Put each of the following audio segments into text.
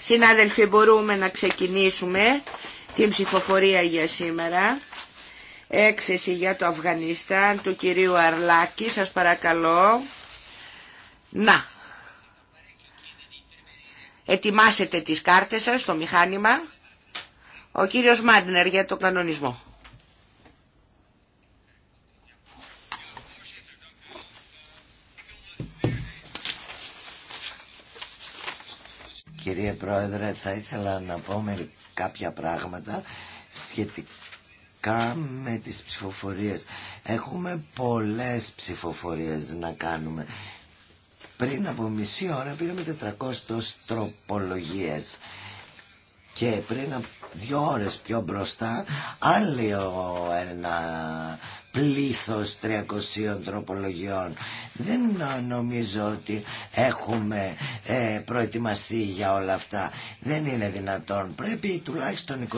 Συνάδελφοι, μπορούμε να ξεκινήσουμε την ψηφοφορία για σήμερα. Έκθεση για το Αφγανιστάν του κυρίου Αρλάκη. Σας παρακαλώ. Να. Ετοιμάσετε τις κάρτες σας στο μηχάνημα. Ο κύριος Μάντνερ για το κανονισμό. Κύριε Πρόεδρε, θα ήθελα να πω με κάποια πράγματα σχετικά με τις ψηφοφορίες. Έχουμε πολλές ψηφοφορίες να κάνουμε. Πριν από μισή ώρα πήραμε 400 τροπολογίες και πριν από δύο ώρες πιο μπροστά άλλο ένα πλήθος 300 τροπολογιών. Δεν νομίζω ότι έχουμε ε, προετοιμαστεί για όλα αυτά. Δεν είναι δυνατόν. Πρέπει τουλάχιστον 24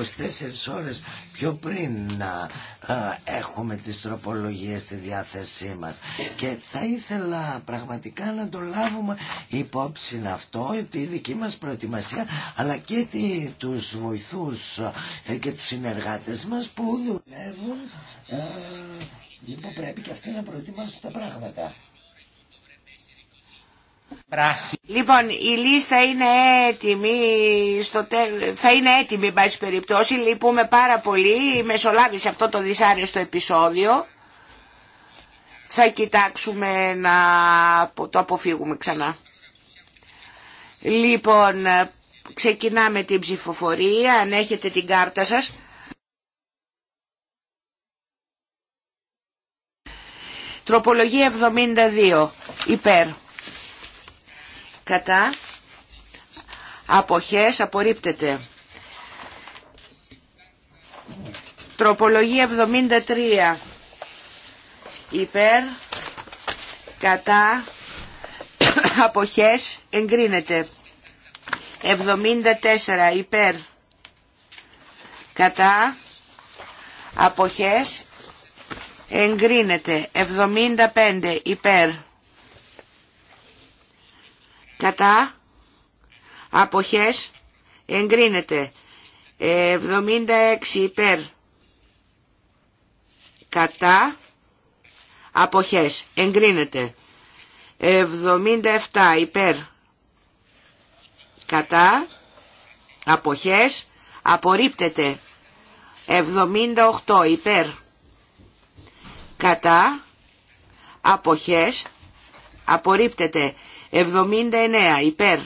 ώρες πιο πριν να ε, έχουμε τις τροπολογίες στη διάθεσή μας. Και θα ήθελα πραγματικά να το λάβουμε υπόψη αυτό, τη δική μας προετοιμασία, αλλά και τη, τους βοηθούς ε, και τους συνεργάτες μας που δουλεύουν ε, λοιπόν πρέπει και αυτοί να προετοιμάσουν τα πράγματα. Πράσι. Λοιπόν, η λίστα είναι έτοιμη, στο τε... θα είναι έτοιμη εν πάση περιπτώσει, λυπούμε πάρα πολύ, σε αυτό το δυσάρεστο επεισόδιο. Θα κοιτάξουμε να το αποφύγουμε ξανά. Λοιπόν, ε, ξεκινάμε την ψηφοφορία, αν έχετε την κάρτα σας. Τροπολογία 72 υπέρ. Κατά. Αποχές απορρίπτεται. Τροπολογία 73 υπέρ. Κατά. Αποχές εγκρίνεται. 74 υπέρ. Κατά. Αποχές εγκρίνεται 75 υπέρ κατά αποχές εγκρίνεται 76 υπέρ κατά αποχές εγκρίνεται 77 υπέρ κατά αποχές απορρίπτεται 78 υπέρ κατά αποχές απορρίπτεται 79 υπέρ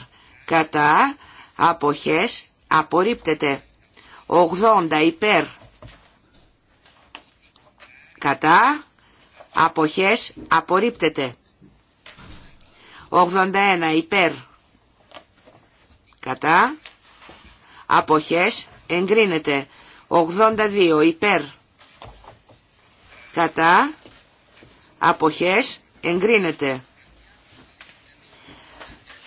κατά αποχές απορρίπτεται 80 υπέρ κατά αποχές απορρίπτεται 81 υπέρ κατά αποχές εγκρίνεται 82 υπέρ κατά αποχές εγκρίνεται.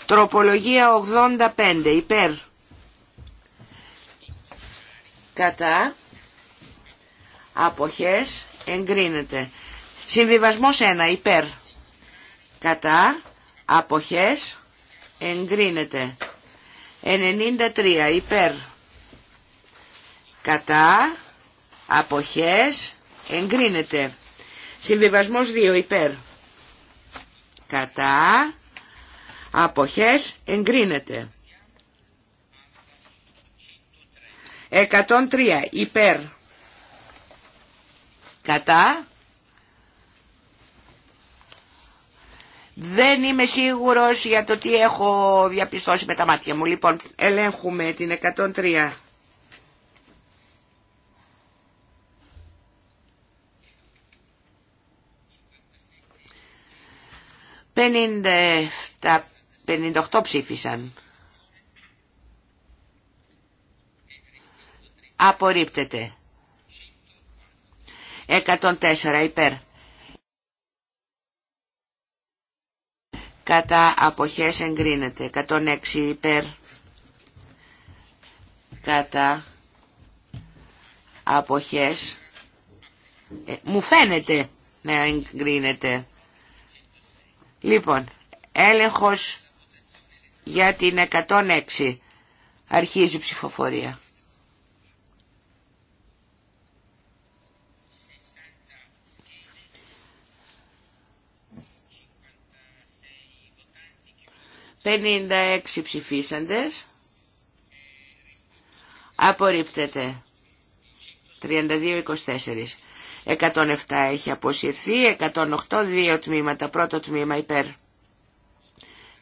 Τροπολογία 85 υπέρ κατά αποχές εγκρίνεται. Συμβιβασμός 1 υπέρ κατά αποχές εγκρίνεται. 93 υπέρ κατά αποχές εγκρίνεται. Συμβιβασμός 2 υπέρ. Κατά αποχές εγκρίνεται. 103 υπέρ. Κατά. Δεν είμαι σίγουρος για το τι έχω διαπιστώσει με τα μάτια μου. Λοιπόν, ελέγχουμε την 103. 57, 58 ψήφισαν. Απορρίπτεται. 104 υπέρ. Κατά αποχές εγκρίνεται. 106 υπέρ. Κατά αποχές. Ε, μου φαίνεται να εγκρίνεται. Λοιπόν, έλεγχος για την 106 αρχίζει ψηφοφορία. 56 ψηφίσαντες. Απορρίπτεται. 32-24. 107 έχει αποσυρθεί, 108 δύο τμήματα, πρώτο τμήμα υπέρ.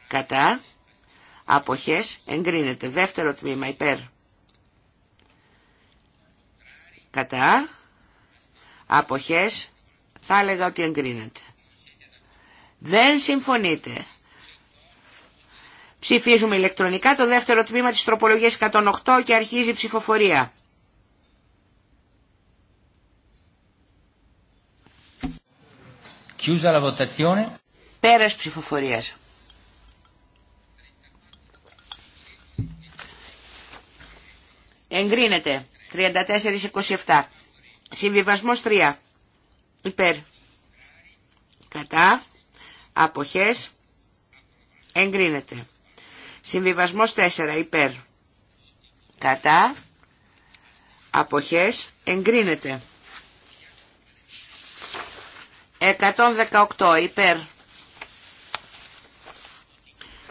Κατά, αποχές, εγκρίνεται, δεύτερο τμήμα υπέρ. Κατά, αποχές, θα έλεγα ότι εγκρίνεται. Δεν συμφωνείτε. Ψηφίζουμε ηλεκτρονικά το δεύτερο τμήμα της τροπολογίας 108 και αρχίζει η ψηφοφορία. Chiusa la votazione. Πέρας ψηφοφορίας. ψηφοφορίας. 34-27. Συμβιβασμός 3. Υπέρ. Κατά. Αποχές. Εγκρίνεται. Συμβιβασμός 4. Υπέρ. Κατά. Αποχές. Εγκρίνεται. 118 υπέρ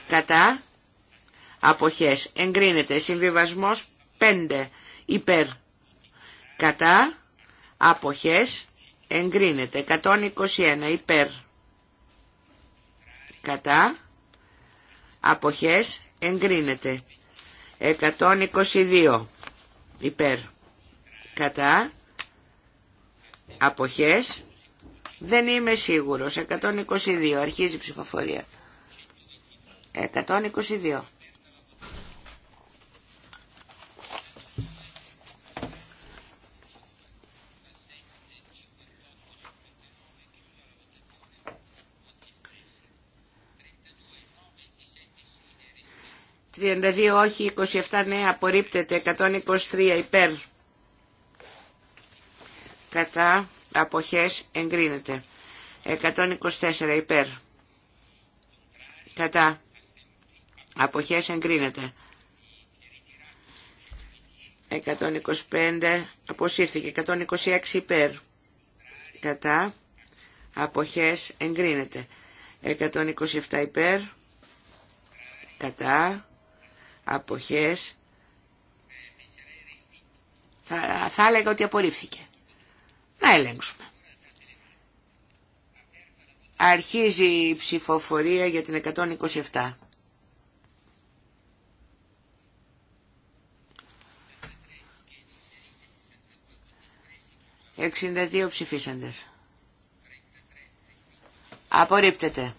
κατά αποχές εγκρίνεται συμβιβασμός 5 υπέρ κατά αποχές εγκρίνεται 121 υπέρ κατά αποχές εγκρίνεται 122 υπέρ κατά αποχές δεν είμαι σίγουρος. 122. Αρχίζει η ψηφοφορία. 122. «32 όχι, 27 ναι, απορρίπτεται, 123 υπέρ». «Κατά» αποχές εγκρίνεται. 124 υπέρ κατά αποχές εγκρίνεται. 125 αποσύρθηκε. 126 υπέρ κατά αποχές εγκρίνεται. 127 υπέρ κατά αποχές θα, θα έλεγα ότι απορρίφθηκε. Να ελέγξουμε. Αρχίζει η ψηφοφορία για την 127. 62 ψηφίσαντες. Απορρίπτεται.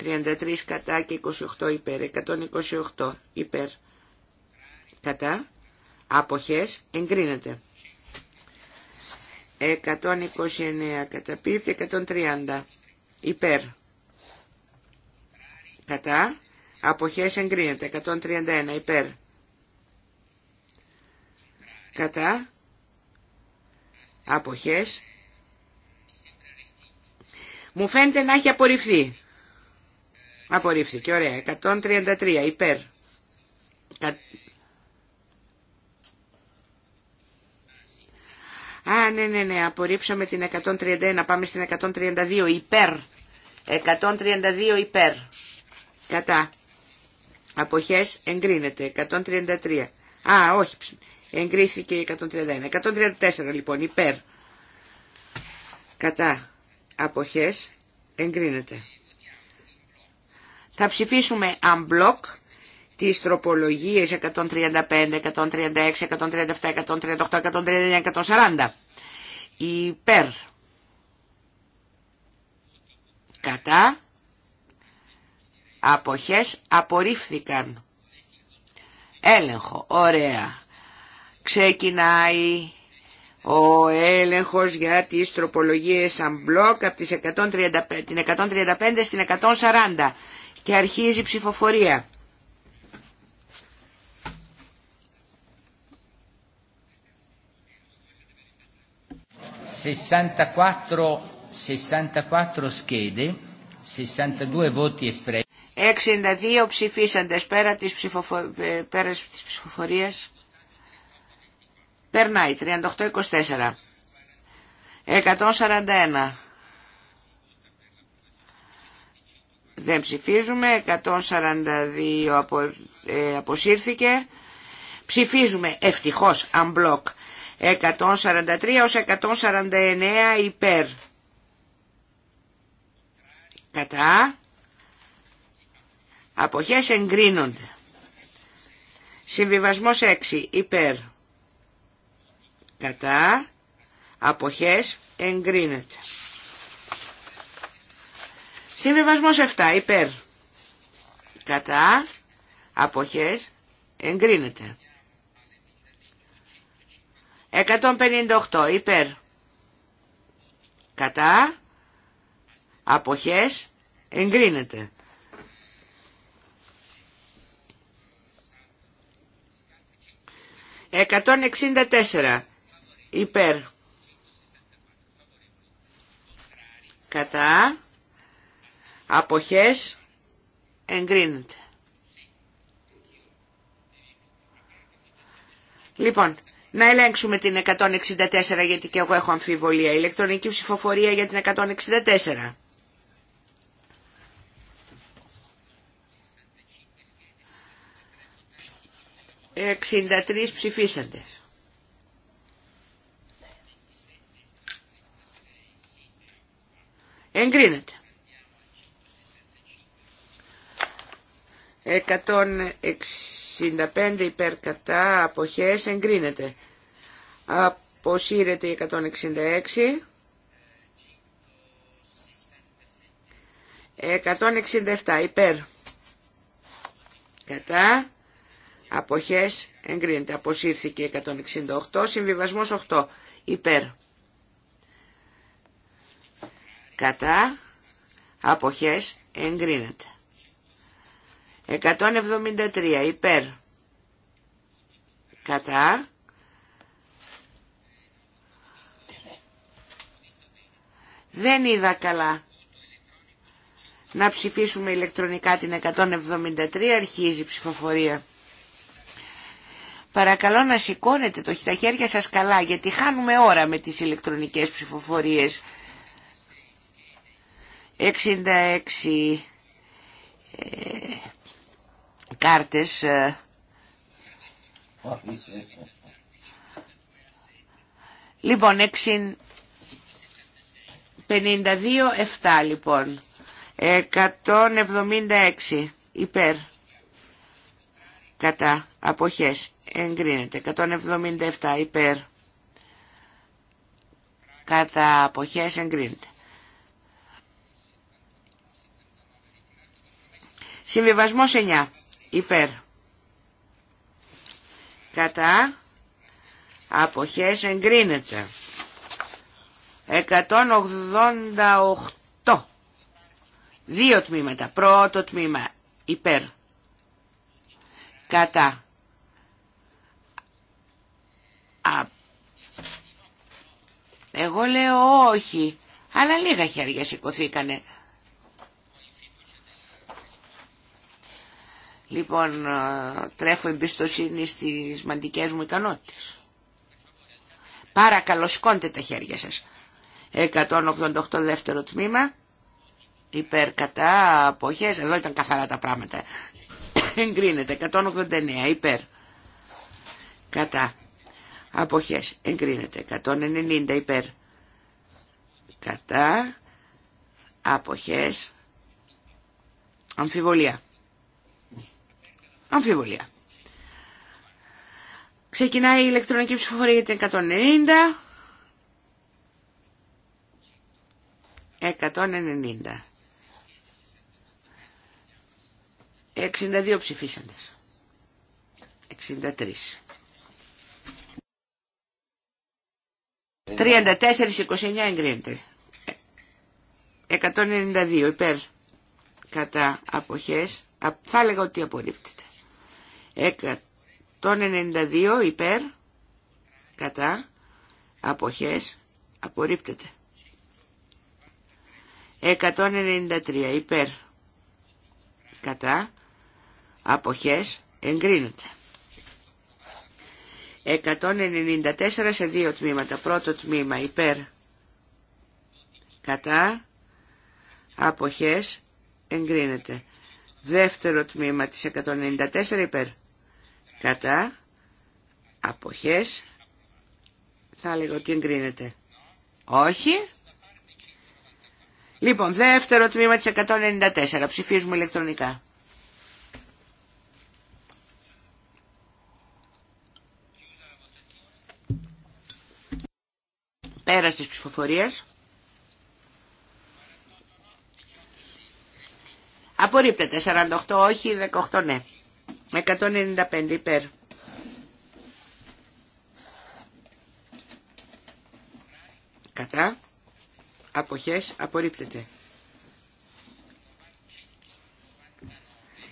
33 κατά και 28 υπέρ. 128 υπέρ. Κατά. Αποχές εγκρίνεται. 129 πίπτη, 130 υπέρ κατά αποχές εγκρίνεται 131 υπέρ κατά αποχές μου φαίνεται να έχει απορριφθεί απορρίφθηκε ωραία 133 υπέρ Α, ναι, ναι, ναι, απορρίψαμε την 131, πάμε στην 132, υπέρ. 132 υπέρ. Κατά. Αποχές εγκρίνεται. 133. Α, όχι. Εγκρίθηκε 131. 134 λοιπόν υπέρ. Κατά. Αποχές εγκρίνεται. Θα ψηφίσουμε unblock τις τροπολογίες 135, 136, 137, 138, 139, 140. Υπέρ. Κατά. Αποχές απορρίφθηκαν. Έλεγχο. Ωραία. Ξεκινάει ο έλεγχος για τις τροπολογίες σαν μπλοκ από τις 135, την 135 στην 140 και αρχίζει η ψηφοφορία. 64, 64 schede, 62 voti espressi. 62 ψηφίσαντες πέρα της, ψηφοφο... Ε, πέρα της ψηφοφορίας. Περνάει 38-24. 141. Δεν ψηφίζουμε. 142 ε, αποσύρθηκε. Ψηφίζουμε ευτυχώς unblock 143 ως 149 υπέρ. Κατά. Αποχές εγκρίνονται. Συμβιβασμός 6 υπέρ. Κατά. Αποχές εγκρίνεται. Συμβιβασμός 7 υπέρ. Κατά. Αποχές εγκρίνεται. 158 υπέρ. Κατά. Αποχές. Εγκρίνεται. Εκατόν εξήντα τέσσερα. Υπέρ. Κατά. Αποχές. Εγκρίνεται. Λοιπόν, να ελέγξουμε την 164 γιατί και εγώ έχω αμφιβολία. Ηλεκτρονική ψηφοφορία για την 164. 63 ψηφίσαντες. Εγκρίνεται. 165 υπέρ κατά αποχές εγκρίνεται. Αποσύρεται η 166. 167 υπέρ. Κατά. Αποχές εγκρίνεται. Αποσύρθηκε 168. Συμβιβασμός 8 υπέρ. Κατά. Αποχές εγκρίνεται. 173 υπέρ. Κατά. Δεν είδα καλά. Να ψηφίσουμε ηλεκτρονικά την 173, αρχίζει η ψηφοφορία. Παρακαλώ να σηκώνετε το, τα χέρια σας καλά, γιατί χάνουμε ώρα με τις ηλεκτρονικές ψηφοφορίες. 66 ε, κάρτες ε. Ε, ε, Λοιπόν, 6. 52-7 λοιπόν. 176 υπέρ. Κατά. Αποχές. Εγκρίνεται. 177 υπέρ. Κατά. Αποχές. Εγκρίνεται. Συμβιβασμός 9 υπέρ. Κατά. Αποχές. Εγκρίνεται. 188. Δύο τμήματα. Πρώτο τμήμα υπέρ. Κατά. εγώ λέω όχι. Αλλά λίγα χέρια σηκωθήκανε. Λοιπόν, τρέφω εμπιστοσύνη στις μαντικές μου ικανότητες. Παρακαλώ, σηκώντε τα χέρια σας. 188 δεύτερο τμήμα υπέρ κατά αποχές εδώ ήταν καθαρά τα πράγματα εγκρίνεται 189 υπέρ κατά αποχές εγκρίνεται 190 υπέρ κατά αποχές αμφιβολία αμφιβολία ξεκινάει η ηλεκτρονική ψηφοφορία για την 190 190. 62 ψηφίσαντες. 63. 34-29 εγκρίνεται. 192 υπέρ κατά αποχές. Θα έλεγα ότι απορρίπτεται. 192 υπέρ κατά αποχές απορρίπτεται. 193 υπέρ κατά αποχές εγκρίνεται 194 σε δύο τμήματα πρώτο τμήμα υπέρ κατά αποχές εγκρίνεται δεύτερο τμήμα της 194 υπέρ κατά αποχές θα λέγω ότι εγκρίνεται όχι Λοιπόν, δεύτερο τμήμα της 194. Ψηφίζουμε ηλεκτρονικά. Πέρα της ψηφοφορίας. Απορρίπτεται. 48 όχι, 18 ναι. 195 υπέρ. Κατά αποχές απορρίπτεται.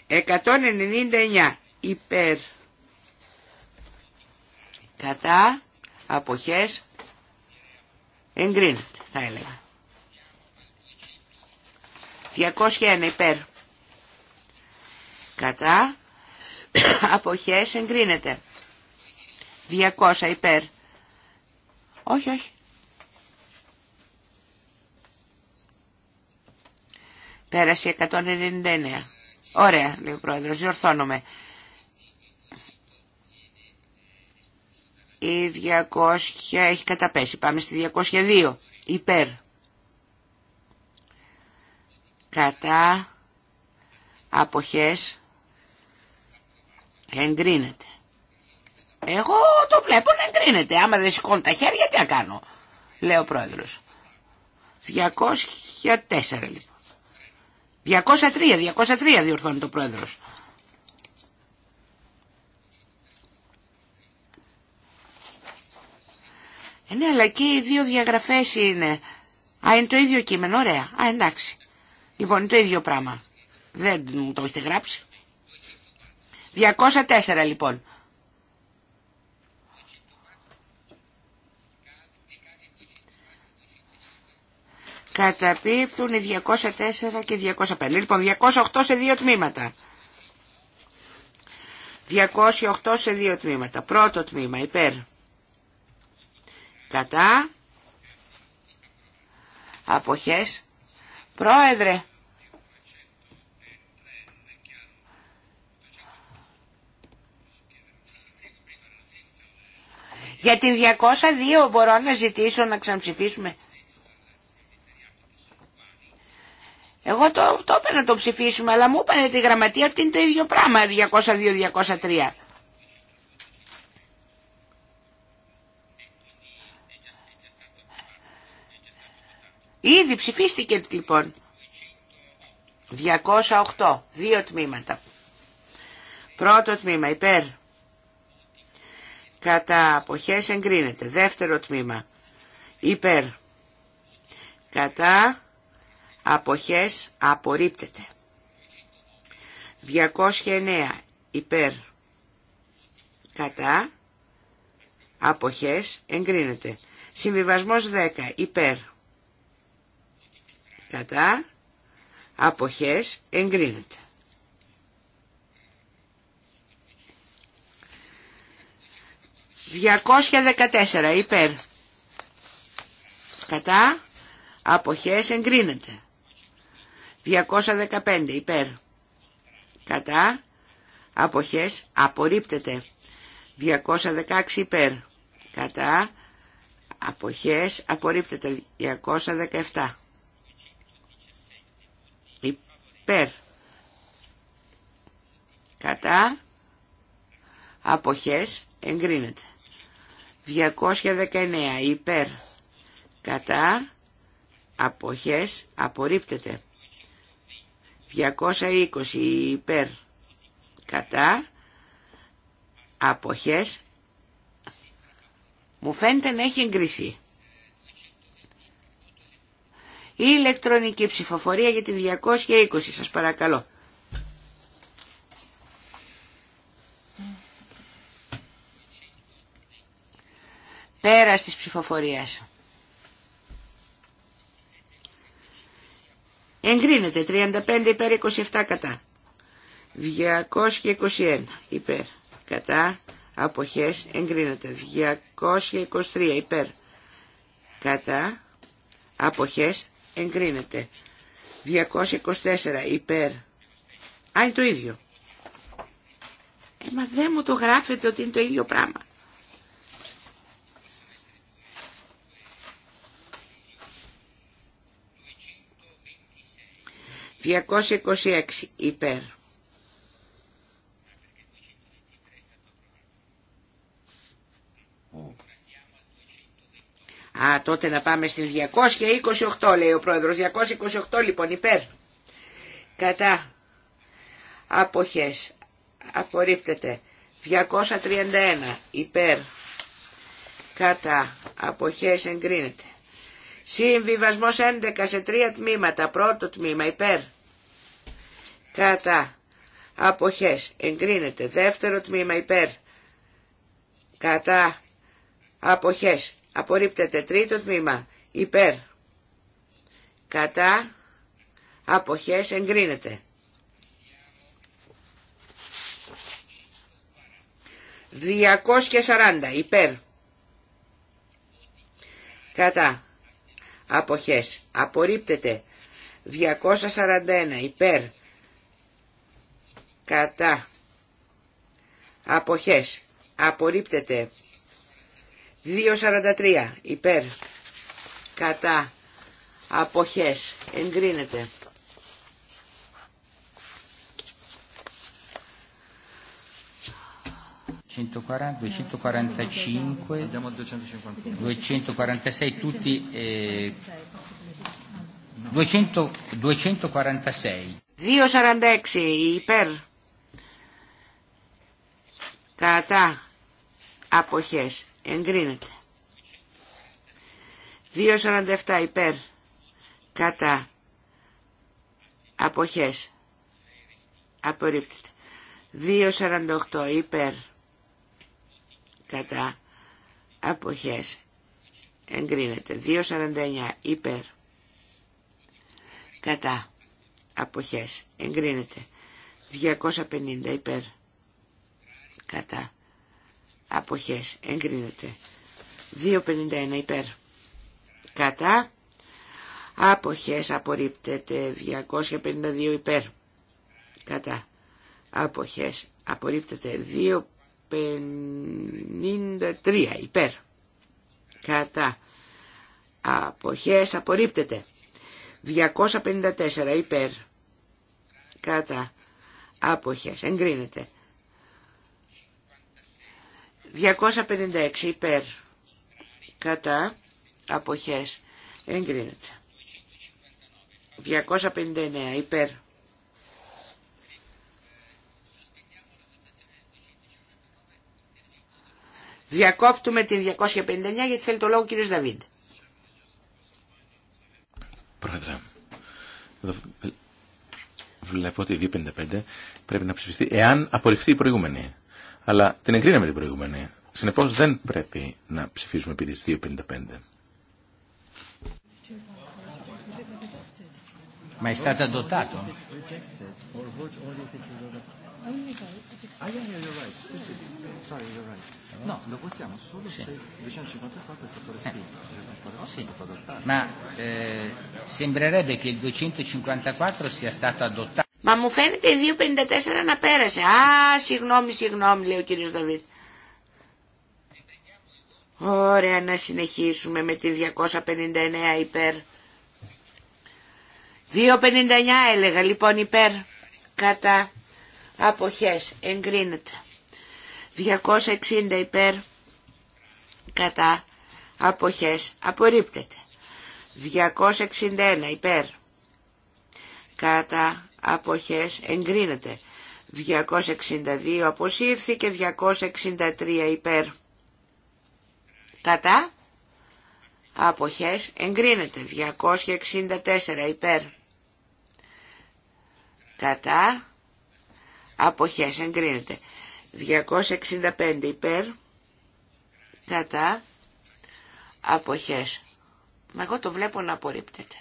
199 υπέρ κατά αποχές εγκρίνεται θα έλεγα. 201 υπέρ κατά αποχές εγκρίνεται. 200 υπέρ. Όχι, όχι. Πέρασε 199. Ωραία, λέει ο πρόεδρος, διορθώνομαι. Η 200 έχει καταπέσει. Πάμε στη 202. Υπέρ. Κατά αποχές εγκρίνεται. Εγώ το βλέπω να εγκρίνεται. Άμα δεν σηκώνω τα χέρια τι να κάνω, Λέω ο πρόεδρος. 204 λοιπόν. 203, 203 διορθώνει το πρόεδρος. Ε, ναι, αλλά και οι δύο διαγραφές είναι. Α, είναι το ίδιο κείμενο, ωραία. Α, εντάξει. Λοιπόν, είναι το ίδιο πράγμα. Δεν μου το έχετε γράψει. 204 λοιπόν. Καταπίπτουν οι 204 και 205. Λοιπόν, 208 σε δύο τμήματα. 208 σε δύο τμήματα. Πρώτο τμήμα, υπέρ. Κατά. Αποχές. Πρόεδρε. Για την 202 μπορώ να ζητήσω να ξαναψηφίσουμε. Εγώ το, το να το ψηφίσουμε, αλλά μου είπανε τη γραμματεία ότι είναι το ίδιο πράγμα, 202-203. Ήδη ψηφίστηκε λοιπόν. 208, δύο τμήματα. Πρώτο τμήμα, υπέρ. Κατά αποχές εγκρίνεται. Δεύτερο τμήμα, υπέρ. Κατά αποχές απορρίπτεται. 209 υπέρ κατά αποχές εγκρίνεται. Συμβιβασμός 10 υπέρ κατά αποχές εγκρίνεται. 214 υπέρ κατά αποχές εγκρίνεται. 215 υπέρ. Κατά. Αποχές. Απορρίπτεται. 216 υπέρ. Κατά. Αποχές. Απορρίπτεται. 217 υπέρ. Κατά. Αποχές. Εγκρίνεται. 219 υπέρ. Κατά. Αποχές. Απορρίπτεται. 220 υπέρ κατά αποχές μου φαίνεται να έχει εγκριθεί. Η ηλεκτρονική ψηφοφορία για τη 220 σας παρακαλώ. Πέρας της ψηφοφορίας. Εγκρίνεται 35 υπέρ 27 κατά. 221 υπέρ κατά. Αποχές εγκρίνεται 223 υπέρ κατά. Αποχές εγκρίνεται 224 υπέρ. Α, είναι το ίδιο. Ε, μα δεν μου το γράφετε ότι είναι το ίδιο πράγμα. 226 υπέρ. Α, τότε να πάμε στην 228 λέει ο πρόεδρος. 228 λοιπόν υπέρ. Κατά. Αποχές. Απορρίπτεται. 231 υπέρ. Κατά. Αποχές εγκρίνεται. Συμβιβασμός 11 σε τρία τμήματα. Πρώτο τμήμα υπέρ. Κατά. Αποχές. Εγκρίνεται. Δεύτερο τμήμα υπέρ. Κατά. Αποχές. Απορρίπτεται. Τρίτο τμήμα υπέρ. Κατά. Αποχές. Εγκρίνεται. 240 υπέρ. Κατά αποχές απορρίπτεται 241 υπέρ κατά αποχές απορρίπτεται 243 υπέρ κατά αποχές εγκρίνεται 245, 246 tutti, eh, 246. 246 υπέρ κατά αποχές εγκρίνεται 247 υπέρ κατά αποχές απορρίπτεται 248 υπέρ κατά αποχές εγκρίνεται 2.49 υπέρ κατά αποχές εγκρίνεται 250 υπέρ κατά αποχές εγκρίνεται 2.51 υπέρ κατά αποχές απορρίπτεται 252 υπέρ κατά αποχές απορρίπτεται 53 υπέρ κατά αποχές απορρίπτεται 254 υπέρ κατά αποχές εγκρίνεται 256 υπέρ κατά αποχές εγκρίνεται 259 υπέρ Διακόπτουμε την 259 γιατί θέλει το λόγο ο κύριος Δαβίντ. Πρόεδρε, εδώ βλέπω ότι η 255 πρέπει να ψηφιστεί εάν απορριφθεί η προηγούμενη. Αλλά την εγκρίναμε την προηγούμενη. Συνεπώς δεν πρέπει να ψηφίζουμε επί της 255. Ma è stata adottata? Ah, yeah, yeah, you're right. Sì, Sorry, you're right. No, lo possiamo solo se 254 è stato respinto. sì. è stato adottato. Ma eh, sembrerebbe che il 254 sia stato adottato. Μα μου φαίνεται η 254 να πέρασε. Α, συγγνώμη, συγγνώμη, λέει ο κύριος Δαβίδ. Ωραία, να συνεχίσουμε με τη 259 υπέρ. 259 έλεγα, λοιπόν υπέρ. Κατά αποχές εγκρίνεται 260 υπέρ κατά αποχές απορρίπτεται 261 υπέρ κατά αποχές εγκρίνεται 262 αποσύρθηκε 263 υπέρ κατά αποχές εγκρίνεται 264 υπέρ κατά αποχές εγκρίνεται 265 υπέρ κατά αποχές μα εγώ το βλέπω να απορρίπτεται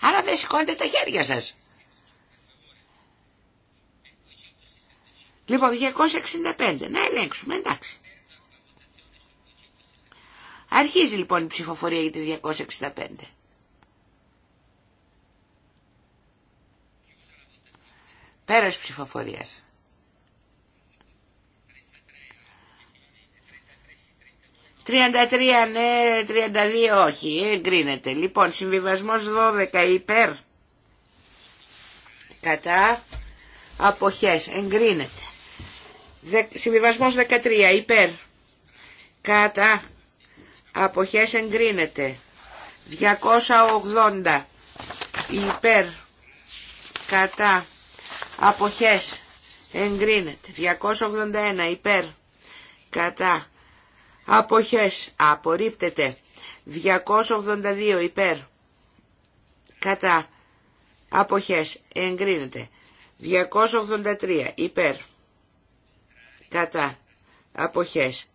άρα δεν σηκώνετε τα χέρια σας λοιπόν 265 να ελέγξουμε εντάξει αρχίζει λοιπόν η ψηφοφορία για τη 265 Πέρας ψηφοφορία. 33 ναι, 32 όχι, εγκρίνεται. Λοιπόν, συμβιβασμός 12 υπέρ. Κατά αποχές, εγκρίνεται. Συμβιβασμός 13 υπέρ. Κατά αποχές, εγκρίνεται. 280 υπέρ. Κατά αποχές εγκρίνεται 281 υπέρ κατά αποχές απορρίπτεται 282 υπέρ κατά αποχές εγκρίνεται 283 υπέρ κατά αποχές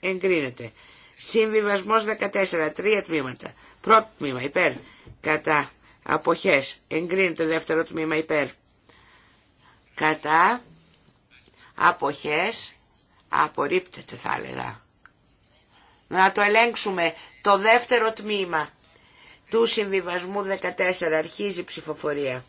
εγκρίνεται συμβιβασμός 14 τρία τμήματα πρώτο τμήμα υπέρ κατά αποχές εγκρίνεται δεύτερο τμήμα υπέρ κατά αποχές απορρίπτεται θα έλεγα. Να το ελέγξουμε το δεύτερο τμήμα του συμβιβασμού 14 αρχίζει η ψηφοφορία.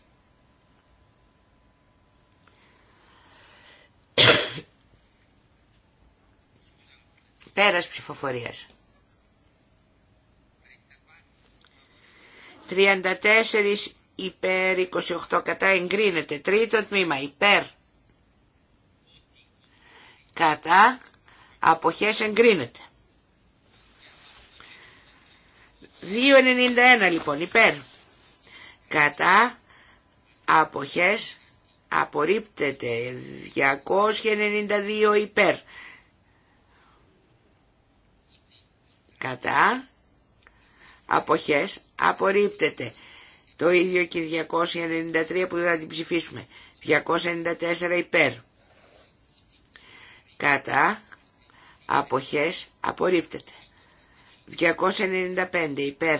Πέρας ψηφοφορίας. 34 υπέρ 28 κατά εγκρίνεται. Τρίτο τμήμα υπέρ κατά αποχές εγκρίνεται. 2.91 λοιπόν υπέρ κατά αποχές απορρίπτεται 292 υπέρ κατά αποχές απορρίπτεται το ίδιο και 293 που δεν θα την ψηφίσουμε. 294 υπέρ. Κατά αποχές απορρίπτεται. 295 υπέρ.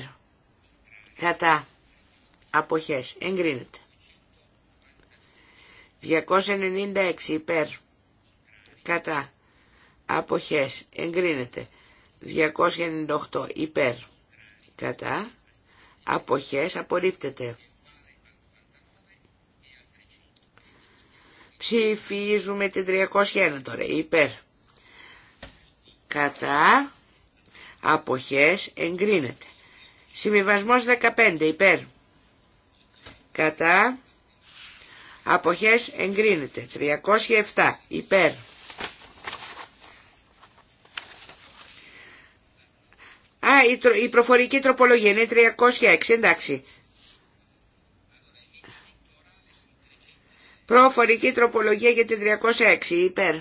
Κατά αποχές εγκρίνεται. 296 υπέρ. Κατά αποχές εγκρίνεται. 298 υπέρ. Κατά αποχές απορρίπτεται. Ψηφίζουμε την 301 τώρα, υπέρ. Κατά αποχές εγκρίνεται. Συμβιβασμός 15, υπέρ. Κατά αποχές εγκρίνεται. 307, υπέρ. η προφορική τροπολογία είναι 306, εντάξει. Προφορική τροπολογία για την 306, υπέρ.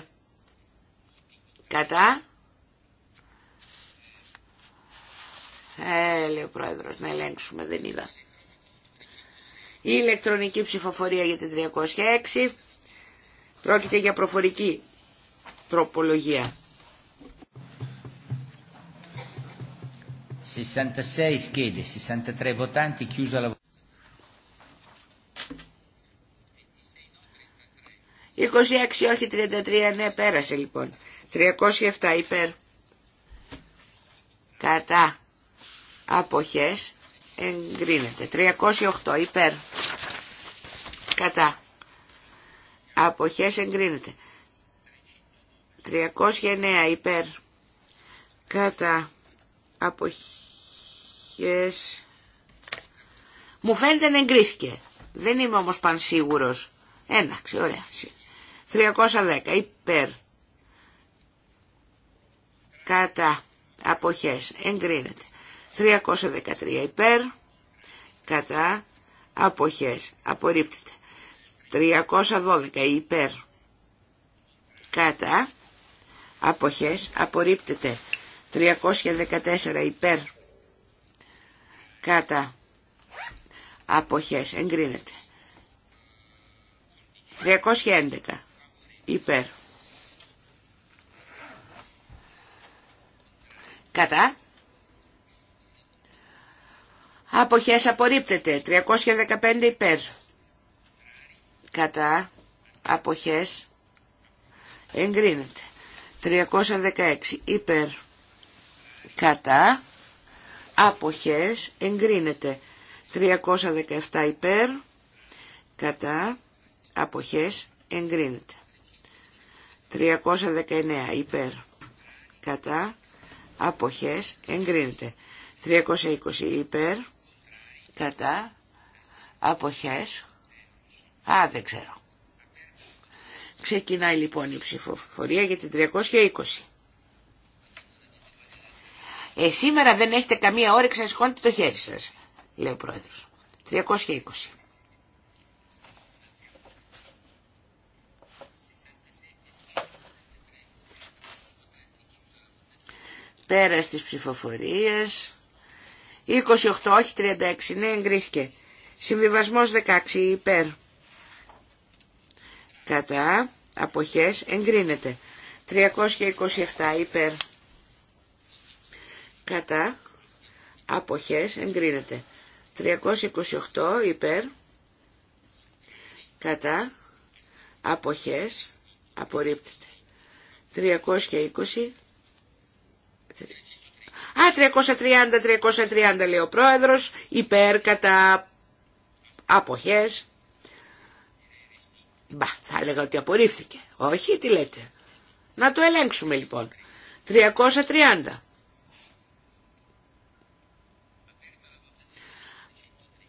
Κατά. Ε, ο πρόεδρος, να ελέγξουμε, δεν είδα. Η ηλεκτρονική ψηφοφορία για την 306 πρόκειται για προφορική τροπολογία. 66 schede, 63 votanti, chiusa la 26 όχι 33, ναι πέρασε λοιπόν. 307 υπέρ. Κατά. Αποχές. Εγκρίνεται. 308 υπέρ. Κατά. Αποχές εγκρίνεται. 309 υπέρ. Κατά. Αποχές μου φαίνεται να εγκρίθηκε. Δεν είμαι όμως πανσίγουρος. Έναξε, ωραία. 310 υπέρ. Κατά αποχές. Εγκρίνεται. 313 υπέρ. Κατά αποχές. Απορρίπτεται. 312 υπέρ. Κατά αποχές. Απορρίπτεται. 314 υπέρ κατά αποχές εγκρίνεται 311 υπέρ κατά αποχές απορρίπτεται 315 υπέρ κατά αποχές εγκρίνεται 316 υπέρ κατά αποχές εγκρίνεται 317 υπέρ κατά αποχές εγκρίνεται 319 υπέρ κατά αποχές εγκρίνεται 320 υπέρ κατά αποχές α δεν ξέρω ξεκινάει λοιπόν η ψηφοφορία για την 320 ε, σήμερα δεν έχετε καμία όρεξη να σηκώνετε το χέρι σας, λέει ο πρόεδρος. 320. Πέρα στις ψηφοφορίες. 28, όχι 36, ναι εγκρίθηκε. Συμβιβασμός 16, υπέρ. Κατά, αποχές, εγκρίνεται. 327, υπέρ κατά αποχές εγκρίνεται 328 υπέρ κατά αποχές απορρίπτεται 320 Α, 330, 330 λέει ο πρόεδρος, υπέρ κατά αποχές. Μπα, θα έλεγα ότι απορρίφθηκε. Όχι, τι λέτε. Να το ελέγξουμε λοιπόν. 330.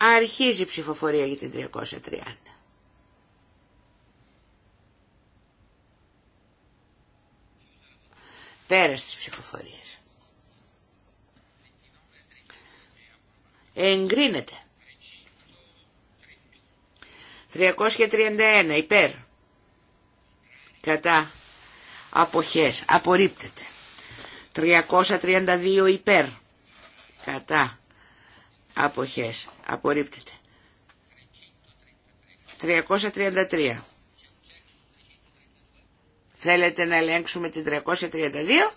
Αρχίζει η ψηφοφορία για την 330. Πέρα στις ψηφοφορίες. Εγκρίνεται. 331 υπέρ. Κατά. Αποχές. Απορρίπτεται. 332 υπέρ. Κατά αποχές απορρίπτεται 333 θέλετε να ελέγξουμε την 332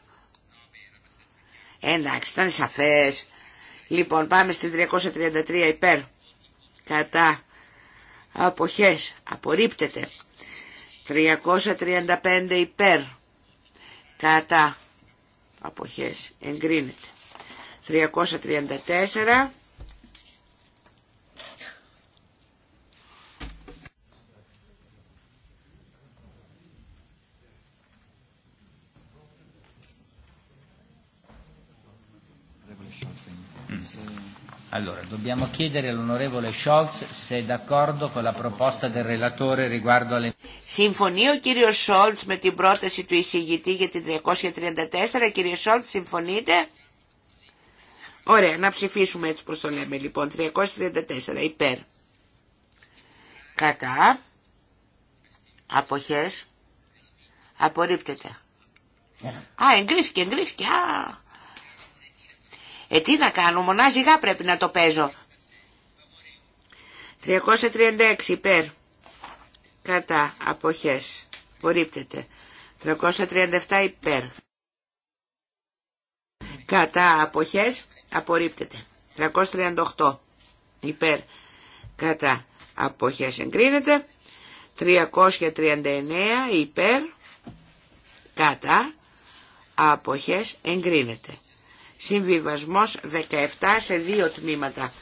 εντάξει ήταν σαφές λοιπόν πάμε στην 333 υπέρ κατά αποχές απορρίπτεται 335 υπέρ κατά αποχές εγκρίνεται 334 Allora, dobbiamo chiedere all'onorevole Scholz se è d'accordo con la proposta del relatore riguardo alle... Συμφωνεί ο κύριος Σόλτς με την πρόταση του εισηγητή για την 334. Κύριε Σόλτς, συμφωνείτε? Ωραία, να ψηφίσουμε έτσι πως το λέμε λοιπόν. 334, υπέρ. Κατά. Αποχές. Απορρίπτεται. Α, εγκρίθηκε, εγκρίθηκε. Α, ε, τι να κάνω, μονάζιγα πρέπει να το παίζω. 336 υπέρ. Κατά αποχές. Απορρίπτεται. 337 υπέρ. Κατά αποχές. Απορρίπτεται. 338 υπέρ. Κατά αποχές εγκρίνεται. 339 υπέρ. Κατά αποχές εγκρίνεται. Συμβιβασμός 17 σε δύο τμήματα.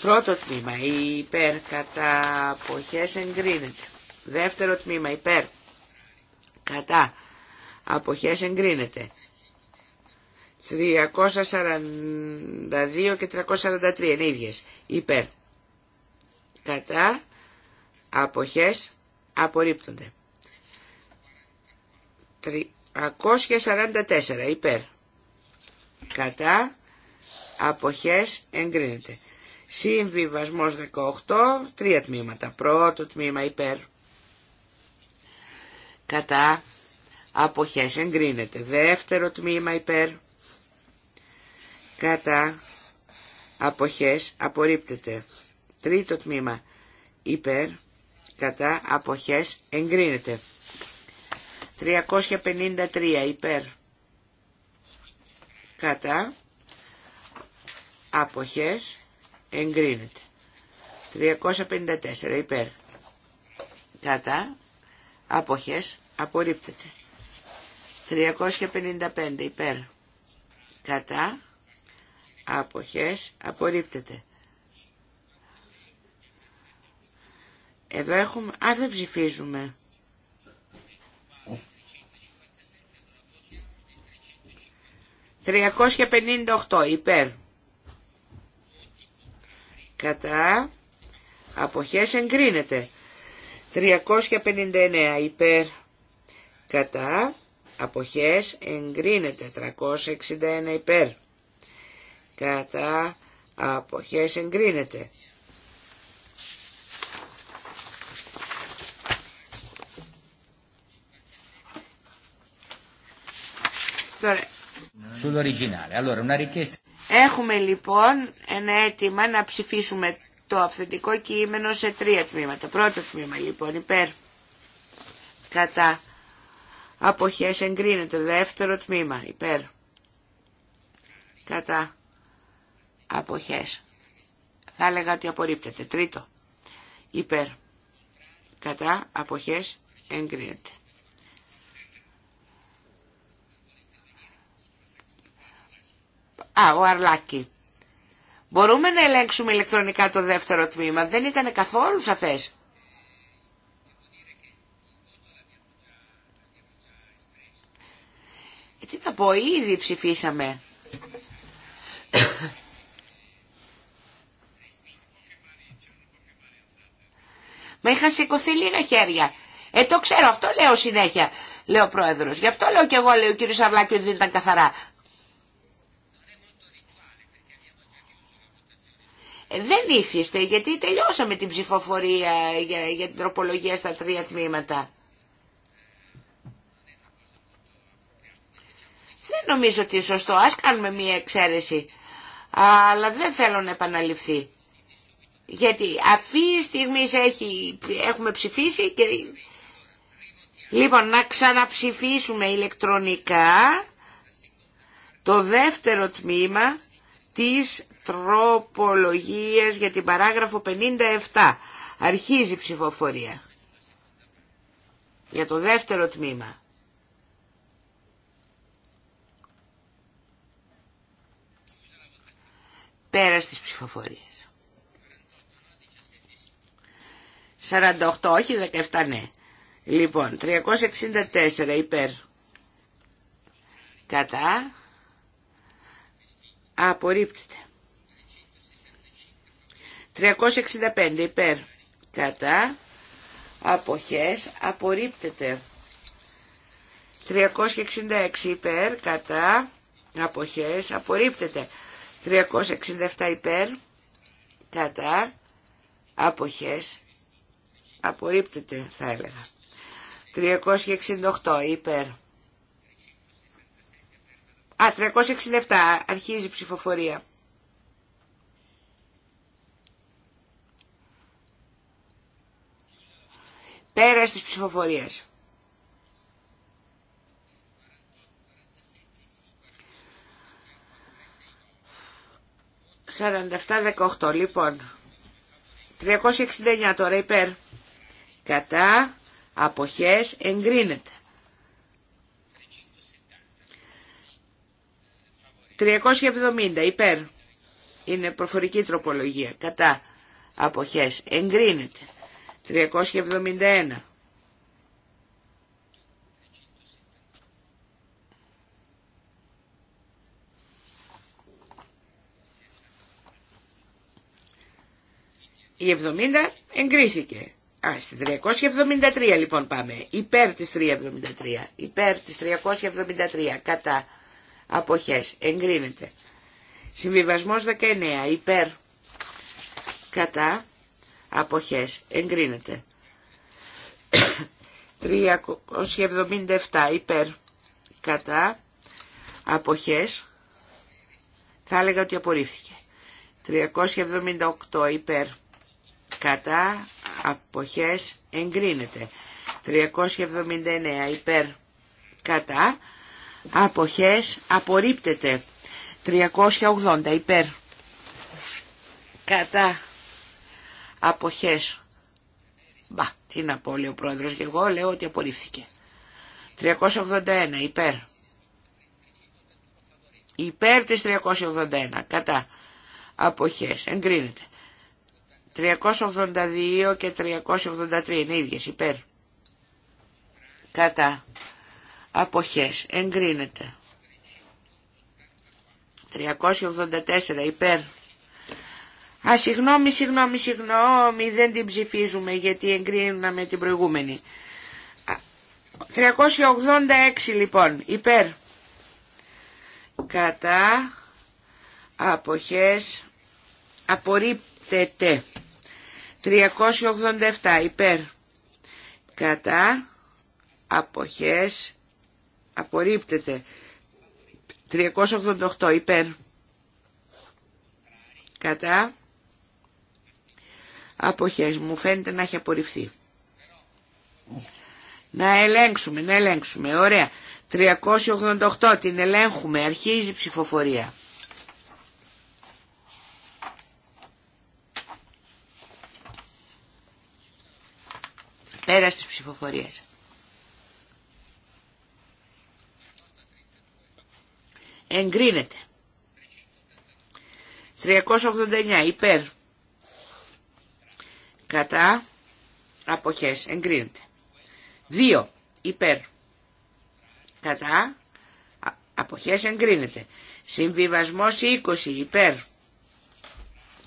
Πρώτο τμήμα υπέρ κατά αποχές εγκρίνεται. Δεύτερο τμήμα υπέρ κατά αποχές εγκρίνεται. 342 και 343 είναι ίδιες. Υπέρ. Κατά αποχές απορρίπτονται. 344 υπέρ κατά αποχές εγκρίνεται. Συμβιβασμός 18, τρία τμήματα. Πρώτο τμήμα υπέρ, κατά αποχές εγκρίνεται. Δεύτερο τμήμα υπέρ, κατά αποχές απορρίπτεται. Τρίτο τμήμα υπέρ, κατά αποχές εγκρίνεται. 353 υπέρ κατά αποχές εγκρίνεται 354 υπέρ κατά αποχές απορρίπτεται 355 υπέρ κατά αποχές απορρίπτεται εδώ έχουμε, α δεν ψηφίζουμε 358 υπέρ. Κατά. Αποχές εγκρίνεται. 359 υπέρ. Κατά. Αποχές εγκρίνεται. 361 υπέρ. Κατά. Αποχές εγκρίνεται. Τώρα... Έχουμε λοιπόν ένα αίτημα να ψηφίσουμε το αυθεντικό κείμενο σε τρία τμήματα. Πρώτο τμήμα λοιπόν υπέρ κατά αποχές εγκρίνεται. Δεύτερο τμήμα υπέρ κατά αποχές. Θα έλεγα ότι απορρίπτεται. Τρίτο υπέρ κατά αποχές εγκρίνεται. Α, ο Αρλάκη. Μπορούμε να ελέγξουμε ηλεκτρονικά το δεύτερο τμήμα. Δεν ήταν καθόλου σαφές. Ε, τι να πω, ήδη ψηφίσαμε. Μα είχαν σηκωθεί λίγα χέρια. Ε, το ξέρω, αυτό λέω συνέχεια, λέω ο πρόεδρος. Γι' αυτό λέω και εγώ, λέει ο κύριος Αρλάκη, ότι δεν ήταν καθαρά. δεν ήθιστε γιατί τελειώσαμε την ψηφοφορία για, την τροπολογία στα τρία τμήματα. Δεν νομίζω ότι είναι σωστό. Ας κάνουμε μία εξαίρεση. Αλλά δεν θέλω να επαναληφθεί. Γιατί αυτή τη στιγμή έχει, έχουμε ψηφίσει και... Λοιπόν, να ξαναψηφίσουμε ηλεκτρονικά το δεύτερο τμήμα της τροπολογίας για την παράγραφο 57. Αρχίζει η ψηφοφορία. Για το δεύτερο τμήμα. Πέρα στις ψηφοφορίες. 48, όχι 17, ναι. Λοιπόν, 364 υπέρ. Κατά. Απορρίπτεται. 365 υπέρ κατά αποχές απορρίπτεται 366 υπέρ κατά αποχές απορρίπτεται 367 υπέρ κατά αποχές απορρίπτεται θα έλεγα 368 υπέρ Α, 367 αρχίζει η ψηφοφορία Πέρας της ψηφοφορίας. 47-18 λοιπόν 369 τώρα υπέρ κατά αποχές εγκρίνεται 370 υπέρ είναι προφορική τροπολογία κατά αποχές εγκρίνεται 371. Η 70 εγκρίθηκε. Α, στη 373 λοιπόν πάμε. Υπέρ της 373. Υπέρ της 373. Κατά αποχές. Εγκρίνεται. Συμβιβασμός 19. Υπέρ. Κατά αποχές εγκρίνεται 377 υπέρ κατά αποχές θα έλεγα ότι απορρίφθηκε 378 υπέρ κατά αποχές εγκρίνεται 379 υπέρ κατά αποχές απορρίπτεται 380 υπέρ κατά αποχές. Μπα, τι να πω λέει ο πρόεδρος και εγώ λέω ότι απορρίφθηκε. 381 υπέρ. Υπέρ της 381 κατά αποχές. Εγκρίνεται. 382 και 383 είναι ίδιες υπέρ. Κατά αποχές. Εγκρίνεται. 384 υπέρ. Α, συγγνώμη, συγγνώμη, συγγνώμη, δεν την ψηφίζουμε γιατί εγκρίναμε την προηγούμενη. 386 λοιπόν, υπέρ. Κατά αποχές απορρίπτεται. 387 υπέρ. Κατά αποχές απορρίπτεται. 388 υπέρ. Κατά αποχές. Μου φαίνεται να έχει απορριφθεί. Να ελέγξουμε, να ελέγξουμε. Ωραία. 388 την ελέγχουμε. Αρχίζει η ψηφοφορία. Πέρασε τη ψηφοφορία. Εγκρίνεται. 389 υπέρ κατά αποχές εγκρίνεται. Δύο υπέρ κατά αποχές εγκρίνεται. Συμβιβασμός 20 υπέρ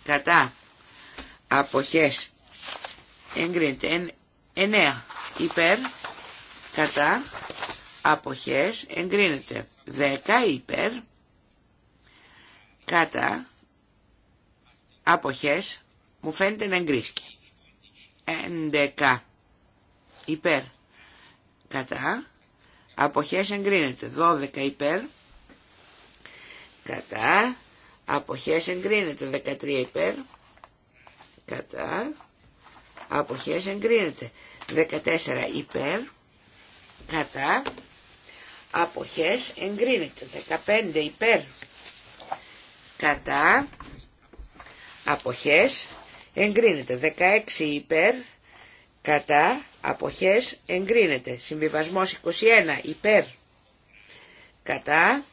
κατά αποχές εγκρίνεται. Εννέα υπέρ κατά αποχές εγκρίνεται. Δέκα υπέρ κατά αποχές μου φαίνεται να εγκρίσκει. 11 υπέρ κατά αποχές εγκρίνεται 12 υπέρ κατά αποχές εγκρίνεται 13 υπέρ κατά αποχές εγκρίνεται 14 υπέρ κατά αποχές εγκρίνεται 15 υπέρ κατά αποχές εγκρίνεται. 16 υπέρ, κατά, αποχές, εγκρίνεται. Συμβιβασμός 21 υπέρ, κατά,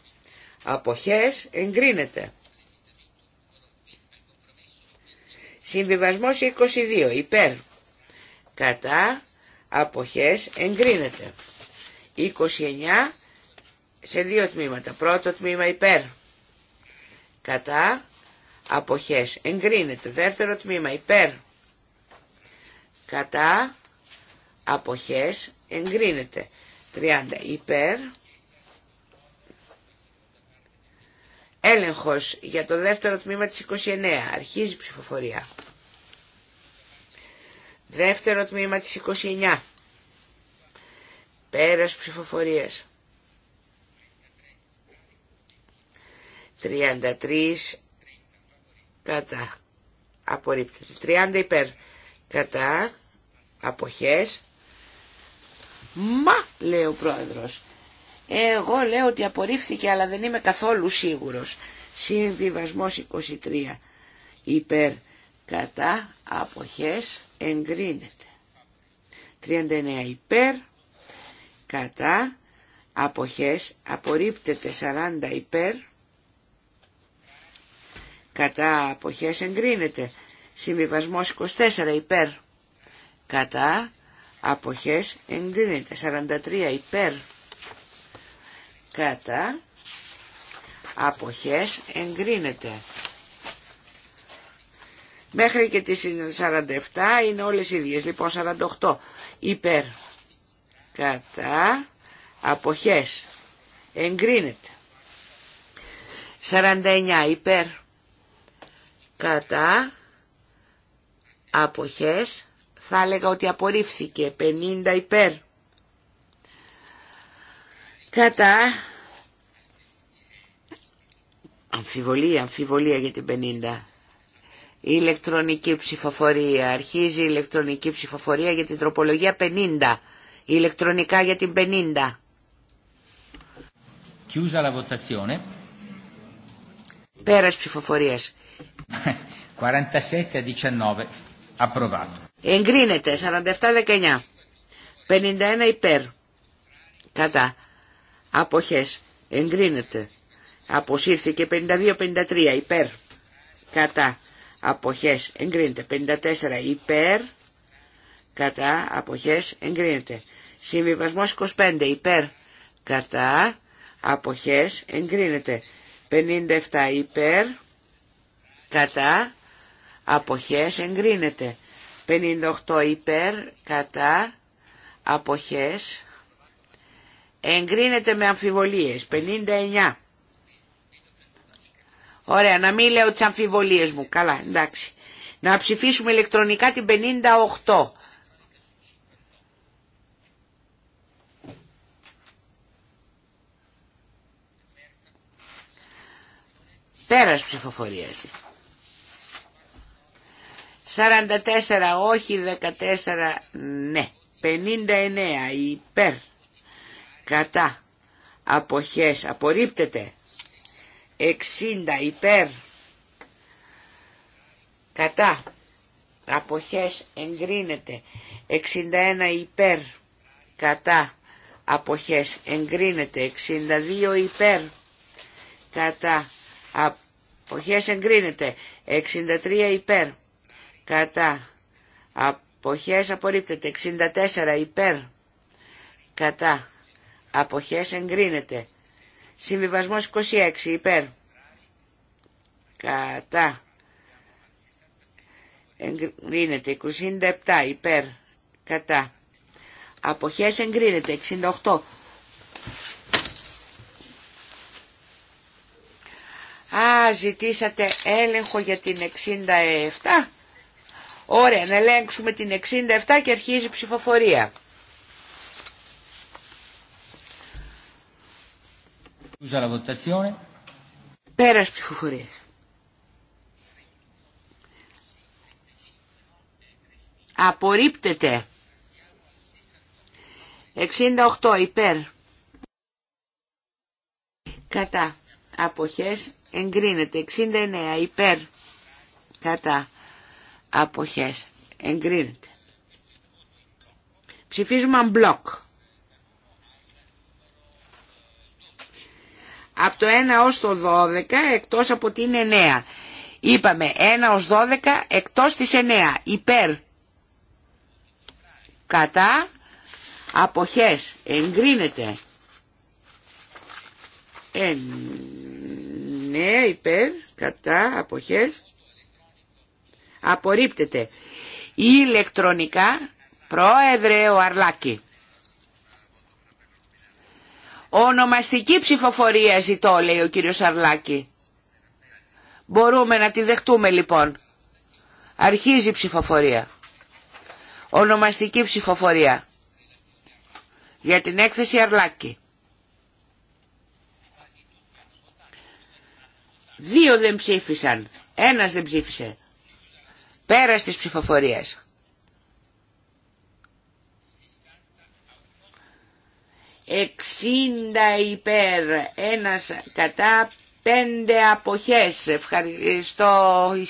αποχές, εγκρίνεται. Συμβιβασμός 22 υπέρ, κατά, αποχές, εγκρίνεται. 29 σε δύο τμήματα. Πρώτο τμήμα υπέρ, κατά, αποχές εγκρίνεται. Δεύτερο τμήμα υπέρ κατά αποχές εγκρίνεται. 30 υπέρ έλεγχος για το δεύτερο τμήμα της 29 αρχίζει ψηφοφορία. Δεύτερο τμήμα της 29 πέρας ψηφοφορίας. 33 κατά απορρίπτεται 30 υπέρ κατά αποχές μα λέει ο πρόεδρος εγώ λέω ότι απορρίφθηκε αλλά δεν είμαι καθόλου σίγουρος συμβιβασμός 23 υπέρ κατά αποχές εγκρίνεται 39 υπέρ κατά αποχές απορρίπτεται 40 υπέρ κατά αποχές εγκρίνεται. Συμβιβασμός 24 υπέρ κατά αποχές εγκρίνεται. 43 υπέρ κατά αποχές εγκρίνεται. Μέχρι και τις 47 είναι όλες ίδιες. Λοιπόν 48 υπέρ κατά αποχές εγκρίνεται. 49 υπέρ κατά αποχές θα έλεγα ότι απορρίφθηκε 50 υπέρ κατά αμφιβολία, αμφιβολία για την 50 ηλεκτρονική ψηφοφορία αρχίζει η ηλεκτρονική ψηφοφορία για την τροπολογία 50 ηλεκτρονικά για την 50 Chiusa la votazione. Πέρας ψηφοφορίας. 47-19. Εγκρίνεται. 47-19. 51 υπέρ. Κατά, Αποχές. Εγκρίνεται. Αποσύρθηκε 52-53 υπέρ. Κατά. απόχέ. Εγκρίνεται. 54 υπέρ. Κατά. απόχέ Εγκρίνεται. Συμβιβασμό 25 υπέρ. Κατά. απόχέ, Εγκρίνεται. 57 υπέρ κατά αποχές εγκρίνεται 58 υπέρ κατά αποχές εγκρίνεται με αμφιβολίες 59 Ωραία, να μην λέω τι αμφιβολίες μου. Καλά, εντάξει. Να ψηφίσουμε ηλεκτρονικά την 58. Πέρας ψηφοφορίας. 44 όχι, 14 ναι. 59 υπέρ. Κατά. Αποχές. Απορρίπτεται. 60 υπέρ. Κατά. Αποχές εγκρίνεται. 61 υπέρ. Κατά. Αποχές εγκρίνεται. 62 υπέρ. Κατά. Αποχές εγκρίνεται. 63 υπέρ κατά αποχές απορρίπτεται 64 υπέρ κατά αποχές εγκρίνεται συμβιβασμός 26 υπέρ κατά εγκρίνεται 27 υπέρ κατά αποχές εγκρίνεται 68 Α, ζητήσατε έλεγχο για την 67. Ωραία, να ελέγξουμε την 67 και αρχίζει η ψηφοφορία. Πέρας ψηφοφορία. Απορρίπτεται. 68 υπέρ. Κατά. Αποχές εγκρίνεται. 69 υπέρ. Κατά αποχές εγκρίνεται. Ψηφίζουμε μπλοκ. Από το 1 ως το 12 εκτός από την 9. Είπαμε 1 ως 12 εκτός της 9. Υπέρ. Κατά. Αποχές. Εγκρίνεται. Ε, ναι, υπέρ. Κατά. Αποχές απορρίπτεται. Ηλεκτρονικά, πρόεδρε ο Αρλάκη. Ονομαστική ψηφοφορία ζητώ, λέει ο κύριος Αρλάκη. Μπορούμε να τη δεχτούμε λοιπόν. Αρχίζει η ψηφοφορία. Ονομαστική ψηφοφορία. Για την έκθεση Αρλάκη. Δύο δεν ψήφισαν. Ένας δεν ψήφισε. Πέρα της ψηφοφορίας. 60 υπέρ, ένας κατά, πέντε αποχές. Ευχαριστώ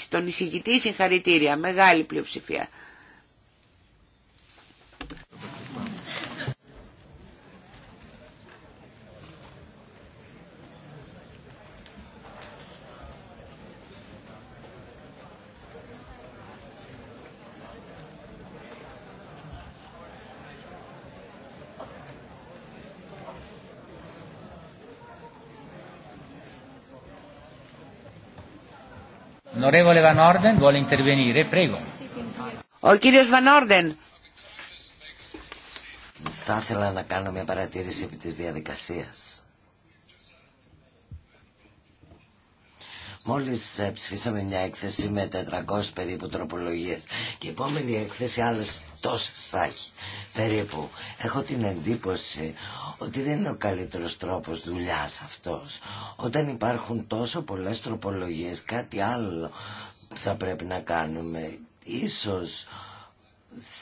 τον εισηγητή, συγχαρητήρια, μεγάλη πλειοψηφία. Ο κύριο Βανόρντεν. Θα ήθελα να κάνω μια παρατήρηση επί της διαδικασίας. Μόλις ε, ψηφίσαμε μια έκθεση με 400 περίπου τροπολογίες και η επόμενη έκθεση άλλες τόσες θα έχει περίπου. Έχω την εντύπωση ότι δεν είναι ο καλύτερος τρόπος δουλειάς αυτός. Όταν υπάρχουν τόσο πολλές τροπολογίες, κάτι άλλο θα πρέπει να κάνουμε. Ίσως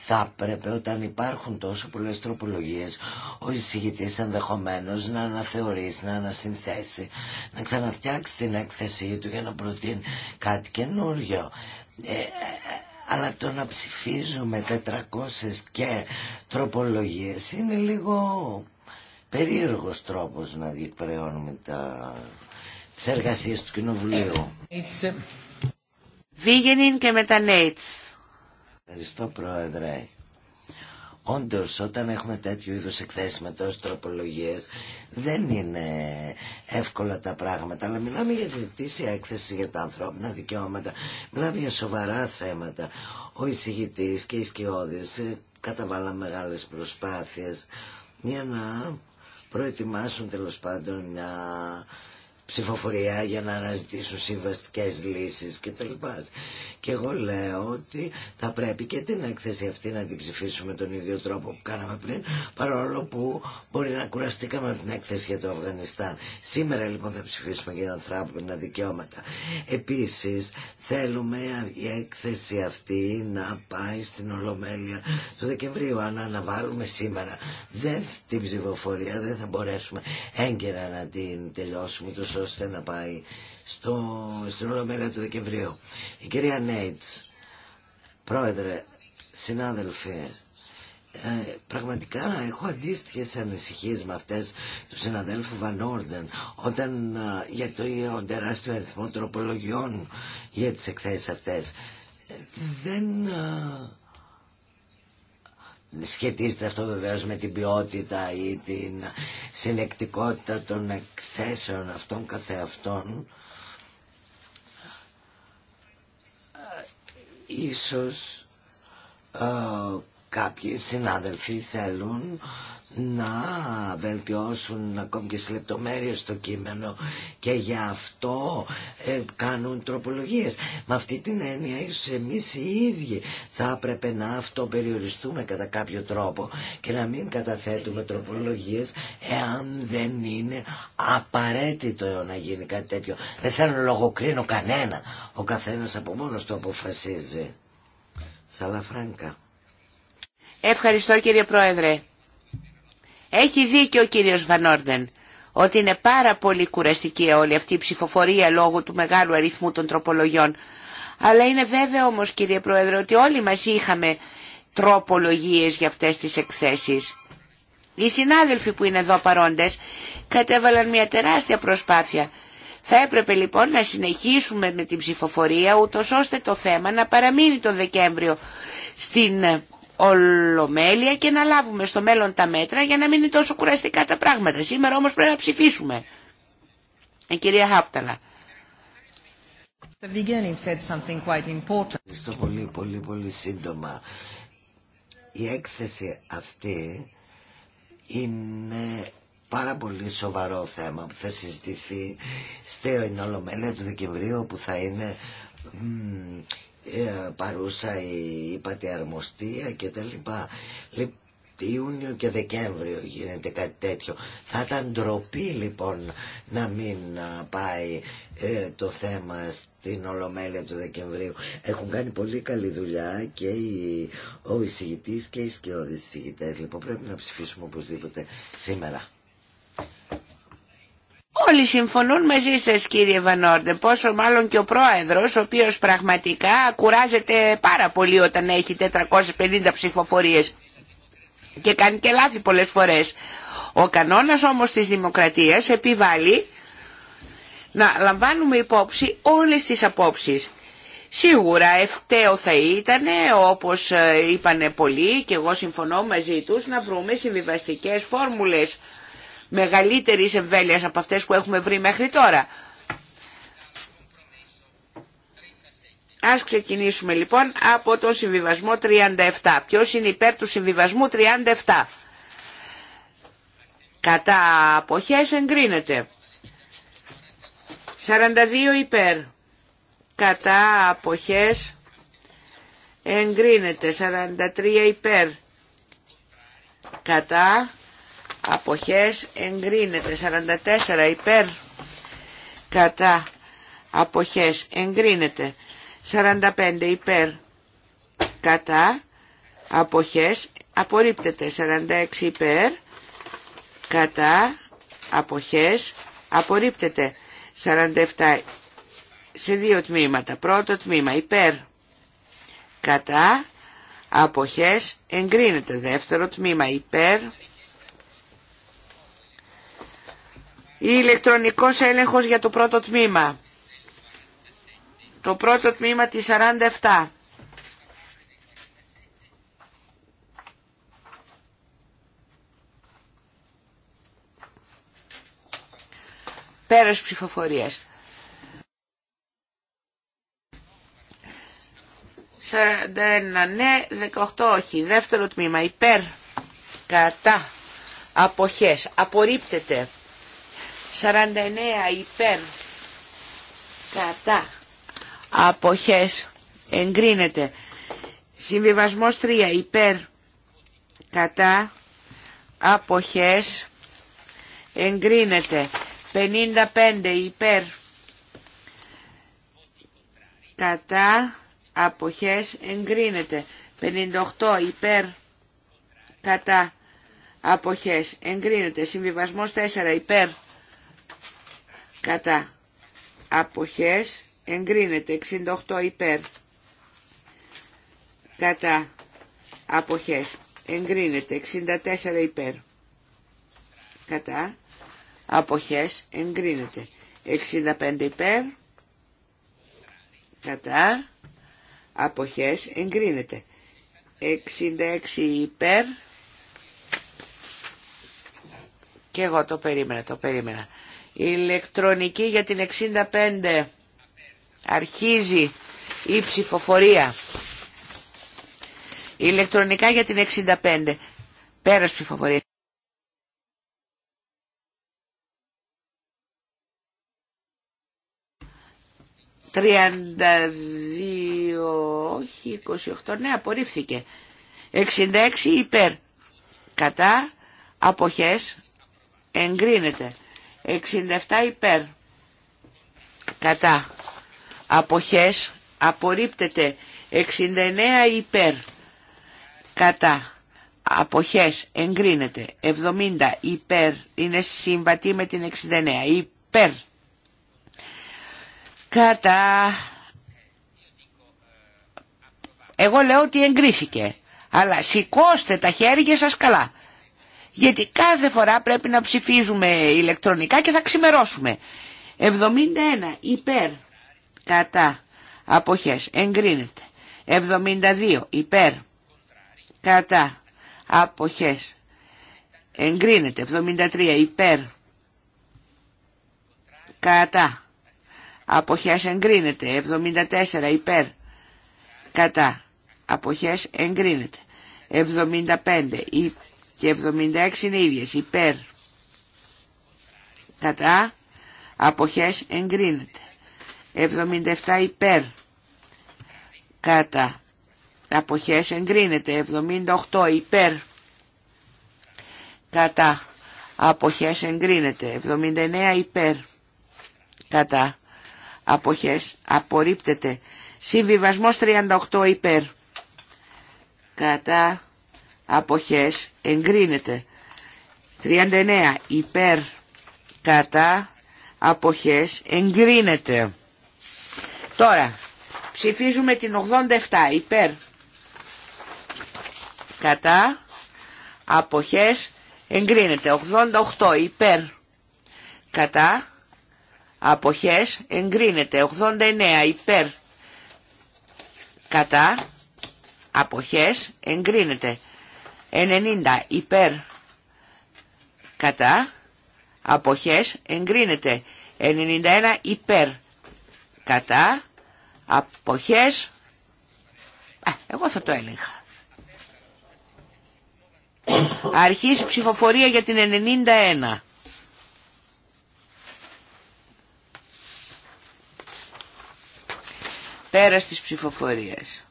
θα πρέπει όταν υπάρχουν τόσο πολλές τροπολογίες ο εισηγητής ενδεχομένως να αναθεωρήσει, να ανασυνθέσει να ξαναφτιάξει την έκθεσή του για να προτείνει κάτι καινούριο ε, ε, ε, αλλά το να ψηφίζουμε 400 και τροπολογίες είναι λίγο περίεργος τρόπος να διεκπαιρεώνουμε τα... τις εργασίες του Κοινοβουλίου. Βίγενιν και μετανέιτς. Ευχαριστώ Πρόεδρε. Όντως όταν έχουμε τέτοιου είδους εκθέσεις με τόσες τροπολογίες δεν είναι εύκολα τα πράγματα αλλά μιλάμε για διετήσια έκθεση για τα ανθρώπινα δικαιώματα μιλάμε για σοβαρά θέματα ο εισηγητής και οι σκιώδες ε, καταβάλαν μεγάλες προσπάθειες για να προετοιμάσουν τέλο πάντων μια ψηφοφορία για να αναζητήσουν συμβαστικές λύσεις και Και εγώ λέω ότι θα πρέπει και την έκθεση αυτή να την ψηφίσουμε τον ίδιο τρόπο που κάναμε πριν, παρόλο που μπορεί να κουραστήκαμε από την έκθεση για το Αφγανιστάν. Σήμερα λοιπόν θα ψηφίσουμε για τα ανθρώπινα δικαιώματα. Επίση, θέλουμε η έκθεση αυτή να πάει στην Ολομέλεια του Δεκεμβρίου. Αν αναβάλουμε σήμερα δεν την ψηφοφορία δεν θα μπορέσουμε έγκαιρα να την τελειώσουμε ώστε να πάει στο, στην Ολομέλεια του Δεκεμβρίου. Η κυρία Νέιτς, πρόεδρε, συνάδελφοι, ε, πραγματικά έχω αντίστοιχε ανησυχίε με αυτέ του συναδέλφου Βαν Όρντεν όταν ε, για το τεράστιο αριθμό τροπολογιών για τι εκθέσει αυτέ. Ε, δεν σχετίζεται αυτό βεβαίως με την ποιότητα ή την συνεκτικότητα των εκθέσεων αυτών καθεαυτών ε, ίσως ε, Κάποιοι συνάδελφοι θέλουν να βελτιώσουν ακόμη και στις λεπτομέρειες το κείμενο και γι' αυτό ε, κάνουν τροπολογίες. Με αυτή την έννοια ίσως εμείς οι ίδιοι θα έπρεπε να αυτοπεριοριστούμε κατά κάποιο τρόπο και να μην καταθέτουμε τροπολογίες εάν δεν είναι απαραίτητο να γίνει κάτι τέτοιο. Δεν θέλω να λογοκρίνω κανένα. Ο καθένας από μόνος το αποφασίζει. Σαλαφράγκα. Ευχαριστώ κύριε Πρόεδρε. Έχει δίκιο ο κύριος Βανόρντεν ότι είναι πάρα πολύ κουραστική όλη αυτή η ψηφοφορία λόγω του μεγάλου αριθμού των τροπολογιών. Αλλά είναι βέβαιο όμως κύριε Πρόεδρε ότι όλοι μας είχαμε τροπολογίες για αυτές τις εκθέσεις. Οι συνάδελφοι που είναι εδώ παρόντες κατέβαλαν μια τεράστια προσπάθεια. Θα έπρεπε λοιπόν να συνεχίσουμε με την ψηφοφορία ούτω ώστε το θέμα να παραμείνει το Δεκέμβριο στην ολομέλεια και να λάβουμε στο μέλλον τα μέτρα για να μην είναι τόσο κουραστικά τα πράγματα. Σήμερα όμως πρέπει να ψηφίσουμε. Η ε, κυρία Χάπταλα. Ευχαριστώ πολύ, πολύ, πολύ σύντομα. Η έκθεση αυτή είναι πάρα πολύ σοβαρό θέμα που θα συζητηθεί στην Ολομέλεια του Δεκεμβρίου που θα είναι ε, παρούσα η αρμοστία και τα λοιπά. Ιούνιο και Δεκέμβριο γίνεται κάτι τέτοιο. Θα ήταν ντροπή λοιπόν να μην πάει ε, το θέμα στην Ολομέλεια του Δεκεμβρίου. Έχουν κάνει πολύ καλή δουλειά και οι, ο εισηγητής και οι σκιώδεις εισηγητές. Λοιπόν πρέπει να ψηφίσουμε οπωσδήποτε σήμερα. Όλοι συμφωνούν μαζί σας κύριε Βανόρντε, πόσο μάλλον και ο πρόεδρος, ο οποίος πραγματικά κουράζεται πάρα πολύ όταν έχει 450 ψηφοφορίες και κάνει και λάθη πολλές φορές. Ο κανόνας όμως της δημοκρατίας επιβάλλει να λαμβάνουμε υπόψη όλες τις απόψεις. Σίγουρα ευκταίο θα ήταν, όπως ε, είπανε πολλοί και εγώ συμφωνώ μαζί τους, να βρούμε συμβιβαστικές φόρμουλες μεγαλύτερης εμβέλειας από αυτές που έχουμε βρει μέχρι τώρα. Ας ξεκινήσουμε λοιπόν από τον συμβιβασμό 37. Ποιος είναι υπέρ του συμβιβασμού 37. Κατά αποχές εγκρίνεται. 42 υπέρ. Κατά αποχές εγκρίνεται. 43 υπέρ. Κατά αποχές εγκρίνεται 44 υπέρ κατά αποχές εγκρίνεται 45 υπέρ κατά αποχές απορρίπτεται 46 υπέρ κατά αποχές απορρίπτεται 47 σε δύο τμήματα πρώτο τμήμα υπέρ κατά αποχές εγκρίνεται δεύτερο τμήμα υπέρ Η ηλεκτρονικός έλεγχος για το πρώτο τμήμα. Το πρώτο τμήμα της 47. Πέρας ψηφοφορίας. 41 ναι, 18 όχι. Δεύτερο τμήμα υπέρ, κατά, αποχές, απορρίπτεται. 49 υπέρ κατά αποχές εγκρίνεται. Συμβιβασμός 3 υπέρ κατά αποχές εγκρίνεται. 55 υπέρ κατά αποχές εγκρίνεται. 58 υπέρ κατά αποχές εγκρίνεται. Συμβιβασμός 4 υπέρ κατά αποχές εγκρίνεται 68 υπέρ κατά αποχές εγκρίνεται 64 υπέρ κατά αποχές εγκρίνεται 65 υπέρ κατά αποχές εγκρίνεται 66 υπέρ και εγώ το περίμενα το περίμενα ηλεκτρονική για την 65 αρχίζει η ψηφοφορία ηλεκτρονικά για την 65 πέρας ψηφοφορία 32, όχι, 28, ναι, απορρίφθηκε. 66 υπέρ, κατά, αποχές, εγκρίνεται. 67 υπέρ. Κατά. Αποχές απορρίπτεται. 69 υπέρ. Κατά. Αποχές εγκρίνεται. 70 υπέρ. Είναι συμβατή με την 69. Υπέρ. Κατά. Εγώ λέω ότι εγκρίθηκε. Αλλά σηκώστε τα χέρια σας καλά γιατί κάθε φορά πρέπει να ψηφίζουμε ηλεκτρονικά και θα ξημερώσουμε. 71 υπέρ κατά αποχές εγκρίνεται. 72 υπέρ κατά αποχές εγκρίνεται. 73 υπέρ κατά αποχές εγκρίνεται. 74 υπέρ κατά αποχές εγκρίνεται. 75 υπέρ και 76 είναι ίδιες υπέρ κατά αποχές εγκρίνεται 77 υπέρ κατά αποχές εγκρίνεται 78 υπέρ κατά αποχές εγκρίνεται 79 υπέρ κατά αποχές απορρίπτεται συμβιβασμός 38 υπέρ κατά αποχές εγκρίνεται. 39 υπέρ κατά αποχές εγκρίνεται. Τώρα ψηφίζουμε την 87 υπέρ κατά αποχές εγκρίνεται. 88 υπέρ κατά αποχές εγκρίνεται. 89 υπέρ κατά αποχές εγκρίνεται. 90 υπέρ κατά αποχές εγκρίνεται 91 υπέρ κατά αποχές εγώ θα το έλεγχα αρχής ψηφοφορία για την 91 πέρας της ψηφοφορίες.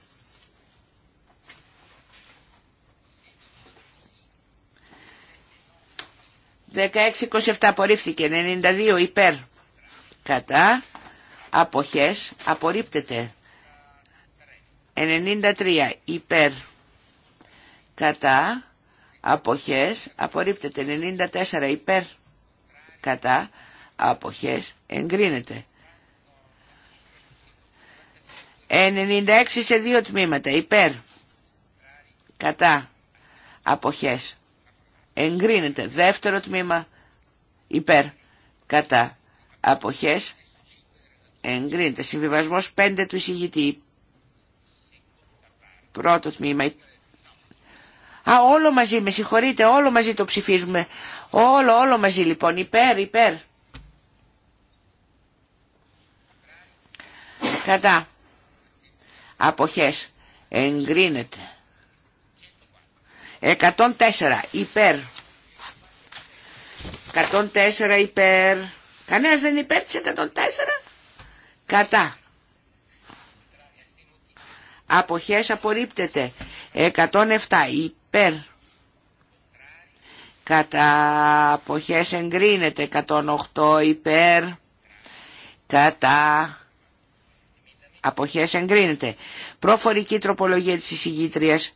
16-27 απορρίφθηκε. 92 υπέρ. Κατά. Αποχές. Απορρίπτεται. 93 υπέρ. Κατά. Αποχές. Απορρίπτεται. 94 υπέρ. Κατά. Αποχές. Εγκρίνεται. 96 σε δύο τμήματα. Υπέρ. Κατά. Αποχές εγκρίνεται. Δεύτερο τμήμα υπέρ κατά αποχές εγκρίνεται. Συμβιβασμός 5 του εισηγητή. Πρώτο τμήμα. Α, όλο μαζί, με συγχωρείτε, όλο μαζί το ψηφίζουμε. Όλο, όλο μαζί λοιπόν, υπέρ, υπέρ. Κατά. Αποχές. Εγκρίνεται. 104 υπέρ. 104 υπέρ. Κανένα δεν υπέρ της 104. Κατά. Αποχές απορρίπτεται. 107 υπέρ. Κατά αποχές εγκρίνεται. 108 υπέρ. Κατά αποχές εγκρίνεται. Προφορική τροπολογία της εισηγήτριας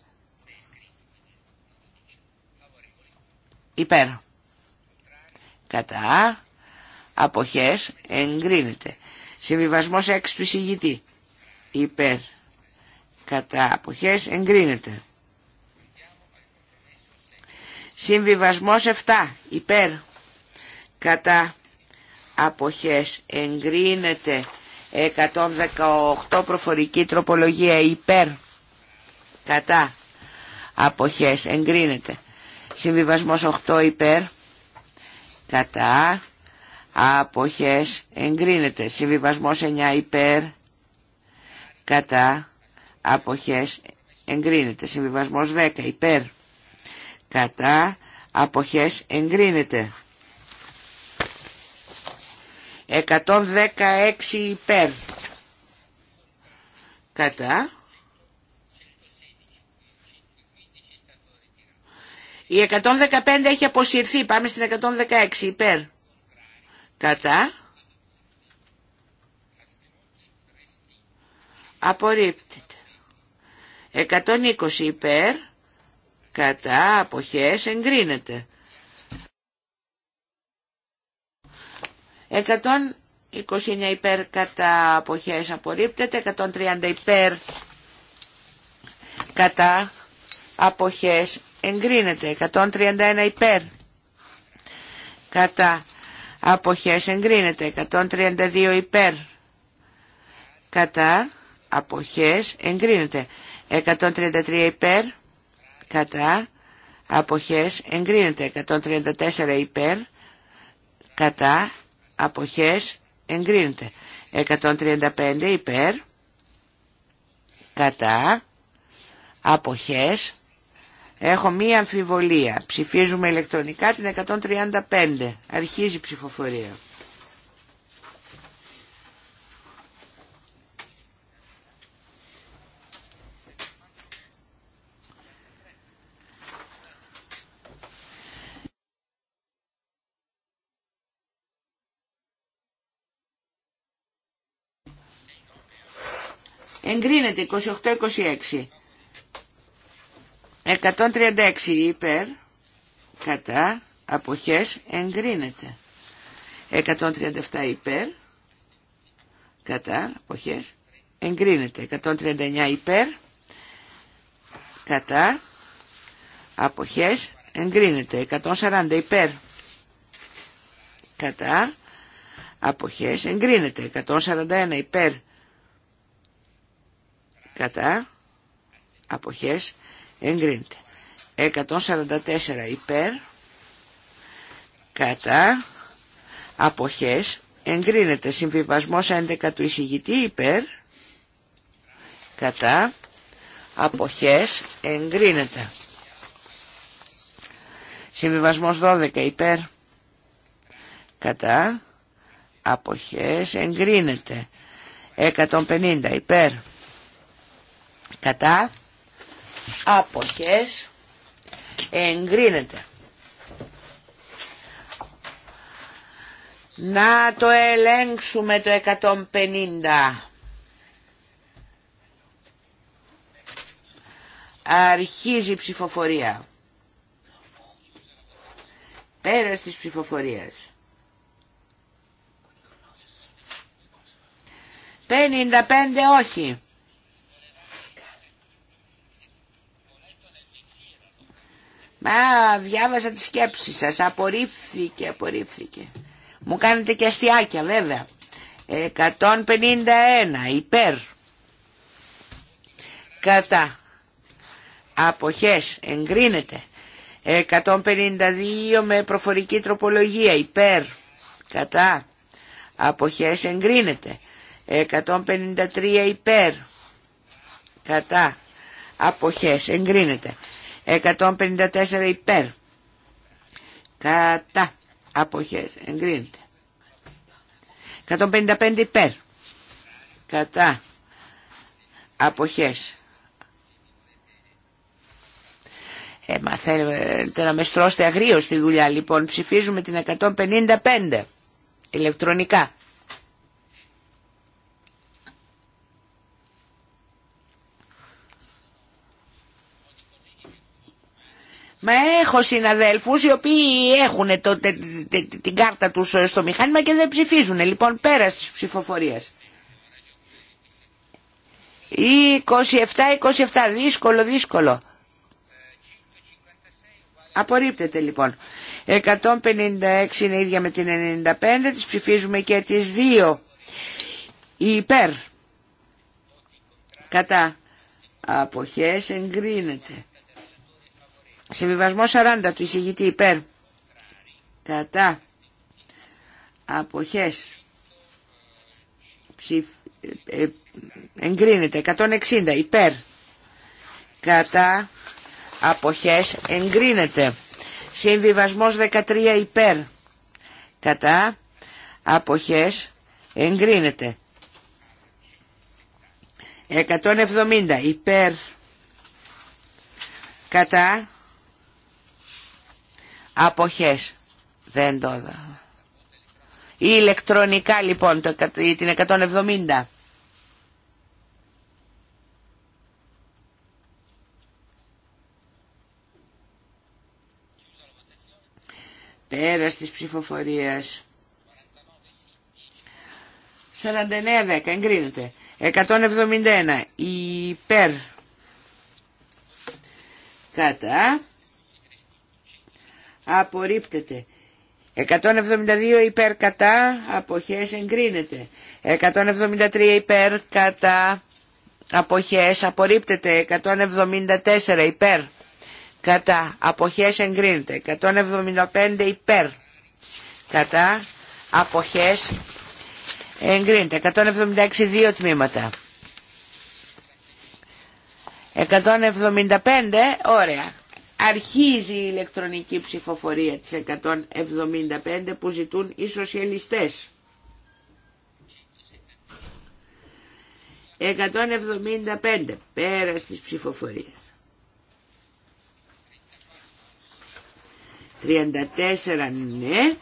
υπέρ. Κατά αποχές εγκρίνεται. Συμβιβασμός 6 του εισηγητή υπέρ. Κατά αποχές εγκρίνεται. Συμβιβασμός 7 υπέρ. Κατά αποχές εγκρίνεται 118 προφορική τροπολογία υπέρ κατά αποχές εγκρίνεται Συμβιβασμός 8 υπέρ. Κατά. Αποχές εγκρίνεται. Συμβιβασμός 9 υπέρ. Κατά. Αποχές εγκρίνεται. Συμβιβασμός 10 υπέρ. Κατά. Αποχές εγκρίνεται. 116 υπέρ. Κατά. Η 115 έχει αποσυρθεί. Πάμε στην 116 υπέρ. Κατά. Απορρίπτεται. 120 υπέρ. Κατά. Αποχές. Εγκρίνεται. 129 υπέρ κατά αποχές απορρίπτεται, 130 υπέρ κατά αποχές εγκρίνεται. 131 υπέρ. Κατά αποχές εγκρίνεται. 132 υπέρ. Κατά αποχές εγκρίνεται. 133 υπέρ. Κατά αποχές εγκρίνεται. 134 υπέρ. Κατά αποχές εγκρίνεται. 135 υπέρ. Κατά αποχές Έχω μία αμφιβολία. Ψηφίζουμε ηλεκτρονικά την 135. Αρχίζει η ψηφοφορία. Εγκρίνεται 28-26. 136 υπέρ κατά αποχές εγκρίνεται 137 υπέρ κατά αποχές εγκρίνεται 139 υπέρ κατά αποχές εγκρίνεται 140 υπέρ κατά αποχές εγκρίνεται 141 υπέρ κατά αποχές εγκρίνεται. 144 υπέρ, κατά, αποχές, εγκρίνεται. Συμβιβασμός 11 του εισηγητή υπέρ, κατά, αποχές, εγκρίνεται. Συμβιβασμός 12 υπέρ, κατά, αποχές, εγκρίνεται. 150 υπέρ, κατά, αποχές εγκρίνεται. Να το ελέγξουμε το 150. Αρχίζει η ψηφοφορία. Πέρας της ψηφοφορίας. 55 όχι. Μα διάβασα τις σκέψεις σας, απορρίφθηκε, απορρίφθηκε. Μου κάνετε και αστιάκια βέβαια. 151 υπέρ. Κατά. Αποχές εγκρίνεται. 152 με προφορική τροπολογία υπέρ. Κατά. Αποχές εγκρίνεται. 153 υπέρ. Κατά. Αποχές εγκρίνεται. 154 υπέρ. Κατά. Αποχές. Εγκρίνεται. 155 υπέρ. Κατά. Αποχές. Ε, μα θέλετε να με στρώσετε αγρίως στη δουλειά. Λοιπόν, ψηφίζουμε την 155 ηλεκτρονικά. Μα έχω συναδέλφους οι οποίοι έχουν το, την κάρτα τους ε, στο μηχάνημα και δεν ψηφίζουν. Λοιπόν, πέρα τη ψηφοφορία. 27-27, δύσκολο, δύσκολο. Απορρίπτεται λοιπόν. 156 είναι ίδια με την 95, τις ψηφίζουμε και τις δύο. Η υπέρ. Κατά. Αποχές εγκρίνεται. Συμβιβασμό 40 του εισηγητή υπέρ. Κατά. Αποχές. Ψηφ... Ε, ε, εγκρίνεται. 160 υπέρ. Κατά. Αποχές. Εγκρίνεται. Συμβιβασμός 13 υπέρ. Κατά. Αποχές. Εγκρίνεται. 170 υπέρ. Κατά Αποχές. Δεν το δω Η ηλεκτρονικά λοιπόν το, την 170. Πέρα της ψηφοφορίας. 49-10 εγκρίνεται. 171 υπέρ. Κατά απορρίπτεται. 172 υπέρ κατά αποχές εγκρίνεται. 173 υπέρ κατά αποχές απορρίπτεται. 174 υπέρ κατά αποχές εγκρίνεται. 175 υπέρ κατά αποχές εγκρίνεται. 176 δύο τμήματα. 175 ωραία. Αρχίζει η ηλεκτρονική ψηφοφορία της 175 που ζητούν οι σοσιαλιστές. 175 πέρα της ψηφοφορία. 34 ναι.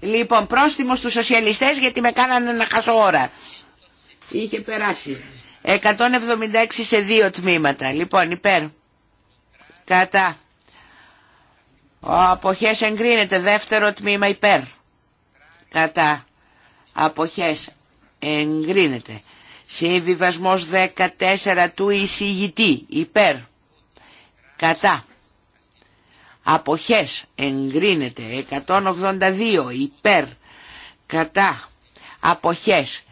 Λοιπόν, πρόστιμο στους σοσιαλιστές γιατί με κάνανε να χάσω ώρα. Είχε περάσει. 176 σε δύο τμήματα. Λοιπόν, υπέρ. Κατά. Ο αποχές εγκρίνεται. Δεύτερο τμήμα υπέρ. Κατά. Αποχές εγκρίνεται. Συμβιβασμός 14 του εισηγητή. Υπέρ. Κατά. Αποχές εγκρίνεται. 182 υπέρ. Κατά. Αποχές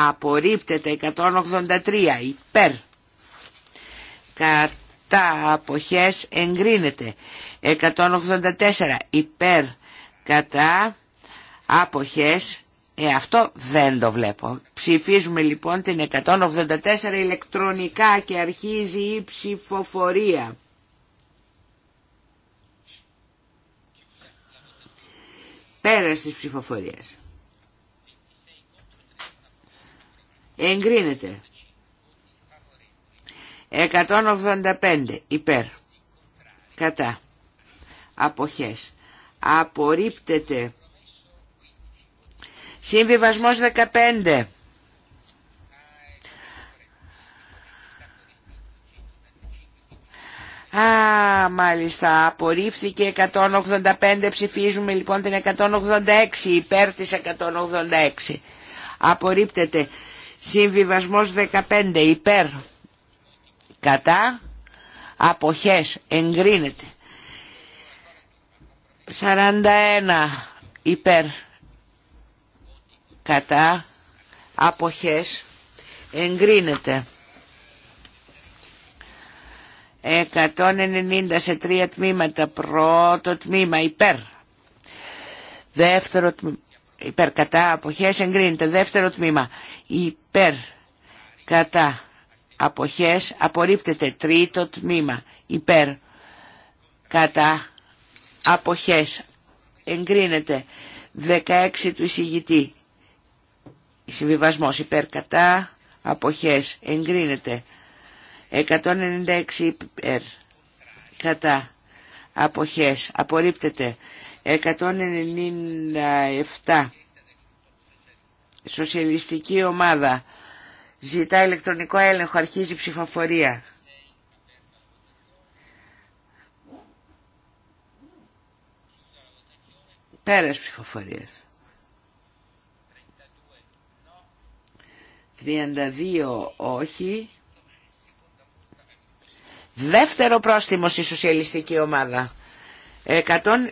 απορρίπτεται 183 υπέρ κατά αποχές εγκρίνεται 184 υπέρ κατά αποχές ε, αυτό δεν το βλέπω. Ψηφίζουμε λοιπόν την 184 ηλεκτρονικά και αρχίζει η ψηφοφορία. Πέρας της ψηφοφορίας. εγκρίνεται 185 υπέρ κατά αποχές απορρίπτεται συμβιβασμός 15 Α, μάλιστα, απορρίφθηκε 185, ψηφίζουμε λοιπόν την 186, υπέρ της 186. Απορρίπτεται Συμβιβασμός 15 υπέρ κατά αποχές εγκρίνεται. 41 υπέρ κατά αποχές εγκρίνεται. 190 σε τρία τμήματα πρώτο τμήμα υπέρ δεύτερο τμήμα υπέρ κατά αποχές εγκρίνεται δεύτερο τμήμα υπέρ κατά αποχές απορρίπτεται τρίτο τμήμα υπέρ κατά αποχές εγκρίνεται 16 του εισηγητή συμβιβασμός υπέρ κατά αποχές εγκρίνεται 196 υπέρ κατά αποχές απορρίπτεται 197 Σοσιαλιστική ομάδα ζητά ηλεκτρονικό έλεγχο, αρχίζει ψηφοφορία. Πέρας ψηφοφορίας. 32 όχι. Δεύτερο πρόστιμο στη σοσιαλιστική ομάδα. 196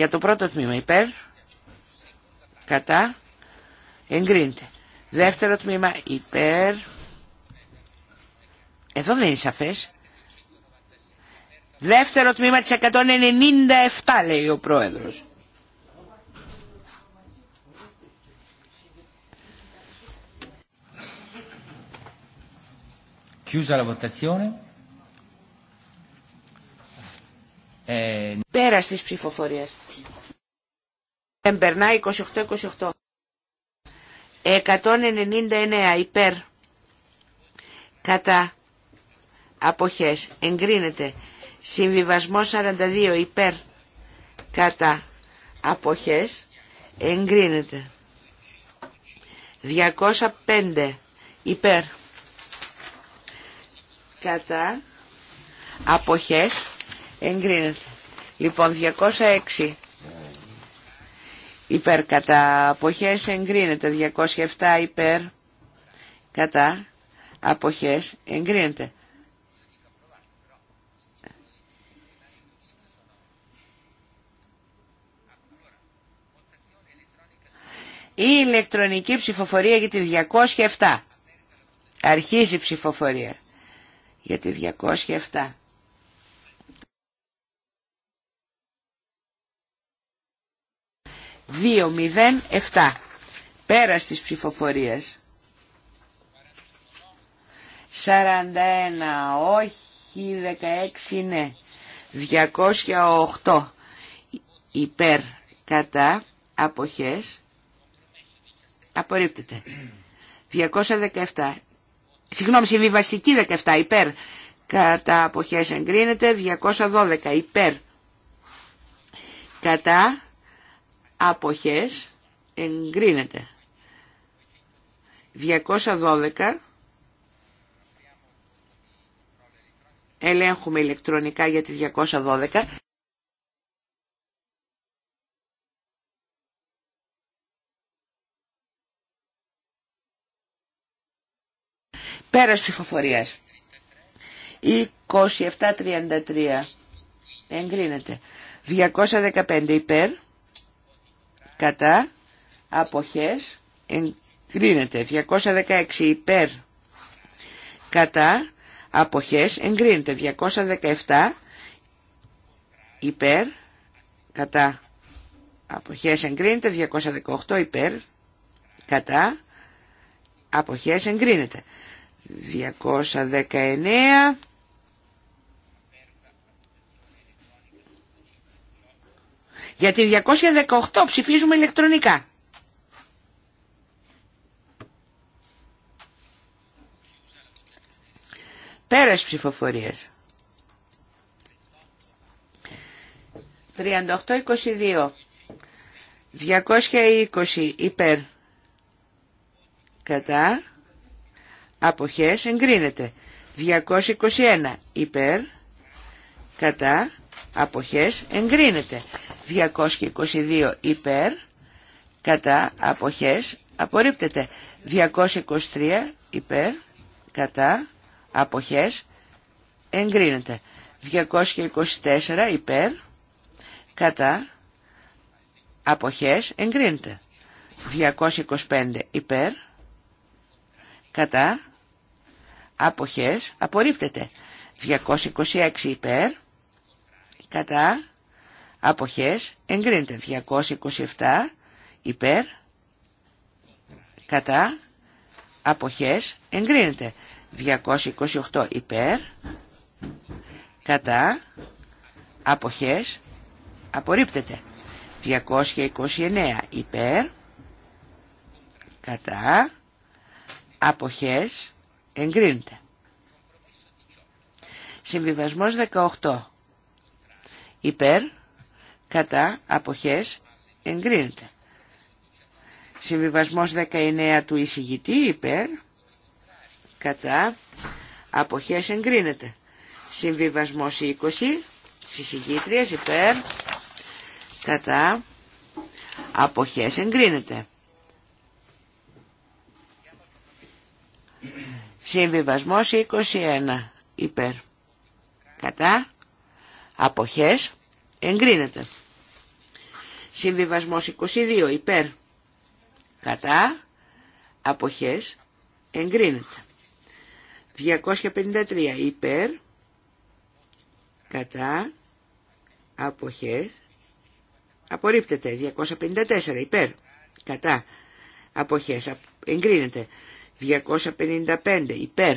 Για το πρώτο τμήμα υπέρ, κατά, εγκρίνεται. Δεύτερο τμήμα υπέρ, εδώ δεν είναι σαφές. Δεύτερο τμήμα της 197 λέει ο πρόεδρος. Chiusa la votazione. Ε... Πέρα στις ψηφοφορίες. Εμπερνά 28-28. 199 υπέρ. Κατά. Αποχές. Εγκρίνεται. Συμβιβασμό 42 υπέρ. Κατά. Αποχές. Εγκρίνεται. 205 υπέρ. Κατά. Αποχές εγκρίνεται. Λοιπόν, 206 υπέρ κατά αποχές εγκρίνεται. 207 υπέρ κατά αποχές εγκρίνεται. Η ηλεκτρονική ψηφοφορία για τη 207. Αρχίζει η ψηφοφορία για τη 207. 207 πέρας της ψηφοφορίας 41 όχι 16 ναι 208 υπέρ κατά αποχές απορρίπτεται 217 συγγνώμη συμβιβαστική 17 υπέρ κατά αποχές εγκρίνεται 212 υπέρ κατά αποχές εγκρίνεται. 212 ελέγχουμε ηλεκτρονικά για τη 212. Πέρας ψηφοφορίας. 2733 εγκρίνεται. 215 υπέρ κατά αποχές εγκρίνεται 216 υπέρ κατά αποχές εγκρίνεται 217 υπέρ κατά αποχές εγκρίνεται 218 υπέρ κατά αποχές εγκρίνεται 219 Για τη 218 ψηφίζουμε ηλεκτρονικά. Πέρας ψηφοφορίας. 38-22. 220 υπέρ. Κατά. Αποχές εγκρίνεται. 221 υπέρ. Κατά. Αποχές εγκρίνεται. 222 υπέρ, κατά, αποχές, απορρίπτεται. 223 υπέρ, κατά, αποχές, εγκρίνεται. 224 υπέρ, κατά, αποχές, εγκρίνεται. 225 υπέρ, κατά, αποχές, απορρίπτεται. 226 υπέρ, κατά, αποχές εγκρίνεται 227 υπέρ κατά αποχές εγκρίνεται 228 υπέρ κατά αποχές απορρίπτεται 229 υπέρ κατά αποχές εγκρίνεται συμβιβασμός 18 υπέρ κατά αποχές εγκρίνεται. Συμβιβασμός 19 του εισηγητή υπέρ κατά αποχές εγκρίνεται. Συμβιβασμός 20 της εισηγήτριας υπέρ κατά αποχές εγκρίνεται. Συμβιβασμός 21 υπέρ κατά αποχές εγκρίνεται. Συμβιβασμός 22 υπέρ κατά αποχές εγκρίνεται. 253 υπέρ κατά αποχές απορρίπτεται. 254 υπέρ κατά αποχές εγκρίνεται. 255 υπέρ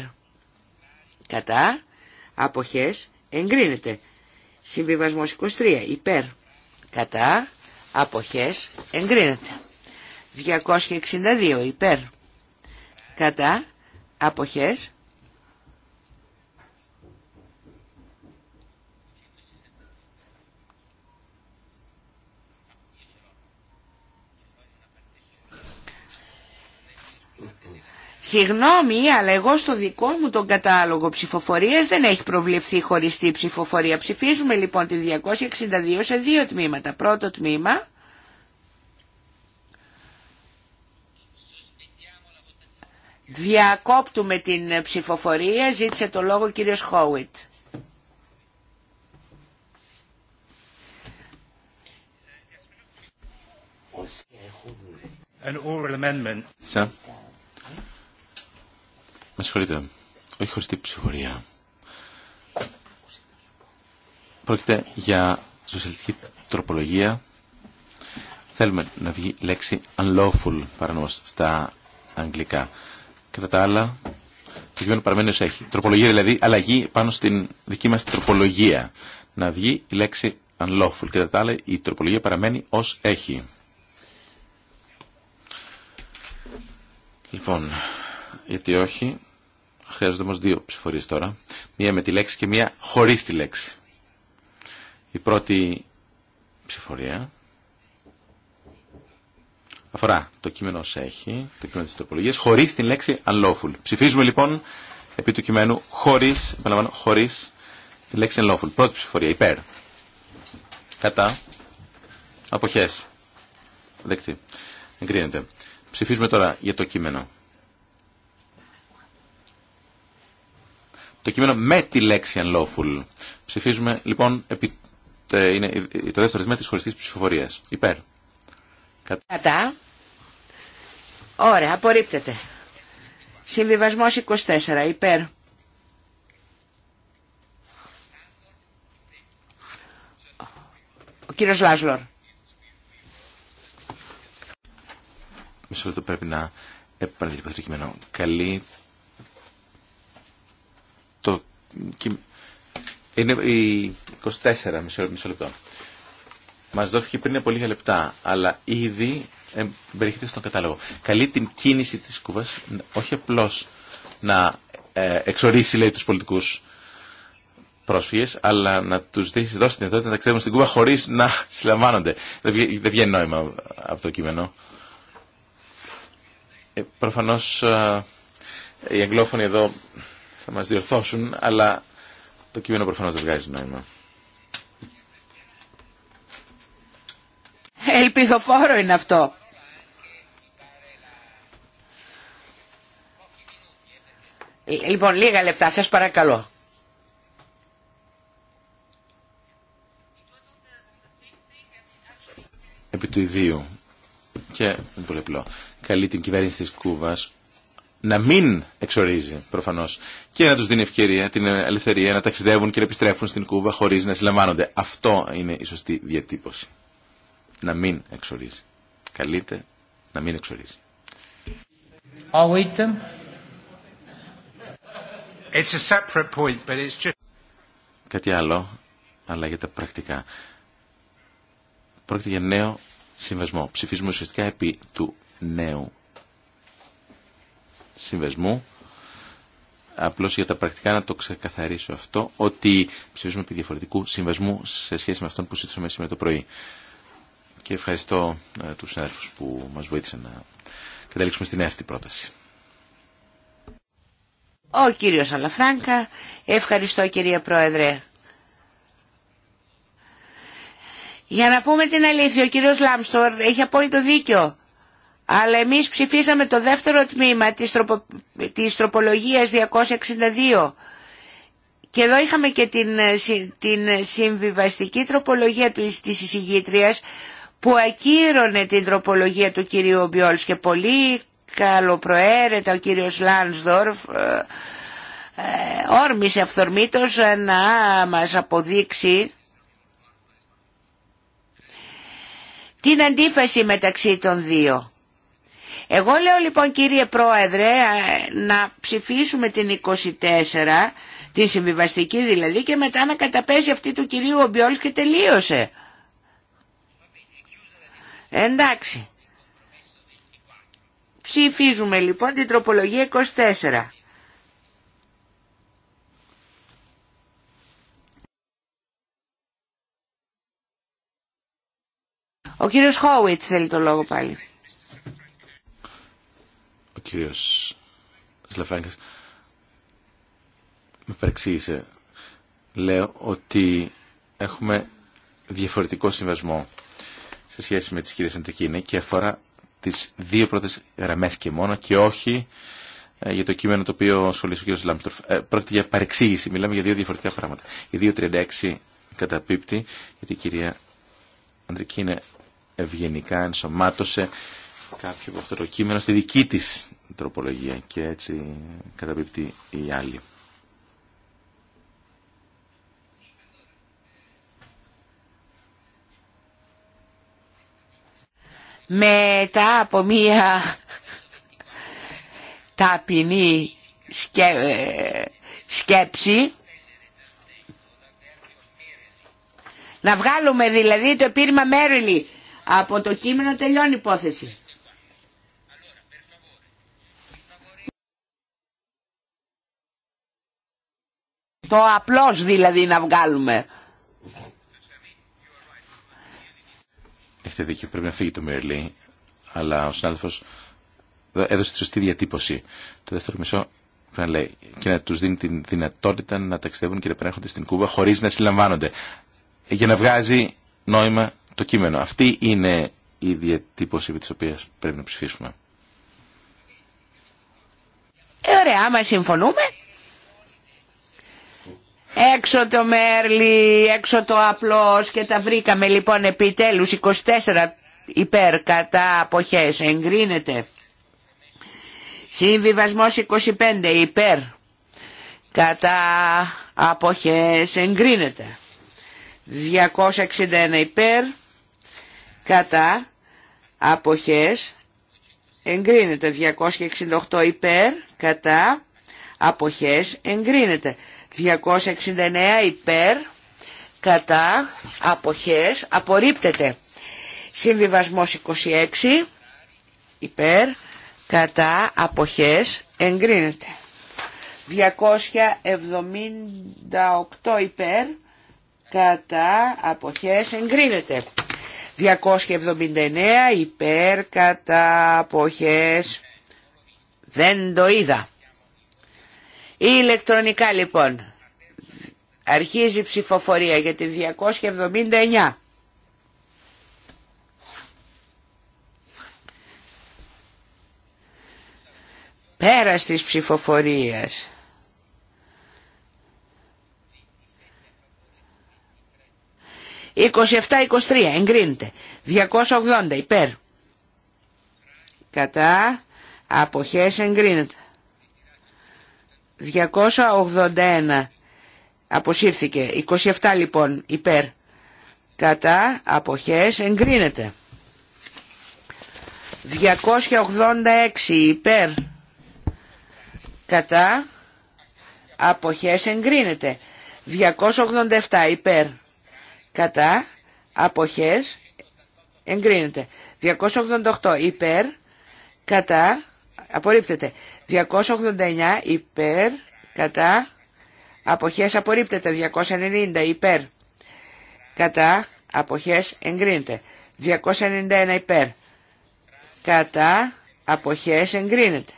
κατά αποχές εγκρίνεται. Συμβιβασμός 23 υπέρ κατά αποχές εγκρίνεται. 262 υπέρ κατά αποχές Συγγνώμη, αλλά εγώ στο δικό μου τον κατάλογο ψηφοφορίας δεν έχει προβλεφθεί χωριστή ψηφοφορία. Ψηφίζουμε λοιπόν τη 262 σε δύο τμήματα. Πρώτο τμήμα. Διακόπτουμε την ψηφοφορία. Ζήτησε το λόγο ο κύριος Χόουιτ. An oral amendment. sir. Με συγχωρείτε. Όχι χωριστή ψηφορία. Πρόκειται για σοσιαλιστική τροπολογία. Θέλουμε να βγει λέξη unlawful παρανόμως στα αγγλικά. Κατά τα άλλα, το κείμενο παραμένει ως έχει. Τροπολογία δηλαδή, αλλαγή πάνω στην δική μας τροπολογία. Να βγει η λέξη unlawful. Κατά τα άλλα, η τροπολογία παραμένει ως έχει. Λοιπόν, γιατί όχι, Χρειάζονται όμω δύο ψηφορίες τώρα. Μία με τη λέξη και μία χωρίς τη λέξη. Η πρώτη ψηφορία αφορά το κείμενο όσο έχει, το κείμενο της τροπολογίας, χωρίς την λέξη unlawful. Ψηφίζουμε λοιπόν επί του κειμένου χωρίς, επαναλαμβάνω, χωρίς τη λέξη unlawful. Πρώτη ψηφορία, υπέρ. Κατά. Αποχές. Δεκτή. Εγκρίνεται. Ψηφίζουμε τώρα για το κείμενο. το κείμενο με τη λέξη unlawful. Ψηφίζουμε λοιπόν επί, ε, είναι το δεύτερο ρυθμό τη χωριστής ψηφοφορίας. Υπέρ. Κατά. Ωραία, απορρίπτεται. Συμβιβασμό 24. Υπέρ. Ο κύριο Λάσλορ. Μισό λεπτό πρέπει να επαναληφθεί το κείμενο. Καλή... Είναι η 24, μισό, λεπτό. Μας δόθηκε πριν από λίγα λεπτά, αλλά ήδη περιέχεται στον κατάλογο. Καλεί την κίνηση της Κούβας, όχι απλώ να ε, εξορίσει, λέει, τους πολιτικούς πρόσφυγες, αλλά να τους δώσει την δυνατότητα να ταξιδεύουν στην Κούβα χωρίς να συλλαμβάνονται. Δεν βγαίνει νόημα από το κείμενο. Ε, προφανώς ε, οι αγγλόφωνοι εδώ θα μας διορθώσουν, αλλά το κείμενο προφανώς δεν βγάζει νόημα. Ελπιδοφόρο είναι αυτό. Λοιπόν, λίγα λεπτά, σας παρακαλώ. Επί του ιδίου και πολύ απλό. Καλή την κυβέρνηση της Κούβας να μην εξορίζει προφανώ. και να του δίνει ευκαιρία, την ελευθερία να ταξιδεύουν και να επιστρέφουν στην Κούβα χωρί να συλλαμβάνονται. Αυτό είναι η σωστή διατύπωση. Να μην εξορίζει. Καλείται να μην εξορίζει. Κάτι άλλο, αλλά για τα πρακτικά. Πρόκειται για νέο συμβασμό. Ψηφίζουμε ουσιαστικά επί του νέου συμβασμού, απλώς για τα πρακτικά να το ξεκαθαρίσω αυτό, ότι ψηφίζουμε επί διαφορετικού συμβασμού σε σχέση με αυτόν που συζητήσαμε σήμερα το πρωί. Και ευχαριστώ ε, τους συνάδελφους που μας βοήθησαν να καταλήξουμε στην αυτή πρόταση. Ο κύριος Αλαφράγκα, ευχαριστώ κυρία Πρόεδρε. Για να πούμε την αλήθεια, ο κύριος Λάμστορ έχει απόλυτο δίκιο. Αλλά εμείς ψηφίσαμε το δεύτερο τμήμα της, τροπολογίας 262 και εδώ είχαμε και την, ε, την ε, συμβιβαστική τροπολογία της εισηγήτριας που ακύρωνε την τροπολογία του κυρίου Μπιόλς και πολύ καλοπροαίρετα ο κύριος Λάνσδορφ ε, όρμησε αυθορμήτως να μας αποδείξει την αντίφαση μεταξύ των δύο. Εγώ λέω λοιπόν κύριε Πρόεδρε ε, να ψηφίσουμε την 24, τη συμβιβαστική δηλαδή και μετά να καταπέσει αυτή του κυρίου Ομπιόλ και τελείωσε. Εντάξει. Ψηφίζουμε λοιπόν την τροπολογία 24. Ο κύριος Χόουιτς θέλει το λόγο πάλι κύριος Σλαφράγκας με παρεξήγησε. Λέω ότι έχουμε διαφορετικό συμβασμό σε σχέση με τις κυρίες Αντεκίνη και αφορά τις δύο πρώτες γραμμές και μόνο και όχι ε, για το κείμενο το οποίο σχολήσε ο κ. Λάμπτροφ. Ε, πρόκειται για παρεξήγηση. Μιλάμε για δύο διαφορετικά πράγματα. Η 2.36 καταπίπτει, γιατί η κυρία Αντρική είναι ευγενικά ενσωμάτωσε κάποιο από αυτό το κείμενο στη δική της τροπολογία και έτσι καταπιπτεί η άλλη. Μετά από μία ταπεινή ε, σκέψη να βγάλουμε δηλαδή το πείρμα Μέριλι από το κείμενο τελειώνει υπόθεση. το απλώς δηλαδή να βγάλουμε. Έχετε δίκιο, πρέπει να φύγει το Μιρλή, αλλά ο συνάδελφος έδωσε τη σωστή διατύπωση. Το δεύτερο μισό πρέπει να λέει και να τους δίνει την δυνατότητα να ταξιδεύουν και να επανέρχονται στην Κούβα χωρίς να συλλαμβάνονται. Για να βγάζει νόημα το κείμενο. Αυτή είναι η διατύπωση επί της οποίας πρέπει να ψηφίσουμε. Ε, ωραία, άμα συμφωνούμε, έξω το Μέρλι, έξω το Απλός και τα βρήκαμε λοιπόν επιτέλους 24 υπέρ κατά αποχές εγκρίνεται. Συμβιβασμός 25 υπέρ κατά αποχές εγκρίνεται. 261 υπέρ κατά αποχές εγκρίνεται. 268 υπέρ κατά αποχές εγκρίνεται. 269 υπέρ, κατά, αποχές, απορρίπτεται. Συμβιβασμός 26 υπέρ, κατά, αποχές, εγκρίνεται. 278 υπέρ, κατά, αποχές, εγκρίνεται. 279 υπέρ, κατά, αποχές, δεν το είδα. Η ηλεκτρονικά λοιπόν. Αρχίζει η ψηφοφορία για τη 279. Πέρας της ψηφοφορίας. 27-23 εγκρίνεται. 280 υπέρ. Κατά αποχές εγκρίνεται. 281 αποσύρθηκε. 27 λοιπόν υπέρ. Κατά αποχές εγκρίνεται. 286 υπέρ. Κατά αποχές εγκρίνεται. 287 υπέρ. Κατά αποχές εγκρίνεται. 288 υπέρ. Κατά απορρίπτεται. 289 υπέρ, κατά, αποχές απορρίπτεται. 290 υπέρ, κατά, αποχές εγκρίνεται. 291 υπέρ, κατά, αποχές εγκρίνεται.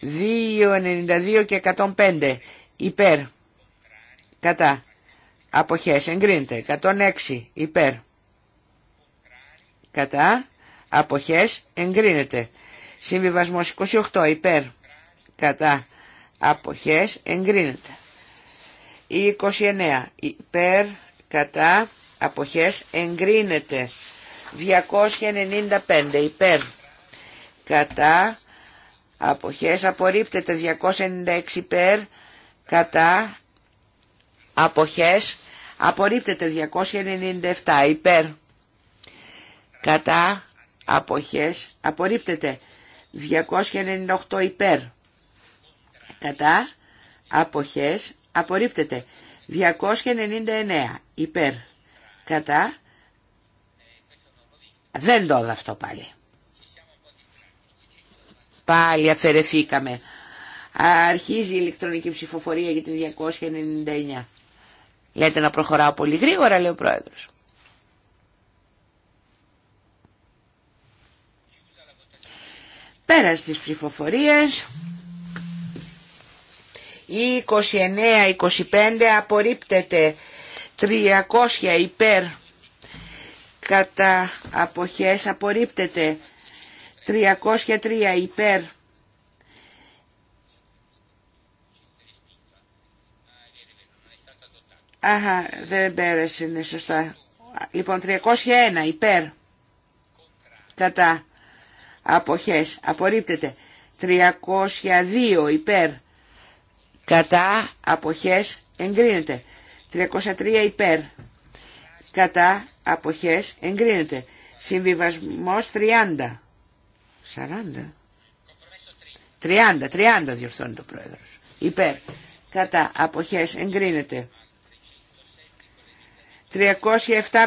292 και 105 υπέρ, κατά, αποχές εγκρίνεται. 106 υπέρ, κατά, αποχές εγκρίνεται. Συμβιβασμό 28 υπέρ κατά αποχές εγκρίνεται. 29 υπέρ κατά αποχές εγκρίνεται. 295 υπέρ κατά αποχές απορρίπτεται. 296 υπέρ κατά αποχές απορρίπτεται. 297 υπέρ κατά αποχές απορρίπτεται. 298 υπέρ. Κατά αποχές απορρίπτεται. 299 υπέρ. Κατά δεν το αυτό πάλι. Πάλι αφαιρεθήκαμε. Αρχίζει η ηλεκτρονική ψηφοφορία για την 299. Λέτε να προχωράω πολύ γρήγορα, λέει ο πρόεδρος. Πέρας ψηφοφορίες, η 29 29-25 απορρίπτεται 300 υπέρ κατά αποχές απορρίπτεται 303 υπέρ Αχα, δεν πέρασε, είναι σωστά. Λοιπόν, 301 υπέρ κατά αποχές απορρίπτεται 302 υπέρ κατά αποχές εγκρίνεται 303 υπέρ κατά αποχές εγκρίνεται συμβιβασμός 30 40 30, 30 διορθώνει το πρόεδρος. Υπέρ. Κατά. Αποχές. Εγκρίνεται. 307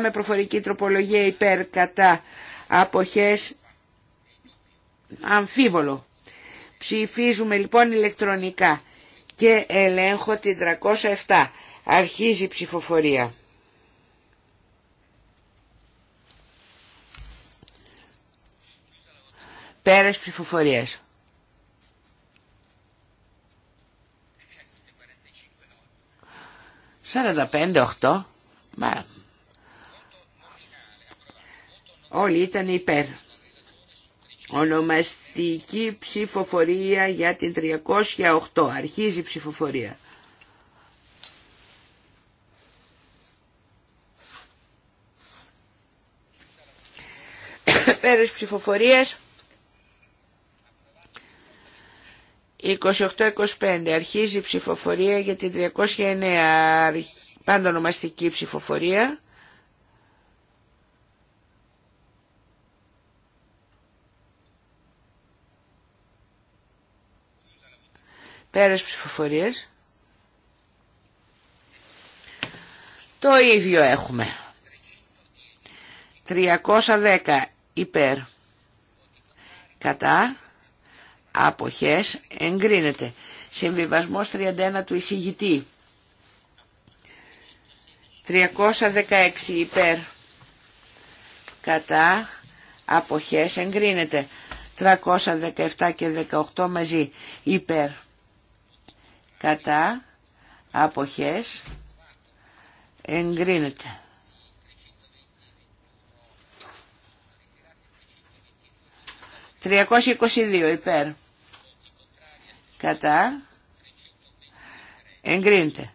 με προφορική τροπολογία υπέρ. Κατά. Αποχές αμφίβολο. Ψηφίζουμε λοιπόν ηλεκτρονικά και ελέγχω την 307. Αρχίζει η ψηφοφορία. Πέρας ψηφοφορίας. 45-8. Όλοι ήταν υπέρ. Ονομαστική ψηφοφορία για την 308. Αρχίζει η ψηφοφορία. Πέρας ψηφοφορίας 28-25 αρχίζει η ψηφοφορία για την 309 πάντα ονομαστική ψηφοφορία. Πέρας ψηφοφορίες. Το ίδιο έχουμε. 310 υπέρ. Κατά. Αποχές. Εγκρίνεται. Συμβιβασμός 31 του εισηγητή. 316 υπέρ. Κατά. Αποχές. Εγκρίνεται. 317 και 18 μαζί. Υπέρ κατά αποχές εγκρίνεται. 322 υπέρ κατά εγκρίνεται.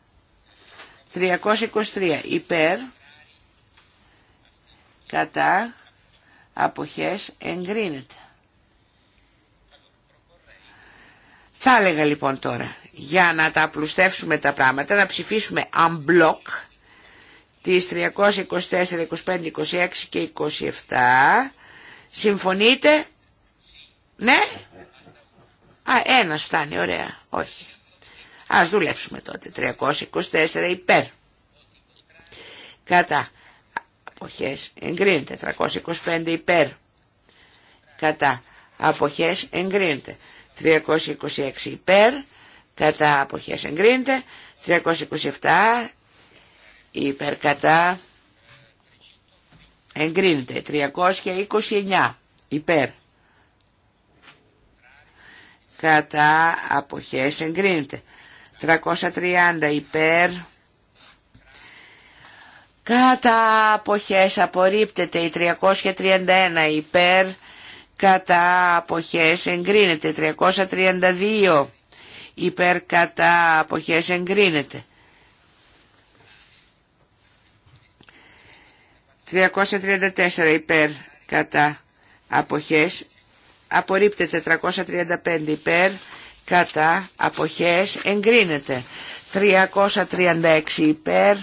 323 υπέρ κατά αποχές εγκρίνεται. Θα έλεγα λοιπόν τώρα για να τα απλουστεύσουμε τα πράγματα, να ψηφίσουμε unblock τις 324, 25, 26 και 27. Συμφωνείτε? Ναι? Α, ένας φτάνει, ωραία. Όχι. Ας δουλέψουμε τότε. 324 υπέρ. Κατά. Αποχές εγκρίνεται. 325 υπέρ. Κατά. Αποχές εγκρίνεται. 326 υπέρ κατά αποχές εγκρίνεται 327 υπέρ κατά εγκρίνεται 329 υπέρ κατά αποχές εγκρίνεται 330 υπέρ κατά αποχές απορρίπτεται 331 υπέρ κατά αποχές εγκρίνεται 332 υπέρ κατά αποχές εγκρίνεται. 334 υπέρ κατά αποχές απορρίπτεται 335 υπέρ κατά αποχές εγκρίνεται 336 υπέρ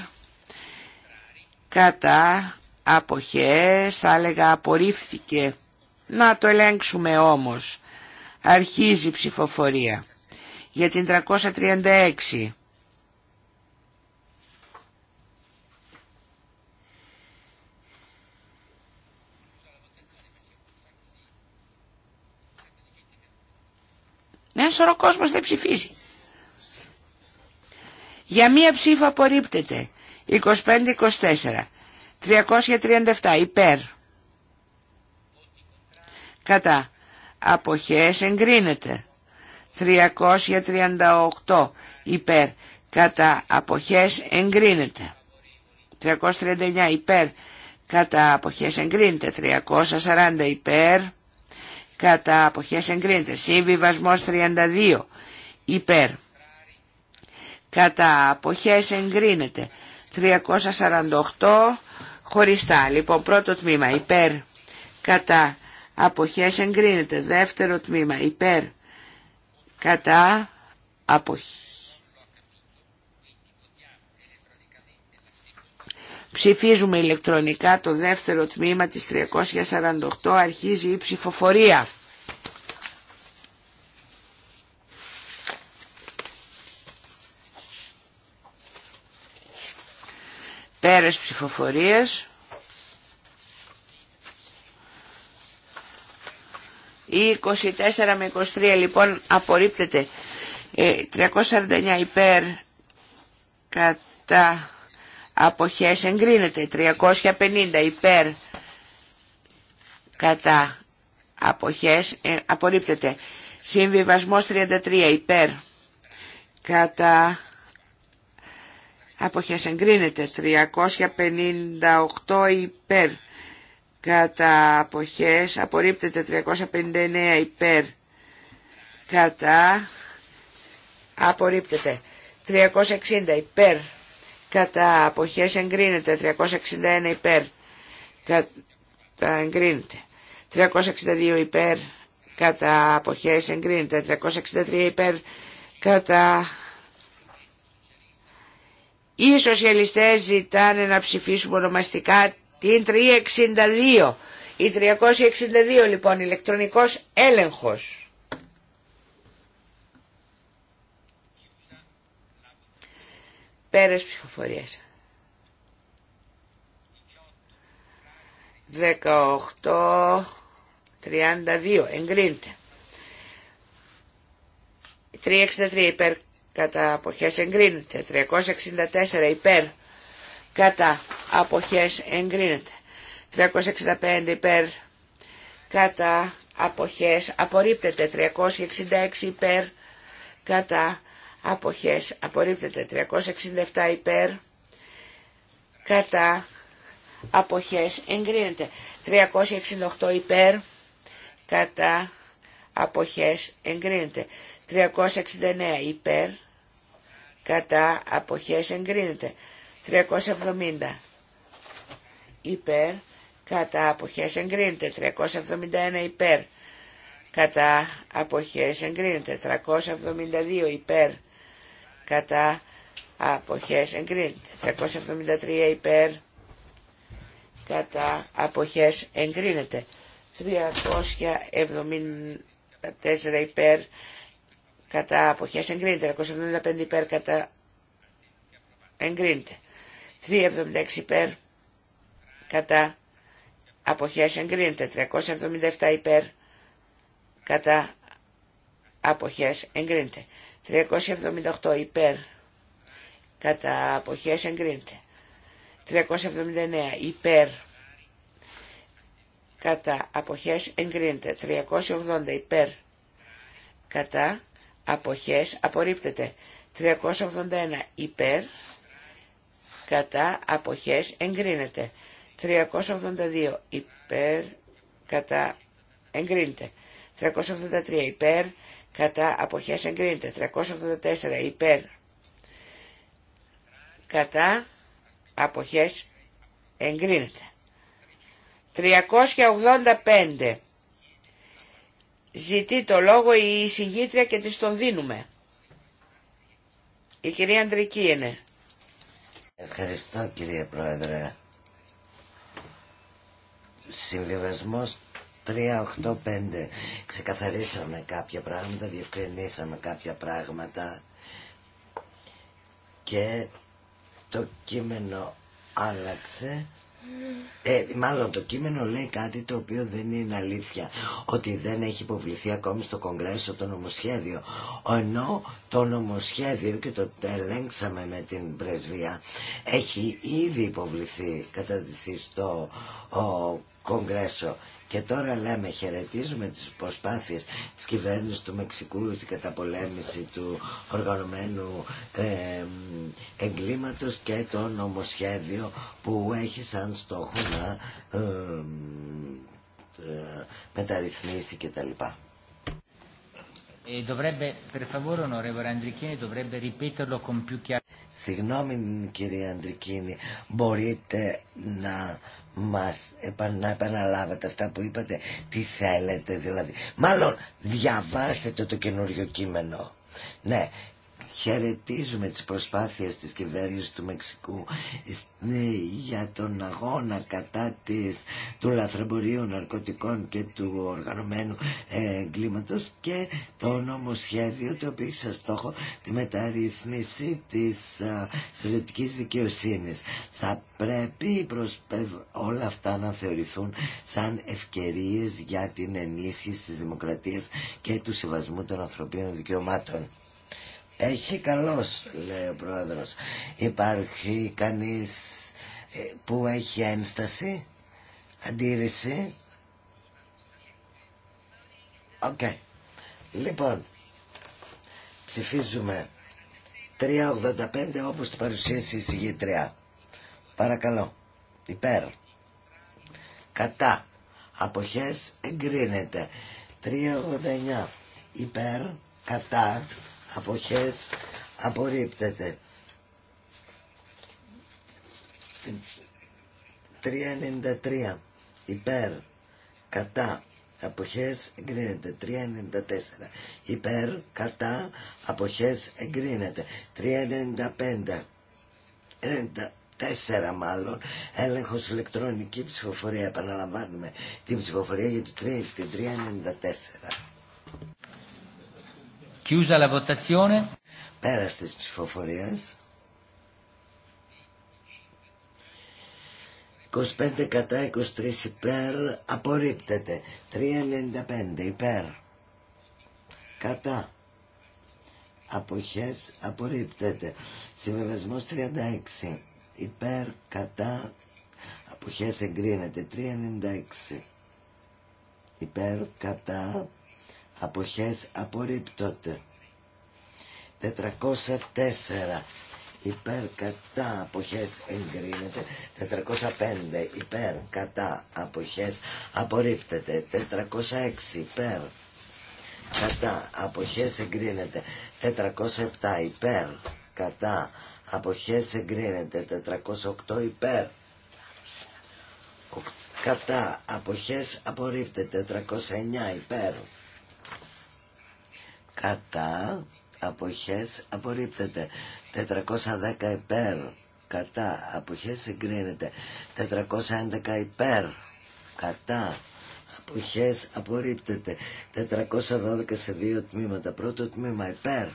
κατά αποχές θα έλεγα απορρίφθηκε να το ελέγξουμε όμως αρχίζει η ψηφοφορία για την 336. Ένα σωρό κόσμος δεν ψηφίζει. Για μία ψήφο απορρίπτεται. 25-24. 337 υπέρ. Κατά. Αποχές εγκρίνεται. 338 υπέρ κατά αποχές εγκρίνεται 339 υπέρ κατά αποχές εγκρίνεται 340 υπέρ κατά αποχές εγκρίνεται συμβιβασμός 32 υπέρ κατά αποχές εγκρίνεται 348 χωριστά λοιπόν πρώτο τμήμα υπέρ κατά αποχές εγκρίνεται δεύτερο τμήμα υπέρ κατά αποχή. Ψηφίζουμε ηλεκτρονικά το δεύτερο τμήμα της 348, αρχίζει η ψηφοφορία. Πέρας ψηφοφορίες. Η 24 με 23 λοιπόν απορρίπτεται. 349 ε, υπέρ κατά αποχές εγκρίνεται. 350 υπέρ κατά αποχές ε, απορρίπτεται. Συμβιβασμός 33 υπέρ κατά αποχές εγκρίνεται. 358 υπέρ κατά αποχές απορρίπτεται 359 υπέρ κατά απορρίπτεται 360 υπέρ κατά αποχές εγκρίνεται 361 υπέρ κατά εγκρίνεται 362 υπέρ κατά αποχές εγκρίνεται 363 υπέρ κατά οι σοσιαλιστές ζητάνε να ψηφίσουμε ονομαστικά την 362. Η 362 λοιπόν ηλεκτρονικός Πέρες ψηφοφορίες. ψηφοφορίας. 18-32 εγκρίνεται. 363 υπέρ κατά αποχές εγκρίνεται. 364 υπέρ κατά αποχές εγκρίνεται 365 υπέρ κατά αποχές απορρίπτεται 366 υπέρ κατά αποχές απορρίπτεται 367 υπέρ κατά αποχές εγκρίνεται 368 υπέρ κατά αποχές εγκρίνεται 369 υπέρ κατά αποχές εγκρίνεται 370 υπέρ κατά αποχές εγκρίνεται 371 υπέρ κατά αποχές εγκρίνεται 372 υπέρ κατά αποχές εγκρίνεται 373 υπέρ κατά αποχές εγκρίνεται 374 υπέρ κατά αποχές εγκρίνεται 375 υπέρ κατά εγκρίνεται 376 υπέρ κατά αποχές εγκρίνεται 377 υπέρ κατά αποχές εγκρίνεται 378 υπέρ κατά αποχές εγκρίνεται 379 υπέρ κατά αποχές εγκρίνεται 380 υπέρ κατά αποχές απορρίπτεται 381 υπέρ κατά αποχές εγκρίνεται. 382 υπέρ κατά εγκρίνεται. 383 υπέρ κατά αποχές εγκρίνεται. 384 υπέρ κατά αποχές εγκρίνεται. 385 Ζητεί το λόγο η εισηγήτρια και της τον δίνουμε. Η κυρία Αντρική είναι. Ευχαριστώ κύριε Πρόεδρε. Συμβιβασμός 385. Ξεκαθαρίσαμε κάποια πράγματα, διευκρινίσαμε κάποια πράγματα και το κείμενο άλλαξε ε, μάλλον το κείμενο λέει κάτι το οποίο δεν είναι αλήθεια ότι δεν έχει υποβληθεί ακόμη στο Κογκρέσο το νομοσχέδιο ενώ το νομοσχέδιο και το ελέγξαμε με την πρεσβεία έχει ήδη υποβληθεί κατατηθεί στο Κογκρέσο και τώρα λέμε χαιρετίζουμε τις προσπάθειες της κυβέρνησης του Μεξικού την καταπολέμηση του οργανωμένου ε, εγκλήματος και το νομοσχέδιο που έχει σαν στόχο να ε, ε, μεταρρυθμίσει κτλ. Ε, Συγγνώμη κύριε Αντρικίνη, μπορείτε να μας να επαναλάβετε αυτά που είπατε, τι θέλετε δηλαδή. Μάλλον διαβάστε το το καινούριο κείμενο. Ναι, χαιρετίζουμε τις προσπάθειες της κυβέρνησης του Μεξικού ναι, για τον αγώνα κατά της, του λαθρεμπορίου ναρκωτικών και του οργανωμένου ε, εγκλήματος και το νομοσχέδιο το οποίο έχει σαν στόχο τη μεταρρύθμιση της ε, στρατιωτικής δικαιοσύνης. Θα πρέπει προσπευ... όλα αυτά να θεωρηθούν σαν ευκαιρίες για την ενίσχυση της δημοκρατίας και του σεβασμού των ανθρωπίνων δικαιωμάτων έχει καλός, λέει ο πρόεδρος. Υπάρχει κανείς ε, που έχει ένσταση, αντίρρηση. Οκ. Okay. Λοιπόν, ψηφίζουμε 3.85 όπως το παρουσίασε η συγγήτρια. Παρακαλώ. Υπέρ. Κατά. Αποχές εγκρίνεται. 3.89. Υπέρ. Κατά αποχές απορρίπτεται 393 υπέρ κατά αποχές εγκρίνεται 394 υπέρ κατά αποχές εγκρίνεται 395 94 μάλλον έλεγχος ηλεκτρονική ψηφοφορία επαναλαμβάνουμε την ψηφοφορία για την 394 Chiusa la Πέρα τη ψηφοφορία. 25 κατά 23 υπέρ απορρίπτεται. 3,95 υπέρ. Κατά. Αποχές απορρίπτεται. Συμβεβασμός 36. Υπέρ, κατά, αποχές εγκρίνεται. 3,96. Υπέρ, κατά, αποχές απορρίπτονται 404 υπέρ κατά αποχές εγκρίνεται 405 υπέρ κατά αποχές απορρίπτεται 406 υπέρ κατά αποχές εγκρίνεται 407 υπέρ κατά αποχές εγκρίνεται 408 υπέρ κατά αποχές απορρίπτεται 409 υπέρ κατά αποχές απορρίπτεται 410 υπέρ κατά αποχές εγκρίνεται 411 υπέρ κατά αποχές απορρίπτεται 412 σε δύο τμήματα πρώτο τμήμα υπέρ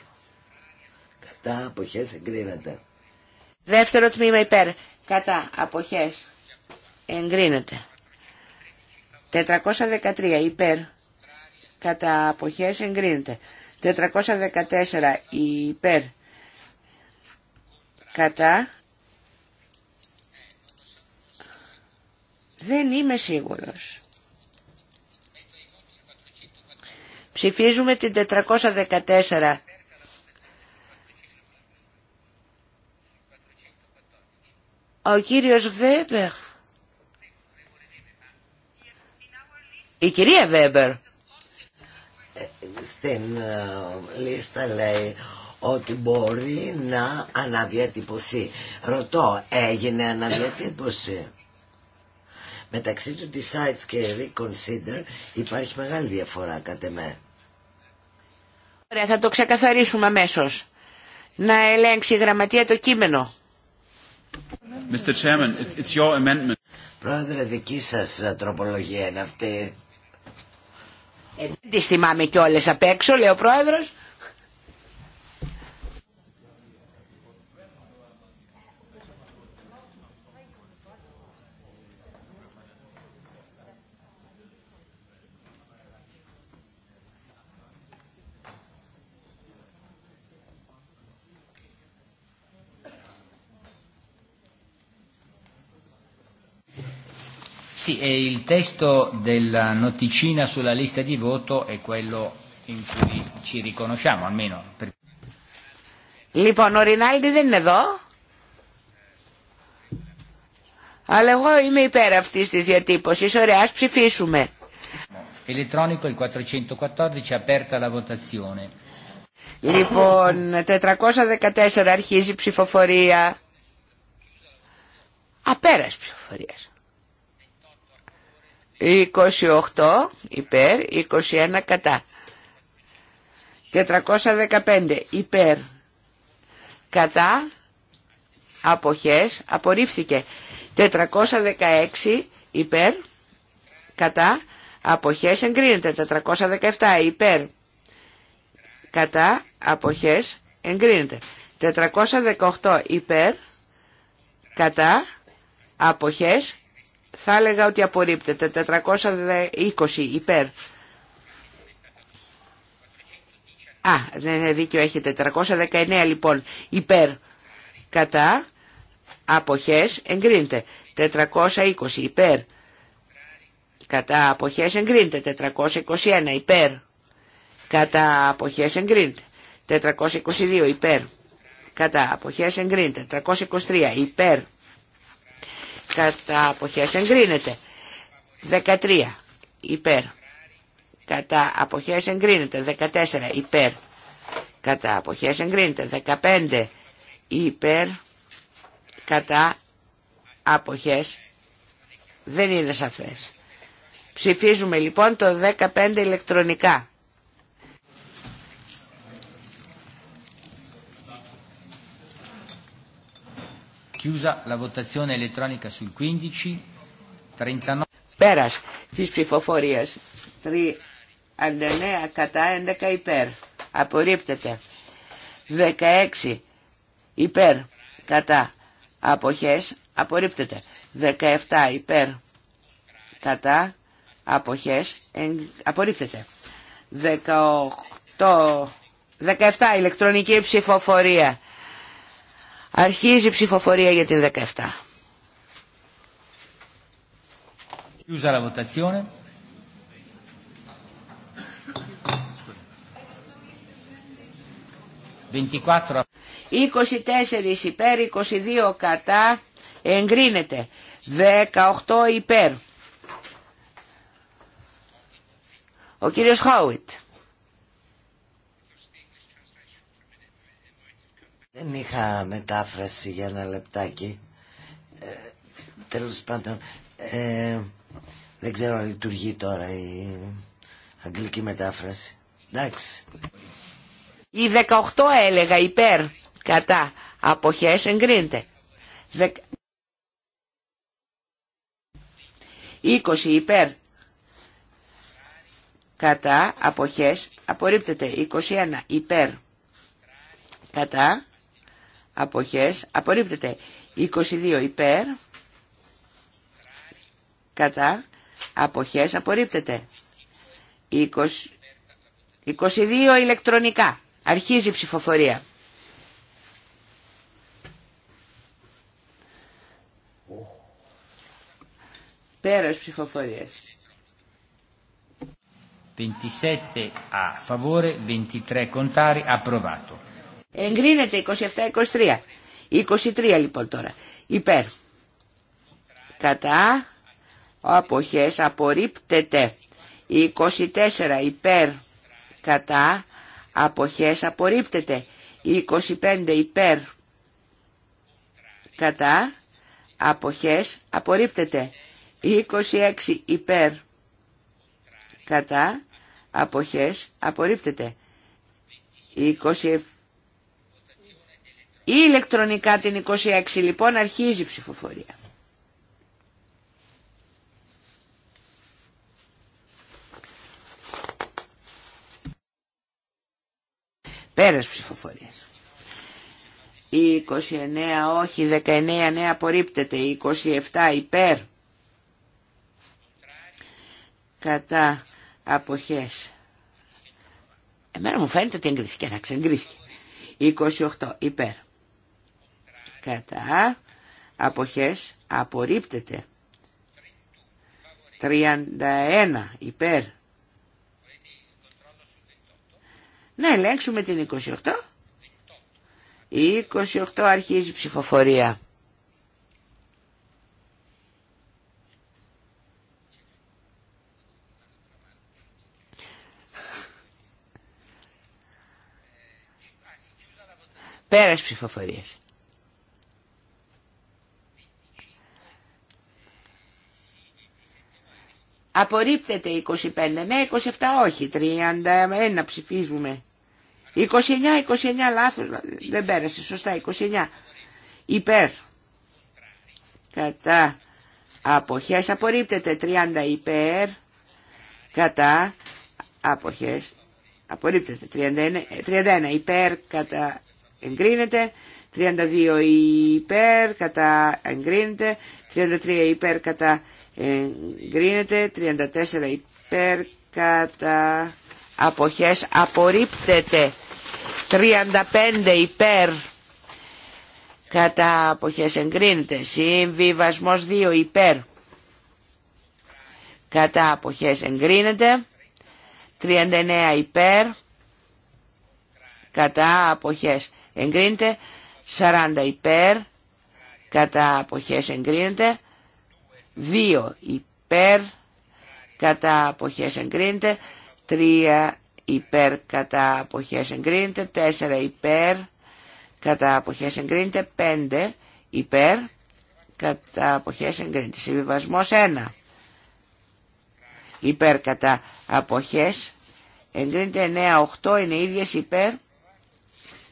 κατά αποχές εγκρίνεται δεύτερο τμήμα υπέρ κατά αποχές εγκρίνεται 413 υπέρ κατά αποχές εγκρίνεται 414 υπέρ κατά δεν είμαι σίγουρος. Ψηφίζουμε την 414 Ο κύριος Βέμπερ. Η κυρία Βέμπερ στην ε, λίστα λέει ότι μπορεί να αναδιατυπωθεί. Ρωτώ, έγινε αναδιατύπωση. Μεταξύ του Decides και Reconsider υπάρχει μεγάλη διαφορά κατά με. Ωραία, θα το ξεκαθαρίσουμε αμέσω. Να ελέγξει η γραμματεία το κείμενο. Mr. Chairman, it's your amendment. Πρόεδρε, δική σας ε, τροπολογία είναι αυτή. Ε, δεν τις θυμάμαι κιόλας απ' έξω, λέει ο πρόεδρος. E il testo della sulla lista di voto è quello Λοιπόν, ο Ρινάλντι δεν είναι εδώ. Αλλά εγώ είμαι υπέρ αυτής της διατύπωσης. Ωραία, ας ψηφίσουμε. 414, aperta la votazione. Λοιπόν, 414 αρχίζει η ψηφοφορία. Απέρας ψηφοφορίας. 28 υπέρ, 21 κατά. 415 υπέρ, κατά, αποχές, απορρίφθηκε. 416 υπέρ, κατά, αποχές, εγκρίνεται. 417 υπέρ, κατά, αποχές, εγκρίνεται. 418 υπέρ, κατά, αποχές, θα έλεγα ότι απορρίπτεται. 420 υπέρ. Α, δεν είναι ναι, δίκιο, έχετε. 419 λοιπόν υπέρ. Κατά. Αποχές εγκρίνεται. 420 υπέρ. Κατά αποχές εγκρίνεται. 421 υπέρ. Κατά αποχές εγκρίνεται. 422 υπέρ. Κατά αποχές εγκρίνεται. 423 υπέρ κατά αποχές εγκρίνεται. 13 υπέρ κατά αποχές εγκρίνεται. 14 υπέρ κατά αποχές εγκρίνεται. 15 υπέρ κατά αποχές δεν είναι σαφές. Ψηφίζουμε λοιπόν το 15 ηλεκτρονικά. Chiusa la votazione elettronica sul 15. 39. Πέρας κατά 11 υπέρ. Απορρίπτεται. 16 υπέρ κατά αποχές. Απορρίπτεται. 17 υπέρ κατά αποχές. Απορρίπτεται. 18 17 ηλεκτρονική ψηφοφορία. Αρχίζει η ψηφοφορία για την 17. Chiusa la votazione. υπέρ, 22 κατά, εγκρίνεται. 18 υπέρ. Ο κύριος Χάουιτ. Δεν είχα μετάφραση για ένα λεπτάκι. Ε, τέλος πάντων, ε, δεν ξέρω αν λειτουργεί τώρα η αγγλική μετάφραση. Εντάξει. Η 18 έλεγα υπέρ, κατά, αποχές εγκρίνεται. 20 υπέρ, κατά, αποχές, απορρίπτεται. 21 υπέρ, κατά, αποχές απορρίπτεται 22 υπέρ κατά αποχές απορρίπτεται 22 ηλεκτρονικά αρχίζει η ψηφοφορία πέρας ψηφοφορίας 27 a favore 23 contari approvato Εγκρίνεται 27-23. 23 λοιπόν τώρα. Υπέρ. Κατά. Αποχές απορρίπτεται. 24 υπέρ. Κατά. Αποχές απορρίπτεται. 25 υπέρ. Κατά. Αποχές απορρίπτεται. 26 υπέρ. Κατά. Αποχές απορρίπτεται. 27 η ηλεκτρονικά την 26 λοιπόν αρχίζει η ψηφοφορία. Πέρας ψηφοφορίας. Η 29 όχι, 19 ναι απορρίπτεται, η 27 υπέρ. Κατά αποχές. Εμένα μου φαίνεται ότι εγκρίθηκε, να ξεγκρίθηκε. Η 28 υπέρ κατά αποχές απορρίπτεται 31 υπέρ να ελέγξουμε την 28 Η 28 αρχίζει ψηφοφορία πέρας ψηφοφορίας Απορρίπτεται 25, ναι, 27 όχι, 31 ψηφίζουμε. 29, 29 λάθος, δεν πέρασε, σωστά, 29. Υπέρ, κατά, αποχές, απορρίπτεται 30 υπέρ, κατά, αποχές, απορρίπτεται 31, 31 υπέρ, κατά, εγκρίνεται, 32 υπέρ, κατά, εγκρίνεται, 33 υπέρ, κατά, εγκρίνεται, εγκρίνεται 34 υπέρ κατά αποχές απορρίπτεται 35 υπέρ κατά αποχές εγκρίνεται συμβιβασμός 2 υπέρ κατά αποχές εγκρίνεται 39 υπέρ κατά αποχές εγκρίνεται 40 υπέρ κατά αποχές εγκρίνεται 2 υπέρ κατά αποχές εγκρίνεται, 3 υπέρ κατά αποχές εγκρίνεται, 4 υπέρ κατά αποχές εγκρίνεται, 5 υπέρ κατά αποχές εγκρίνεται. Συμβιβασμός 1 υπέρ κατά αποχές εγκρίνεται, 9, 8 είναι ίδιες υπέρ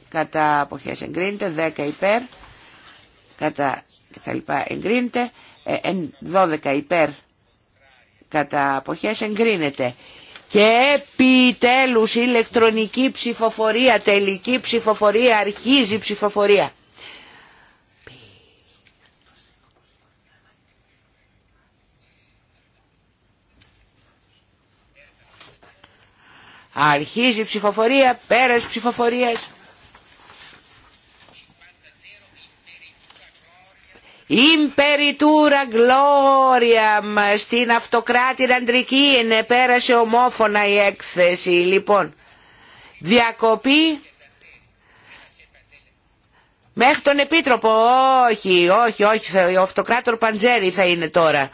κατά αποχές εγκρίνεται, 10 υπέρ κατά κτλ εγκρίνεται, 12 ε, υπέρ κατά αποχές εγκρίνεται. Και επιτέλους ηλεκτρονική ψηφοφορία, τελική ψηφοφορία, αρχίζει η ψηφοφορία. Αρχίζει η ψηφοφορία, πέρας ψηφοφορίας. Imperitura gloria στην αυτοκράτηρα αντρική είναι πέρασε ομόφωνα η έκθεση. Λοιπόν, διακοπή μέχρι τον Επίτροπο. Όχι, όχι, όχι, ο Αυτοκράτορ Παντζέρη θα είναι τώρα.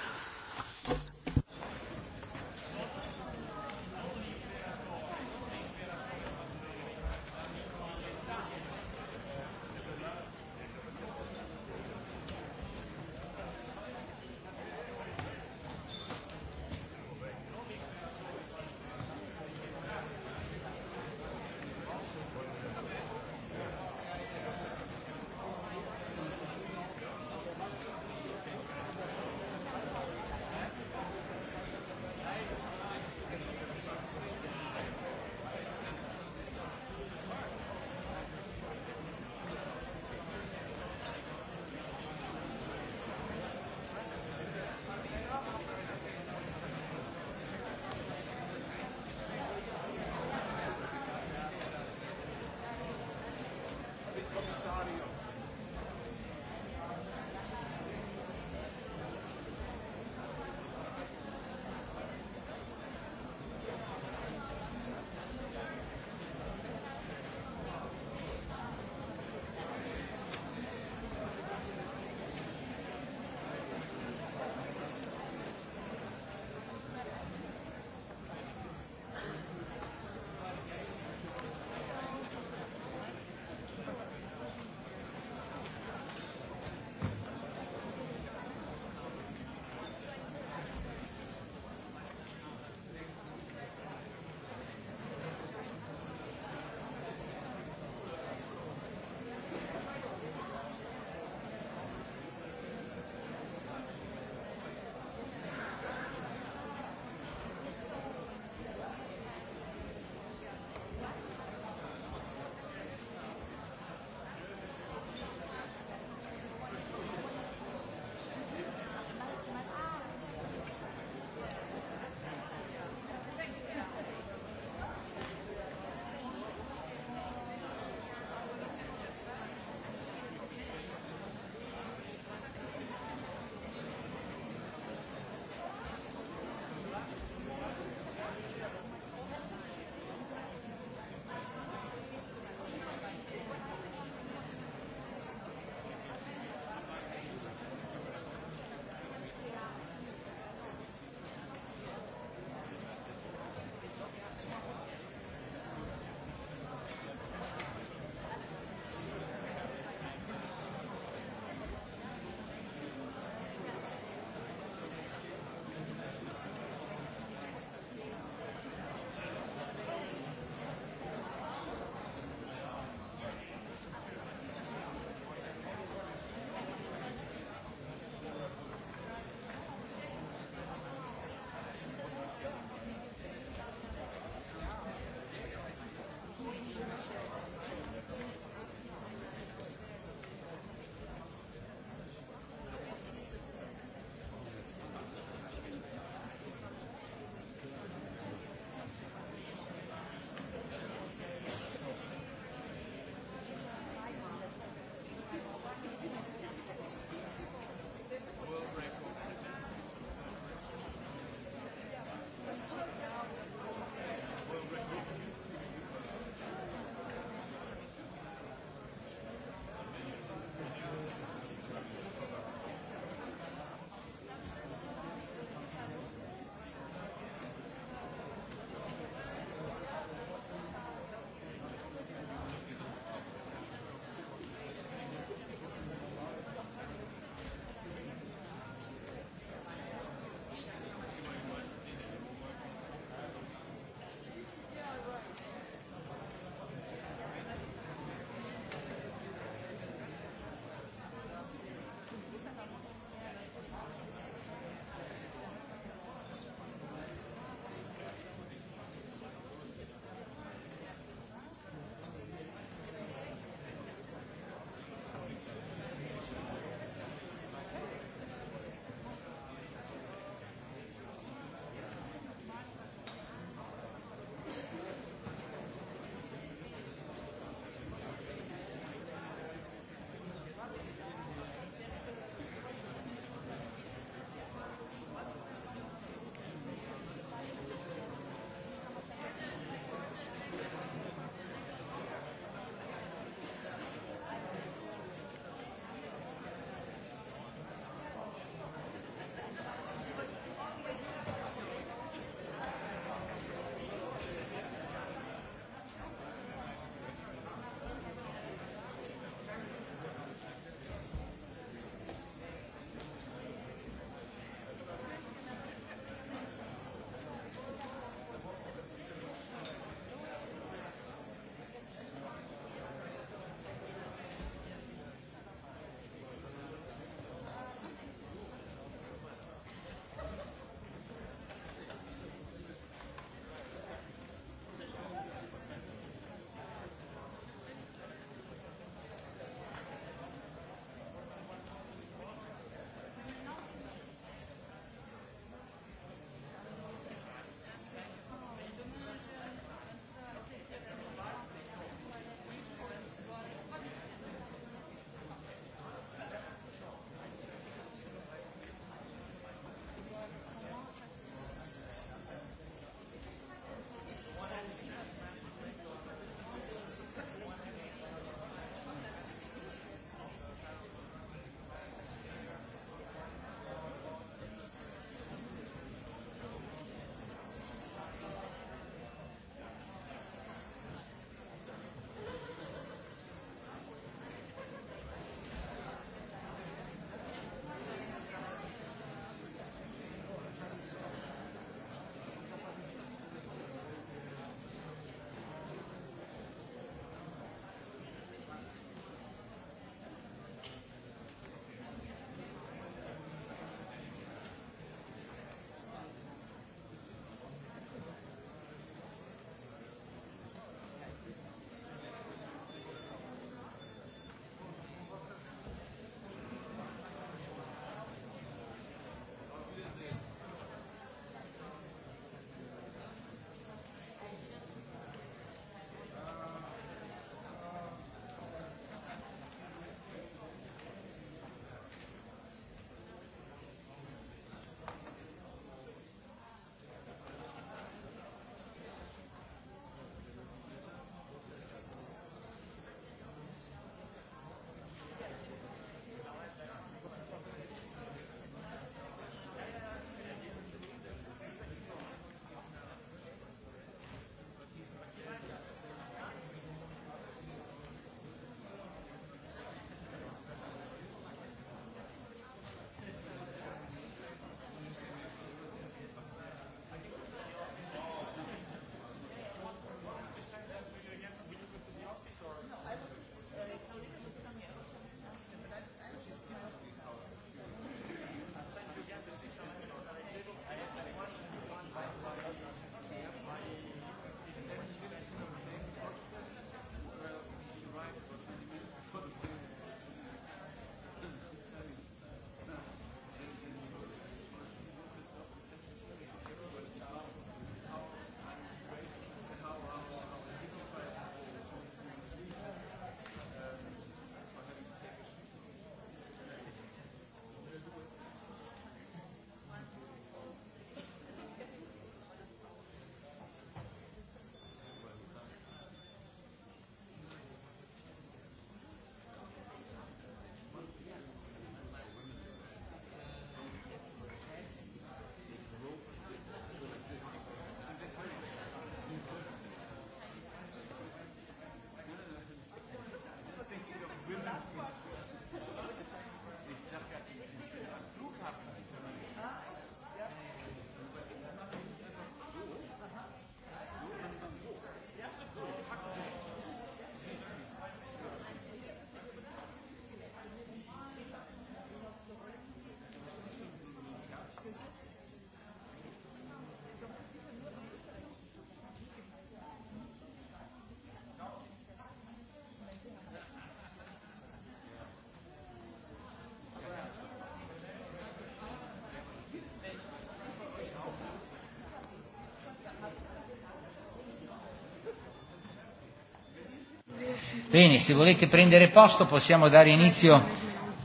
Bene, se volete prendere posto possiamo dare inizio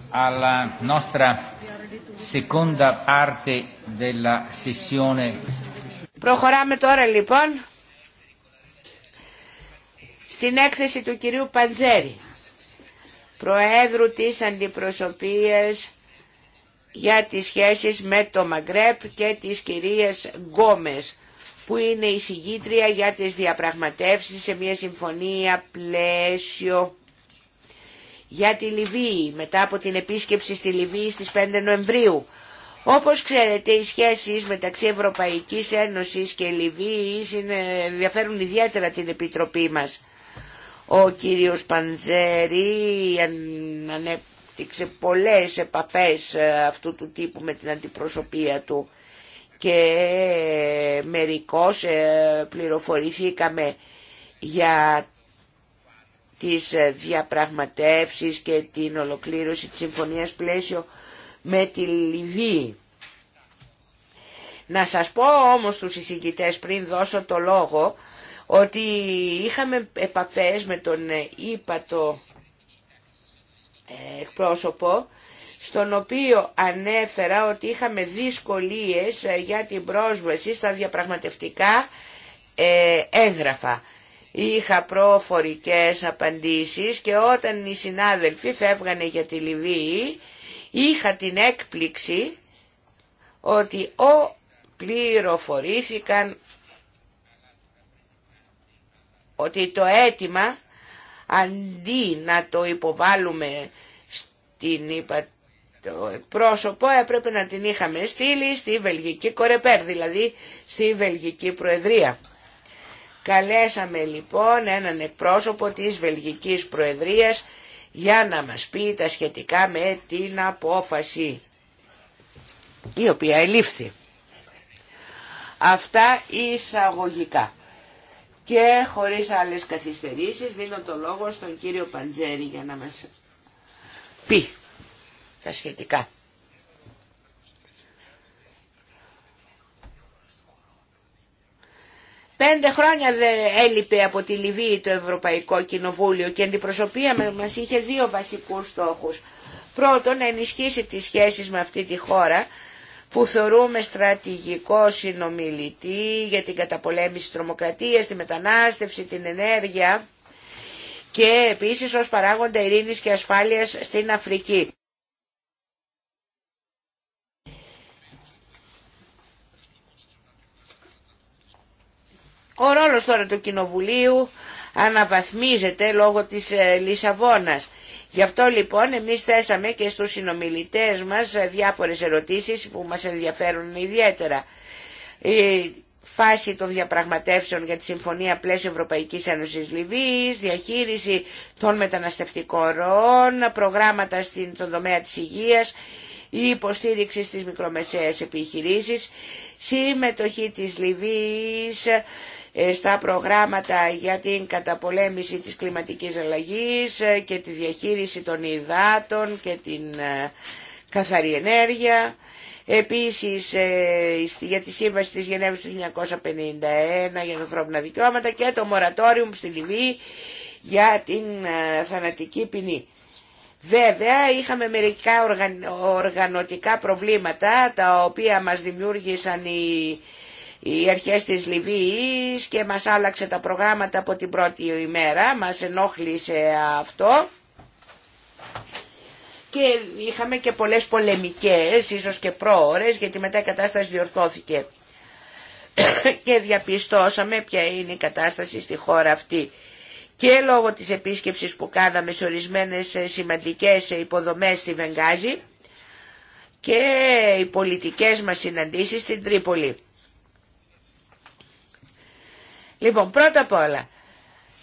alla nostra seconda parte della sessione. Προχωράμε τώρα λοιπόν στην έκθεση του κυρίου Παντζέρη, Προέδρου της Αντιπροσωπείας για τις σχέσεις με το Μαγκρέπ και της κυρίας Γκόμες που είναι η συγγήτρια για τις διαπραγματεύσεις σε μια συμφωνία πλαίσιο για τη Λιβύη μετά από την επίσκεψη στη Λιβύη στις 5 Νοεμβρίου. Όπως ξέρετε οι σχέσεις μεταξύ Ευρωπαϊκής Ένωσης και Λιβύης είναι, ενδιαφέρουν ιδιαίτερα την Επιτροπή μας. Ο κύριος Παντζέρη ανέπτυξε πολλές επαφές ε, αυτού του τύπου με την αντιπροσωπεία του και μερικώς ε, πληροφορηθήκαμε για τις ε, διαπραγματεύσεις και την ολοκλήρωση της συμφωνίας πλαίσιο με τη Λιβύη. Να σας πω όμως τους εισηγητές πριν δώσω το λόγο ότι είχαμε επαφές με τον ε, ύπατο εκπρόσωπο στον οποίο ανέφερα ότι είχαμε δυσκολίες ε, για την πρόσβαση στα διαπραγματευτικά ε, έγγραφα. Είχα προφορικές απαντήσεις και όταν οι συνάδελφοι φεύγανε για τη Λιβύη είχα την έκπληξη ότι ο πληροφορήθηκαν ότι το αίτημα αντί να το υποβάλουμε στην το πρόσωπο έπρεπε να την είχαμε στείλει στη Βελγική Κορεπέρ, δηλαδή στη Βελγική Προεδρία. Καλέσαμε λοιπόν έναν εκπρόσωπο της Βελγικής Προεδρίας για να μας πει τα σχετικά με την απόφαση η οποία ελήφθη. Αυτά εισαγωγικά. Και χωρίς άλλες καθυστερήσεις δίνω το λόγο στον κύριο Παντζέρη για να μας πει τα σχετικά. Πέντε χρόνια δεν έλειπε από τη Λιβύη το Ευρωπαϊκό Κοινοβούλιο και αντιπροσωπεία μας είχε δύο βασικούς στόχους. Πρώτον, να ενισχύσει τις σχέσεις με αυτή τη χώρα που θεωρούμε στρατηγικό συνομιλητή για την καταπολέμηση της τρομοκρατίας, τη μετανάστευση, την ενέργεια και επίσης ως παράγοντα ειρήνης και ασφάλειας στην Αφρική. Ο ρόλος τώρα του Κοινοβουλίου αναβαθμίζεται λόγω της ε, Λισαβόνας. Γι' αυτό λοιπόν εμείς θέσαμε και στους συνομιλητές μας ε, διάφορες ερωτήσεις που μας ενδιαφέρουν ιδιαίτερα. Η φάση των διαπραγματεύσεων για τη Συμφωνία Πλαίσιο Ευρωπαϊκής Ένωσης Λιβύης, διαχείριση των μεταναστευτικών ροών, προγράμματα στον τομέα της υγείας, η υποστήριξη στις μικρομεσαίες επιχειρήσεις, συμμετοχή της Λιβύης ε, στα προγράμματα για την καταπολέμηση της κλιματικής αλλαγής ε, και τη διαχείριση των υδάτων και την ε, καθαρή ενέργεια. Επίσης για τη σύμβαση της Γενέβης του 1951 για τα ανθρώπινα δικαιώματα και το μορατόριο στη Λιβύη για την θανατική ποινή. Βέβαια είχαμε μερικά οργανωτικά προβλήματα τα οποία μας δημιούργησαν οι οι αρχές της Λιβύης και μας άλλαξε τα προγράμματα από την πρώτη ημέρα, μας ενόχλησε αυτό και είχαμε και πολλές πολεμικές, ίσως και πρόορες, γιατί μετά η κατάσταση διορθώθηκε και διαπιστώσαμε ποια είναι η κατάσταση στη χώρα αυτή. Και λόγω της επίσκεψης που κάναμε σε ορισμένες σημαντικές υποδομές στη Βενγάζη και οι πολιτικές μας συναντήσεις στην Τρίπολη. Λοιπόν, πρώτα απ' όλα,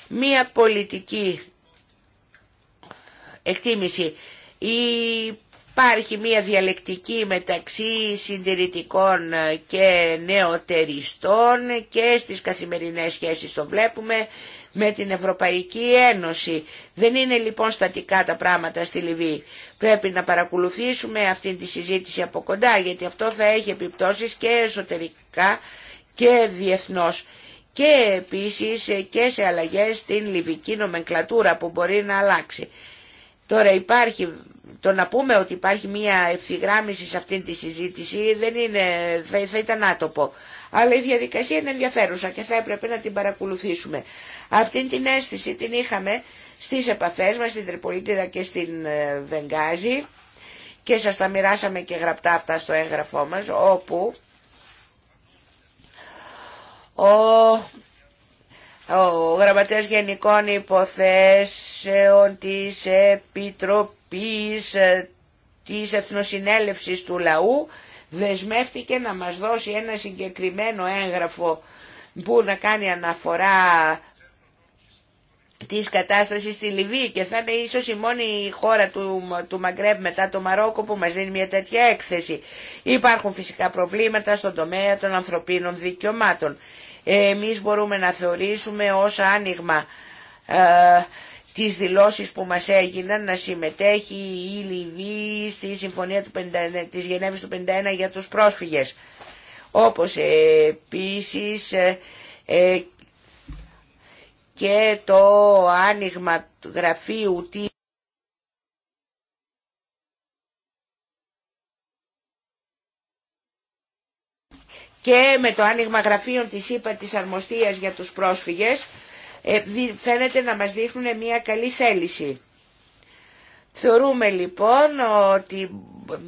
μία πολιτική εκτίμηση. Υπάρχει μία διαλεκτική μεταξύ συντηρητικών ε, και νεοτεριστών και στις καθημερινές σχέσεις το βλέπουμε με την Ευρωπαϊκή Ένωση. Δεν είναι λοιπόν στατικά τα πράγματα στη Λιβύη. Πρέπει να παρακολουθήσουμε αυτή τη συζήτηση από κοντά γιατί αυτό θα έχει επιπτώσεις και εσωτερικά και διεθνώς και επίσης και σε αλλαγές στην λιβική νομενκλατούρα που μπορεί να αλλάξει. Τώρα υπάρχει, το να πούμε ότι υπάρχει μια ευθυγράμμιση σε αυτή τη συζήτηση δεν είναι, θα, θα ήταν άτοπο. Αλλά η διαδικασία είναι ενδιαφέρουσα και θα έπρεπε να την παρακολουθήσουμε. Αυτή την αίσθηση την είχαμε στις επαφές μας στην Τρυπολίτιδα και στην ε, Βενγάζη και σας τα μοιράσαμε και γραπτά αυτά στο έγγραφό μας όπου ο, ο γραμματέας γενικών υποθέσεων της Επιτροπής ε, της Εθνοσυνέλευσης του Λαού δεσμεύτηκε να μας δώσει ένα συγκεκριμένο έγγραφο που να κάνει αναφορά της κατάστασης στη Λιβύη και θα είναι ίσως η μόνη χώρα του, του μετά το Μαρόκο που μας δίνει μια τέτοια έκθεση. Υπάρχουν φυσικά προβλήματα στον τομέα των ανθρωπίνων δικαιωμάτων εμείς μπορούμε να θεωρήσουμε ως άνοιγμα ε, τις δηλώσεις που μας έγιναν να συμμετέχει η Λιβύη στη Συμφωνία του της Γενέβης του 51 για τους πρόσφυγες. Όπως επίσης ε, ε, και το άνοιγμα γραφείου και με το άνοιγμα γραφείων της ΥΠΑ της Αρμοστίας για τους πρόσφυγες ε, φαίνεται να μας δείχνουν μια καλή θέληση. Θεωρούμε λοιπόν ότι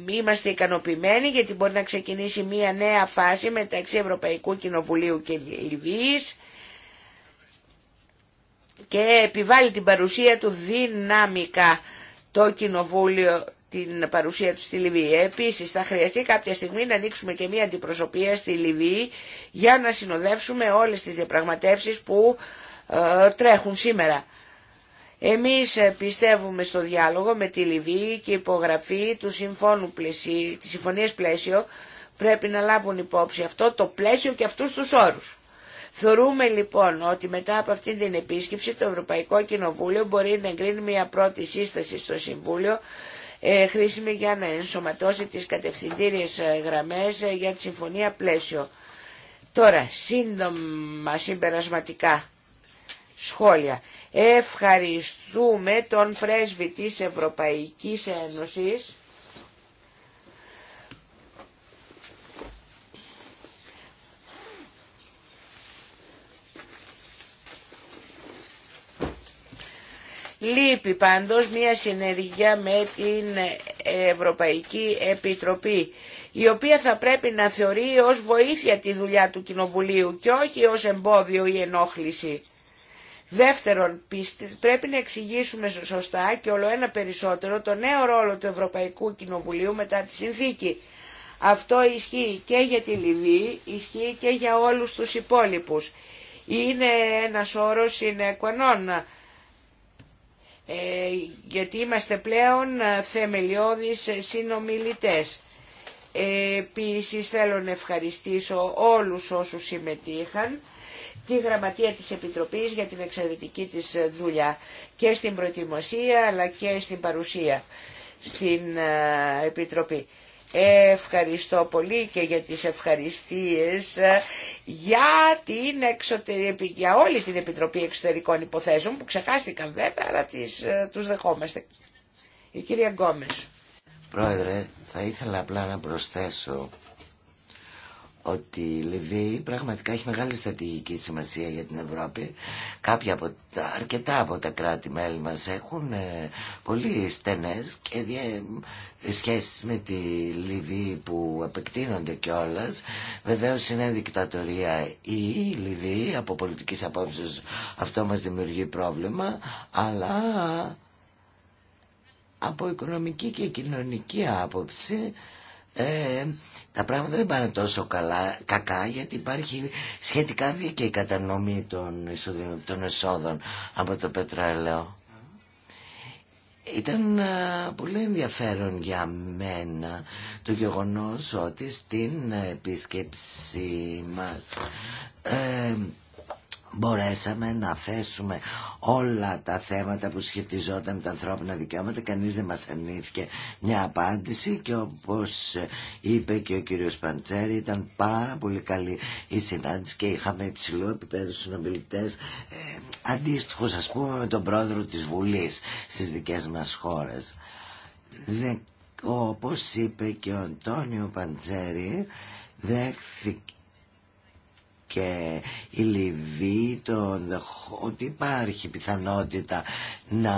είμαστε ικανοποιημένοι γιατί μπορεί να ξεκινήσει μια νέα φάση μεταξύ Ευρωπαϊκού Κοινοβουλίου και Λιβύης και επιβάλλει την παρουσία του δυναμικά το Κοινοβούλιο την παρουσία του στη Λιβύη. Επίσης θα χρειαστεί κάποια στιγμή να ανοίξουμε και μία αντιπροσωπεία στη Λιβύη για να συνοδεύσουμε όλες τις διαπραγματεύσεις που ε, τρέχουν σήμερα. Εμείς ε, πιστεύουμε στο διάλογο με τη Λιβύη και η υπογραφή του συμφώνου πλαισί, της συμφωνίας πλαίσιο πρέπει να λάβουν υπόψη αυτό το πλαίσιο και αυτούς τους όρους. Θεωρούμε λοιπόν ότι μετά από αυτή την επίσκεψη το Ευρωπαϊκό Κοινοβούλιο μπορεί να εγκρίνει μια πρώτη σύσταση στο Συμβούλιο ε, χρήσιμη για να ενσωματώσει τις κατευθυντήριες ε, γραμμές ε, για τη συμφωνία πλαίσιο. Τώρα, σύντομα συμπερασματικά σχόλια. Ευχαριστούμε τον πρέσβη της Ευρωπαϊκής Ένωσης Λείπει πάντως μια συνεργεία με την Ευρωπαϊκή Επιτροπή, η οποία θα πρέπει να θεωρεί ως βοήθεια τη δουλειά του Κοινοβουλίου και όχι ως εμπόδιο ή ενόχληση. Δεύτερον, πρέπει να εξηγήσουμε σωστά και ένα περισσότερο το νέο ρόλο του Ευρωπαϊκού Κοινοβουλίου μετά τη συνθήκη. Αυτό ισχύει και για τη Λιβύη, ισχύει και για όλους τους υπόλοιπους. Είναι ένας όρος συνεκονών. Ε, γιατί είμαστε πλέον θεμελιώδεις συνομιλητές. Επίσης θέλω να ευχαριστήσω όλους όσους συμμετείχαν τη γραμματεία της Επιτροπής για την εξαιρετική της δουλειά και στην προετοιμασία αλλά και στην παρουσία στην ε, Επιτροπή. Ευχαριστώ πολύ και για τις ευχαριστίες ε, για, εξωτερική, για όλη την Επιτροπή Εξωτερικών Υποθέσεων που ξεχάστηκαν βέβαια αλλά τις, ε, τους δεχόμαστε. Η κυρία Γκόμες. Πρόεδρε, θα ήθελα απλά να προσθέσω ότι η Λιβύη πραγματικά έχει μεγάλη στρατηγική σημασία για την Ευρώπη. Κάποια από τα, αρκετά από τα κράτη-μέλη μας έχουν ε, πολύ στενές και διε, με τη Λιβύη που επεκτείνονται κιόλα. βεβαίω είναι δικτατορία η Λιβύη, από πολιτικής απόψεως αυτό μας δημιουργεί πρόβλημα, αλλά από οικονομική και κοινωνική άποψη ε, τα πράγματα δεν πάνε τόσο καλά, κακά γιατί υπάρχει σχετικά δίκαιη κατανομή των, των εσόδων από το πετρέλαιο. Ήταν ε, πολύ ενδιαφέρον για μένα το γεγονός ότι στην επίσκεψη μας ε, μπορέσαμε να θέσουμε όλα τα θέματα που σχετιζόταν με τα ανθρώπινα δικαιώματα. Κανείς δεν μας αρνήθηκε μια απάντηση και όπως είπε και ο κύριος Παντσέρη ήταν πάρα πολύ καλή η συνάντηση και είχαμε υψηλό επίπεδο συνομιλητές ε, αντίστοιχους ας πούμε με τον πρόεδρο της Βουλής στις δικές μας χώρες. Δε, όπως είπε και ο Αντώνιο Παντσέρη δέχθηκε και η Λιβύη το, ότι υπάρχει πιθανότητα να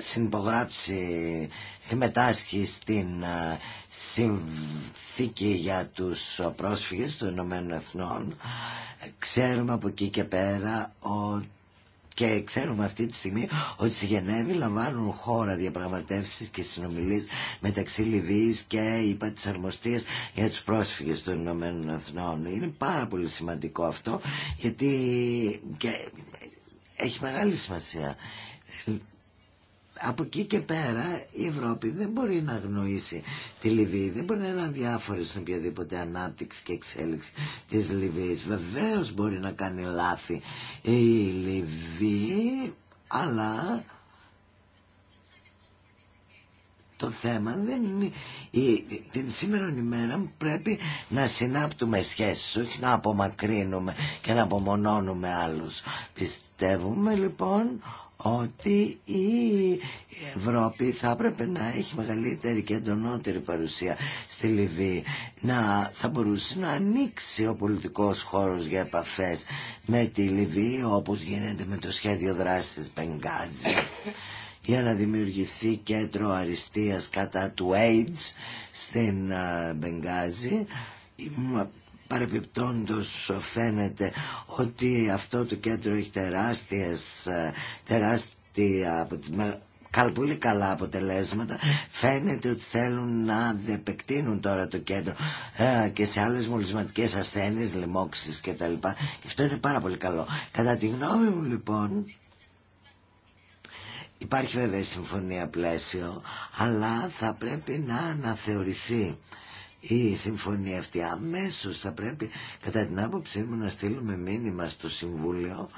συμπογράψει, συμμετάσχει στην συνθήκη για τους πρόσφυγες των Ηνωμένων Εθνών. Ξέρουμε από εκεί και πέρα ότι και ξέρουμε αυτή τη στιγμή ότι στη Γενέβη λαμβάνουν χώρα διαπραγματεύσεις και συνομιλίες μεταξύ Λιβύης και είπα της αρμοστίας για τους πρόσφυγες των Ηνωμένων Εθνών. Είναι πάρα πολύ σημαντικό αυτό γιατί και έχει μεγάλη σημασία από εκεί και πέρα η Ευρώπη δεν μπορεί να αγνοήσει τη Λιβύη, δεν μπορεί να είναι αδιάφορη στην οποιαδήποτε ανάπτυξη και εξέλιξη της Λιβύης. Βεβαίως μπορεί να κάνει λάθη η Λιβύη, αλλά το θέμα δεν είναι... Η, την σήμερα ημέρα πρέπει να συνάπτουμε σχέσεις, όχι να απομακρύνουμε και να απομονώνουμε άλλους. Πιστεύουμε λοιπόν ότι η Ευρώπη θα έπρεπε να έχει μεγαλύτερη και εντονότερη παρουσία στη Λιβύη. Να θα μπορούσε να ανοίξει ο πολιτικός χώρος για επαφές με τη Λιβύη όπως γίνεται με το σχέδιο δράσης Μπενγκάζη για να δημιουργηθεί κέντρο αριστείας κατά του AIDS στην ε, Μπενγκάζη παρεπιπτόντως φαίνεται ότι αυτό το κέντρο έχει τεράστιες, ε, τεράστια, πολύ καλά αποτελέσματα. Φαίνεται ότι θέλουν να επεκτείνουν τώρα το κέντρο ε, και σε άλλες μολυσματικές ασθένειες, λοιμώξεις κτλ. Και αυτό είναι πάρα πολύ καλό. Κατά τη γνώμη μου λοιπόν, υπάρχει βέβαια η συμφωνία πλαίσιο, αλλά θα πρέπει να αναθεωρηθεί η συμφωνία αυτή Αμέσω θα πρέπει κατά την άποψή μου να στείλουμε μήνυμα στο Συμβούλιο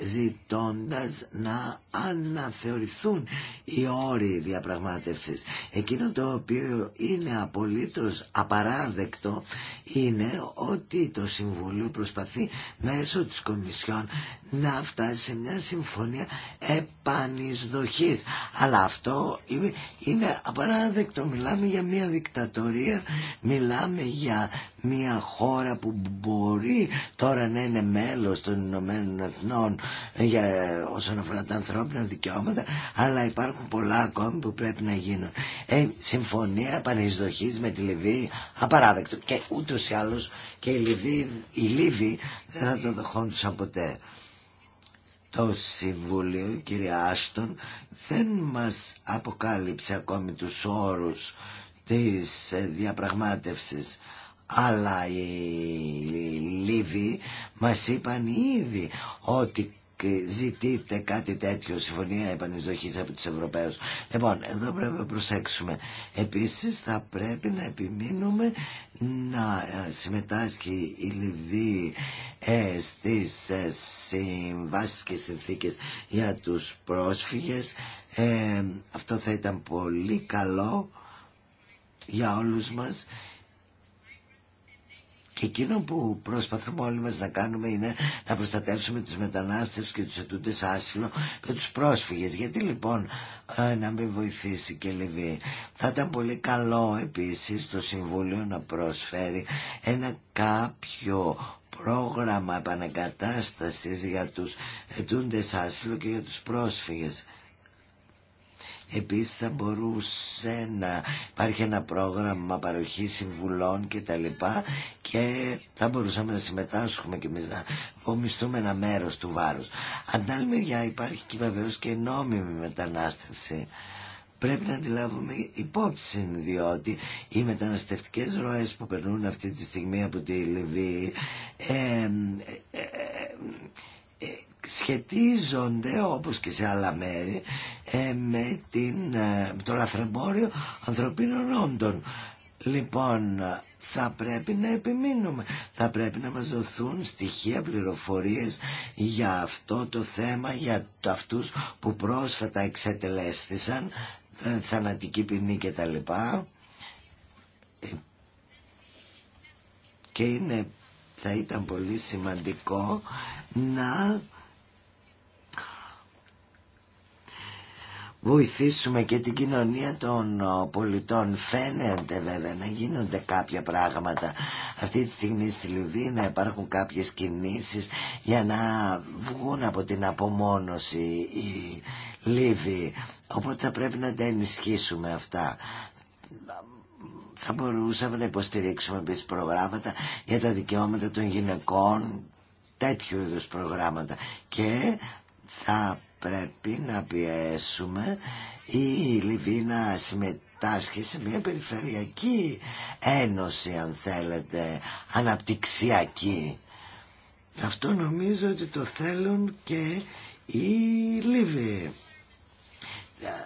ζητώντα να αναθεωρηθούν οι όροι διαπραγμάτευσης. Εκείνο το οποίο είναι απολύτως απαράδεκτο είναι ότι το Συμβούλιο προσπαθεί μέσω της Κομισιόν να φτάσει σε μια συμφωνία επανεισδοχής. Αλλά αυτό είναι απαράδεκτο. Μιλάμε για μια δικτατορία, μιλάμε για μια χώρα που μπορεί τώρα να είναι μέλος των Ηνωμένων Εθνών για, όσον αφορά τα ανθρώπινα ανθρώπινα δικαιώματα, αλλά υπάρχουν πολλά ακόμη που πρέπει να γίνουν. Ε, συμφωνία επανεισδοχής με τη Λιβύη, απαράδεκτο. Και ούτω ή άλλω και η Λιβύη η Λίβοι δεν θα το δοχόντουσαν ποτέ. Το Συμβούλιο, κυρία Άστον, δεν μας αποκάλυψε ακόμη τους όρους της ε, διαπραγμάτευσης αλλά οι Λίβοι μας είπαν ήδη ότι ζητείτε κάτι τέτοιο, συμφωνία επανεισδοχής από τους Ευρωπαίους. Λοιπόν, εδώ πρέπει να προσέξουμε. Επίσης θα πρέπει να επιμείνουμε να ε, συμμετάσχει η Λιβύη ε, στις ε, συμβάσεις και συνθήκες για τους πρόσφυγες. Ε, αυτό θα ήταν πολύ καλό για όλους μας και εκείνο που προσπαθούμε όλοι μας να κάνουμε είναι να προστατεύσουμε τους μετανάστες και τους ετούντες άσυλο και τους πρόσφυγες. Γιατί λοιπόν ε, να μην βοηθήσει και Λιβύη. Θα ήταν πολύ καλό επίσης το Συμβούλιο να προσφέρει ένα κάποιο πρόγραμμα επανακατάστασης για τους ετούντες άσυλο και για τους πρόσφυγες. Επίσης θα μπορούσε να υπάρχει ένα πρόγραμμα παροχή συμβουλών και τα λοιπά και θα μπορούσαμε να συμμετάσχουμε και εμείς να ομισθούμε ένα μέρος του βάρους. Αν άλλη μεριά υπάρχει και βεβαίως και νόμιμη μετανάστευση. Πρέπει να αντιλάβουμε υπόψη διότι οι μεταναστευτικές ροές που περνούν αυτή τη στιγμή από τη Λιβύη ε, ε, ε, σχετίζονται όπως και σε άλλα μέρη ε, με, την, με το λαθρεμπόριο ανθρωπίνων όντων. Λοιπόν, θα πρέπει να επιμείνουμε. Θα πρέπει να μας δοθούν στοιχεία, πληροφορίες για αυτό το θέμα, για αυτούς που πρόσφατα εξετελέστησαν ε, θανατική ποινή και τα λοιπά. Ε, και είναι, θα ήταν πολύ σημαντικό να βοηθήσουμε και την κοινωνία των πολιτών. Φαίνεται βέβαια να γίνονται κάποια πράγματα αυτή τη στιγμή στη Λιβύη, να υπάρχουν κάποιες κινήσεις για να βγουν από την απομόνωση οι Λίβοι. Οπότε θα πρέπει να τα ενισχύσουμε αυτά θα μπορούσαμε να υποστηρίξουμε επίσης προγράμματα για τα δικαιώματα των γυναικών, τέτοιου είδους προγράμματα. Και θα πρέπει να πιέσουμε η Λιβύη να συμμετάσχει σε μια περιφερειακή ένωση αν θέλετε αναπτυξιακή αυτό νομίζω ότι το θέλουν και οι Λίβοι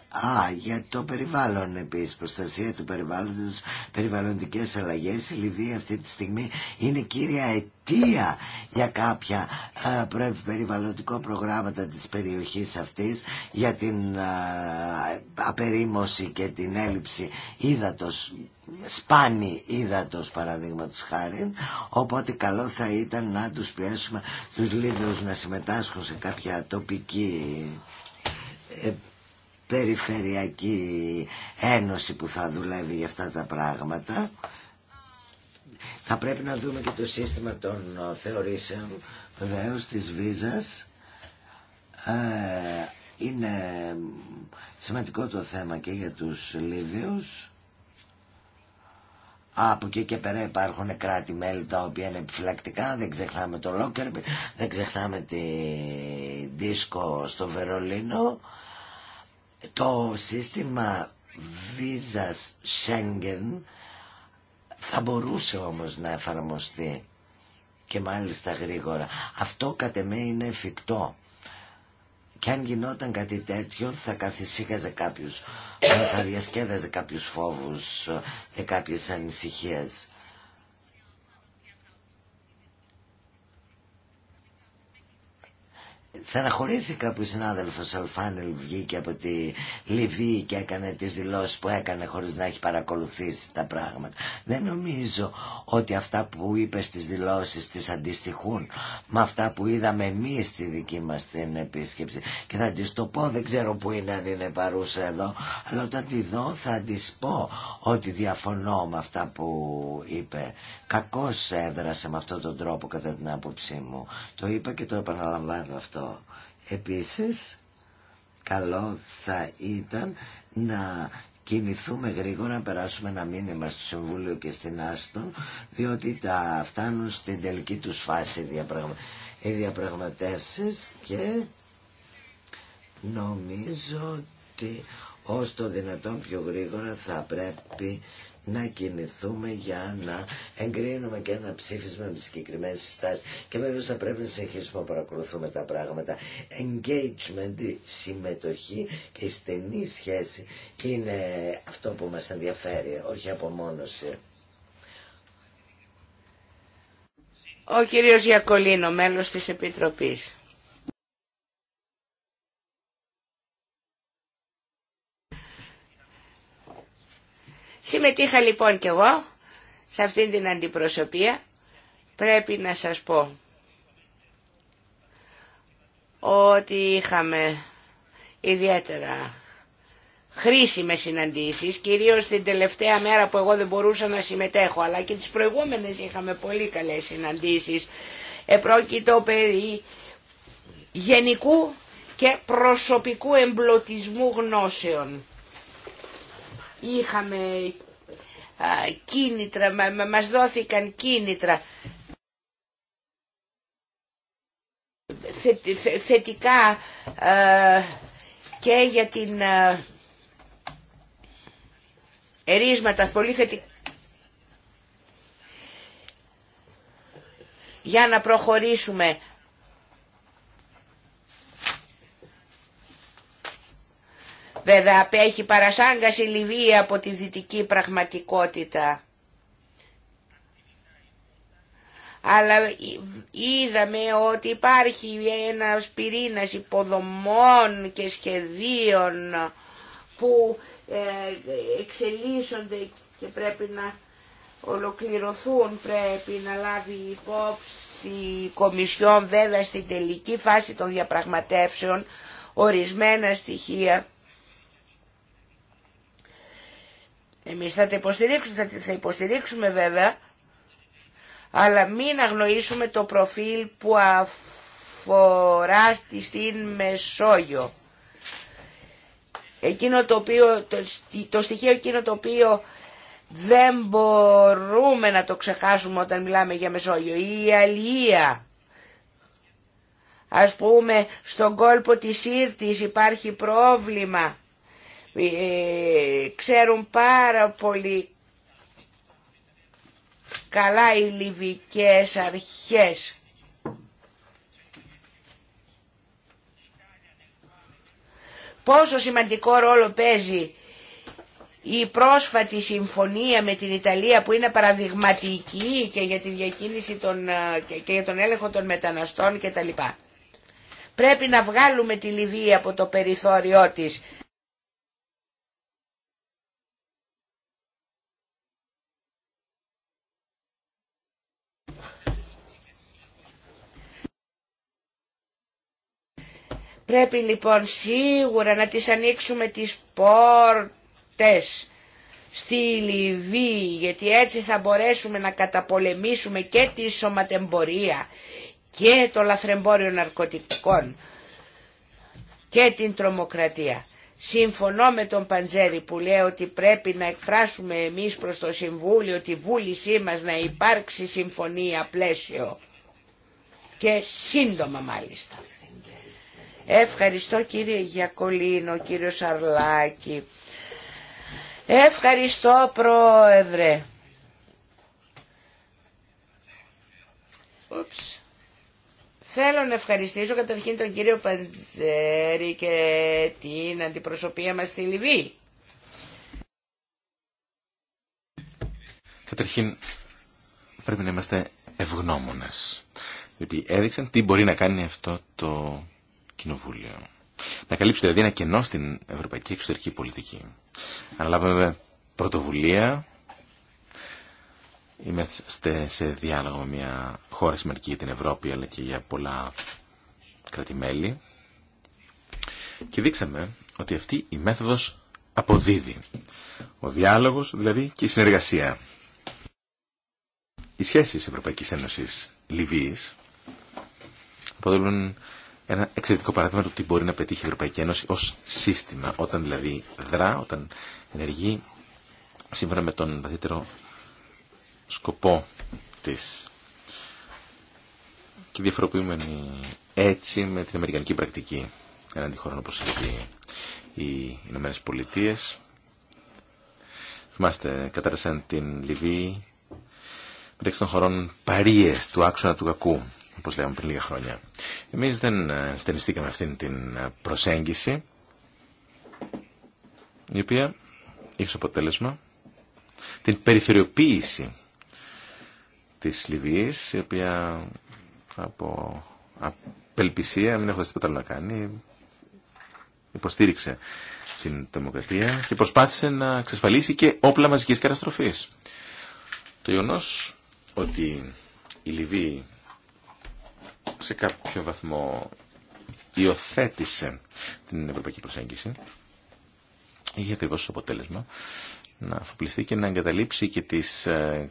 Α, για το περιβάλλον επίσης, προστασία του περιβάλλοντος, περιβαλλοντικές αλλαγές. Η Λιβύη αυτή τη στιγμή είναι κύρια αιτία για κάποια περιβαλλοντικό προγράμματα της περιοχής αυτής για την α, απερίμωση και την έλλειψη ύδατος σπάνι ύδατος παραδείγματος χάρη οπότε καλό θα ήταν να τους πιέσουμε τους Λίβιους να συμμετάσχουν σε κάποια τοπική ε, περιφερειακή ένωση που θα δουλεύει για αυτά τα πράγματα. Θα πρέπει να δούμε και το σύστημα των θεωρήσεων βεβαίω της βίζας. Ε, είναι σημαντικό το θέμα και για τους Λίβιους. Από εκεί και πέρα υπάρχουν κράτη-μέλη τα οποία είναι επιφυλακτικά. Δεν ξεχνάμε το Λόκερμπι, δεν ξεχνάμε τη δίσκο στο Βερολίνο το σύστημα βίζας Schengen θα μπορούσε όμως να εφαρμοστεί και μάλιστα γρήγορα. Αυτό κατ' εμέ είναι εφικτό. Και αν γινόταν κάτι τέτοιο θα καθησύχαζε κάποιους, θα διασκέδαζε κάποιους φόβους και κάποιες ανησυχίες. στεναχωρήθηκα που η συνάδελφος Αλφάνελ βγήκε από τη Λιβύη και έκανε τις δηλώσεις που έκανε χωρίς να έχει παρακολουθήσει τα πράγματα. Δεν νομίζω ότι αυτά που είπε στις δηλώσεις τις αντιστοιχούν με αυτά που είδαμε εμείς στη δική μας την επίσκεψη. Και θα της το πω, δεν ξέρω που είναι αν είναι παρούσα εδώ, αλλά όταν τη δω θα της πω ότι διαφωνώ με αυτά που είπε. Κακώς έδρασε με αυτόν τον τρόπο κατά την άποψή μου. Το είπα και το επαναλαμβάνω αυτό. Επίσης, καλό θα ήταν να κινηθούμε γρήγορα, να περάσουμε ένα μήνυμα στο Συμβούλιο και στην Άστον, διότι τα φτάνουν στην τελική τους φάση οι διαπραγματεύσεις και νομίζω ότι ως το δυνατόν πιο γρήγορα θα πρέπει να κινηθούμε για να εγκρίνουμε και ένα ψήφισμα με συγκεκριμένε συστάσει. Και βέβαια θα πρέπει να συνεχίσουμε να παρακολουθούμε τα πράγματα. Engagement, συμμετοχή και στενή σχέση είναι αυτό που μας ενδιαφέρει, όχι απομόνωση. Ο κύριος Γιακολίνο, μέλος της Επιτροπής. Συμμετείχα λοιπόν κι εγώ σε αυτήν την αντιπροσωπεία. Πρέπει να σας πω ότι είχαμε ιδιαίτερα χρήσιμες συναντήσεις, κυρίως την τελευταία μέρα που εγώ δεν μπορούσα να συμμετέχω, αλλά και τις προηγούμενες είχαμε πολύ καλές συναντήσεις. Επρόκειτο περί γενικού και προσωπικού εμπλωτισμού γνώσεων είχαμε κίνητρα, μας δόθηκαν κίνητρα θετικά και για την ερίσματα πολύ θετικά για να προχωρήσουμε Βέβαια απέχει παρασάγκαση Λιβύη από τη δυτική πραγματικότητα. Αλλά είδαμε ότι υπάρχει ένα πυρήνα υποδομών και σχεδίων που ε, εξελίσσονται και πρέπει να ολοκληρωθούν, πρέπει να λάβει υπόψη η Κομισιόν βέβαια στην τελική φάση των διαπραγματεύσεων ορισμένα στοιχεία Εμείς θα τα υποστηρίξουμε, θα, θα υποστηρίξουμε βέβαια, αλλά μην αγνοήσουμε το προφίλ που αφορά στην Μεσόγειο. Εκείνο το, το, το στοιχείο εκείνο το οποίο δεν μπορούμε να το ξεχάσουμε όταν μιλάμε για Μεσόγειο. Η αλληλεία. Ας πούμε στον κόλπο της Ήρτης υπάρχει πρόβλημα ε, ε, ξέρουν πάρα πολύ καλά οι λιβικές αρχές. Πόσο σημαντικό ρόλο παίζει η πρόσφατη συμφωνία με την Ιταλία που είναι παραδειγματική και για τη διακίνηση των, ε, και για τον έλεγχο των μεταναστών κτλ. Πρέπει να βγάλουμε τη Λιβύη από το περιθώριό της Πρέπει λοιπόν σίγουρα να τις ανοίξουμε τις πόρτες στη Λιβύη, γιατί έτσι θα μπορέσουμε να καταπολεμήσουμε και τη σωματεμπορία και το λαθρεμπόριο ναρκωτικών και την τρομοκρατία. Συμφωνώ με τον Παντζέρη που λέει ότι πρέπει να εκφράσουμε εμείς προς το Συμβούλιο τη βούλησή μας να υπάρξει συμφωνία πλαίσιο και σύντομα μάλιστα. Ευχαριστώ κύριε Γιακολίνο, κύριο Σαρλάκη. Ευχαριστώ πρόεδρε. Θέλω να ευχαριστήσω καταρχήν τον κύριο Παντζέρη και την αντιπροσωπεία μας στη Λιβύη. Καταρχήν πρέπει να είμαστε ευγνώμονες, διότι έδειξαν τι μπορεί να κάνει αυτό το Κοινοβούλιο. Να καλύψετε δηλαδή ένα κενό στην ευρωπαϊκή εξωτερική πολιτική. Αναλάβαμε πρωτοβουλία. Είμαστε σε διάλογο με μια χώρα σημαντική για την Ευρώπη αλλά και για πολλά κρατημέλη. Και δείξαμε ότι αυτή η μέθοδος αποδίδει. Ο διάλογος δηλαδή και η συνεργασία. Οι σχέσεις Ευρωπαϊκής Ένωσης Λιβύης αποτελούν ένα εξαιρετικό παράδειγμα του τι μπορεί να πετύχει η Ευρωπαϊκή Ένωση ως σύστημα, όταν δηλαδή δρά, όταν ενεργεί σύμφωνα με τον βαθύτερο σκοπό της. Και διαφοροποιούμενη έτσι με την αμερικανική πρακτική έναντι χώρων όπως είναι οι Ηνωμένες Πολιτείες. Θυμάστε, κατάρρεσαν την Λιβύη μεταξύ των χωρών παρίες του άξονα του κακού Όπω λέγαμε πριν λίγα χρόνια. Εμείς δεν ε, στενιστήκαμε αυτήν την ε, προσέγγιση, η οποία είχε αποτέλεσμα την περιθωριοποίηση της Λιβύης, η οποία από απελπισία, μην έχοντα τίποτα άλλο να κάνει, υποστήριξε την δημοκρατία και προσπάθησε να εξασφαλίσει και όπλα μαζικής καταστροφής. Το γεγονό ότι η Λιβύη σε κάποιο βαθμό υιοθέτησε την ευρωπαϊκή προσέγγιση είχε ακριβώς το αποτέλεσμα να αφοπλιστεί και να εγκαταλείψει και τις ε,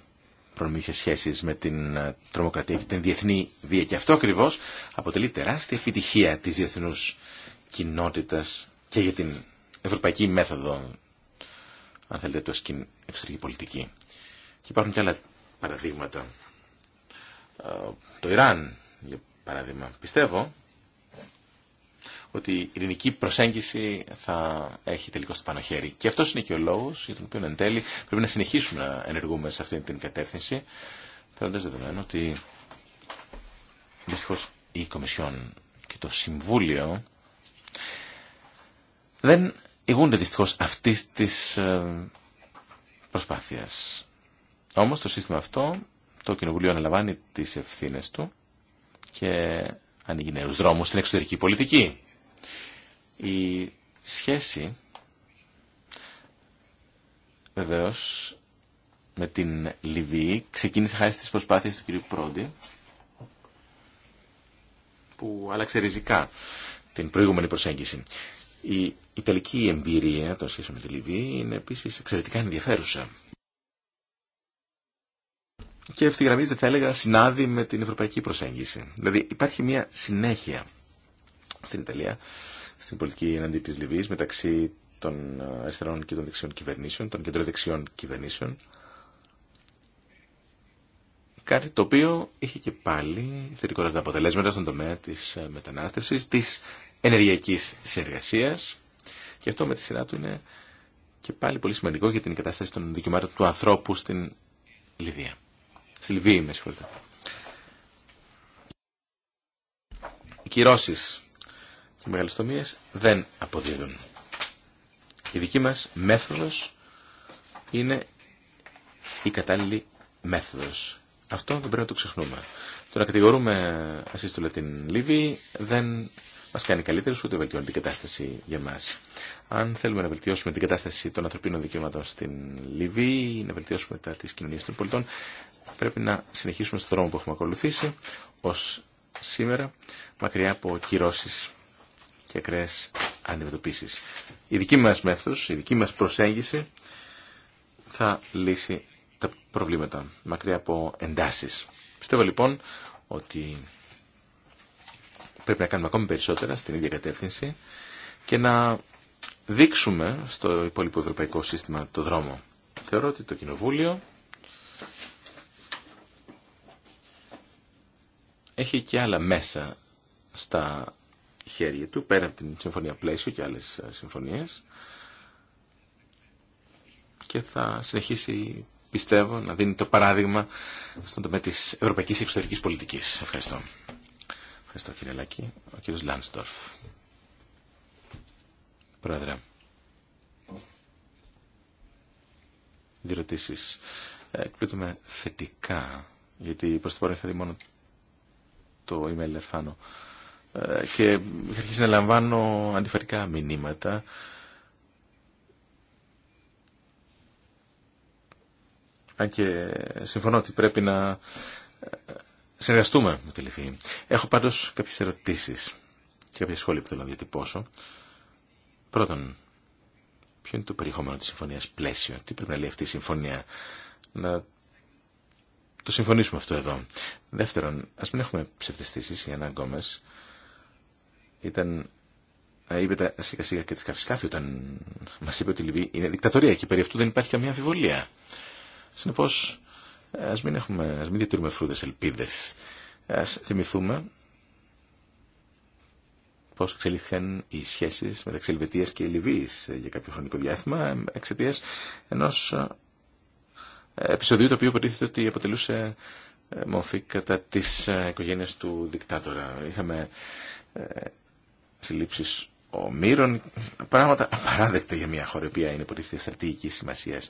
προνομιούχες σχέσεις με την ε, τρομοκρατία και την διεθνή βία. Και αυτό ακριβώ αποτελεί τεράστια επιτυχία της διεθνούς κοινότητας και για την ευρωπαϊκή μέθοδο, αν θέλετε, του εξωτερική πολιτική. Και υπάρχουν και άλλα παραδείγματα. Ε, το Ιράν για παράδειγμα. Πιστεύω ότι η ειρηνική προσέγγιση θα έχει τελικό το πάνω χέρι. Και αυτό είναι και ο λόγος για τον οποίο εν τέλει πρέπει να συνεχίσουμε να ενεργούμε σε αυτή την κατεύθυνση, θέλοντας δεδομένο ότι δυστυχώ η Κομισιόν και το Συμβούλιο δεν ηγούνται δυστυχώ αυτή τη ε, προσπάθεια. Όμω το σύστημα αυτό, το Κοινοβουλίο αναλαμβάνει τι ευθύνε του και ανοίγει νέους δρόμους στην εξωτερική πολιτική. Η σχέση βεβαίως με την Λιβύη ξεκίνησε χάρη στις προσπάθειες του κ. Πρόντι που άλλαξε ριζικά την προηγούμενη προσέγγιση. Η ιταλική εμπειρία των σχέσεων με τη Λιβύη είναι επίσης εξαιρετικά ενδιαφέρουσα και ευθυγραμμίζεται θα έλεγα συνάδει με την ευρωπαϊκή προσέγγιση. Δηλαδή υπάρχει μια συνέχεια στην Ιταλία, στην πολιτική εναντί τη Λιβύη, μεταξύ των ε, αριστερών και των δεξιών κυβερνήσεων, των κεντροδεξιών κυβερνήσεων. Κάτι το οποίο είχε και πάλι τα αποτελέσματα στον τομέα τη ε, μετανάστευση, τη ενεργειακή συνεργασία. και αυτό με τη σειρά του είναι και πάλι πολύ σημαντικό για την κατάσταση των δικαιωμάτων του ανθρώπου στην Λιβύα. Στη Λιβύη, με συγχωρείτε. Οι κυρώσει και οι μεγαλιστομίε δεν αποδίδουν. Η δική μα μέθοδο είναι η κατάλληλη μέθοδο. Αυτό δεν πρέπει να το ξεχνούμε. Το να κατηγορούμε ασύστολα την Λιβύη δεν μα κάνει καλύτερου, ούτε βελτιώνει την κατάσταση για μα. Αν θέλουμε να βελτιώσουμε την κατάσταση των ανθρωπίνων δικαιωμάτων στην Λιβύη, να βελτιώσουμε τα τη κοινωνία των πολιτών, πρέπει να συνεχίσουμε στον δρόμο που έχουμε ακολουθήσει ω σήμερα, μακριά από κυρώσει και ακραίε αντιμετωπίσει. Η δική μα μέθοδο, η δική μα προσέγγιση θα λύσει τα προβλήματα, μακριά από εντάσει. Πιστεύω λοιπόν ότι πρέπει να κάνουμε ακόμη περισσότερα στην ίδια κατεύθυνση και να δείξουμε στο υπόλοιπο ευρωπαϊκό σύστημα το δρόμο. Θεωρώ ότι το Κοινοβούλιο έχει και άλλα μέσα στα χέρια του, πέρα από την Συμφωνία Πλαίσιο και άλλες ε, συμφωνίες και θα συνεχίσει, πιστεύω, να δίνει το παράδειγμα στον τομέα της ευρωπαϊκής εξωτερικής πολιτικής. Ευχαριστώ. Ευχαριστώ κύριε Λάκη. Ο κύριος Λάνστορφ. Πρόεδρε. διερωτήσεις. Ε, εκπλήττουμε θετικά, γιατί προς το παρόν είχα δει μόνο το email Ερφάνο ε, και είχα αρχίσει να λαμβάνω αντιφατικά μηνύματα. Αν και συμφωνώ ότι πρέπει να συνεργαστούμε με τη Λιβύη. Έχω πάντω κάποιε ερωτήσει και κάποια σχόλια που θέλω να διατυπώσω. Πρώτον, ποιο είναι το περιεχόμενο τη συμφωνία πλαίσιο, τι πρέπει να λέει αυτή η συμφωνία, να το συμφωνήσουμε αυτό εδώ. Δεύτερον, α μην έχουμε ψευδεστήσει, η Ανά Γκόμε ήταν, είπε τα σιγά σιγά και της Καρσκάφη όταν μα είπε ότι η Λιβύη είναι δικτατορία και περί αυτού δεν υπάρχει καμία αμφιβολία. Συνεπώ. Ας μην, έχουμε, ας μην διατηρούμε φρούδες ελπίδε. Α θυμηθούμε πώς εξελίχθηκαν οι σχέσεις μεταξύ Ελβετία και Λιβύη για κάποιο χρονικό διάστημα εξαιτία ενό ε, επεισοδίου το οποίο υποτίθεται ότι αποτελούσε ε, μορφή κατά της ε, οικογένειας του δικτάτορα. Είχαμε συλλήψεις ο Μύρον, πράγματα απαράδεκτα για μια χώρα που είναι υποτίθεται στρατηγική σημασία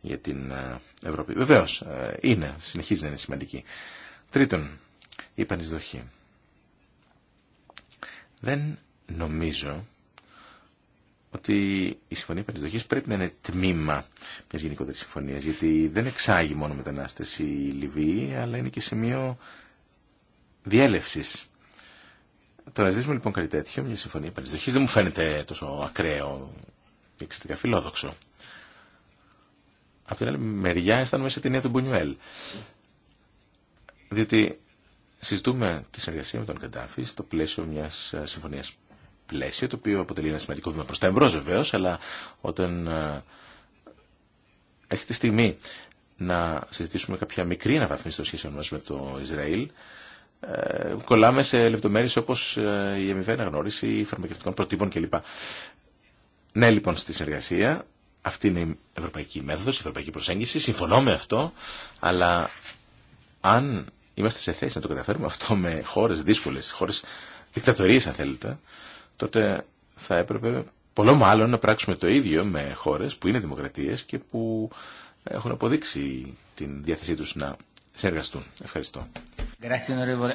για την ε, Ευρώπη. Βεβαίω ε, είναι, συνεχίζει να είναι σημαντική. Τρίτον, η επανεισδοχή. Δεν νομίζω ότι η συμφωνία επανεισδοχή πρέπει να είναι τμήμα μια γενικότερη συμφωνία, γιατί δεν εξάγει μόνο μετανάστε η Λιβύη, αλλά είναι και σημείο διέλευση το να ζητήσουμε λοιπόν κάτι τέτοιο, μια συμφωνία επανεισδοχής, δεν μου φαίνεται τόσο ακραίο και εξαιρετικά φιλόδοξο. από την άλλη μεριά αισθάνομαι σε ταινία του Μπουνιουέλ. Διότι συζητούμε τη συνεργασία με τον Καντάφη στο πλαίσιο μια ε, συμφωνία πλαίσιο, το οποίο αποτελεί ένα σημαντικό βήμα προ τα εμπρό βεβαίω, αλλά όταν ε, έρχεται η στιγμή να συζητήσουμε κάποια μικρή αναβαθμίση των σχέσεων μα με το Ισραήλ, ε, κολλάμε σε λεπτομέρειες όπως ε, η αμοιβαία αναγνώριση φαρμακευτικών προτύπων κλπ. Ναι λοιπόν στη συνεργασία, αυτή είναι η ευρωπαϊκή μέθοδος, η ευρωπαϊκή προσέγγιση, συμφωνώ με αυτό, αλλά αν είμαστε σε θέση να το καταφέρουμε αυτό με χώρες δύσκολε, χώρες δικτατορίε αν θέλετε, τότε θα έπρεπε πολλό μάλλον να πράξουμε το ίδιο με χώρε που είναι δημοκρατίες και που έχουν αποδείξει την διάθεσή τους να συνεργαστούν. Ευχαριστώ.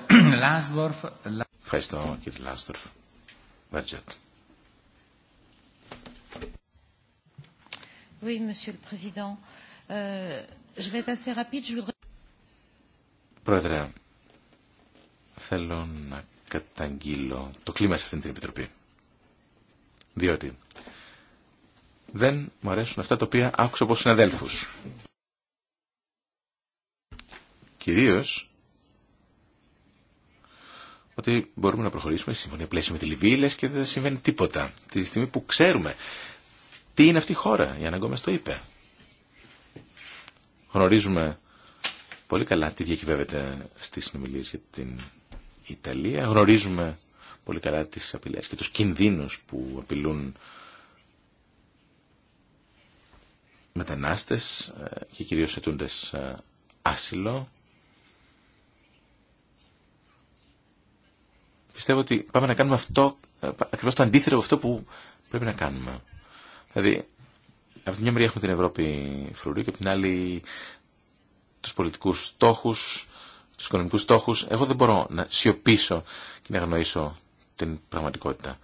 Ευχαριστώ κύριε Λάστορφ. Βαρτζέτ. Oui, Monsieur le Président. Euh, je vais être assez rapide. Je voudrais... Πρόεδρε, θέλω να καταγγείλω το κλίμα σε αυτήν την Επιτροπή. Διότι δεν μου αρέσουν αυτά τα οποία άκουσα από συναδέλφους κυρίως ότι μπορούμε να προχωρήσουμε στη συμφωνία πλαίσια με τη Λιβύη, και δεν συμβαίνει τίποτα. Τη στιγμή που ξέρουμε τι είναι αυτή η χώρα, η Αναγκόμες το είπε. Γνωρίζουμε πολύ καλά τι διακυβεύεται στις συνομιλίες για την Ιταλία. Γνωρίζουμε πολύ καλά τις απειλές και τους κινδύνους που απειλούν μετανάστες ε, και κυρίως ετούντες ε, άσυλο. πιστεύω ότι πάμε να κάνουμε αυτό, ε, ακριβώς το αντίθετο αυτό που πρέπει να κάνουμε. Δηλαδή, από τη μια μεριά έχουμε την Ευρώπη φρουρή και από την άλλη τους πολιτικούς στόχους, τους οικονομικού στόχους. Εγώ δεν μπορώ να σιωπήσω και να αγνοήσω την πραγματικότητα.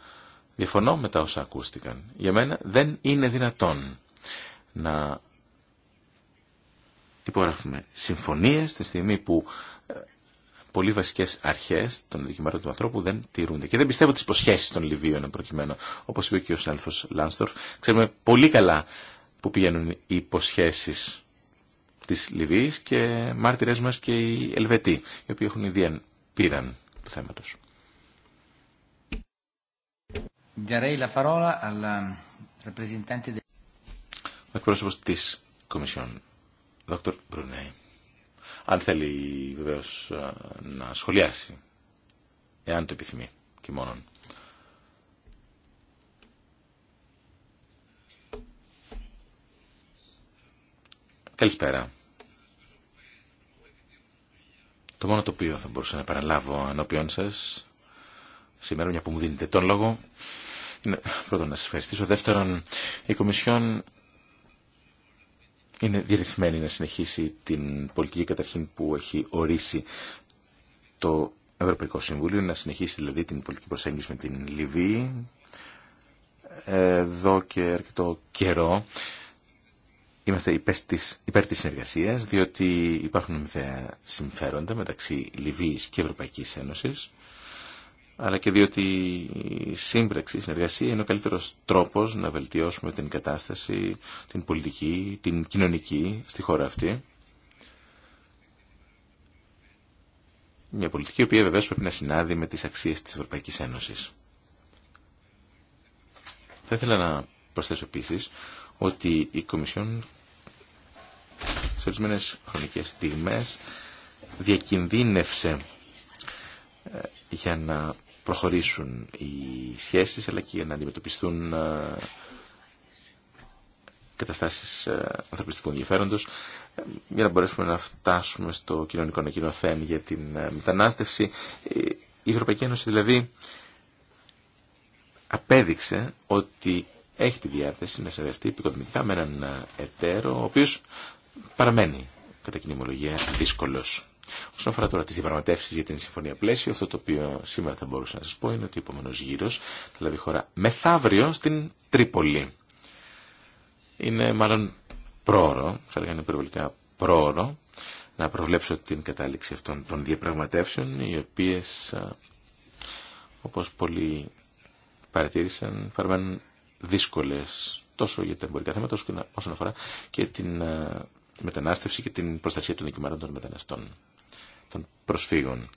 Διαφωνώ με τα όσα ακούστηκαν. Για μένα δεν είναι δυνατόν να υπογράφουμε συμφωνίες τη στιγμή που πολύ βασικέ αρχέ των δικαιωμάτων του ανθρώπου δεν τηρούνται. Και δεν πιστεύω τι υποσχέσει των Λιβύων προκειμένου. Όπω είπε και ο συνάδελφο Λάνστορφ, ξέρουμε πολύ καλά που πηγαίνουν οι υποσχέσει τη Λιβύη και μάρτυρέ μα και οι Ελβετοί, οι οποίοι έχουν ήδη πήραν του θέματο. Ο εκπρόσωπος τη Κομισιόν, Δόκτωρ Μπρουνέη αν θέλει βεβαίω να σχολιάσει, εάν το επιθυμεί και μόνον. Καλησπέρα. Το μόνο το οποίο θα μπορούσα να παραλάβω ενώπιον σα σήμερα, μια που μου δίνετε τον λόγο, είναι πρώτον να σα ευχαριστήσω. Δεύτερον, η Κομισιόν είναι διερθυμένη να συνεχίσει την πολιτική καταρχήν που έχει ορίσει το Ευρωπαϊκό Συμβούλιο, να συνεχίσει δηλαδή την πολιτική προσέγγιση με την Λιβύη εδώ και αρκετό καιρό. Είμαστε υπέρ της, συνεργασίας, διότι υπάρχουν συμφέροντα μεταξύ Λιβύης και Ευρωπαϊκής Ένωσης αλλά και διότι η σύμπραξη, η συνεργασία είναι ο καλύτερος τρόπος να βελτιώσουμε την κατάσταση, την πολιτική, την κοινωνική στη χώρα αυτή. Μια πολιτική η οποία βεβαίως πρέπει να συνάδει με τις αξίες της Ευρωπαϊκής Ένωσης. Θα ήθελα να προσθέσω επίση ότι η Κομισιόν σε ορισμένε χρονικές στιγμές διακινδύνευσε ε, για να προχωρήσουν οι σχέσεις αλλά και να αντιμετωπιστούν ε, καταστάσεις ε, ανθρωπιστικού ενδιαφέροντος ε, για να μπορέσουμε να φτάσουμε στο κοινωνικό ανακοινωθέν για την μετανάστευση. Η Ευρωπαϊκή Ένωση δηλαδή απέδειξε ότι έχει τη διάθεση να συνεργαστεί επικοδομητικά με έναν εταίρο ο οποίος παραμένει κατά κοινή ομολογία δύσκολος. Όσον αφορά τώρα τι διαπραγματεύσει για την συμφωνία πλαίσιο, αυτό το οποίο σήμερα θα μπορούσα να σα πω είναι ότι ο επόμενο γύρο θα λάβει χώρα μεθαύριο στην Τρίπολη. Είναι μάλλον πρόωρο, θα είναι υπερβολικά πρόωρο, να προβλέψω την κατάληξη αυτών των διαπραγματεύσεων, οι οποίε, όπω πολλοί παρατήρησαν, παραμένουν δύσκολε τόσο για τα εμπορικά θέματα όσο όσον αφορά και την μετανάστευση και την προστασία των δικαιωμάτων των μεταναστών των προσφύγων.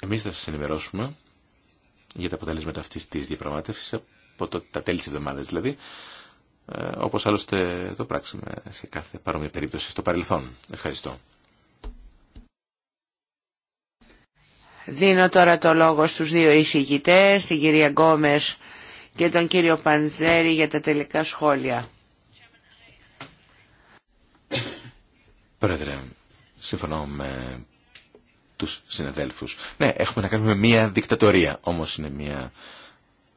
Εμείς θα σας ενημερώσουμε για τα αποτελέσματα αυτής της διαπραγμάτευσης από το, τα τέλη της εβδομάδας δηλαδή, ε, όπως άλλωστε το πράξαμε σε κάθε παρόμοια περίπτωση στο παρελθόν. Ευχαριστώ. Δίνω τώρα το λόγο στους δύο εισηγητές, την κυρία Γκόμες και τον κύριο Παντζέρη για τα τελικά σχόλια. Πρόεδρε, συμφωνώ με τους συναδέλφους. Ναι, έχουμε να κάνουμε μία δικτατορία, όμως είναι μία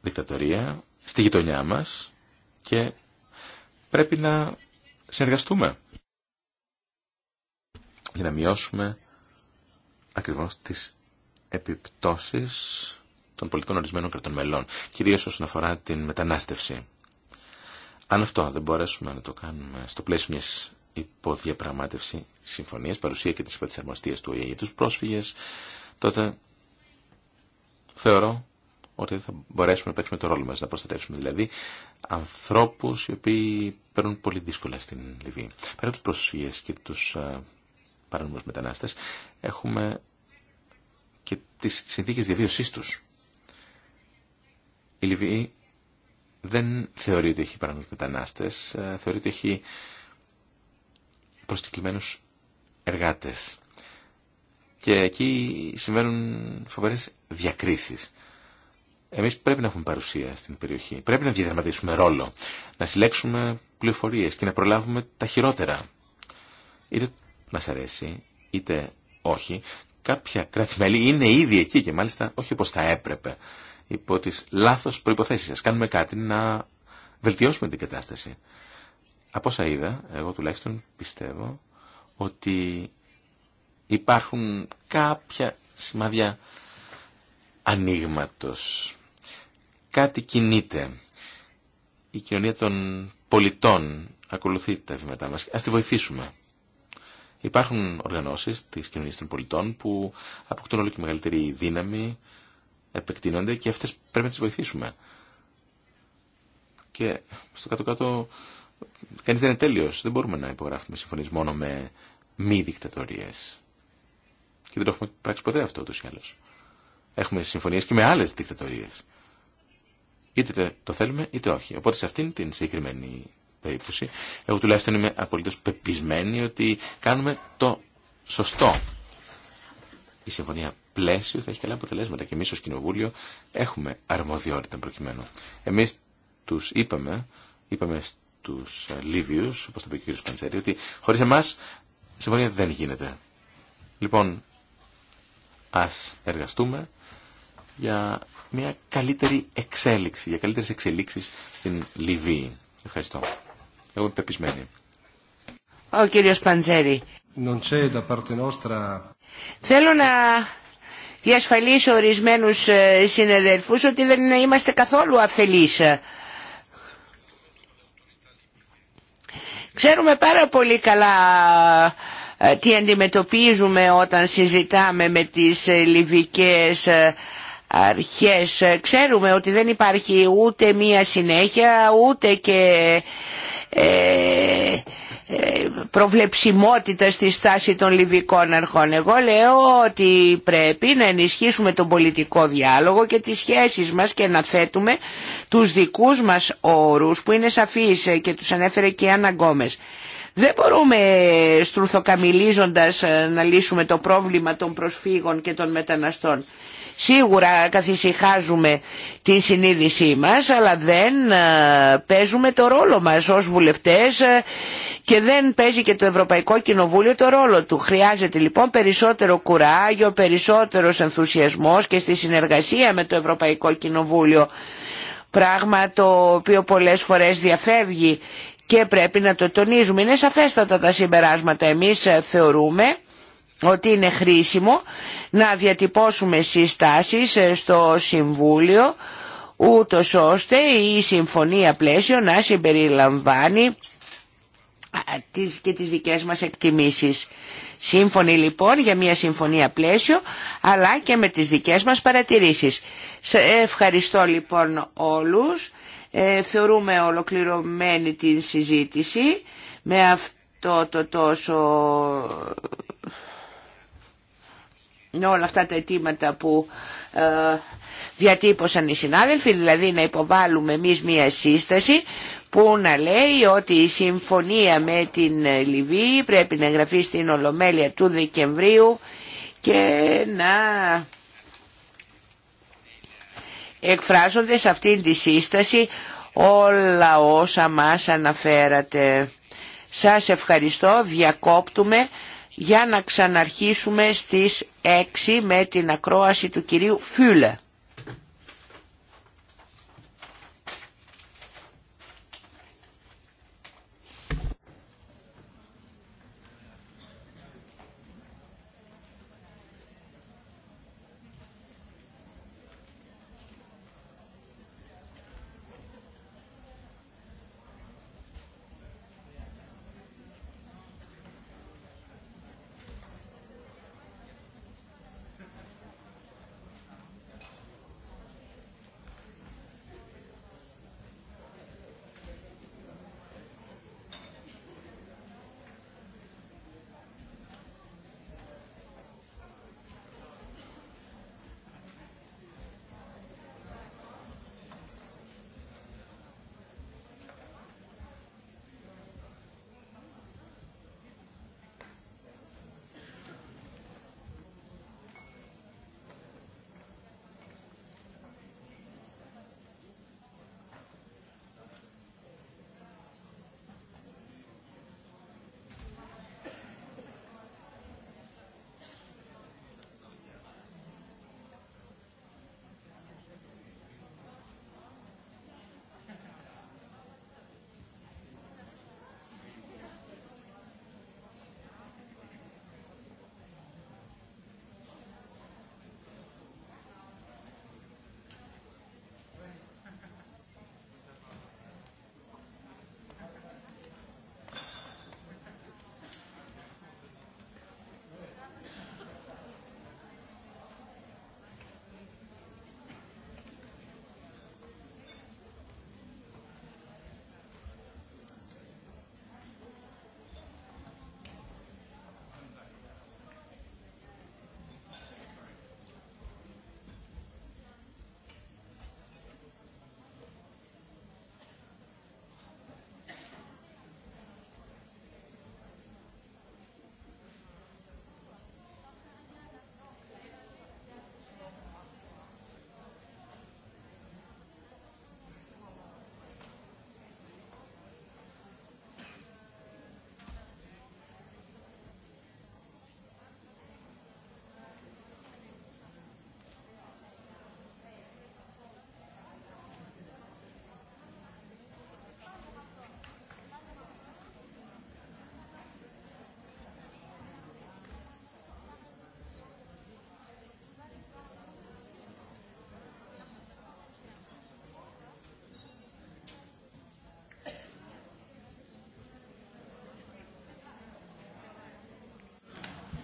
δικτατορία στη γειτονιά μας και πρέπει να συνεργαστούμε για να μειώσουμε ακριβώς τις επιπτώσεις των πολιτικών ορισμένων κρατών μελών, κυρίως όσον αφορά την μετανάστευση. Αν αυτό δεν μπορέσουμε να το κάνουμε στο πλαίσιο μιας υποδιαπραγμάτευση συμφωνία, παρουσία και της υπατισαρμοστίας του ΟΗΕ για του πρόσφυγες, τότε θεωρώ ότι θα μπορέσουμε να παίξουμε το ρόλο μας, να προστατεύσουμε δηλαδή ανθρώπους οι οποίοι παίρνουν πολύ δύσκολα στην Λιβύη. Πέρα από τους πρόσφυγες και τους ε, παρανομού μετανάστες, έχουμε και τις συνθήκε διαβίωσή του. Η Λιβύη δεν θεωρεί ότι έχει παρανομού μετανάστες, ε, θεωρεί ότι έχει προσκεκλημένους εργάτες. Και εκεί συμβαίνουν φοβερές διακρίσεις. Εμείς πρέπει να έχουμε παρουσία στην περιοχή. Πρέπει να διαδραματίσουμε ρόλο, να συλλέξουμε πληροφορίες και να προλάβουμε τα χειρότερα. Είτε μας αρέσει, είτε όχι. Κάποια κράτη-μέλη είναι ήδη εκεί και μάλιστα όχι όπως θα έπρεπε. Υπό τις λάθος προϋποθέσεις. Ας κάνουμε κάτι να βελτιώσουμε την κατάσταση. Από όσα είδα, εγώ τουλάχιστον πιστεύω ότι υπάρχουν κάποια σημάδια ανοίγματο. Κάτι κινείται. Η κοινωνία των πολιτών ακολουθεί τα βήματά μας. Ας τη βοηθήσουμε. Υπάρχουν οργανώσεις της κοινωνίας των πολιτών που αποκτούν όλο και μεγαλύτερη δύναμη, επεκτείνονται και αυτές πρέπει να τις βοηθήσουμε. Και στο κάτω-κάτω Κανείς δεν είναι τέλειος. Δεν μπορούμε να υπογράφουμε συμφωνίες μόνο με μη δικτατορίες. Και δεν το έχουμε πράξει ποτέ αυτό ούτως ή άλλως. Έχουμε συμφωνίες και με άλλες δικτατορίες. Είτε το θέλουμε είτε όχι. Οπότε σε αυτήν την συγκεκριμένη περίπτωση εγώ τουλάχιστον είμαι απολύτως πεπισμένη ότι κάνουμε το σωστό. Η συμφωνία πλαίσιο θα έχει καλά αποτελέσματα και εμείς ως Κοινοβούλιο έχουμε αρμοδιότητα προκειμένου. Εμείς τους είπαμε, είπαμε του Λίβιου, όπω το είπε ο κ. Παντσέρη, ότι χωρίς εμάς συμφωνία δεν γίνεται. Λοιπόν, α εργαστούμε για μια καλύτερη εξέλιξη, για καλύτερε εξελίξει στην Λιβύη. Ευχαριστώ. Εγώ είμαι πεπισμένη. Ο κ. Παντζέρη. Non c'è da parte nostra... Θέλω να διασφαλίσω ορισμένου ε, συνεδελφούς ότι δεν είμαστε καθόλου αφελείς. Ξέρουμε πάρα πολύ καλά ε, τι αντιμετωπίζουμε όταν συζητάμε με τις ε, λιβικές ε, αρχές. Ξέρουμε ότι δεν υπάρχει ούτε μία συνέχεια ούτε και προβλεψιμότητα στη στάση των λιβικών αρχών. Εγώ λέω ότι πρέπει να ενισχύσουμε τον πολιτικό διάλογο και τις σχέσεις μας και να θέτουμε τους δικούς μας όρους που είναι σαφείς και τους ανέφερε και η Άννα Δεν μπορούμε στρουθοκαμιλίζοντας να λύσουμε το πρόβλημα των προσφύγων και των μεταναστών. Σίγουρα καθησυχάζουμε τη συνείδησή μας αλλά δεν ε, παίζουμε το ρόλο μας ως βουλευτές ε, και δεν παίζει και το Ευρωπαϊκό Κοινοβούλιο το ρόλο του. Χρειάζεται λοιπόν περισσότερο κουράγιο, περισσότερος ενθουσιασμός και στη συνεργασία με το Ευρωπαϊκό Κοινοβούλιο πράγμα το οποίο πολλές φορές διαφεύγει και πρέπει να το τονίζουμε. Είναι σαφέστατα τα συμπεράσματα. Εμείς ε, θεωρούμε ότι είναι χρήσιμο να διατυπώσουμε συστάσεις ε, στο Συμβούλιο ούτω ώστε η συμφωνία πλαίσιο να συμπεριλαμβάνει και τις δικές μας εκτιμήσεις. Σύμφωνοι λοιπόν για μια συμφωνία πλαίσιο αλλά και με τις δικές μας παρατηρήσεις. Σε ευχαριστώ λοιπόν όλους. Ε, θεωρούμε ολοκληρωμένη την συζήτηση με αυτό το τόσο με όλα αυτά τα αιτήματα που ε, διατύπωσαν οι συνάδελφοι, δηλαδή να υποβάλουμε εμεί μία σύσταση που να λέει ότι η συμφωνία με την Λιβύη πρέπει να εγγραφεί στην Ολομέλεια του Δεκεμβρίου και να εκφράζονται σε αυτήν τη σύσταση όλα όσα μας αναφέρατε. Σας ευχαριστώ, διακόπτουμε για να ξαναρχίσουμε στις 6 με την ακρόαση του κυρίου Φούλε.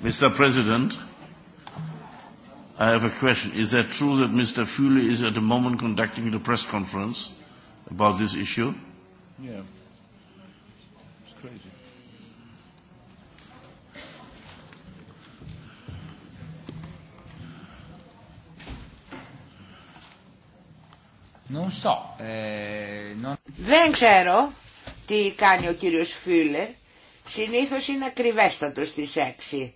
Mr. President, I have a question. Is that true that Mr. Fühle is at the moment conducting the press conference about this issue? Yeah. It's crazy. Non so, eh, non... Δεν ξέρω τι κάνει ο κύριος Φίλε. Συνήθως είναι ακριβέστατος στις 6.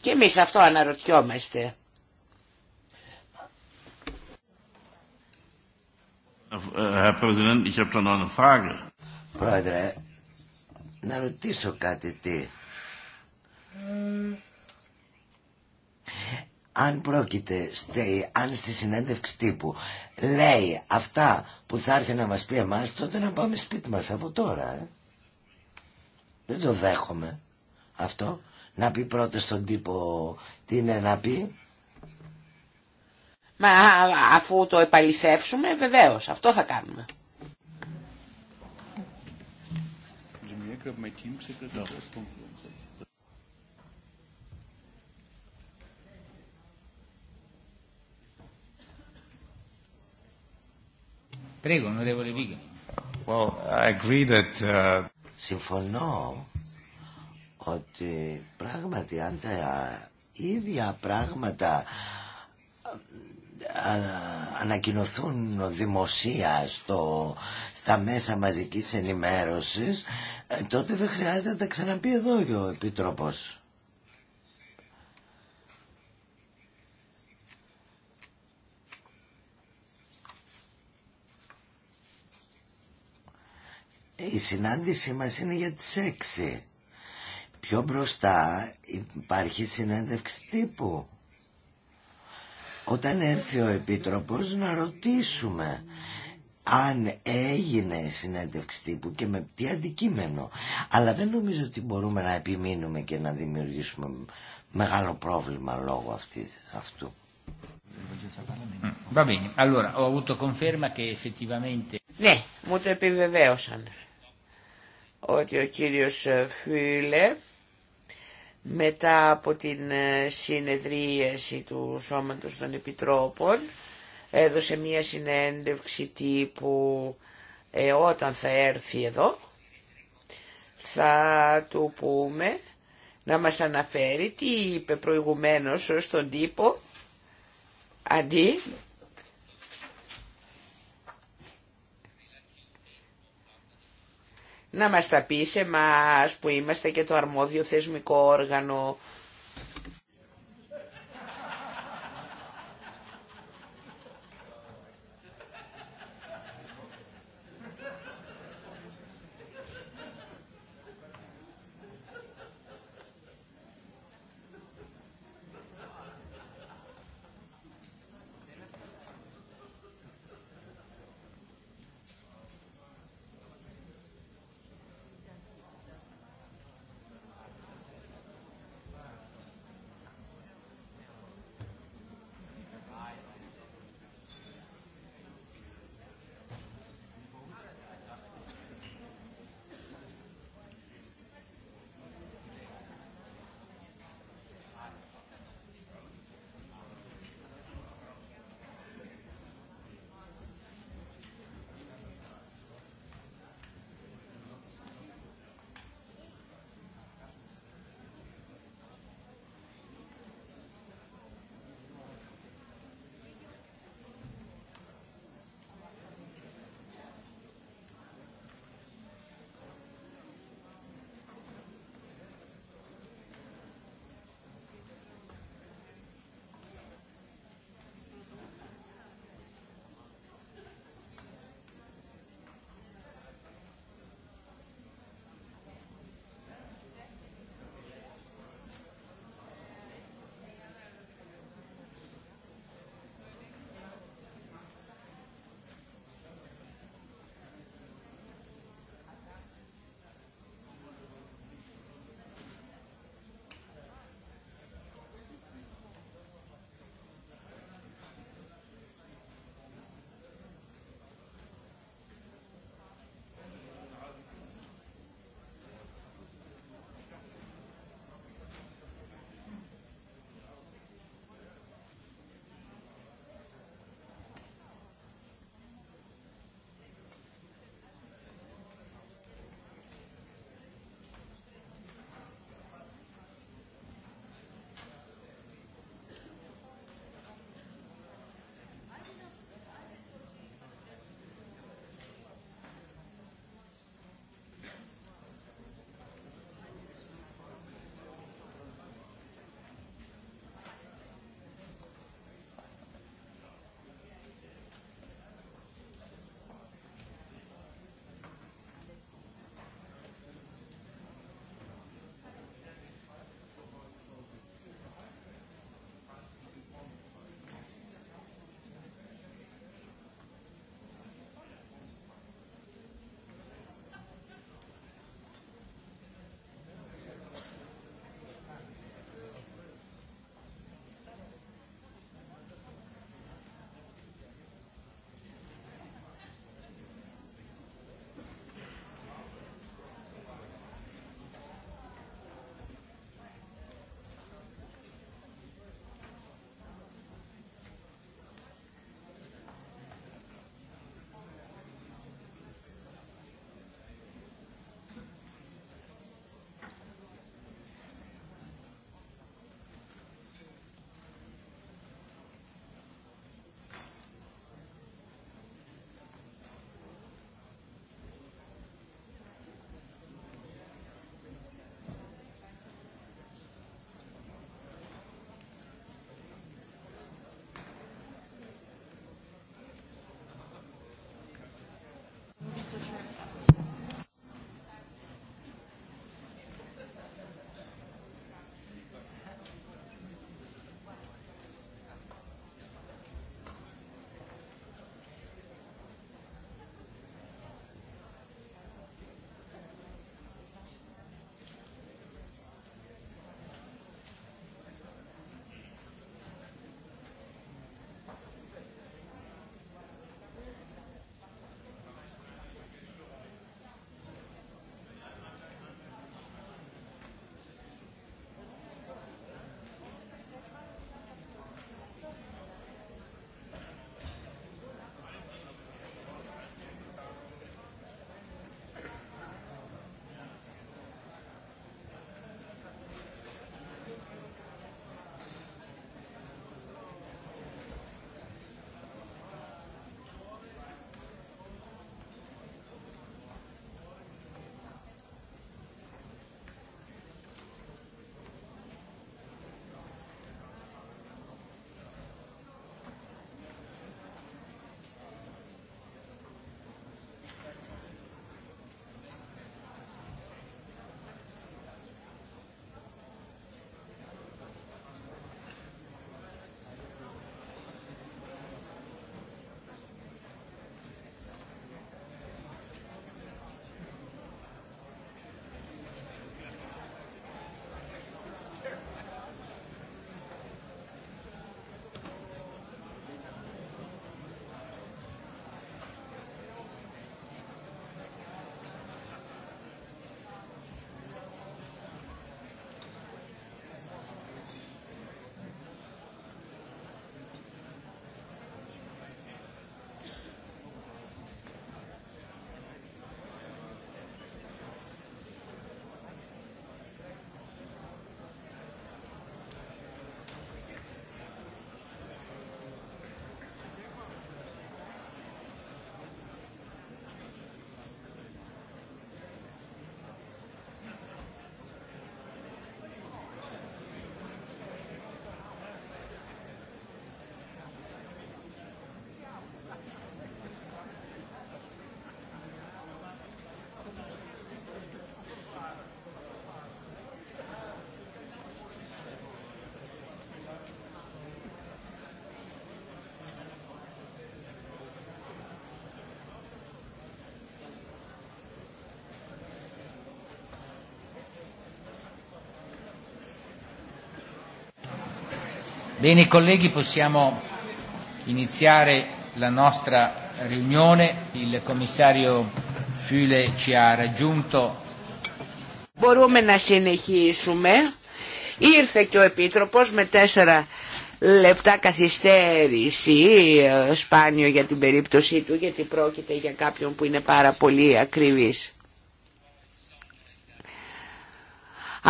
Και εμείς αυτό αναρωτιόμαστε. Πρόεδρε, να ρωτήσω κάτι τι. Αν πρόκειται, αν στη συνέντευξη τύπου λέει αυτά που θα έρθει να μας πει εμάς, τότε να πάμε σπίτι μας από τώρα. Ε. Δεν το δέχομαι αυτό να πει πρώτα στον τύπο τι είναι να πει. Μα αφού το επαληθεύσουμε βεβαίως, αυτό θα κάνουμε. Uh, Συμφωνώ ότι πράγματι αν τα ίδια πράγματα ανακοινωθούν δημοσία στο, στα μέσα μαζικής ενημέρωσης ε, τότε δεν χρειάζεται να τα ξαναπεί εδώ και ο Επίτροπος. Η συνάντησή μας είναι για τις 6. Πιο μπροστά υπάρχει συνέντευξη τύπου. Όταν έρθει ο Επίτροπος να ρωτήσουμε αν έγινε συνέντευξη τύπου και με τι αντικείμενο. Αλλά δεν νομίζω ότι μπορούμε να επιμείνουμε και να δημιουργήσουμε μεγάλο πρόβλημα λόγω αυτή, αυτού. Ναι, μου το επιβεβαίωσαν ότι ο κύριος Φίλε μετά από την ε, συνεδρίαση του Σώματος των Επιτρόπων έδωσε μία συνέντευξη τύπου «Ε, όταν θα έρθει εδώ θα του πούμε να μας αναφέρει τι είπε προηγουμένως στον τύπο αντί να μας τα πει σε εμάς που είμαστε και το αρμόδιο θεσμικό όργανο Bene colleghi, possiamo iniziare la nostra riunione. Il commissario Füle ci ha raggiunto. Μπορούμε να συνεχίσουμε. Ήρθε και ο Επίτροπος με τέσσερα λεπτά καθυστέρηση, ε, σπάνιο για την περίπτωσή του, γιατί πρόκειται για κάποιον που είναι πάρα πολύ ακριβής.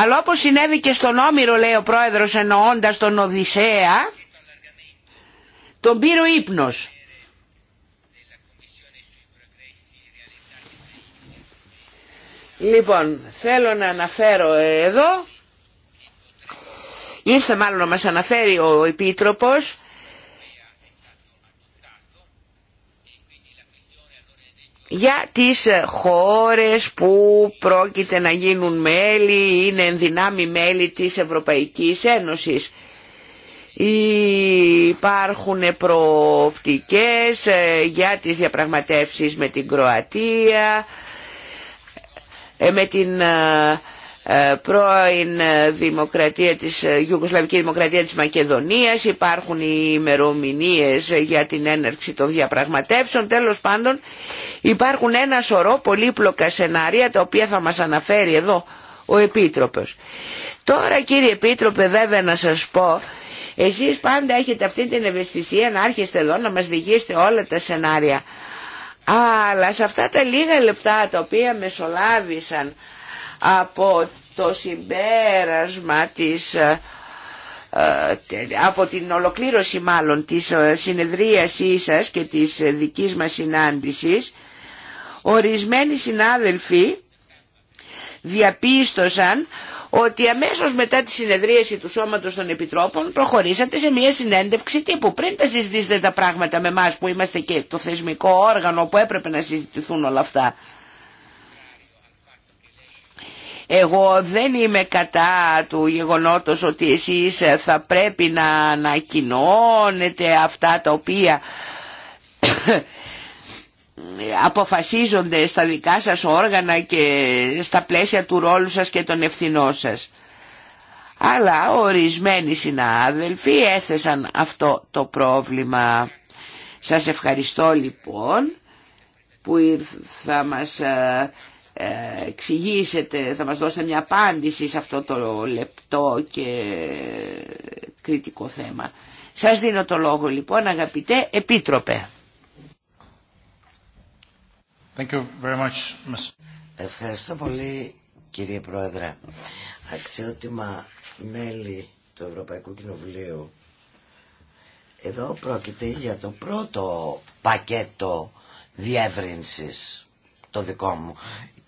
Αλλά όπως συνέβη και στον Όμηρο λέει ο πρόεδρος εννοώντας τον Οδυσσέα, τον πήρε ο ύπνος. Λοιπόν, θέλω να αναφέρω εδώ, ήρθε μάλλον να μας αναφέρει ο Επίτροπος, για τις ε, χώρες που πρόκειται να γίνουν μέλη, είναι ενδυνάμει μέλη της Ευρωπαϊκής Ένωσης. Υπάρχουν προοπτικές ε, για τις διαπραγματεύσεις με την Κροατία, ε, με την ε, πρώην ε, δημοκρατία της, ε, Ιουγκοσλαβική Δημοκρατία της Μακεδονίας, υπάρχουν οι ημερομηνίε για την έναρξη των διαπραγματεύσεων, τέλος πάντων υπάρχουν ένα σωρό πολύπλοκα σενάρια τα οποία θα μας αναφέρει εδώ ο Επίτροπος. Τώρα κύριε Επίτροπε βέβαια να σας πω, εσείς πάντα έχετε αυτή την ευαισθησία να άρχεστε εδώ να μας διηγήσετε όλα τα σενάρια. Αλλά σε αυτά τα λίγα λεπτά τα οποία μεσολάβησαν από το συμπέρασμα ε, ε, από την ολοκλήρωση μάλλον της ε, συνεδρίασής σας και της δικής μας συνάντησης, ορισμένοι συνάδελφοι διαπίστωσαν ότι αμέσως μετά τη συνεδρίαση του Σώματος των Επιτρόπων προχωρήσατε σε μια συνέντευξη τύπου. Πριν τα συζητήσετε τα πράγματα με εμά που είμαστε και το θεσμικό όργανο που έπρεπε να συζητηθούν όλα αυτά. Εγώ δεν είμαι κατά του γεγονότος ότι εσείς θα πρέπει να ανακοινώνετε αυτά τα οποία αποφασίζονται στα δικά σας όργανα και στα πλαίσια του ρόλου σας και των ευθυνών σας. Αλλά ορισμένοι συνάδελφοι έθεσαν αυτό το πρόβλημα. Σας ευχαριστώ λοιπόν που ήρθα μας ε, εξηγήσετε, θα μας δώσετε μια απάντηση σε αυτό το λεπτό και κριτικό θέμα. Σας δίνω το λόγο λοιπόν αγαπητέ Επίτροπε. Thank you very much, Ευχαριστώ πολύ κύριε Πρόεδρε. Αξιότιμα μέλη του Ευρωπαϊκού Κοινοβουλίου. Εδώ πρόκειται για το πρώτο πακέτο διεύρυνσης το δικό μου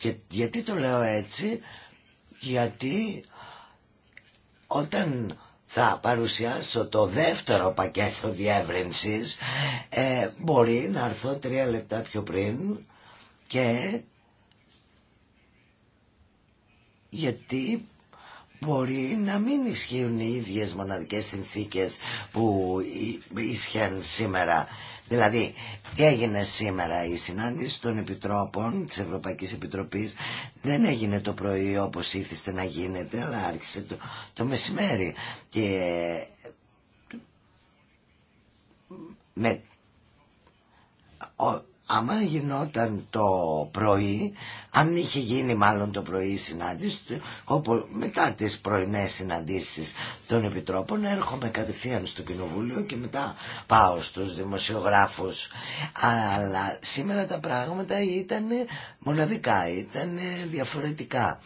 και γιατί το λέω έτσι, γιατί όταν θα παρουσιάσω το δεύτερο πακέτο διεύρυνσης ε, μπορεί να έρθω τρία λεπτά πιο πριν και γιατί μπορεί να μην ισχύουν οι ίδιες μοναδικές συνθήκες που ισχύουν σήμερα Δηλαδή, τι έγινε σήμερα η συνάντηση των Επιτρόπων της Ευρωπαϊκής Επιτροπής δεν έγινε το πρωί όπως ήθιστε να γίνεται, αλλά άρχισε το, το μεσημέρι. Και με, άμα γινόταν το πρωί, αν είχε γίνει μάλλον το πρωί η συνάντηση, όπου μετά τις πρωινές συναντήσεις των Επιτρόπων έρχομαι κατευθείαν στο Κοινοβούλιο και μετά πάω στους δημοσιογράφους. Αλλά σήμερα τα πράγματα ήταν μοναδικά, ήταν διαφορετικά.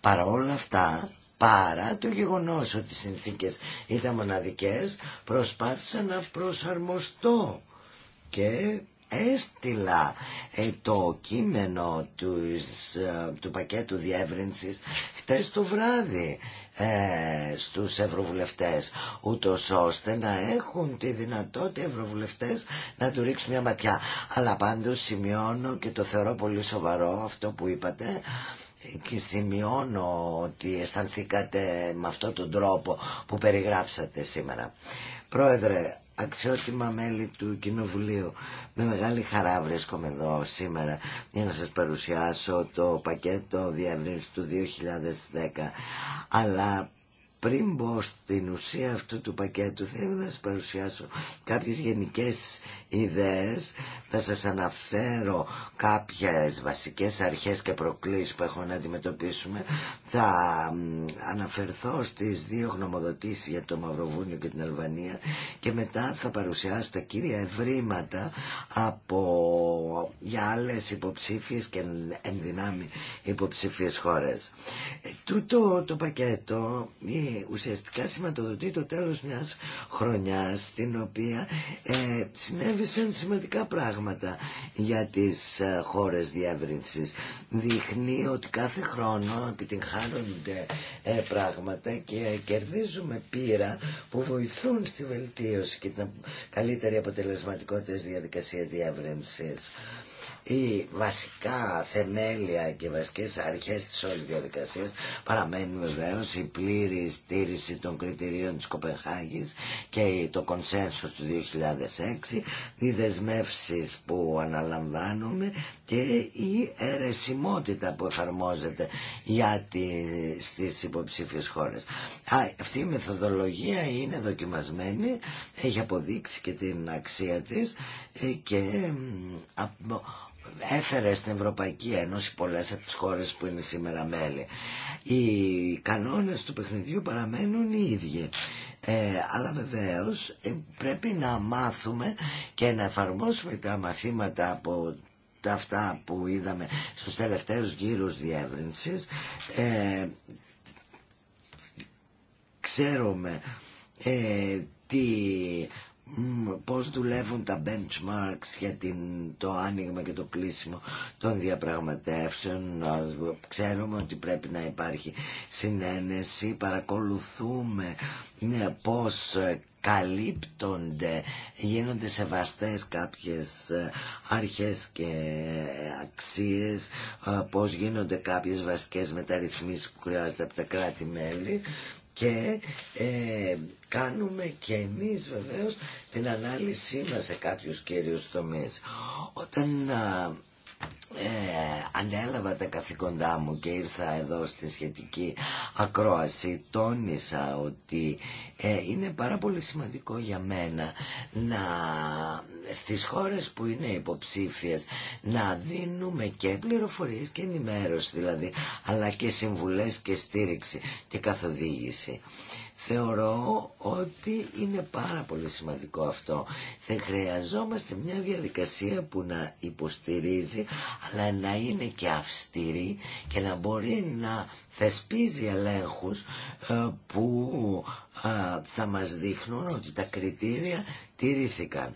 Παρά όλα αυτά, παρά το γεγονός ότι οι συνθήκες ήταν μοναδικές, προσπάθησα να προσαρμοστώ και έστειλα ε, το κείμενο του ε, του πακέτου διεύρυνσης χτες το βράδυ ε, στους ευρωβουλευτές ούτως ώστε να έχουν τη δυνατότητα οι ευρωβουλευτές να του ρίξουν μια ματιά αλλά πάντως σημειώνω και το θεωρώ πολύ σοβαρό αυτό που είπατε και σημειώνω ότι αισθανθήκατε με αυτόν τον τρόπο που περιγράψατε σήμερα. Πρόεδρε, αξιότιμα μέλη του Κοινοβουλίου. Με μεγάλη χαρά βρίσκομαι εδώ σήμερα για να σας παρουσιάσω το πακέτο διαβρύνσης του 2010. Αλλά πριν μπω στην ουσία αυτού του πακέτου θέλω να σας παρουσιάσω κάποιες γενικές ιδέες θα σας αναφέρω κάποιες βασικές αρχές και προκλήσεις που έχω να αντιμετωπίσουμε. Θα αναφερθώ στις δύο γνωμοδοτήσεις για το Μαυροβούνιο και την Αλβανία και μετά θα παρουσιάσω τα κύρια ευρήματα από, για άλλες υποψήφιες και ενδυνάμει υποψήφιες χώρες. Ε, τούτο το πακέτο ε, ουσιαστικά σηματοδοτεί το τέλος μιας χρονιάς στην οποία ε, συνέβησαν σημαντικά πράγματα για τις ε, χώρες διεύρυνσης δείχνει ότι κάθε χρόνο επιτυγχάνονται ε, πράγματα και κερδίζουμε πείρα που βοηθούν στη βελτίωση και την καλύτερη αποτελεσματικότητα της διαδικασίας διεύρυνσης οι βασικά θεμέλια και βασικές αρχές της όλης διαδικασίας παραμένουν βεβαίω η πλήρη στήριξη των κριτηρίων της Κοπενχάγης και το κονσένσο του 2006, οι δεσμεύσει που αναλαμβάνουμε και η αιρεσιμότητα που εφαρμόζεται για τις στις υποψήφιες χώρες. Α, αυτή η μεθοδολογία είναι δοκιμασμένη, έχει αποδείξει και την αξία της ε, και έφερε στην Ευρωπαϊκή Ένωση πολλές από τις χώρες που είναι σήμερα μέλη. Οι κανόνες του παιχνιδιού παραμένουν οι ίδιοι. Ε, αλλά βεβαίως ε, πρέπει να μάθουμε και να εφαρμόσουμε τα μαθήματα από τα αυτά που είδαμε στους τελευταίους γύρους διεύρυνσης. Ε, ξέρουμε ε, τι πώς δουλεύουν τα benchmarks για την, το άνοιγμα και το κλείσιμο των διαπραγματεύσεων. Ξέρουμε ότι πρέπει να υπάρχει συνένεση, παρακολουθούμε ναι, πώς καλύπτονται, γίνονται σεβαστές κάποιες ε, αρχές και αξίες, ε, πώς γίνονται κάποιες βασικές μεταρρυθμίσεις που χρειάζεται από τα κράτη-μέλη και ε, κάνουμε και εμείς βεβαίως την ανάλυση μας σε κάποιους κυρίους τομείς. Όταν ε, ανέλαβα τα καθήκοντά μου και ήρθα εδώ στη σχετική ακρόαση τόνισα ότι ε, είναι πάρα πολύ σημαντικό για μένα να στις χώρες που είναι υποψήφιες να δίνουμε και πληροφορίες και ενημέρωση δηλαδή αλλά και συμβουλές και στήριξη και καθοδήγηση Θεωρώ ότι είναι πάρα πολύ σημαντικό αυτό. Θα χρειαζόμαστε μια διαδικασία που να υποστηρίζει, αλλά να είναι και αυστηρή και να μπορεί να θεσπίζει ελέγχους ε, που ε, θα μας δείχνουν ότι τα κριτήρια τηρήθηκαν.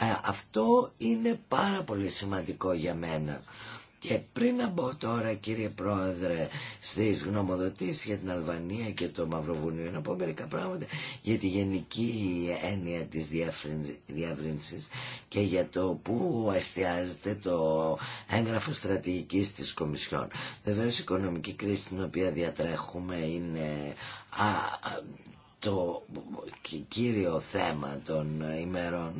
Ε, αυτό είναι πάρα πολύ σημαντικό για μένα. Και πριν να μπω τώρα κύριε Πρόεδρε στις γνωμοδοτήσεις για την Αλβανία και το Μαυροβουνίο να πω μερικά πράγματα για τη γενική έννοια της διαβρύνση και για το που εστιάζεται το έγγραφο στρατηγικής της Κομισιόν. Βεβαίω η οικονομική κρίση την οποία διατρέχουμε είναι το κύριο θέμα των ημερών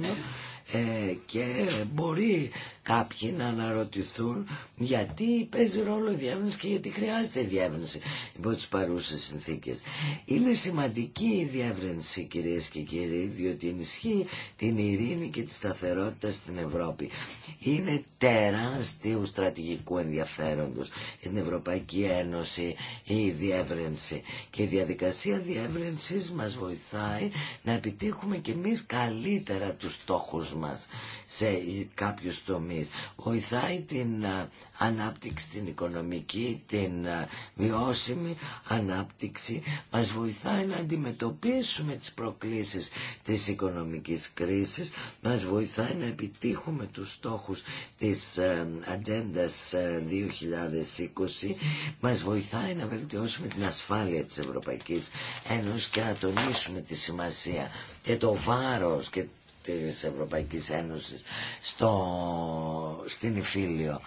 ε, και μπορεί κάποιοι να αναρωτηθούν γιατί παίζει ρόλο η διεύρυνση και γιατί χρειάζεται η διεύρυνση υπό τι παρούσε συνθήκες. Είναι σημαντική η διεύρυνση, κυρίες και κύριοι, διότι ενισχύει την ειρήνη και τη σταθερότητα στην Ευρώπη. Είναι τεράστιου στρατηγικού ενδιαφέροντος για την Ευρωπαϊκή Ένωση η διεύρυνση. Και η διαδικασία διεύρυνσης μας βοηθάει να επιτύχουμε κι εμείς καλύτερα του στόχου μα σε κάποιου τομεί Βοηθάει την ανάπτυξη, την οικονομική, την βιώσιμη ανάπτυξη. Μας βοηθάει να αντιμετωπίσουμε τις προκλήσεις της οικονομικής κρίσης. Μας βοηθάει να επιτύχουμε τους στόχους της ε, Ατζέντα 2020. Ε, Μας βοηθάει να βελτιώσουμε την ασφάλεια της Ευρωπαϊκής Ένωσης και να τονίσουμε τη σημασία και το βάρος και της Ευρωπαϊκής Ένωσης στο, στην Ιφίλιο.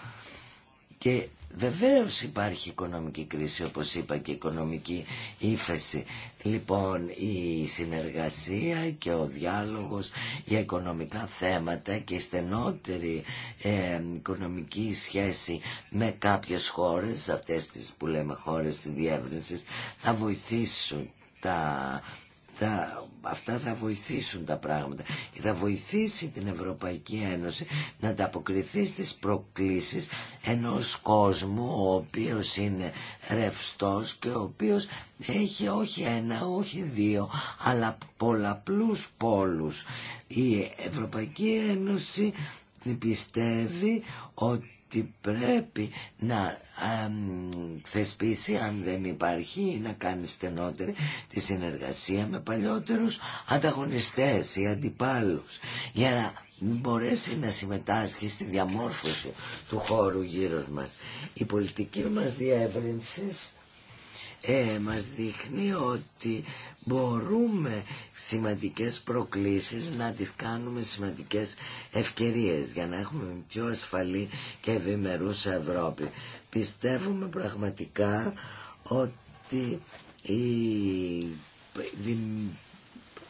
Και βεβαίως υπάρχει οικονομική κρίση, όπως είπα, και οικονομική ύφεση. Λοιπόν, η συνεργασία και ο διάλογος για οικονομικά θέματα και η στενότερη ε, οικονομική σχέση με κάποιες χώρες, αυτές τις που λέμε χώρες της διεύρυνσης, θα βοηθήσουν τα αυτά θα βοηθήσουν τα πράγματα και θα βοηθήσει την Ευρωπαϊκή Ένωση να ανταποκριθεί στις προκλήσεις ενός κόσμου ο οποίος είναι ρευστός και ο οποίος έχει όχι ένα, όχι δύο, αλλά πολλαπλούς πόλους. Η Ευρωπαϊκή Ένωση πιστεύει ότι ότι πρέπει να θεσπίσει αν δεν υπάρχει ή να κάνει στενότερη τη συνεργασία με παλιότερους ανταγωνιστές ή αντιπάλους για να μπορέσει να συμμετάσχει στη διαμόρφωση του χώρου γύρω μας. Η πολιτική μας διεύρυνση ε, μας δείχνει ότι μπορούμε σημαντικές προκλήσεις να τις κάνουμε σημαντικές ευκαιρίες για να έχουμε πιο ασφαλή και ευημερούσα Ευρώπη. Πιστεύουμε πραγματικά ότι, η...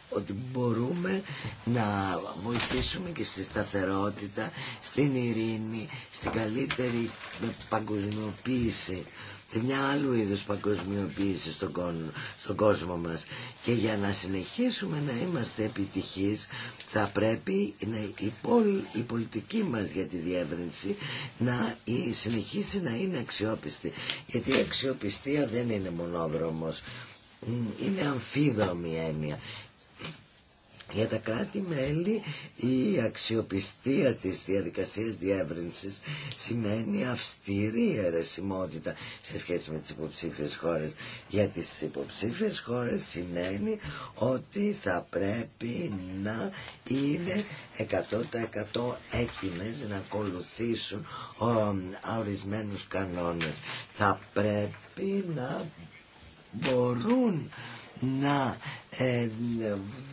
ότι μπορούμε να βοηθήσουμε και στη σταθερότητα, στην ειρήνη, στην καλύτερη παγκοσμιοποίηση σε μια άλλου είδους παγκοσμιοποίηση στον, κόσμο, στον κόσμο μας και για να συνεχίσουμε να είμαστε επιτυχείς θα πρέπει να, η, πολ, πολιτική μας για τη διεύρυνση να η, συνεχίσει να είναι αξιόπιστη γιατί η αξιοπιστία δεν είναι μονόδρομος είναι αμφίδρομη έννοια για τα κράτη-μέλη η αξιοπιστία της διαδικασίας διεύρυνσης σημαίνει αυστηρή αιρεσιμότητα σε σχέση με τις υποψήφιες χώρες. Για τις υποψήφιες χώρες σημαίνει ότι θα πρέπει να είναι 100% έτοιμες να ακολουθήσουν ορισμένους κανόνες. Θα πρέπει να μπορούν να ε, ε,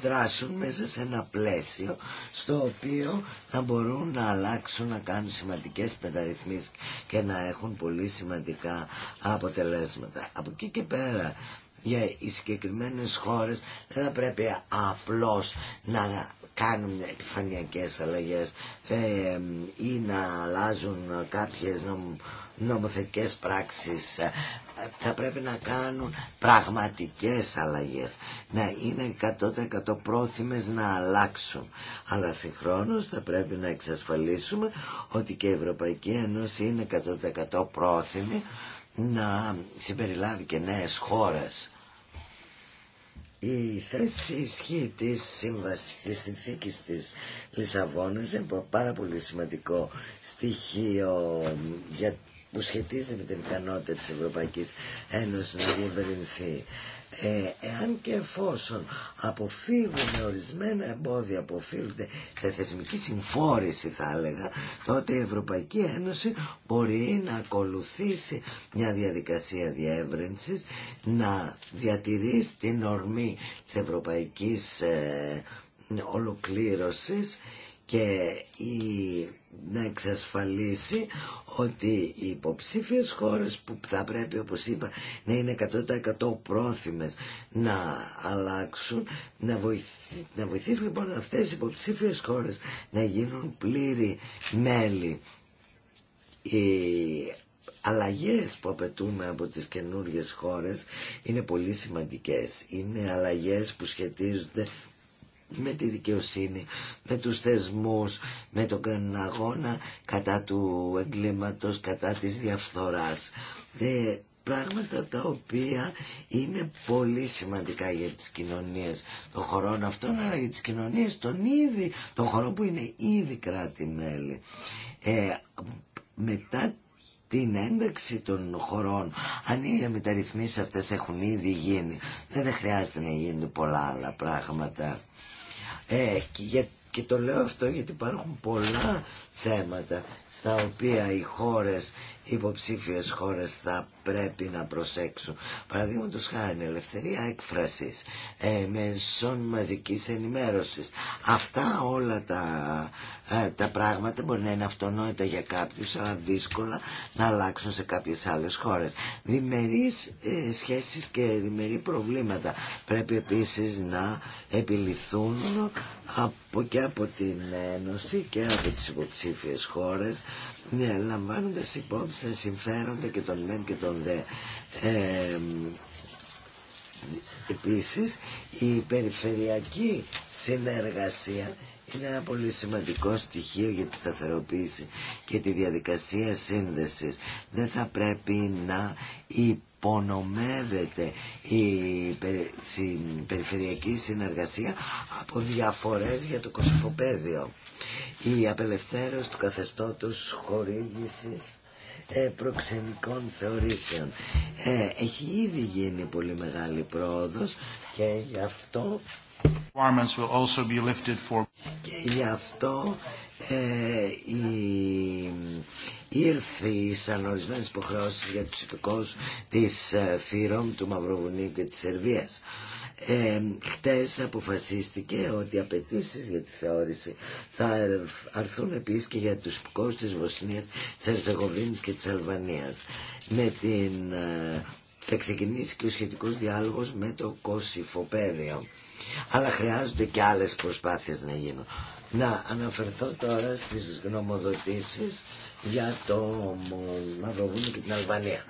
δράσουν μέσα σε ένα πλαίσιο στο οποίο θα μπορούν να αλλάξουν, να κάνουν σημαντικές μεταρρυθμίσεις και να έχουν πολύ σημαντικά αποτελέσματα. Από εκεί και πέρα για οι συγκεκριμένες χώρες δεν θα πρέπει απλώς να κάνουν επιφανειακές αλλαγές ε, ή να αλλάζουν κάποιες νομοθετικές πράξεις ε, θα πρέπει να κάνουν πραγματικές αλλαγές να είναι 100% πρόθυμες να αλλάξουν αλλά συγχρόνως θα πρέπει να εξασφαλίσουμε ότι και η Ευρωπαϊκή Ένωση είναι 100% πρόθυμη να συμπεριλάβει και νέες χώρες η θέση ισχύ της σύμβασης, της συνθήκης της Λισαβόνας είναι πάρα πολύ σημαντικό στοιχείο για που σχετίζεται με την ικανότητα της Ευρωπαϊκής Ένωσης να διευρυνθεί. Ε, εάν και εφόσον αποφύγουμε ορισμένα εμπόδια που οφείλονται σε θεσμική συμφόρηση θα έλεγα τότε η Ευρωπαϊκή Ένωση μπορεί να ακολουθήσει μια διαδικασία διεύρυνσης να διατηρήσει την ορμή της ευρωπαϊκής ε, ολοκλήρωσης και να εξασφαλίσει ότι οι υποψήφιες χώρες που θα πρέπει όπως είπα να είναι 100% πρόθυμες να αλλάξουν να, βοηθήσουν να βοηθήσει λοιπόν αυτές οι υποψήφιες χώρες να γίνουν πλήρη μέλη οι αλλαγές που απαιτούμε από τις καινούριε χώρες είναι πολύ σημαντικές είναι αλλαγές που σχετίζονται με τη δικαιοσύνη, με τους θεσμούς, με τον αγώνα κατά του εγκλήματος, κατά της διαφθοράς. Ε, πράγματα τα οποία είναι πολύ σημαντικά για τις κοινωνίες των χωρών αυτών, αλλά για τις κοινωνίες των ήδη, των χωρών που είναι ήδη κράτη-μέλη. Ε, μετά την ένταξη των χωρών, αν οι μεταρρυθμίσεις αυτές έχουν ήδη γίνει, δεν, χρειάζεται να γίνουν πολλά άλλα πράγματα. Ε, και, για, και το λέω αυτό γιατί υπάρχουν πολλά θέματα στα οποία οι χώρες υποψήφιε χώρες θα πρέπει να προσέξουν. Παραδείγματο χάρη ελευθερία έκφραση ε, μεσών μαζικής ενημέρωσης. Αυτά όλα τα, ε, τα πράγματα μπορεί να είναι αυτονόητα για κάποιου, αλλά δύσκολα να αλλάξουν σε κάποιες άλλες χώρες. Δημερεί ε, σχέσεις και δημερεί προβλήματα πρέπει επίσης να επιληθούν από, και από την Ένωση και από τις υποψήφιες χώρες ναι, λαμβάνοντα υπόψη τα συμφέροντα και τον μεν και των δε. Ε, επίσης η περιφερειακή συνεργασία είναι ένα πολύ σημαντικό στοιχείο για τη σταθεροποίηση και τη διαδικασία σύνδεσης. Δεν θα πρέπει να υπονομεύεται η περιφερειακή συνεργασία από διαφορές για το κοσφοπέδιο. Η απελευθέρωση του καθεστώτος χορήγησης ε, προξενικών θεωρήσεων. Ε, έχει ήδη γίνει πολύ μεγάλη πρόοδος και γι' αυτό will και γι' αυτό ε, η, ήρθαν ορισμένε υποχρεώσεις για τους υπηκόους της ε, του Μαυροβουνίου και της Σερβίας. Ε, χτες αποφασίστηκε ότι οι απαιτήσει για τη θεώρηση θα αρθούν επίσης και για τους κόσμους της Βοσνίας, της Ερζεγοβίνη και της Αλβανίας. Με την, ε, θα ξεκινήσει και ο σχετικός διάλογος με το Κωσυφοπαίδιο. Αλλά χρειάζονται και άλλες προσπάθειες να γίνουν. Να αναφερθώ τώρα στις γνωμοδοτήσεις για το Μαυροβούνιο και την Αλβανία.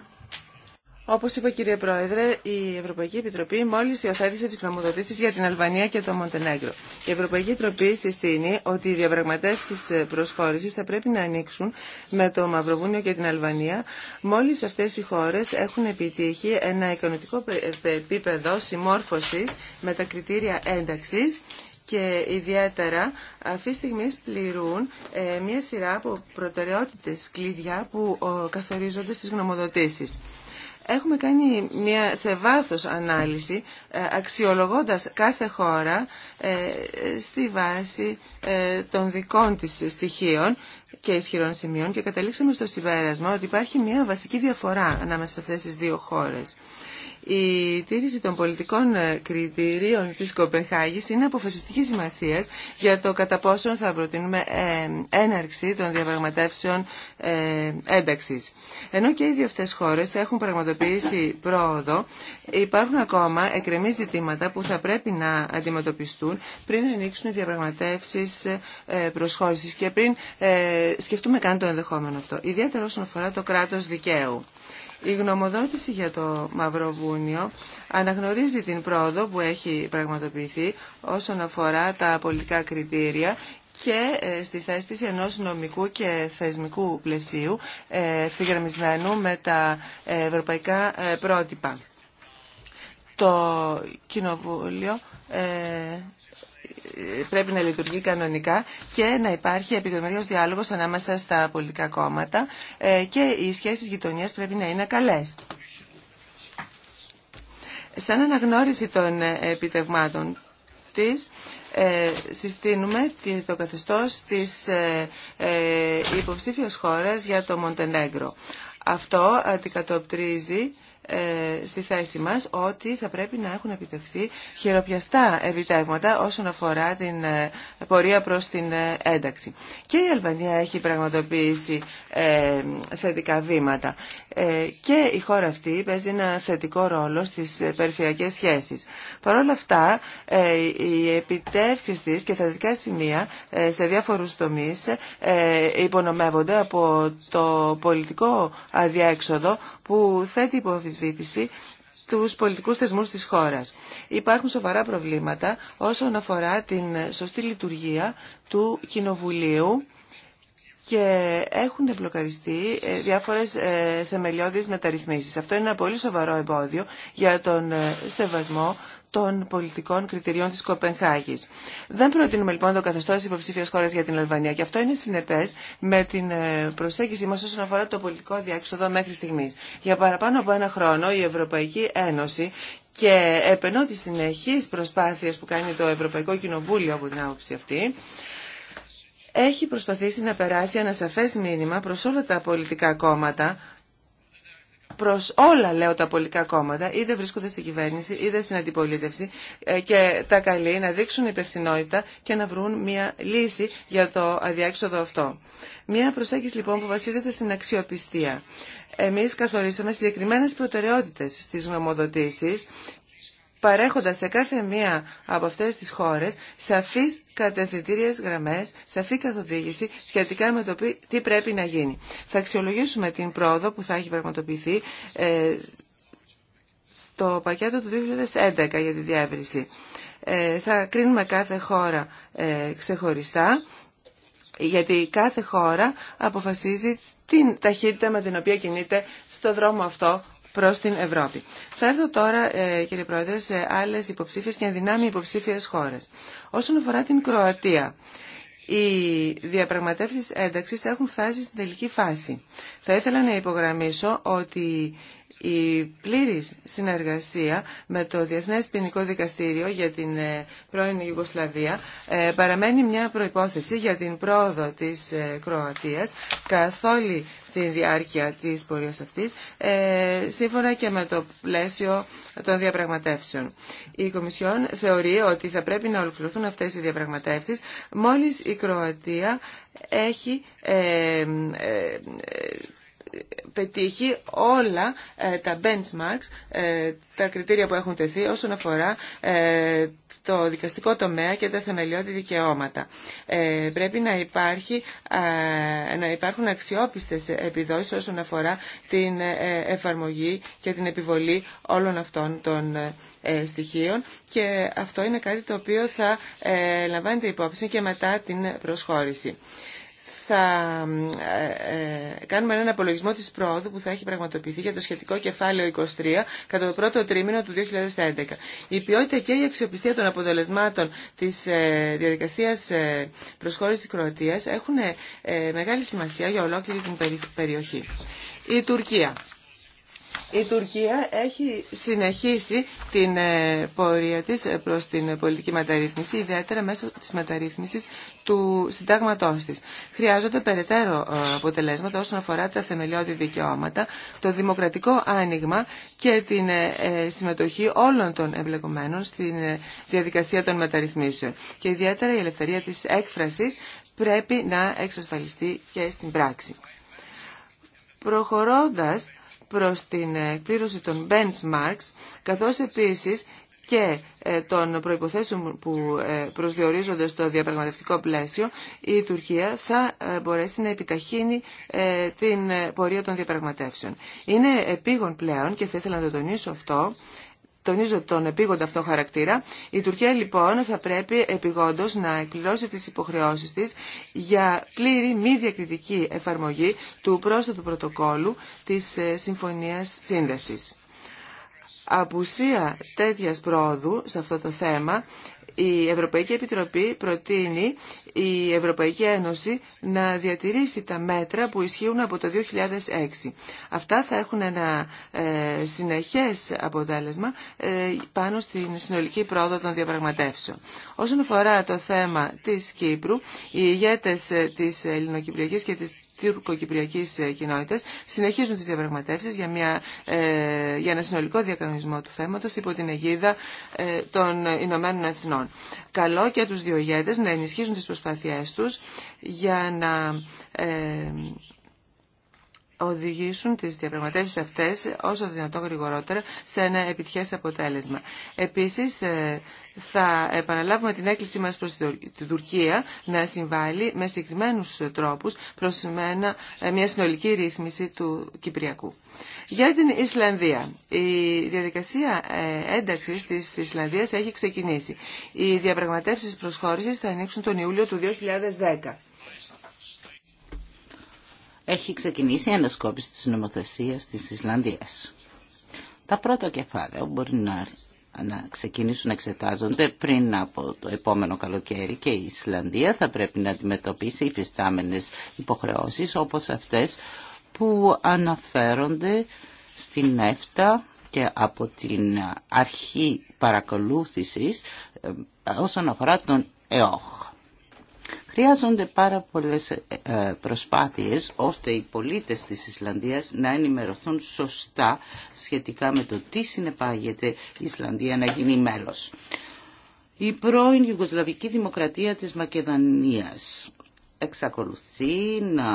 Όπω είπε κύριε Πρόεδρε, η Ευρωπαϊκή Επιτροπή μόλι υιοθέτησε τι γνωμοδοτήσεις για την Αλβανία και το Μοντενέγκρο. Η Ευρωπαϊκή Επιτροπή συστήνει ότι οι διαπραγματεύσεις προσχώρηση θα πρέπει να ανοίξουν με το Μαυροβούνιο και την Αλβανία Μόλι αυτέ οι χώρε έχουν επιτύχει ένα ικανοτικό επίπεδο συμμόρφωσης με τα κριτήρια ένταξη και ιδιαίτερα αυτή τη στιγμή πληρούν ε, μια σειρά από προτεραιότητε κλειδιά που καθορίζονται στις γνωμοδοτήσεις. Έχουμε κάνει μια σε βάθος ανάλυση ε, αξιολογώντας κάθε χώρα ε, στη βάση ε, των δικών της στοιχείων και ισχυρών σημείων και καταλήξαμε στο συμπέρασμα ότι υπάρχει μια βασική διαφορά ανάμεσα σε αυτές τις δύο χώρες. Η τήρηση των πολιτικών ε, κριτηρίων της Κοπεχάγης είναι αποφασιστική σημασία για το κατά πόσον θα προτείνουμε ε, έναρξη των διαπραγματεύσεων ε, ένταξης. Ενώ και οι δύο αυτές χώρες έχουν πραγματοποιήσει πρόοδο, υπάρχουν ακόμα εκρεμή ζητήματα που θα πρέπει να αντιμετωπιστούν πριν ανοίξουν οι διαπραγματεύσεις προσχώρησης και πριν σκεφτούμε καν το ενδεχόμενο αυτό. Ιδιαίτερα όσον αφορά το κράτος δικαίου. Η γνωμοδότηση για το Μαυροβούνιο αναγνωρίζει την πρόοδο που έχει πραγματοποιηθεί όσον αφορά τα πολιτικά κριτήρια και ε, στη θέσπιση ενός νομικού και θεσμικού πλαισίου ε, φυγραμμισμένου με τα ε, ευρωπαϊκά πρότυπα. Το Κοινοβούλιο πρέπει να λειτουργεί κανονικά και να υπάρχει επικοινωνία διάλογο ανάμεσα στα πολιτικά κόμματα ε, και οι σχέσεις γειτονία πρέπει να είναι καλές. Σαν αναγνώριση των ε, επιτευγμάτων της, ε, συστήνουμε το καθεστώς της υποψήφιας χώρας για το Μοντενέγκρο. Αυτό αντικατοπτρίζει ε, στη θέση μας ότι θα πρέπει να έχουν επιτευχθεί χειροπιαστά επιτεύγματα όσον αφορά την ε, πορεία προς την ε, ένταξη. Και η Αλβανία έχει πραγματοποιήσει θετικά βήματα. Ε, και η χώρα αυτή παίζει ένα θετικό ρόλο στις περιφερειακές σχέσεις. Παρ' όλα αυτά, οι ε, επιτεύξεις της και θετικά σημεία ε, σε διάφορους τομείς υπονομεύονται από το πολιτικό αδιέξοδο που θέτει υποβισβήτηση τους πολιτικούς θεσμούς της χώρας. Υπάρχουν σοβαρά προβλήματα όσον αφορά την σωστή λειτουργία του Κοινοβουλίου και έχουν μπλοκαριστεί ε, διάφορες ε, θεμελιώδεις μεταρρυθμίσεις. Αυτό είναι ένα πολύ σοβαρό εμπόδιο για τον ε, σεβασμό των πολιτικών κριτηριών τη Κοπενχάγη. Δεν προτείνουμε λοιπόν το καθεστώ τη υποψήφια χώρα για την Αλβανία και αυτό είναι συνεπέ με την προσέγγιση μα όσον αφορά το πολιτικό διάξοδο μέχρι στιγμή. Για παραπάνω από ένα χρόνο η Ευρωπαϊκή Ένωση και επενώ τι συνεχεί προσπάθειε που κάνει το Ευρωπαϊκό Κοινοβούλιο από την άποψη αυτή έχει προσπαθήσει να περάσει ένα σαφές μήνυμα προς όλα τα πολιτικά κόμματα, προς όλα λέω τα πολιτικά κόμματα, είτε βρίσκονται στην κυβέρνηση είτε στην αντιπολίτευση ε, και τα καλεί να δείξουν υπευθυνότητα και να βρουν μια λύση για το αδιάξοδο αυτό. Μια προσέγγιση λοιπόν που βασίζεται στην αξιοπιστία. Εμείς καθορίσαμε συγκεκριμένες προτεραιότητες στις γνωμοδοτήσεις παρέχοντας σε κάθε μία από αυτές τις χώρες σαφείς κατευθυντήριες γραμμές, σαφή καθοδήγηση σχετικά με το τι πρέπει να γίνει. Θα αξιολογήσουμε την πρόοδο που θα έχει πραγματοποιηθεί ε, στο πακέτο του 2011 για τη διεύρυνση. Ε, θα κρίνουμε κάθε χώρα ε, ξεχωριστά, γιατί κάθε χώρα αποφασίζει την ταχύτητα με την οποία κινείται στο δρόμο αυτό προς την Ευρώπη. Θα έρθω τώρα, ε, κύριε Πρόεδρε, σε άλλε υποψήφιε και ενδυνάμει υποψήφιες χώρες. Όσον αφορά την Κροατία, οι διαπραγματεύσεις ένταξη έχουν φτάσει στην τελική φάση. Θα ήθελα να υπογραμμίσω ότι η πλήρη συνεργασία με το Διεθνές Ποινικό Δικαστήριο για την ε, πρώην Ιουγκοσλαβία ε, παραμένει μια προπόθεση για την πρόοδο της Κροατία καθ' όλη τη διάρκεια της πορείας αυτής, ε, σύμφωνα και με το πλαίσιο των διαπραγματεύσεων. Η Κομισιόν θεωρεί ότι θα πρέπει να ολοκληρωθούν αυτές οι διαπραγματεύσεις μόλις η Κροατία έχει ε, ε, πετύχει όλα ε, τα benchmarks, ε, τα κριτήρια που έχουν τεθεί όσον αφορά ε, το δικαστικό τομέα και τα θεμελιώδη δικαιώματα. Πρέπει να, υπάρχει, να υπάρχουν αξιόπιστες επιδόσεις όσον αφορά την εφαρμογή και την επιβολή όλων αυτών των στοιχείων και αυτό είναι κάτι το οποίο θα λαμβάνεται υπόψη και μετά την προσχώρηση θα ε, ε, κάνουμε έναν απολογισμό της πρόοδου που θα έχει πραγματοποιηθεί για το σχετικό κεφάλαιο 23 κατά το πρώτο τρίμηνο του 2011. Η ποιότητα και η αξιοπιστία των αποτελεσμάτων της ε, διαδικασίας προσχώρησης της Κροατίας έχουν μεγάλη σημασία για ολόκληρη την περιοχή. Η Τουρκία. Η Τουρκία έχει συνεχίσει την ε, πορεία της ε, προς την ε, πολιτική μεταρρύθμιση, ιδιαίτερα μέσω της μεταρρύθμισης του συντάγματός της. Χρειάζονται περαιτέρω αποτελέσματα όσον αφορά τα θεμελιώδη δικαιώματα, το δημοκρατικό άνοιγμα και την συμμετοχή όλων των εμπλεκομένων στην διαδικασία των μεταρρυθμίσεων. Και ιδιαίτερα η ελευθερία της έκφρασης πρέπει να εξασφαλιστεί και στην πράξη. Προχωρώντας προς την ε, εκπλήρωση των benchmarks, καθώς επίσης και ε, των προϋποθέσεων που ε, προσδιορίζονται στο διαπραγματευτικό πλαίσιο, η Τουρκία θα μπορέσει να επιταχύνει την πορεία των διαπραγματεύσεων. Είναι επίγον πλέον, και θα ήθελα να το τονίσω αυτό, τονίζω τον επίγοντα αυτό χαρακτήρα, η Τουρκία λοιπόν θα πρέπει επιγόντως να εκπληρώσει τις υποχρεώσεις της για πλήρη μη διακριτική εφαρμογή του πρόσθετου πρωτοκόλου της ε, Συμφωνίας Σύνδεσης. Απουσία τέτοιας πρόοδου σε αυτό το θέμα η Ευρωπαϊκή Επιτροπή προτείνει η Ευρωπαϊκή Ένωση να διατηρήσει τα μέτρα που ισχύουν από το 2006. Αυτά θα έχουν ένα ε, συνεχές αποτέλεσμα ε, πάνω στην συνολική πρόοδο των διαπραγματεύσεων. Όσον αφορά το θέμα της Κύπρου, οι ηγέτες ε, της Ελληνοκυπριακής και της τουρκοκυπριακής ε, κοινότητας συνεχίζουν τις διαπραγματεύσεις για, μια, ε, για ένα συνολικό διακανονισμό του θέματος υπό την αιγίδα ε, των Ηνωμένων Εθνών. Καλό και τους δύο να ενισχύσουν τις προσπάθειές τους για να οδηγήσουν τις διαπραγματεύσεις αυτές όσο δυνατόν γρηγορότερα σε ένα επιτυχές αποτέλεσμα. Επίσης, θα επαναλάβουμε την έκκληση μας προς την Τουρκία να συμβάλλει με συγκεκριμένους τρόπους προς ε, μια συνολική ρύθμιση του Κυπριακού. Για την Ισλανδία. Η διαδικασία ε, ένταξης της Ισλανδίας έχει ξεκινήσει. Οι διαπραγματεύσεις προσχώρησης θα ανοίξουν τον Ιούλιο του 2010. Έχει ξεκινήσει η ανασκόπηση της νομοθεσίας της Ισλανδίας. Τα πρώτα κεφάλαια μπορεί να να ξεκινήσουν να εξετάζονται πριν από το επόμενο καλοκαίρι και η Ισλανδία θα πρέπει να αντιμετωπίσει υφιστάμενες υποχρεώσεις όπως αυτές που αναφέρονται στην ΕΦΤΑ και από την αρχή παρακολούθησης ε, όσον αφορά τον ΕΟΧ. Χρειάζονται πάρα πολλές ε, προσπάθειες ώστε οι πολίτες της Ισλανδίας να ενημερωθούν σωστά σχετικά με το τι συνεπάγεται η Ισλανδία να γίνει μέλος. Η πρώην Ιουγκοσλαβική Δημοκρατία της Μακεδονίας εξακολουθεί να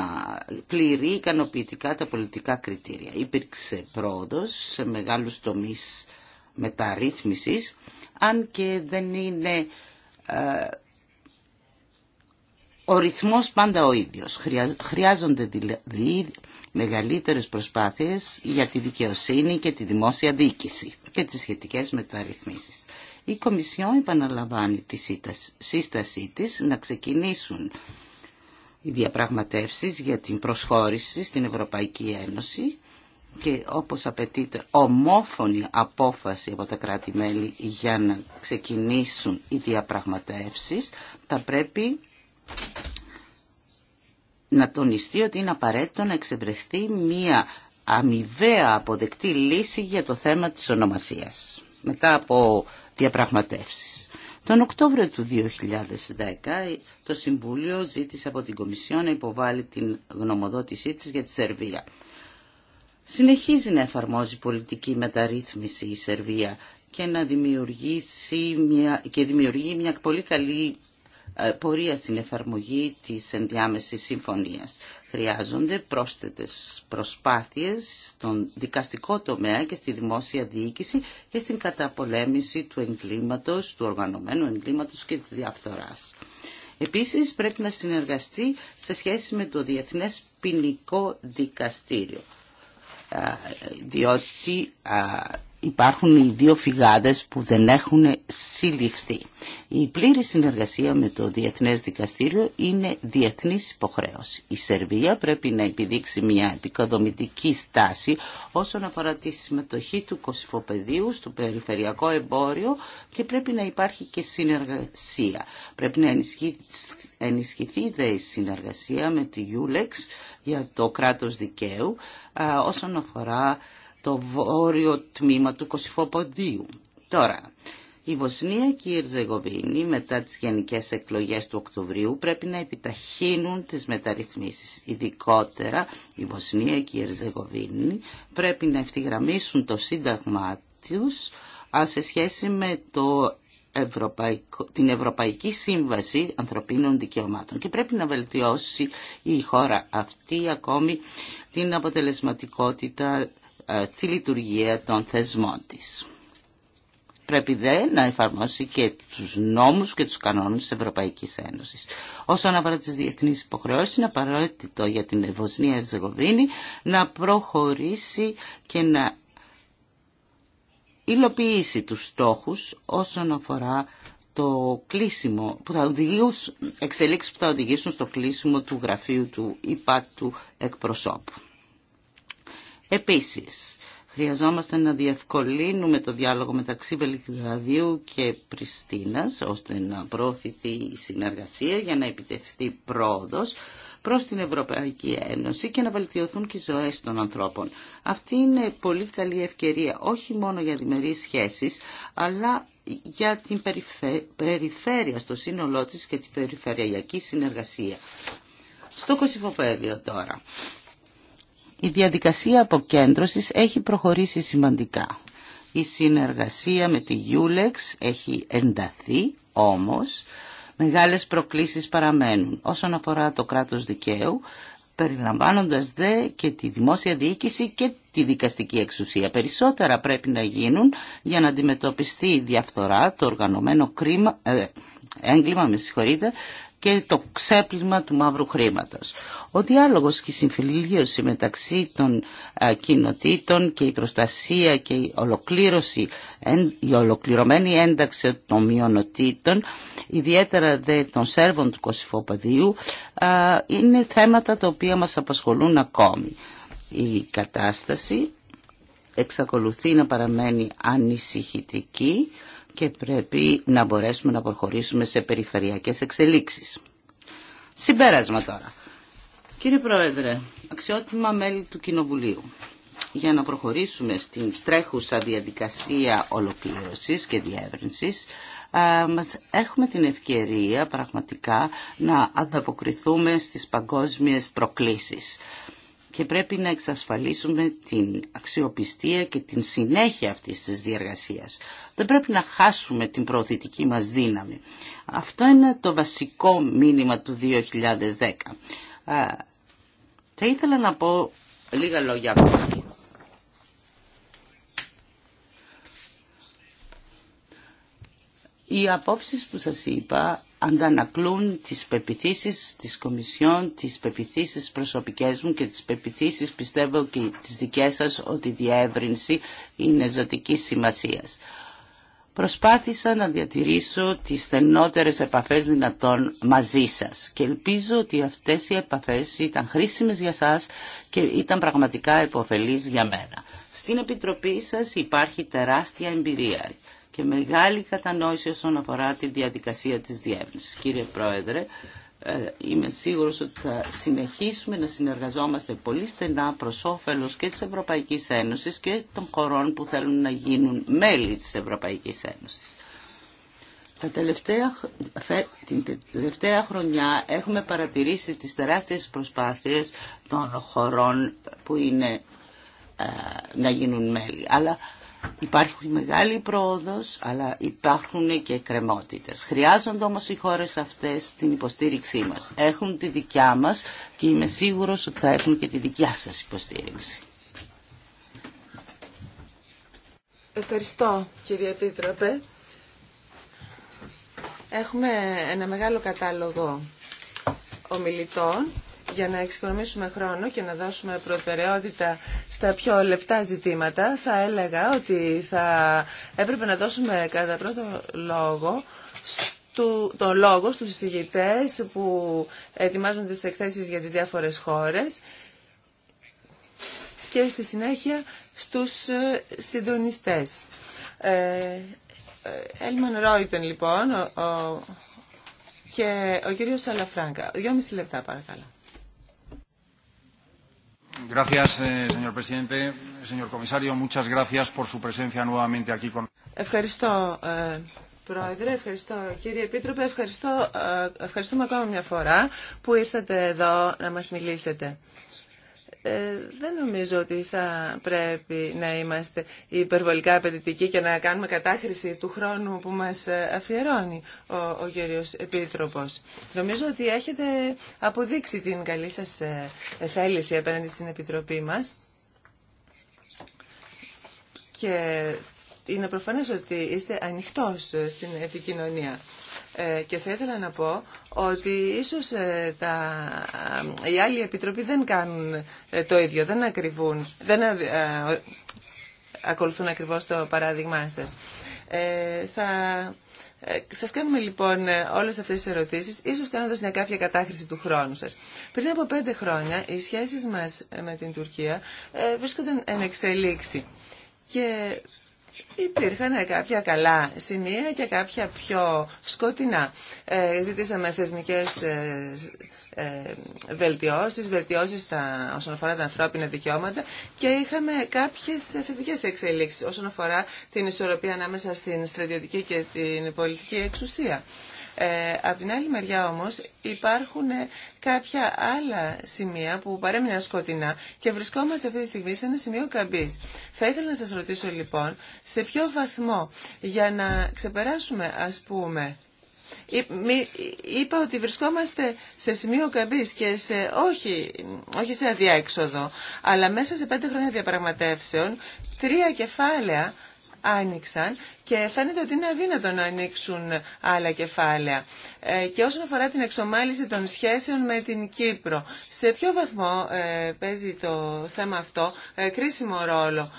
πληρεί ικανοποιητικά τα πολιτικά κριτήρια. Υπήρξε πρόοδος σε μεγάλους τομείς μεταρρύθμισης, αν και δεν είναι ε, ο ρυθμός πάντα ο ίδιος. Χρειάζονται δηλαδή μεγαλύτερες προσπάθειες για τη δικαιοσύνη και τη δημόσια διοίκηση και τις σχετικές μεταρρυθμίσεις. Η Κομισιόν επαναλαμβάνει τη σύστασή της να ξεκινήσουν οι διαπραγματεύσεις για την προσχώρηση στην Ευρωπαϊκή Ένωση και όπως απαιτείται ομόφωνη απόφαση από τα κράτη-μέλη για να ξεκινήσουν οι διαπραγματεύσεις θα πρέπει να τονιστεί ότι είναι απαραίτητο να εξευρεθεί μία αμοιβαία αποδεκτή λύση για το θέμα της ονομασίας μετά από διαπραγματεύσεις. Τον Οκτώβριο του 2010 το Συμβούλιο ζήτησε από την Κομισιό να υποβάλει την γνωμοδότησή της για τη Σερβία. Συνεχίζει να εφαρμόζει πολιτική μεταρρύθμιση η Σερβία και να δημιουργήσει μια, και δημιουργεί μια πολύ καλή ε, πορεία στην εφαρμογή της ενδιάμεσης συμφωνίας. Χρειάζονται πρόσθετες προσπάθειες στον δικαστικό τομέα και στη δημόσια διοίκηση και στην καταπολέμηση του εγκλήματος, του οργανωμένου εγκλήματος και της διαφθοράς. Επίσης πρέπει να συνεργαστεί σε σχέση με το Διεθνές Ποινικό Δικαστήριο ε, διότι υπάρχουν οι δύο φυγάδες που δεν έχουν συλληφθεί. Η πλήρη συνεργασία με το Διεθνές Δικαστήριο είναι διεθνής υποχρέωση. Η Σερβία πρέπει να επιδείξει μια επικοδομητική στάση όσον αφορά τη συμμετοχή του κοσυφοπεδίου στο περιφερειακό εμπόριο και πρέπει να υπάρχει και συνεργασία. Πρέπει να ενισχυθεί η συνεργασία με τη Ιούλεξ για το κράτος δικαίου όσον αφορά το βόρειο τμήμα του Κωσυφοποντίου. Τώρα, η Βοσνία και η Ερζεγοβίνη μετά τις γενικές εκλογές του Οκτωβρίου πρέπει να επιταχύνουν τις μεταρρυθμίσεις. Ειδικότερα η Βοσνία και η Ερζεγοβίνη πρέπει να ευθυγραμμίσουν το σύνταγμά τους σε σχέση με το Ευρωπαϊκο, την Ευρωπαϊκή Σύμβαση Ανθρωπίνων Δικαιωμάτων και πρέπει να βελτιώσει η χώρα αυτή ακόμη την αποτελεσματικότητα ε, στη λειτουργία των θεσμών της. Πρέπει δε να εφαρμόσει και τους νόμους και τους κανόνους της Ευρωπαϊκής Ένωσης. Όσον αφορά τις διεθνείς υποχρεώσεις, είναι απαραίτητο για την Βοσνία Ερζεγοβίνη να προχωρήσει και να υλοποιήσει τους στόχους όσον αφορά το κλείσιμο, που θα οδηγήσουν, εξελίξεις που θα οδηγήσουν στο κλείσιμο του γραφείου του ΙΠΑ του εκπροσώπου. Επίσης, χρειαζόμαστε να διευκολύνουμε το διάλογο μεταξύ Βελιγραδίου και Πριστίνας, ώστε να προωθηθεί η συνεργασία για να επιτευχθεί πρόοδος προς την Ευρωπαϊκή Ένωση και να βελτιωθούν και οι ζωές των ανθρώπων. Αυτή είναι πολύ καλή ευκαιρία, όχι μόνο για διμερείς σχέσεις, αλλά για την περιφέρεια στο σύνολό της και την περιφερειακή συνεργασία. Στο Κωσυφοπαίδιο τώρα. Η διαδικασία αποκέντρωσης έχει προχωρήσει σημαντικά. Η συνεργασία με τη Γιούλεξ έχει ενταθεί, όμως μεγάλες προκλήσεις παραμένουν. Όσον αφορά το κράτος δικαίου, περιλαμβάνοντας δε και τη δημόσια διοίκηση και τη δικαστική εξουσία. Περισσότερα πρέπει να γίνουν για να αντιμετωπιστεί η διαφθορά, το οργανωμένο κρίμα, ε, έγκλημα, με συγχωρείτε, και το ξέπλυμα του μαύρου χρήματος. Ο διάλογος και η συμφιλίωση μεταξύ των ε, κοινοτήτων και η προστασία και η ολοκλήρωση, η ολοκληρωμένη ένταξη των μειονοτήτων, ιδιαίτερα δε των Σέρβων του Κωσυφοπαδίου, ε, είναι θέματα τα οποία μας απασχολούν ακόμη. Η κατάσταση εξακολουθεί να παραμένει ανησυχητική και πρέπει να μπορέσουμε να προχωρήσουμε σε περιφερειακές εξελίξεις. Συμπέρασμα τώρα. Κύριε Πρόεδρε, αξιότιμα μέλη του Κοινοβουλίου, για να προχωρήσουμε στην τρέχουσα διαδικασία ολοκλήρωσης και διεύρυνσης, μας έχουμε την ευκαιρία πραγματικά να ανταποκριθούμε στις παγκόσμιες προκλήσεις και πρέπει να εξασφαλίσουμε την αξιοπιστία και την συνέχεια αυτής της διεργασίας. Δεν πρέπει να χάσουμε την προωθητική μας δύναμη. Αυτό είναι το βασικό μήνυμα του 2010. Θα ήθελα να πω λίγα λόγια ακόμη. Οι απόψεις που σας είπα αντανακλούν τις πεπιθήσεις της Κομισιόν, τις πεπιθήσεις προσωπικές μου και τις πεπιθήσεις πιστεύω και τις δικές σας ότι η διεύρυνση είναι ζωτική σημασίας. Προσπάθησα να διατηρήσω τις στενότερες επαφές δυνατόν μαζί σας και ελπίζω ότι αυτές οι επαφές ήταν χρήσιμες για σας και ήταν πραγματικά υποφελείς για μένα. Στην Επιτροπή σας υπάρχει τεράστια εμπειρία και μεγάλη κατανόηση όσον αφορά τη διαδικασία της διεύνησης. Κύριε Πρόεδρε, ε, είμαι σίγουρος ότι θα συνεχίσουμε να συνεργαζόμαστε πολύ στενά προς όφελος και της Ευρωπαϊκής Ένωσης και των χωρών που θέλουν να γίνουν μέλη της Ευρωπαϊκής Ένωσης. Τα τελευταία, την τελευταία χρονιά έχουμε παρατηρήσει τις τεράστιες προσπάθειες των χωρών που είναι ε, να γίνουν μέλη. Αλλά Υπάρχουν μεγάλη πρόοδος, αλλά υπάρχουν και κρεμότητες. Χρειάζονται όμως οι χώρες αυτές την υποστήριξή μας. Έχουν τη δικιά μας και είμαι σίγουρος ότι θα έχουν και τη δικιά σας υποστήριξη. Ευχαριστώ κύριε Επίτροπε. Έχουμε ένα μεγάλο κατάλογο ομιλητών για να εξοικονομήσουμε χρόνο και να δώσουμε προτεραιότητα στα πιο λεπτά ζητήματα, θα έλεγα ότι θα έπρεπε να δώσουμε κατά πρώτο λόγο του, το λόγο στους συζητητές που ετοιμάζουν τις εκθέσεις για τις διάφορες χώρες και στη συνέχεια στους συντονιστές. Ε, ε Έλμαν Ρόιτεν λοιπόν ο, ο, και ο κύριος Σαλαφράγκα. Δυόμιση λεπτά παρακαλώ. Ευχαριστώ, Πρόεδρε, ευχαριστώ κύριε Επίτροπε, ευχαριστώ, ε, ευχαριστούμε ακόμα μια φορά που ήρθατε εδώ να μας μιλήσετε. Ε, δεν νομίζω ότι θα πρέπει να είμαστε υπερβολικά απαιτητικοί και να κάνουμε κατάχρηση του χρόνου που μας ε, αφιερώνει ο, ο κύριος Επίτροπος. Νομίζω ότι έχετε αποδείξει την καλή σας ε, θέληση απέναντι στην Επιτροπή μας και είναι προφανές ότι είστε ανοιχτός στην επικοινωνία. και θα ήθελα να πω ότι ίσως ε, τα, οι άλλοι επιτροποί δεν κάνουν ε, το ίδιο, δεν ακριβούν, δεν ε, ακολουθούν ακριβώς το παράδειγμά σας. Ε, θα σας κάνουμε λοιπόν όλες αυτές τις ερωτήσεις, ίσως κάνοντας μια κάποια κατάχρηση του χρόνου σας. Πριν από πέντε χρόνια οι σχέσεις μας με την Τουρκία βρίσκονταν εν εξελίξη και Υπήρχαν κάποια καλά σημεία και κάποια πιο σκοτεινά. Ε, ζητήσαμε θεσμικές ε, ε, βελτιώσεις, βελτιώσεις όσον αφορά τα ανθρώπινα δικαιώματα και είχαμε κάποιες θετικές εξελίξεις όσον αφορά την ισορροπία ανάμεσα στην στρατιωτική και την πολιτική εξουσία. Ε, Από την άλλη μεριά όμως υπάρχουν ε, κάποια άλλα σημεία που παρέμειναν σκοτεινά και βρισκόμαστε αυτή τη στιγμή σε ένα σημείο καμπής. Θα ήθελα να σας ρωτήσω λοιπόν σε ποιο βαθμό για να ξεπεράσουμε ας πούμε Είπα ότι βρισκόμαστε σε σημείο καμπής και σε, όχι, όχι σε αδιάξοδο, αλλά μέσα σε πέντε χρόνια διαπραγματεύσεων τρία κεφάλαια άνοιξαν και φαίνεται ότι είναι αδύνατο να ανοίξουν άλλα κεφάλαια. Ε, και όσον αφορά την εξομάλυση των σχέσεων με την Κύπρο, σε ποιο βαθμό ε, παίζει το θέμα αυτό ε, κρίσιμο ρόλο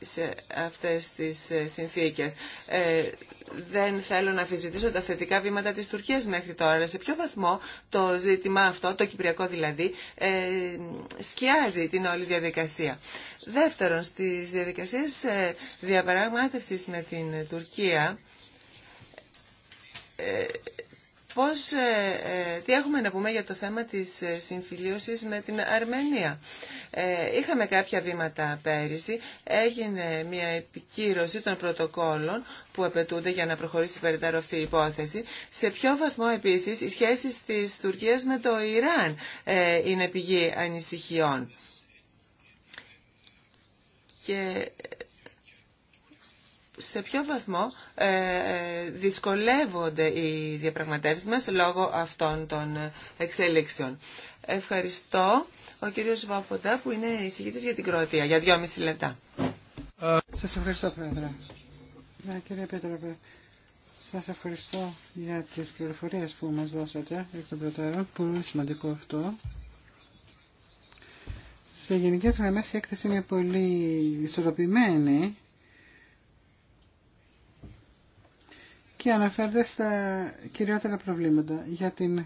σε αυτές τις συνθήκες δεν θέλω να αφιζητήσω τα θετικά βήματα της Τουρκίας μέχρι τώρα. Σε ποιο βαθμό το ζήτημα αυτό, το κυπριακό δηλαδή, ε, σκιάζει την όλη διαδικασία. Δεύτερον, στις διαδικασίες ε, με την Τουρκία, ε, πώς, ε, ε, τι έχουμε να πούμε για το θέμα της συμφιλίωσης με την Αρμενία. είχαμε κάποια βήματα πέρυσι, έγινε μια επικύρωση των πρωτοκόλων που απαιτούνται για να προχωρήσει περαιτέρω αυτή η υπόθεση. Σε ποιο βαθμό επίση, οι σχέσεις τη Τουρκία με το Ιράν ε, είναι πηγή ανησυχιών. Και ε, σε ποιο βαθμό ε, δυσκολεύονται οι διαπραγματεύσεις μας λόγω αυτών των εξέλιξεων. Ευχαριστώ. Ο κύριος Βάποντα που είναι εισηγητής για την Κροατία. Για δυόμιση λεπτά. Σας ευχαριστώ, Πρόεδρε. Ναι, κύριε Πέτροπε, σας ευχαριστώ για τις πληροφορίες που μας δώσατε εκ των προτέρων, Πολύ σημαντικό αυτό. Σε γενικέ γραμμέ η έκθεση είναι πολύ ισορροπημένη και αναφέρεται στα κυριότερα προβλήματα. Για την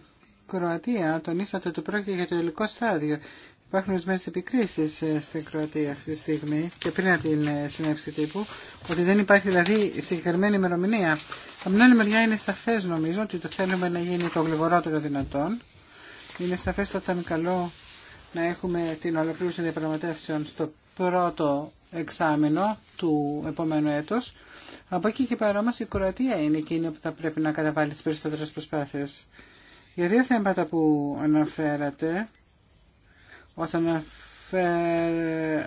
Κροατία τονίσατε το πρόκειται για το ελληνικό στάδιο. Υπάρχουν ορισμένε επικρίσει ε, στην Κροατία αυτή τη στιγμή και πριν από την ε, συνέψη τύπου, ότι δεν υπάρχει δηλαδή συγκεκριμένη ημερομηνία. Από την άλλη μεριά είναι σαφέ νομίζω ότι το θέλουμε να γίνει το γλυγορότερο δυνατόν. Είναι σαφέ ότι θα είναι καλό να έχουμε την ολοκλήρωση διαπραγματεύσεων στο πρώτο εξάμεινο του επόμενου έτου, Από εκεί και πέρα όμω η Κροατία είναι εκείνη που θα πρέπει να καταβάλει τι περισσότερε προσπάθειες. Για δύο θέματα που αναφέρατε,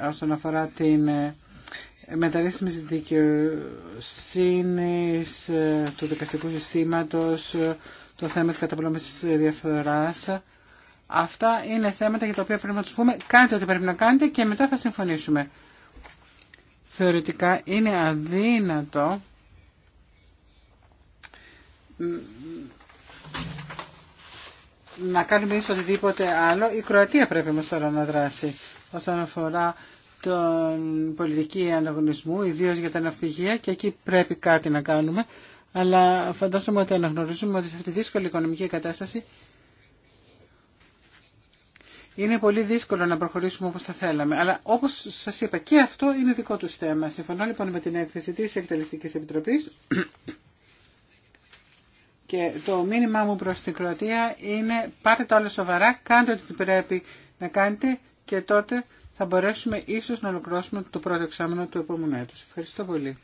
όσον αφορά την ε, μεταρρύθμιση δικαιοσύνης ε, του δικαστικού συστήματος, ε, το θέμα της καταπλώμησης διαφοράς. Αυτά είναι θέματα για τα οποία πρέπει να τους πούμε κάντε ό,τι πρέπει να κάνετε και μετά θα συμφωνήσουμε. Θεωρητικά είναι αδύνατο να κάνουμε ίσως οτιδήποτε άλλο. Η Κροατία πρέπει όμως τώρα να δράσει όσον αφορά τον πολιτική ανταγωνισμού, ιδίως για τα ναυπηγεία και εκεί πρέπει κάτι να κάνουμε. Αλλά φαντάζομαι ότι αναγνωρίζουμε ότι σε αυτή τη δύσκολη οικονομική κατάσταση είναι πολύ δύσκολο να προχωρήσουμε όπως θα θέλαμε. Αλλά όπως σας είπα και αυτό είναι δικό του θέμα. Συμφωνώ λοιπόν με την έκθεση της Εκτελεστικής Επιτροπής και το μήνυμά μου προς την Κροατία είναι πάρε τα όλα σοβαρά, κάντε ό,τι πρέπει να κάνετε και τότε θα μπορέσουμε ίσως να ολοκληρώσουμε το πρώτο εξάμεινο του επόμενου έτους. Ευχαριστώ πολύ.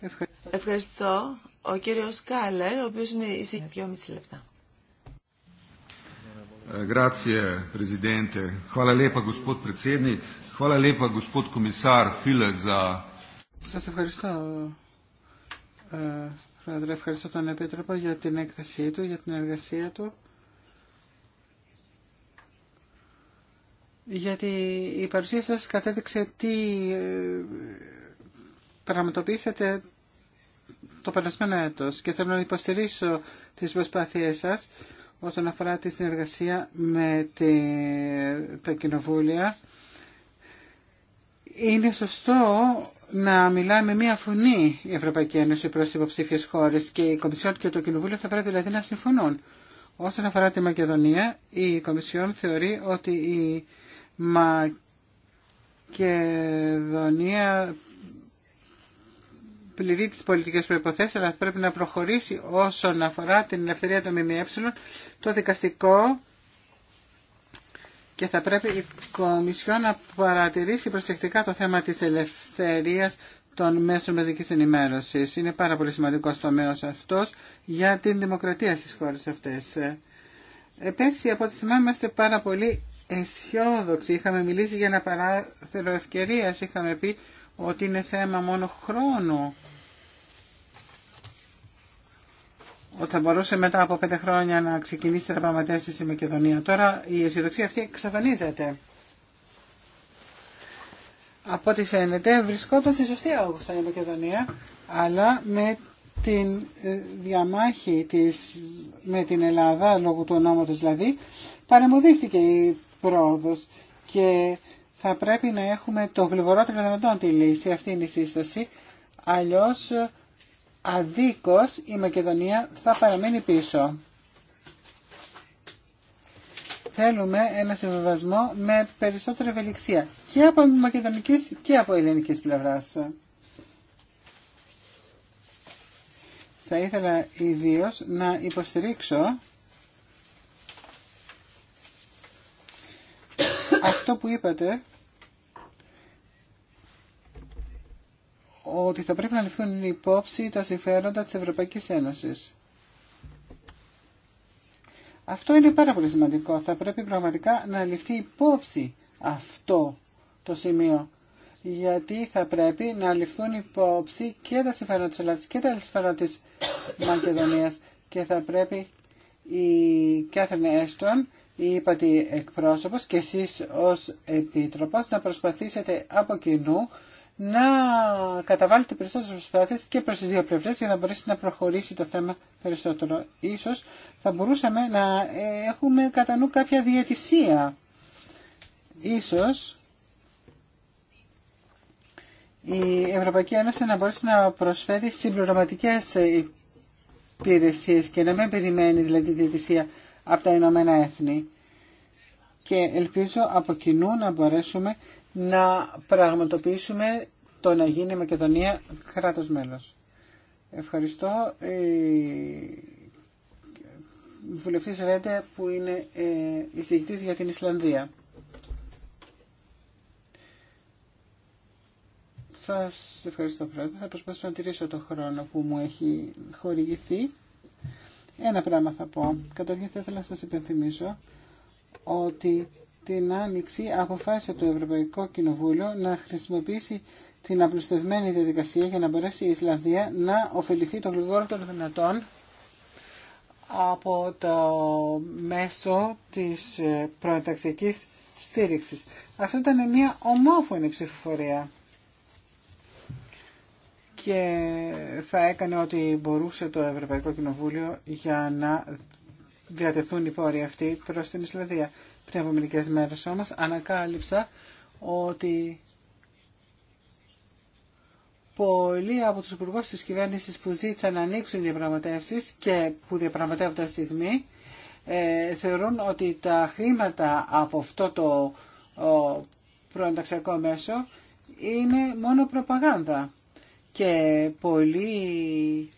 Ευχαριστώ. Ευχαριστώ. Ο κύριος Κάλερ, ο οποίος είναι η δυόμιση λεπτά. Grazie, ε, Presidente. Hvala lepa, gospod predsednik. Hvala lepa, gospod komisar File, za... Σας ευχαριστώ, ε, Πρόεδρε, ευχαριστώ τον Επίτροπο για την έκθεσή του, για την εργασία του. Γιατί η παρουσία σας κατέδειξε τι ε, πραγματοποιήσατε το περασμένο έτος και θέλω να υποστηρίξω τις προσπάθειές σας όσον αφορά τη συνεργασία με τη, τα κοινοβούλια. Είναι σωστό να μιλάει με μία φωνή η Ευρωπαϊκή Ένωση τι υποψήφιε χώρε και η Κομισιόν και το Κοινοβούλιο θα πρέπει δηλαδή να συμφωνούν. Όσον αφορά τη Μακεδονία, η Κομισιόν θεωρεί ότι η Μακεδονία πληρεί τις πολιτικές προϋποθέσεις, αλλά πρέπει να προχωρήσει όσον αφορά την ελευθερία των ΜΜΕ, το δικαστικό και θα πρέπει η Κομισιό να παρατηρήσει προσεκτικά το θέμα της ελευθερίας των μέσων μαζικής ενημέρωσης. Είναι πάρα πολύ σημαντικό τομέα αυτός για την δημοκρατία στις χώρες αυτές. Ε, πέρσι, από ό,τι θυμάμαι, είμαστε πάρα πολύ αισιόδοξοι. Είχαμε μιλήσει για ένα παράθυρο ευκαιρία. Είχαμε πει ότι είναι θέμα μόνο χρόνου ότι θα μπορούσε μετά από πέντε χρόνια να ξεκινήσει διαπραγματεύσει στη Μακεδονία. Τώρα η αισιοδοξία αυτή εξαφανίζεται. Από ό,τι φαίνεται βρισκόταν στη σωστή άγουστα η Μακεδονία, αλλά με την ε, διαμάχη της, με την Ελλάδα, λόγω του ονόματος δηλαδή, παρεμποδίστηκε η πρόοδος και θα πρέπει να έχουμε το γλυγορότερο δυνατόν τη λύση, αυτή είναι η σύσταση, αλλιώς αδίκως η Μακεδονία θα παραμείνει πίσω. Θέλουμε ένα συμβιβασμό με περισσότερη ευελιξία και από μακεδονικής και από ελληνικής πλευράς. Θα ήθελα ιδίω να υποστηρίξω αυτό που είπατε ότι θα πρέπει να ληφθούν υπόψη τα συμφέροντα της Ευρωπαϊκής Ένωσης. Αυτό είναι πάρα πολύ σημαντικό. Θα πρέπει πραγματικά να ληφθεί υπόψη αυτό το σημείο. Γιατί θα πρέπει να ληφθούν υπόψη και τα συμφέροντα της Ελλάδας και τα συμφέροντα της Μακεδονίας και θα πρέπει η Κάθριν Εστων, η υπατή εκπρόσωπος και εσείς ως επίτροπος να προσπαθήσετε από κοινού να καταβάλλεται περισσότερες προσπάθειες και προς τις δύο πλευρές για να μπορέσει να προχωρήσει το θέμα περισσότερο. Ίσως θα μπορούσαμε να ε, έχουμε κατά νου κάποια διαιτησία. Ίσως η Ευρωπαϊκή Ένωση να μπορέσει να προσφέρει συμπληρωματικές υπηρεσίες και να μην περιμένει δηλαδή διαιτησία από τα Ηνωμένα Έθνη. Και ελπίζω από κοινού να μπορέσουμε να πραγματοποιήσουμε το να γίνει η Μακεδονία κράτος μέλος. Ευχαριστώ. Βουλευτής Ρέντε που είναι ε, εισηγητής για την Ισλανδία. Σας ευχαριστώ πρώτα. Θα προσπαθήσω να τηρήσω το χρόνο που μου έχει χορηγηθεί. Ένα πράγμα θα πω. Καταρχήν θα ήθελα να σας υπενθυμίσω ότι την Άνοιξη αποφάσισε το Ευρωπαϊκό Κοινοβούλιο να χρησιμοποιήσει την απλουστευμένη διαδικασία για να μπορέσει η Ισλανδία να ωφεληθεί το γλυγόρο των δυνατών από το μέσο της ε, προεταξιακής στήριξης. Αυτό ήταν μια ομόφωνη ψηφοφορία και θα έκανε ό,τι μπορούσε το Ευρωπαϊκό Κοινοβούλιο για να διατεθούν οι πόροι αυτοί προς την Ισλανδία πριν από μερικές μέρες όμως, ανακάλυψα ότι πολλοί από τους υπουργού της κυβέρνησης που ζήτησαν να ανοίξουν διαπραγματεύσεις και που διαπραγματεύονται αυτή τη στιγμή, ε, θεωρούν ότι τα χρήματα από αυτό το ο, προενταξιακό μέσο είναι μόνο προπαγάνδα. Και πολλοί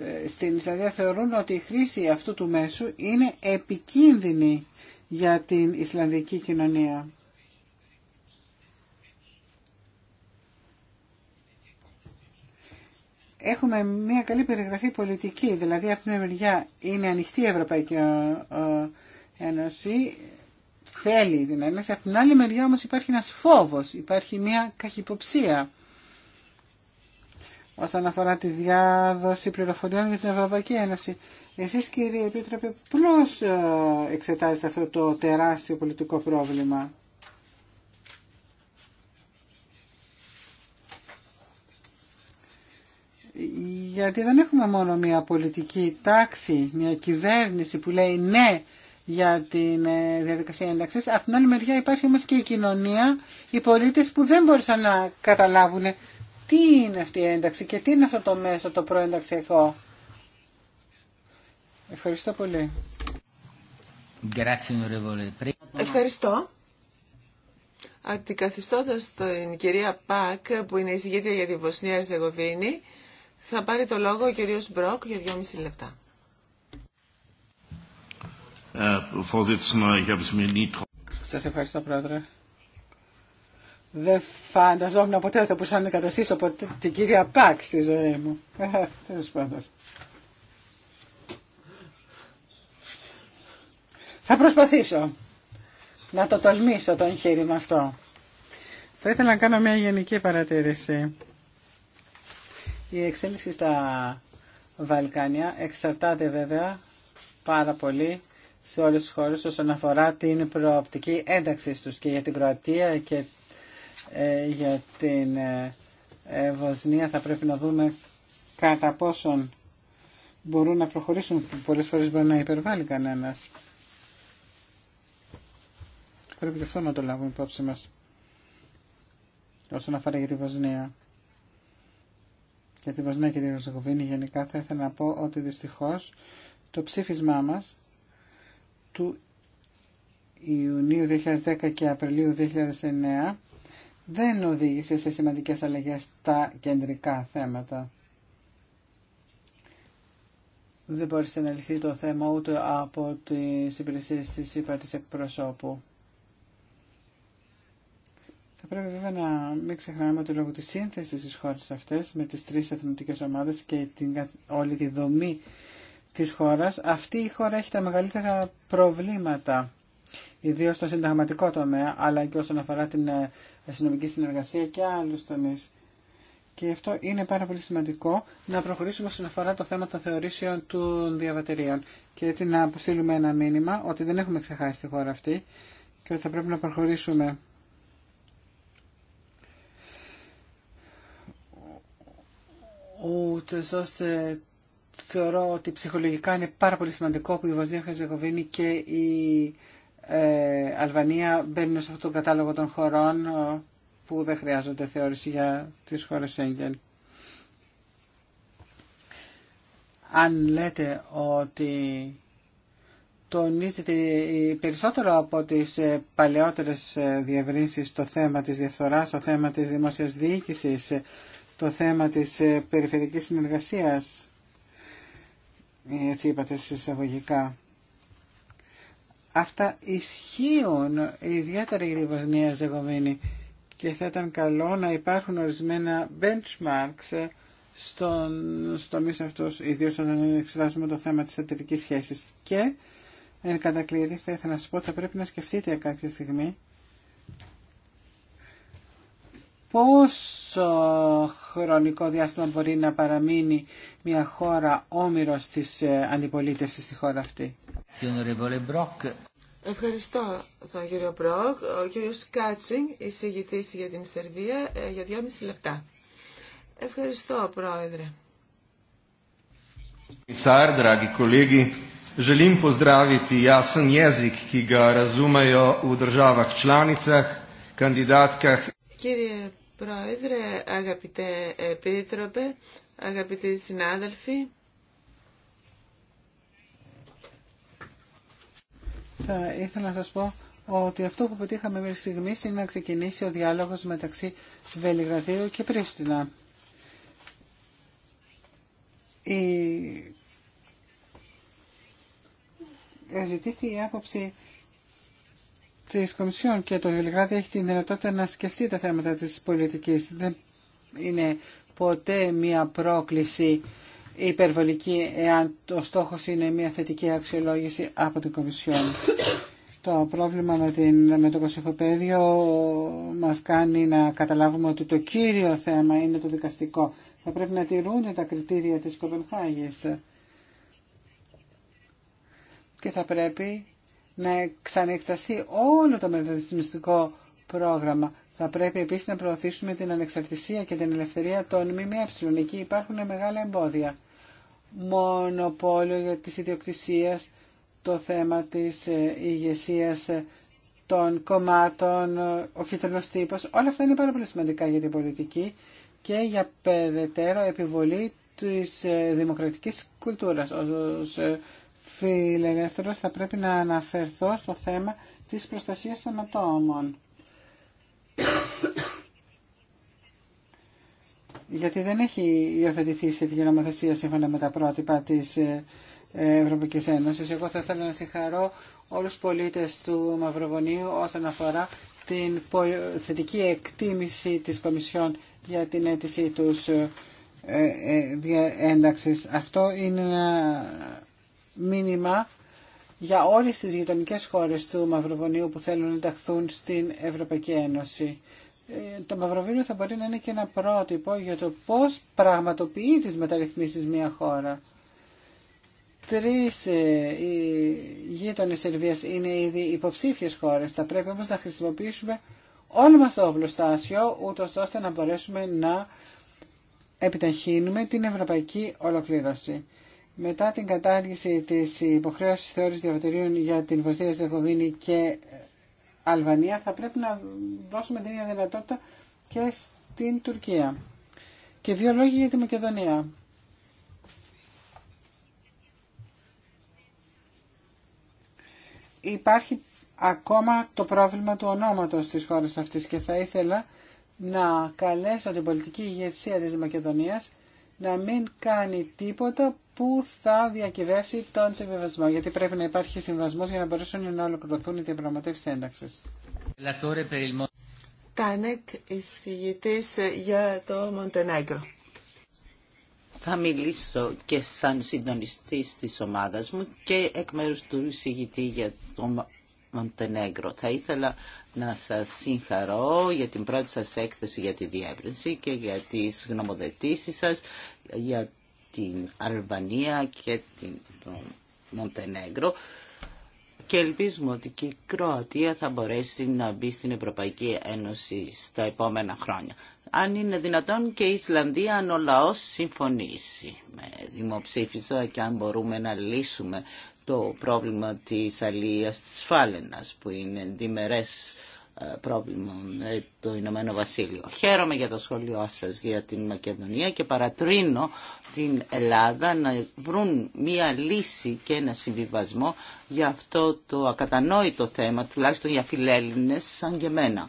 ε, στην Ισλανδία θεωρούν ότι η χρήση αυτού του μέσου είναι επικίνδυνη για την Ισλανδική κοινωνία. Έχουμε μια καλή περιγραφή πολιτική, δηλαδή από την μεριά είναι ανοιχτή η Ευρωπαϊκή ε, ε, Ένωση, θέλει την Ένωση, από την άλλη μεριά όμως υπάρχει ένας φόβος, υπάρχει μια καχυποψία όσον αφορά τη διάδοση πληροφοριών για την Ευρωπαϊκή Ένωση. Εσείς κύριε Επίτροπε, πώς ε, εξετάζετε αυτό το τεράστιο πολιτικό πρόβλημα. Γιατί δεν έχουμε μόνο μια πολιτική τάξη, μια κυβέρνηση που λέει ναι για την ε, διαδικασία ένταξης. Από την άλλη μεριά υπάρχει όμως και η κοινωνία, οι πολίτες που δεν μπορούσαν να καταλάβουν τι είναι αυτή η ένταξη και τι είναι αυτό το μέσο το προενταξιακό. Ευχαριστώ πολύ. Ευχαριστώ. Αντικαθιστώντα την κυρία Πακ, που είναι εισηγήτρια για τη Βοσνία Ζεγοβίνη, θα πάρει το λόγο ο κύριος Μπρόκ για δυόμιση λεπτά. Ε, Σας ευχαριστώ, Πρόεδρε. Δεν φανταζόμουν ποτέ ότι θα μπορούσα να αντικαταστήσω την κυρία Πακ στη ζωή μου. Τέλος πάντων. Θα προσπαθήσω να το τολμήσω το εγχείρημα αυτό. Θα ήθελα να κάνω μια γενική παρατήρηση. Η εξέλιξη στα Βαλκάνια εξαρτάται βέβαια πάρα πολύ σε όλες τις χώρες όσον αφορά την προοπτική ένταξη τους και για την Κροατία και ε, για την ε, ε, Βοσνία θα πρέπει να δούμε κατά πόσον μπορούν να προχωρήσουν πολλές φορές μπορεί να υπερβάλλει κανένας Πρέπει και αυτό να το λάβουμε υπόψη μας. Όσον αφορά για τη Βοσνία. Για τη Βοσνία και τη Ροζεγοβίνη γενικά θα ήθελα να πω ότι δυστυχώς το ψήφισμά μας του Ιουνίου 2010 και Απριλίου 2009 δεν οδήγησε σε σημαντικές αλλαγές στα κεντρικά θέματα. Δεν μπορεί να λυθεί το θέμα ούτε από τις υπηρεσίες της ΥΠΑ της εκπροσώπου πρέπει βέβαια να μην ξεχνάμε ότι λόγω τη σύνθεση τη χώρα αυτέ με τι τρει εθνικέ ομάδε και την, όλη τη δομή τη χώρα. αυτή η χώρα έχει τα μεγαλύτερα προβλήματα, ιδίω στο συνταγματικό τομέα, αλλά και όσον αφορά την ε, αστυνομική συνεργασία και άλλου τομεί. Και αυτό είναι πάρα πολύ σημαντικό να προχωρήσουμε όσον αφορά το θέμα των θεωρήσεων των διαβατηρίων. Και έτσι να αποστείλουμε ένα μήνυμα ότι δεν έχουμε ξεχάσει τη χώρα αυτή και ότι θα πρέπει να προχωρήσουμε ούτε ώστε θεωρώ ότι ψυχολογικά είναι πάρα πολύ σημαντικό που η Βοσνία Χαζεγοβίνη και η ε, Αλβανία μπαίνουν σε αυτόν τον κατάλογο των χωρών ε, που δεν χρειάζονται θεώρηση για τις χώρες Έγγεν. Αν λέτε ότι τονίζεται περισσότερο από τις ε, παλαιότερες διευρύνσεις το θέμα της διαφθοράς, το θέμα της δημόσιας διοίκησης, το θέμα της ε, περιφερειακής συνεργασίας, έτσι είπατε σε εισαγωγικά. Αυτά ισχύουν ιδιαίτερα για τη Βοσνία Ζεγοβίνη και θα ήταν καλό να υπάρχουν ορισμένα benchmarks ε, στον μισό αυτός, ιδίως όταν εξετάζουμε το θέμα της εταιρικής σχέσης. Και, εν κατακλείδη, θα ήθελα να σας πω, θα πρέπει να σκεφτείτε κάποια στιγμή πόσο χρονικό διάστημα μπορεί να παραμείνει μια χώρα όμοιρος της ε, αντιπολίτευσης στη χώρα αυτή. Ευχαριστώ τον κύριο Μπρόκ. Ο κύριος Κάτσινγκ, εισηγητής για την Σερβία, ε, για δυόμιση λεπτά. Ευχαριστώ, Πρόεδρε. Κύριε Πρόεδρε. želim pozdraviti jasen jezik, ki Πρόεδρε, αγαπητέ επίτροπε, αγαπητοί συνάδελφοι. Θα ήθελα να σας πω ότι αυτό που πετύχαμε μέχρι στιγμή είναι να ξεκινήσει ο διάλογος μεταξύ Βελιγραδίου και Πρίστινα. Η... ζητήθηκε η άποψη Τη Κομισιόν και το Βελιγράδι έχει την δυνατότητα να σκεφτεί τα θέματα της πολιτικής. Δεν είναι ποτέ μια πρόκληση υπερβολική εάν ο στόχος είναι μια θετική αξιολόγηση από την Κομισιόν. Το πρόβλημα με, την, με το κοσυφοπαίδιο μας κάνει να καταλάβουμε ότι το κύριο θέμα είναι το δικαστικό. Θα πρέπει να τηρούν τα κριτήρια της Κοπενχάγης και θα πρέπει να ξανεκταστεί όλο το μεταρρυθμιστικό πρόγραμμα. Θα πρέπει επίση να προωθήσουμε την ανεξαρτησία και την ελευθερία των ΜΜΕ. Εκεί υπάρχουν μεγάλα εμπόδια. Μονοπόλιο της ιδιοκτησίας, το θέμα τη ε, ηγεσία ε, των κομμάτων, ε, ο κίτρινο τύπο, Όλα αυτά είναι πάρα πολύ σημαντικά για την πολιτική και για περαιτέρω επιβολή της δημοκρατικής κουλτούρας φιλελεύθερος θα πρέπει να αναφερθώ στο θέμα της προστασίας των ατόμων. Γιατί δεν έχει υιοθετηθεί σχετική νομοθεσία σύμφωνα με τα πρότυπα της ε, Ευρωπαϊκής Ένωσης. Εγώ θα ήθελα να συγχαρώ όλους τους πολίτες του Μαυροβονίου όσον αφορά την θετική εκτίμηση της Κομισιόν για την αίτησή τους ε, ε, ένταξης. Αυτό είναι ένα μήνυμα για όλες τις γειτονικές χώρες του Μαυροβονίου που θέλουν να ενταχθούν στην Ευρωπαϊκή Ένωση. Ε, το Μαυροβούνιο θα μπορεί να είναι και ένα πρότυπο για το πώς πραγματοποιεί τις μεταρρυθμίσεις μια χώρα. Τρεις ε, γείτονε Σερβίας είναι ήδη υποψήφιες χώρες. Θα πρέπει όμως να χρησιμοποιήσουμε όλο μας το οπλοστάσιο, ούτως ώστε να μπορέσουμε να επιταχύνουμε την ευρωπαϊκή ολοκλήρωση. Μετά την κατάργηση της υποχρέωσης θεώρησης διαβατηρίων για την Βοσνία Ζεχοβίνη και Αλβανία θα πρέπει να δώσουμε την ίδια δυνατότητα και στην Τουρκία. Και δύο λόγια για τη Μακεδονία. Υπάρχει ακόμα το πρόβλημα του ονόματος της χώρας αυτής και θα ήθελα να καλέσω την πολιτική ηγεσία της Μακεδονίας να μην κάνει τίποτα που θα διακυβεύσει τον συμβιβασμό. Γιατί πρέπει να υπάρχει συμβασμό για να μπορέσουν να ολοκληρωθούν οι διαπραγματεύσει ένταξη. Τάνεκ, εισηγητή για το Μοντενέγκρο. Θα μιλήσω και σαν συντονιστή της ομάδας μου και εκ μέρους του εισηγητή για το Μοντενέγκρο. Θα ήθελα να σας συγχαρώ για την πρώτη σας έκθεση για τη διεύρυνση και για τις γνωμοδετήσεις σας για την Αλβανία και την Μοντενέγκρο και ελπίζουμε ότι και η Κροατία θα μπορέσει να μπει στην Ευρωπαϊκή Ένωση στα επόμενα χρόνια. Αν είναι δυνατόν και η Ισλανδία αν ο λαός συμφωνήσει με δημοψήφισμα και αν μπορούμε να λύσουμε το πρόβλημα της αλίας της φάλαινας που είναι διμερές ε, πρόβλημα το Ηνωμένο Βασίλειο. Χαίρομαι για το σχόλιο σας για την Μακεδονία και παρατρύνω την Ελλάδα να βρουν μία λύση και ένα συμβιβασμό για αυτό το ακατανόητο θέμα, τουλάχιστον για φιλέλληνες σαν και μένα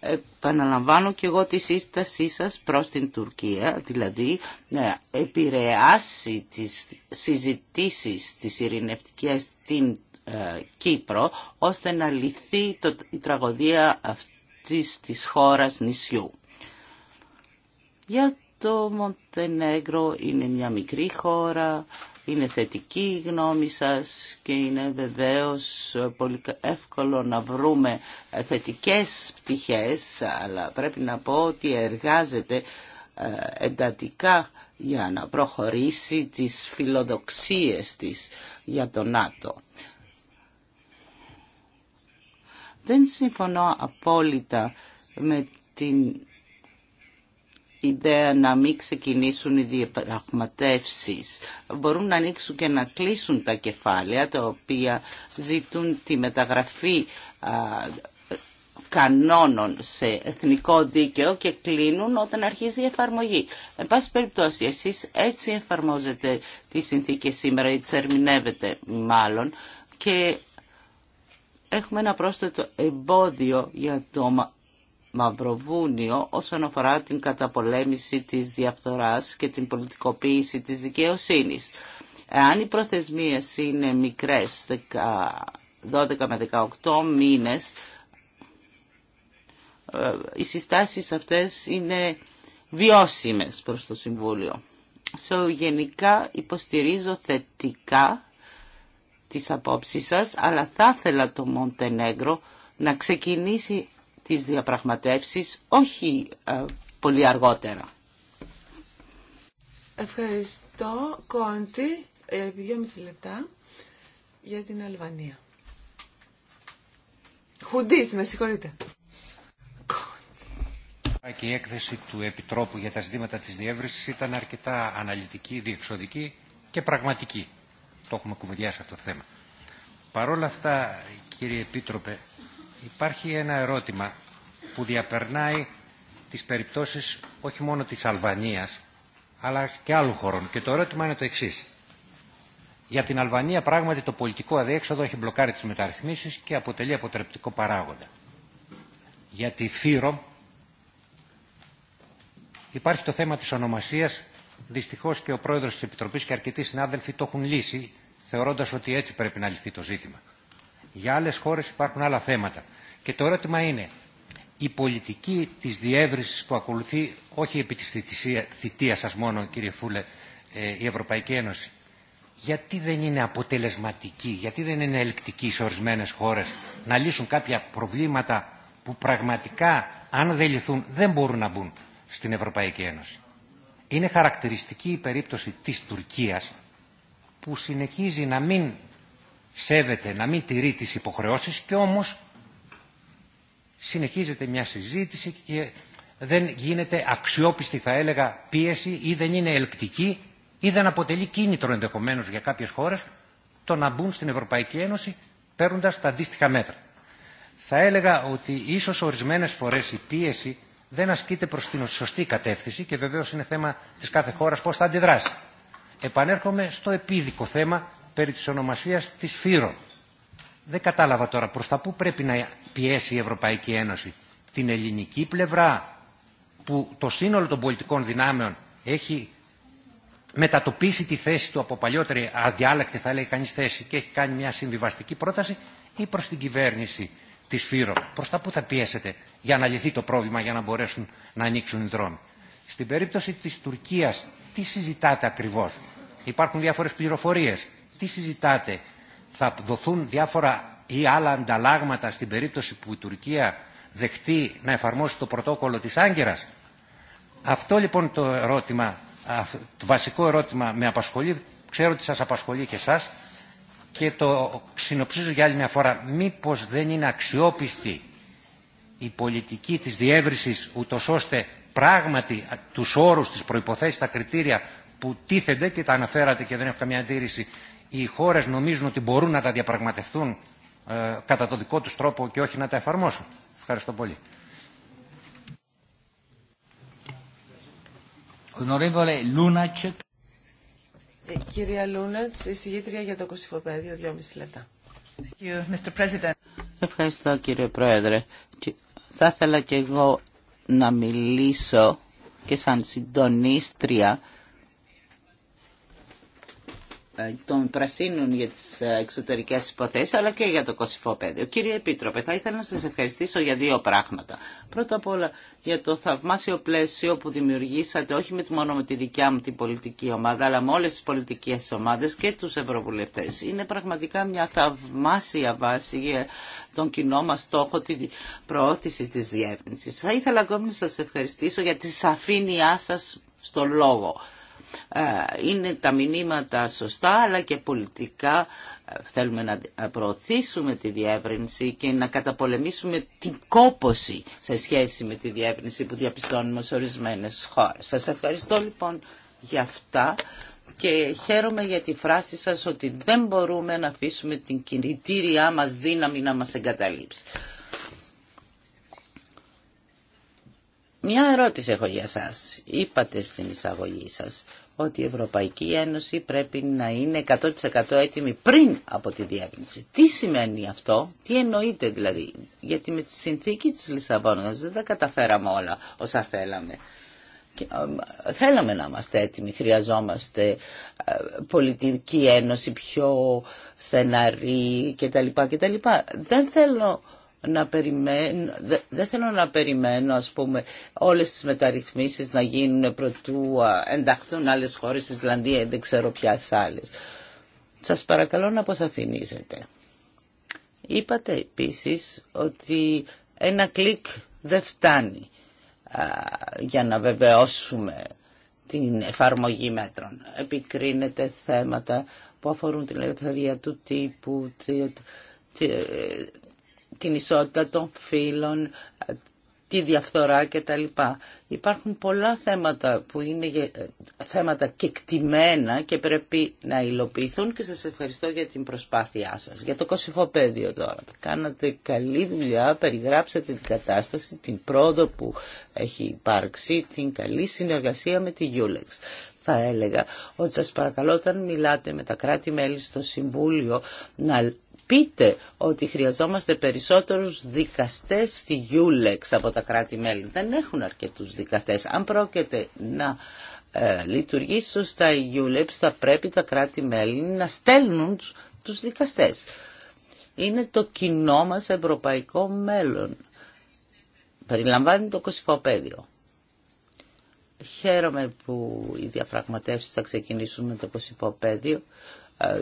επαναλαμβάνω και εγώ τη σύστασή σας προς την Τουρκία, δηλαδή να ε, επηρεάσει τις συζητήσεις της ειρηνευτικής στην ε, Κύπρο, ώστε να λυθεί το, η τραγωδία αυτής της χώρας νησιού. Για το Μοντενέγκρο είναι μια μικρή χώρα, είναι θετική η γνώμη σας και είναι βεβαίως πολύ εύκολο να βρούμε ε, θετικές πτυχές, αλλά πρέπει να πω ότι εργάζεται ε, εντατικά για να προχωρήσει τις φιλοδοξίες της για το ΝΑΤΟ. Δεν συμφωνώ απόλυτα με την ιδέα να μην ξεκινήσουν οι διαπραγματεύσεις. Μπορούν να ανοίξουν και να κλείσουν τα κεφάλαια τα οποία ζητούν τη μεταγραφή κανόνων σε εθνικό δίκαιο και κλείνουν όταν αρχίζει η εφαρμογή. Εν πάση περιπτώσει, εσείς έτσι εφαρμόζετε τη συνθήκη σήμερα ή τσερμινεύετε μάλλον και έχουμε ένα πρόσθετο εμπόδιο για το Μαυροβούνιο όσον αφορά την καταπολέμηση της διαφθοράς και την πολιτικοποίηση της δικαιοσύνης. Εάν οι προθεσμίες είναι μικρές, 12 με 18 μήνες, ε, οι συστάσεις αυτές είναι βιώσιμες προς το Συμβούλιο. Σε γενικά υποστηρίζω θετικά τις απόψεις σας, αλλά θα ήθελα το Μοντενέγκρο να ξεκινήσει τις διαπραγματεύσεις, όχι ε, πολύ αργότερα. Ευχαριστώ, Κόντι, ε, δυόμιση λεπτά, για την Αλβανία. Χουντής, με συγχωρείτε. Και η έκθεση του Επιτρόπου για τα ζητήματα της διεύρυνσης ήταν αρκετά αναλυτική, διεξοδική και πραγματική. Το έχουμε κουβεντιάσει αυτό το θέμα. Παρ' όλα αυτά, κύριε Επίτροπε, Υπάρχει ένα ερώτημα που διαπερνάει τις περιπτώσεις όχι μόνο της Αλβανίας, αλλά και άλλων χωρών. Και το ερώτημα είναι το εξή. Για την Αλβανία πράγματι το πολιτικό αδιέξοδο έχει μπλοκάρει τις μεταρρυθμίσεις και αποτελεί αποτρεπτικό παράγοντα. Για τη Φύρο υπάρχει το θέμα της ονομασίας. Δυστυχώς και ο πρόεδρος της Επιτροπής και αρκετοί συνάδελφοι το έχουν λύσει θεωρώντας ότι έτσι πρέπει να λυθεί το ζήτημα. Για άλλες χώρες υπάρχουν άλλα θέματα. Και το ερώτημα είναι, η πολιτική της διεύρυνσης που ακολουθεί, όχι επί της θητείας σας μόνο κύριε Φούλε, ε, η Ευρωπαϊκή Ένωση, γιατί δεν είναι αποτελεσματική, γιατί δεν είναι ελκτική σε ορισμένες χώρες να λύσουν κάποια προβλήματα που πραγματικά, αν δεν λυθούν, δεν μπορούν να μπουν στην Ευρωπαϊκή Ένωση. Είναι χαρακτηριστική η περίπτωση της Τουρκίας που συνεχίζει να μην σέβεται, να μην τηρεί τις υποχρεώσεις και όμως συνεχίζεται μια συζήτηση και δεν γίνεται αξιόπιστη θα έλεγα πίεση ή δεν είναι ελκτική ή δεν αποτελεί κίνητρο ενδεχομένως για κάποιες χώρες το να μπουν στην Ευρωπαϊκή Ένωση παίρνοντας τα αντίστοιχα μέτρα. Θα έλεγα ότι ίσως ορισμένες φορές η πίεση δεν ασκείται προς την σωστή κατεύθυνση και βεβαίως είναι θέμα της κάθε χώρας πώς θα αντιδράσει. Επανέρχομαι στο επίδικο θέμα περί της ονομασίας της Φύρο. Δεν κατάλαβα τώρα προς τα πού πρέπει να πιέσει η Ευρωπαϊκή Ένωση. Την ελληνική πλευρά που το σύνολο των πολιτικών δυνάμεων έχει μετατοπίσει τη θέση του από παλιότερη αδιάλεκτη θα λέει κανείς θέση και έχει κάνει μια συμβιβαστική πρόταση ή προς την κυβέρνηση της Φύρο. Προς τα πού θα πιέσετε για να λυθεί το πρόβλημα για να μπορέσουν να ανοίξουν οι δρόμοι. Στην περίπτωση της Τουρκίας τι συζητάτε ακριβώς. Υπάρχουν διάφορες πληροφορίες τι συζητάτε. Θα δοθούν διάφορα ή άλλα ανταλλάγματα στην περίπτωση που η Τουρκία δεχτεί να εφαρμόσει το πρωτόκολλο της Άγκυρας. Αυτό λοιπόν το ερώτημα, το βασικό ερώτημα με απασχολεί, ξέρω ότι σας απασχολεί και εσάς και το συνοψίζω για άλλη μια φορά. Μήπως δεν είναι αξιόπιστη η πολιτική της διεύρυνσης ούτω ώστε πράγματι τους όρους, τις προϋποθέσεις, τα κριτήρια που τίθενται και τα αναφέρατε και δεν έχω καμία αντίρρηση οι χώρες νομίζουν ότι μπορούν να τα διαπραγματευτούν ε, κατά το δικό τους τρόπο και όχι να τα εφαρμόσουν. Ευχαριστώ πολύ. Ε, κυρία Λούνατς, εισηγήτρια για το δυόμιση Ευχαριστώ κύριε Πρόεδρε. Θα ήθελα και εγώ να μιλήσω και σαν συντονίστρια των πρασίνων για τις ε, εξωτερικές υποθέσεις αλλά και για το Κωσυφό Πέδιο. Κύριε Επίτροπε, θα ήθελα να σας ευχαριστήσω για δύο πράγματα. Πρώτα απ' όλα για το θαυμάσιο πλαίσιο που δημιουργήσατε όχι μόνο με τη δικιά μου την πολιτική ομάδα αλλά με όλες τις πολιτικές ομάδες και τους ευρωβουλευτές. Είναι πραγματικά μια θαυμάσια βάση για τον κοινό μας στόχο τη προώθηση της διεύθυνσης. Θα ήθελα ακόμη να σας ευχαριστήσω για τη σαφήνειά σας στο λόγο. Ε, είναι τα μηνύματα σωστά αλλά και πολιτικά ε, θέλουμε να προωθήσουμε τη διεύρυνση και να καταπολεμήσουμε την κόποση σε σχέση με τη διεύρυνση που διαπιστώνουμε σε ορισμένες χώρες. Σας ευχαριστώ λοιπόν για αυτά και χαίρομαι για τη φράση σας ότι δεν μπορούμε να αφήσουμε την κινητήριά μας δύναμη να μας εγκαταλείψει. Μια ερώτηση έχω για σας. Είπατε στην εισαγωγή σας ότι η Ευρωπαϊκή Ένωση πρέπει να είναι 100% έτοιμη πριν από τη διεύρυνση. Τι σημαίνει αυτό, τι εννοείται δηλαδή, γιατί με τη συνθήκη της Λισαβόνας δεν τα καταφέραμε όλα όσα θέλαμε. Και, θέλαμε να είμαστε έτοιμοι, χρειαζόμαστε πολιτική ένωση πιο στεναρή κτλ. Δεν θέλω να περιμένω, δεν θέλω να περιμένω ας πούμε όλες τις μεταρρυθμίσεις να γίνουν προτού ενταχθούν άλλες χώρες, Ισλανδία ή δεν ξέρω ποιε άλλε. Σας παρακαλώ να αποσαφηνίζετε. Είπατε επίσης ότι ένα κλικ δεν φτάνει για να βεβαιώσουμε την εφαρμογή μέτρων. Επικρίνεται θέματα που αφορούν την ελευθερία του τύπου, την ισότητα των φίλων, τη διαφθορά κτλ. Υπάρχουν πολλά θέματα που είναι θέματα κεκτημένα και πρέπει να υλοποιηθούν και σας ευχαριστώ για την προσπάθειά σας. Για το κοσυφοπέδιο τώρα. Κάνατε καλή δουλειά, περιγράψατε την κατάσταση, την πρόοδο που έχει υπάρξει, την καλή συνεργασία με τη Γιούλεξ. Θα έλεγα ότι σας παρακαλώ όταν μιλάτε με τα κράτη-μέλη στο Συμβούλιο να πείτε ότι χρειαζόμαστε περισσότερους δικαστές στη Γιούλεξ από τα κράτη-μέλη. Δεν έχουν αρκετούς δικαστές. Αν πρόκειται να ε, λειτουργήσει σωστά η Γιούλεξ θα πρέπει τα κράτη-μέλη να στέλνουν τους δικαστές. Είναι το κοινό μας ευρωπαϊκό μέλλον. Περιλαμβάνει το κοσυφοπαίδιο. Χαίρομαι που οι διαπραγματεύσεις θα ξεκινήσουν με το κοσυφοπαίδιο ε,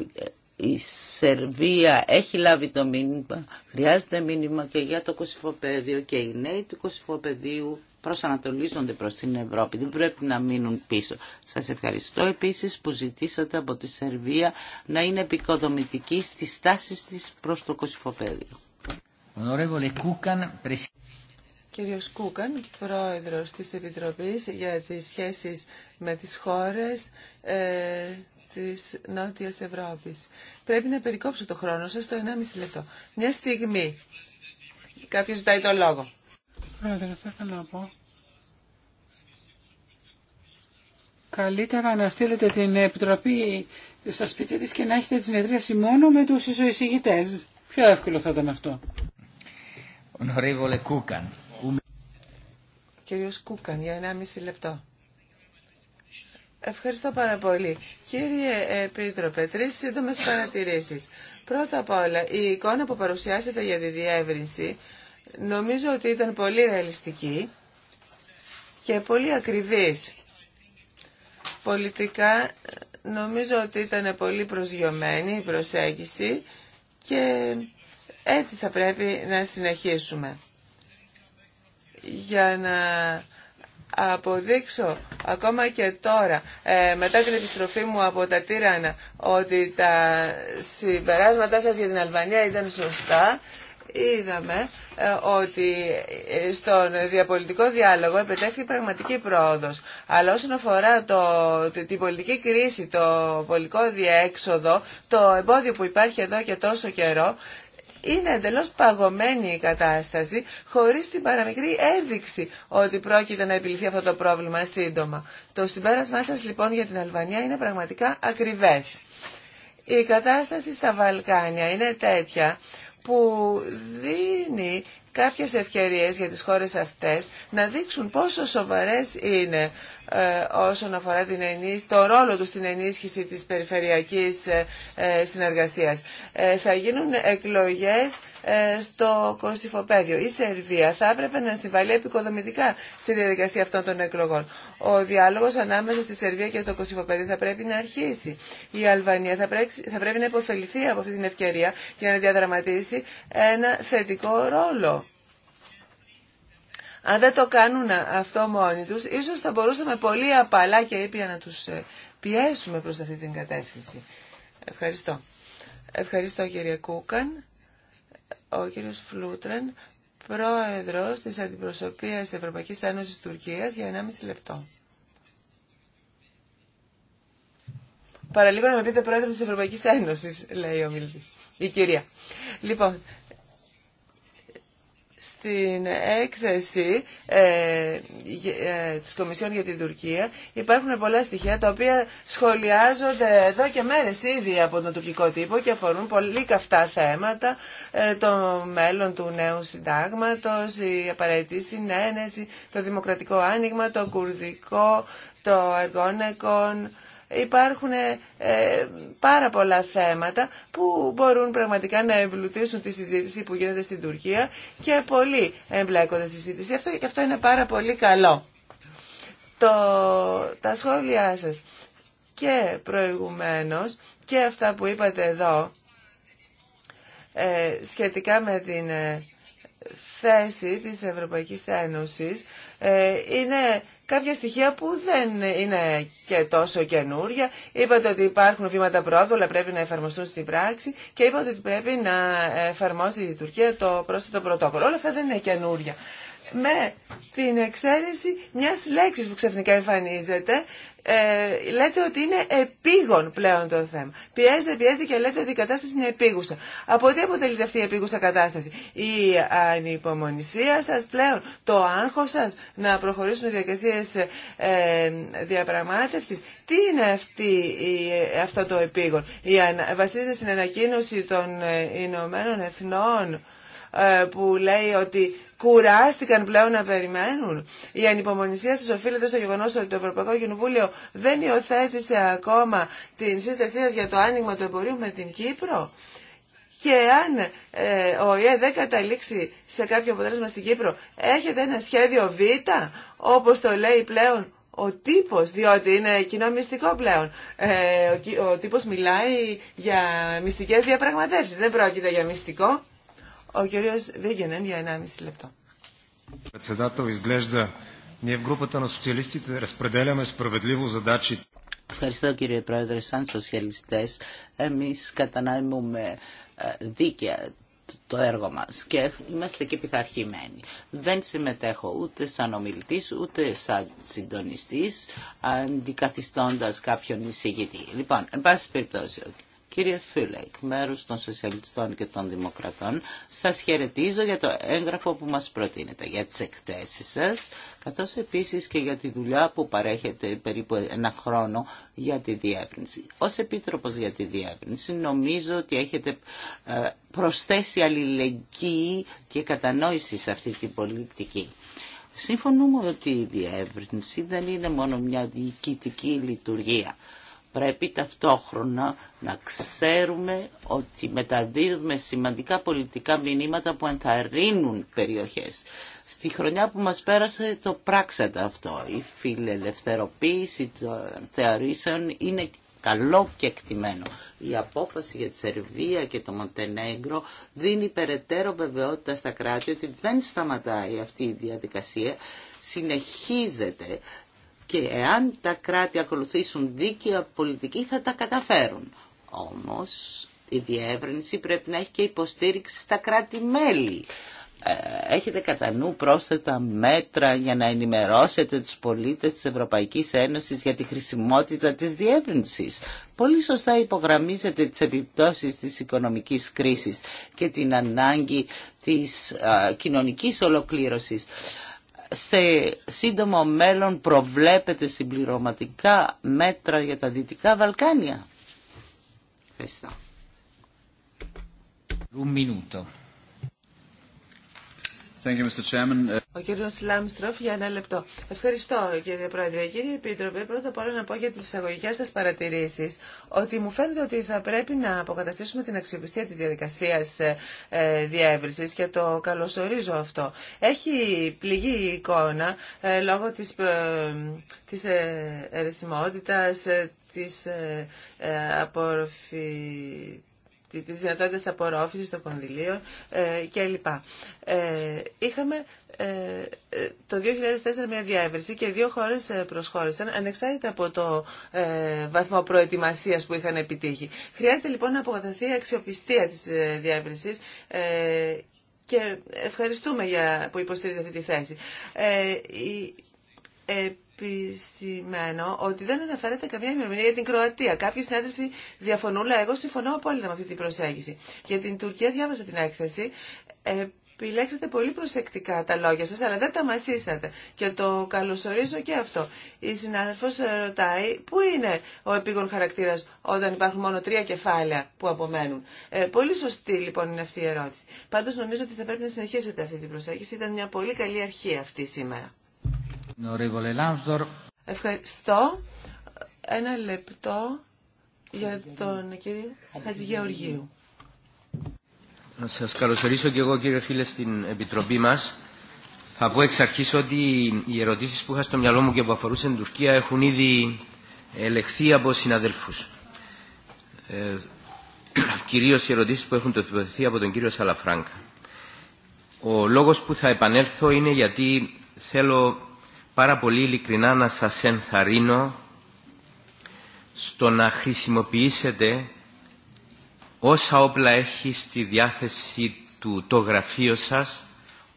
η Σερβία έχει λάβει το μήνυμα, χρειάζεται μήνυμα και για το κοσυφοπέδιο και οι νέοι του κοσυφοπεδίου προσανατολίζονται προς την Ευρώπη, δεν πρέπει να μείνουν πίσω. Σας ευχαριστώ επίσης που ζητήσατε από τη Σερβία να είναι επικοδομητική στη στάση της προς το κοσυφοπέδιο. Κύριος Κούκαν, πρόεδρος της Επιτροπής για τις σχέσεις με τις χώρες ε, της Νότιας Ευρώπης. Πρέπει να περικόψω το χρόνο σας στο 1,5 λεπτό. Μια στιγμή. Κάποιος ζητάει το λόγο. Πρόεδρε, θα ήθελα να πω. Καλύτερα να στείλετε την Επιτροπή στο σπίτι της και να έχετε τη συνεδρίαση μόνο με τους ισοεισηγητές. Πιο εύκολο θα ήταν αυτό. Κύριος Κούκαν, για 1,5 λεπτό. Ευχαριστώ πάρα πολύ. Κύριε Επίτροπε, τρεις σύντομες παρατηρήσεις. Πρώτα απ' όλα, η εικόνα που παρουσιάσετε για τη διεύρυνση νομίζω ότι ήταν πολύ ρεαλιστική και πολύ ακριβής. Πολιτικά νομίζω ότι ήταν πολύ προσγειωμένη η προσέγγιση και έτσι θα πρέπει να συνεχίσουμε. Για να αποδείξω ακόμα και τώρα ε, μετά την επιστροφή μου από τα Τύρανα ότι τα συμπεράσματά σας για την Αλβανία ήταν σωστά είδαμε ε, ότι στον διαπολιτικό διάλογο επιτέχθη πραγματική πρόοδος. Αλλά όσον αφορά το, την πολιτική κρίση, το πολιτικό διέξοδο, το εμπόδιο που υπάρχει εδώ και τόσο καιρό, είναι εντελώ παγωμένη η κατάσταση χωρίς την παραμικρή ένδειξη ότι πρόκειται να επιληθεί αυτό το πρόβλημα σύντομα. Το συμπέρασμά σα, λοιπόν για την Αλβανία είναι πραγματικά ακριβές. Η κατάσταση στα Βαλκάνια είναι τέτοια που δίνει κάποιες ευκαιρίες για τις χώρες αυτές να δείξουν πόσο σοβαρές είναι ε, όσον αφορά την ενίσχυση, το ρόλο του στην ενίσχυση της περιφερειακής ε, ε, συνεργασίας. Θα γίνουν εκλογές στο Κωσυφοπαίδιο. Η Σερβία θα έπρεπε να συμβαλεί επικοδομητικά στη διαδικασία αυτών των εκλογών. Ο διάλογος ανάμεσα στη Σερβία και το Κωσυφοπαίδιο θα πρέπει να αρχίσει. Η Αλβανία θα πρέπει, θα πρέπει να υποφεληθεί από αυτή την ευκαιρία για να διαδραματίσει ένα θετικό ρόλο αν δεν το κάνουν αυτό μόνοι τους, ίσως θα μπορούσαμε πολύ απαλά και ήπια να τους ε, πιέσουμε προς αυτή την κατεύθυνση. Ευχαριστώ. Ευχαριστώ κύριε Κούκαν. Ο κύριος Φλούτρεν, πρόεδρος της Αντιπροσωπείας Ευρωπαϊκής Ένωσης Τουρκίας για 1,5 λεπτό. Παραλίγο να με πείτε πρόεδρο της Ευρωπαϊκής Ένωσης, λέει ο Μιλτής. Η κυρία. Λοιπόν, στην έκθεση ε, ε, της Κομισιόν για την Τουρκία υπάρχουν πολλά στοιχεία τα οποία σχολιάζονται εδώ και μέρες ήδη από τον τουρκικό τύπο και αφορούν πολύ καυτά θέματα ε, το μέλλον του νέου συντάγματος, η απαραίτητη συνένεση, το δημοκρατικό άνοιγμα, το κουρδικό, το εργόνεκον υπάρχουν ε, ε, πάρα πολλά θέματα που μπορούν πραγματικά να εμπλουτίσουν τη συζήτηση που γίνεται στην Τουρκία και πολλοί εμπλέκονται στη συζήτηση. Αυτό, αυτό είναι πάρα πολύ καλό. Το, τα σχόλιά σας και προηγουμένως και αυτά που είπατε εδώ ε, σχετικά με την θέση της Ευρωπαϊκής Ένωσης είναι κάποια στοιχεία που δεν είναι και τόσο καινούρια. Είπατε ότι υπάρχουν βήματα πρόοδου, αλλά πρέπει να εφαρμοστούν στην πράξη και είπατε ότι πρέπει να εφαρμόσει η Τουρκία το πρόσθετο πρωτόκολλο. Όλα αυτά δεν είναι καινούρια. Με την εξαίρεση μιας λέξης που ξαφνικά εμφανίζεται ε, λέτε ότι είναι επίγον πλέον το θέμα. Πιέζετε, πιέζετε και λέτε ότι η κατάσταση είναι επίγουσα. Από τι αποτελείται αυτή η επίγουσα κατάσταση. Η ανυπομονησία σας πλέον, το άγχο σας να προχωρήσουν διακασίες ε, διαπραγμάτευσης. Τι είναι αυτή, η, αυτό το επίγον. Η, βασίζεται στην ανακοίνωση των ε, Ηνωμένων Εθνών ε, που λέει ότι κουράστηκαν πλέον να περιμένουν. Η ανυπομονησία σας οφείλεται στο γεγονό ότι το Ευρωπαϊκό Κοινοβούλιο δεν υιοθέτησε ακόμα την σύστασή σα για το άνοιγμα του εμπορίου με την Κύπρο. Και αν ε, ο ΙΕ δεν καταλήξει σε κάποιο αποτέλεσμα στην Κύπρο, έχετε ένα σχέδιο Β, όπω το λέει πλέον ο τύπος, διότι είναι κοινό μυστικό πλέον. Ε, ο, ο τύπος μιλάει για μυστικές διαπραγματεύσεις, δεν πρόκειται για μυστικό. Ο κύριος Βίγγενεν για 1,5 λεπτό. Ευχαριστώ κύριε Πρόεδρε. Σαν σοσιαλιστές εμείς κατανάμουμε ε, δίκαια το έργο μας και είμαστε και πειθαρχημένοι. Δεν συμμετέχω ούτε σαν ομιλητής ούτε σαν συντονιστής αντικαθιστώντας κάποιον εισηγητή. Λοιπόν, εν πάση περιπτώσει, Κύριε Φίλε, εκ μέρους των Σοσιαλιστών και των Δημοκρατών, σας χαιρετίζω για το έγγραφο που μας προτείνετε, για τις εκθέσεις σας, καθώς επίσης και για τη δουλειά που παρέχετε περίπου ένα χρόνο για τη διεύρυνση. Ως Επίτροπος για τη διεύρυνση νομίζω ότι έχετε ε, προσθέσει αλληλεγγύη και κατανόηση σε αυτή την πολιτική. Συμφωνούμε ότι η διεύρυνση δεν είναι μόνο μια διοικητική λειτουργία πρέπει ταυτόχρονα να ξέρουμε ότι μεταδίδουμε σημαντικά πολιτικά μηνύματα που ενθαρρύνουν περιοχές. Στη χρονιά που μας πέρασε το πράξατε αυτό. Η φιλελευθεροποίηση των θεωρήσεων είναι καλό και εκτιμένο. Η απόφαση για τη Σερβία και το Μοντενέγκρο δίνει περαιτέρω βεβαιότητα στα κράτη ότι δεν σταματάει αυτή η διαδικασία, συνεχίζεται και εάν τα κράτη ακολουθήσουν δίκαια πολιτική θα τα καταφέρουν. Όμως η διεύρυνση πρέπει να έχει και υποστήριξη στα κράτη-μέλη. Ε, έχετε κατά νου πρόσθετα μέτρα για να ενημερώσετε τους πολίτες της Ευρωπαϊκής Ένωσης για τη χρησιμότητα της διεύρυνσης. Πολύ σωστά υπογραμμίζετε τις επιπτώσεις της οικονομικής κρίσης και την ανάγκη της ε, κοινωνικής ολοκλήρωσης σε σύντομο μέλλον προβλέπετε συμπληρωματικά μέτρα για τα Δυτικά Βαλκάνια. Ευχαριστώ. Ε, Ο κύριο Λάμστροφ για ένα λεπτό. Ευχαριστώ κύριε Πρόεδρε. Κύριε Επίτροπε, πρώτα απ' όλα να πω για τις εισαγωγικέ σα παρατηρήσει ότι μου φαίνεται ότι θα πρέπει να αποκαταστήσουμε την αξιοπιστία της διαδικασίας ε, ε και το καλωσορίζω αυτό. Έχει πληγεί η εικόνα ε, λόγω της, ε, της ερεσιμότητας, της απορροφή τι τις δυνατότητες απορρόφησης των κονδυλίων ε, κλπ. Ε, είχαμε ε, το 2004 μια διάβρεση και δύο χώρες προσχώρησαν ανεξάρτητα από το βαθμό προετοιμασίας που είχαν επιτύχει. Χρειάζεται λοιπόν να αποκαταθεί η αξιοπιστία της ε, και ευχαριστούμε για, που υποστήριζε αυτή τη θέση. Ε, η, Επισημένω ότι δεν αναφέρεται καμία ημερομηνία για την Κροατία. Κάποιοι συνάδελφοι διαφωνούν, αλλά εγώ συμφωνώ απόλυτα με αυτή την προσέγγιση. Για την Τουρκία διάβασα την έκθεση. Επιλέξατε πολύ προσεκτικά τα λόγια σας, αλλά δεν τα μασίσατε. Και το καλωσορίζω και αυτό. Η συνάδελφος ρωτάει πού είναι ο επίγον χαρακτήρας όταν υπάρχουν μόνο τρία κεφάλαια που απομένουν. Ε, πολύ σωστή λοιπόν είναι αυτή η ερώτηση. Πάντως νομίζω ότι θα πρέπει να συνεχίσετε αυτή την προσέγγιση. Ήταν μια πολύ καλή αρχή αυτή σήμερα. Ευχαριστώ. Ένα λεπτό για τον κύριο Χατζηγεωργίου. Να σας καλωσορίσω και εγώ κύριε φίλε στην Επιτροπή μας. Θα πω εξ αρχής ότι οι ερωτήσεις που είχα στο μυαλό μου και που αφορούσαν την Τουρκία έχουν ήδη ελεχθεί από συναδέλφους. Ε, κυρίως οι ερωτήσεις που έχουν το τοποθετηθεί από τον κύριο Σαλαφράγκα. Ο λόγος που θα επανέλθω είναι γιατί θέλω πάρα πολύ ειλικρινά να σας ενθαρρύνω στο να χρησιμοποιήσετε όσα όπλα έχει στη διάθεση του το γραφείο σας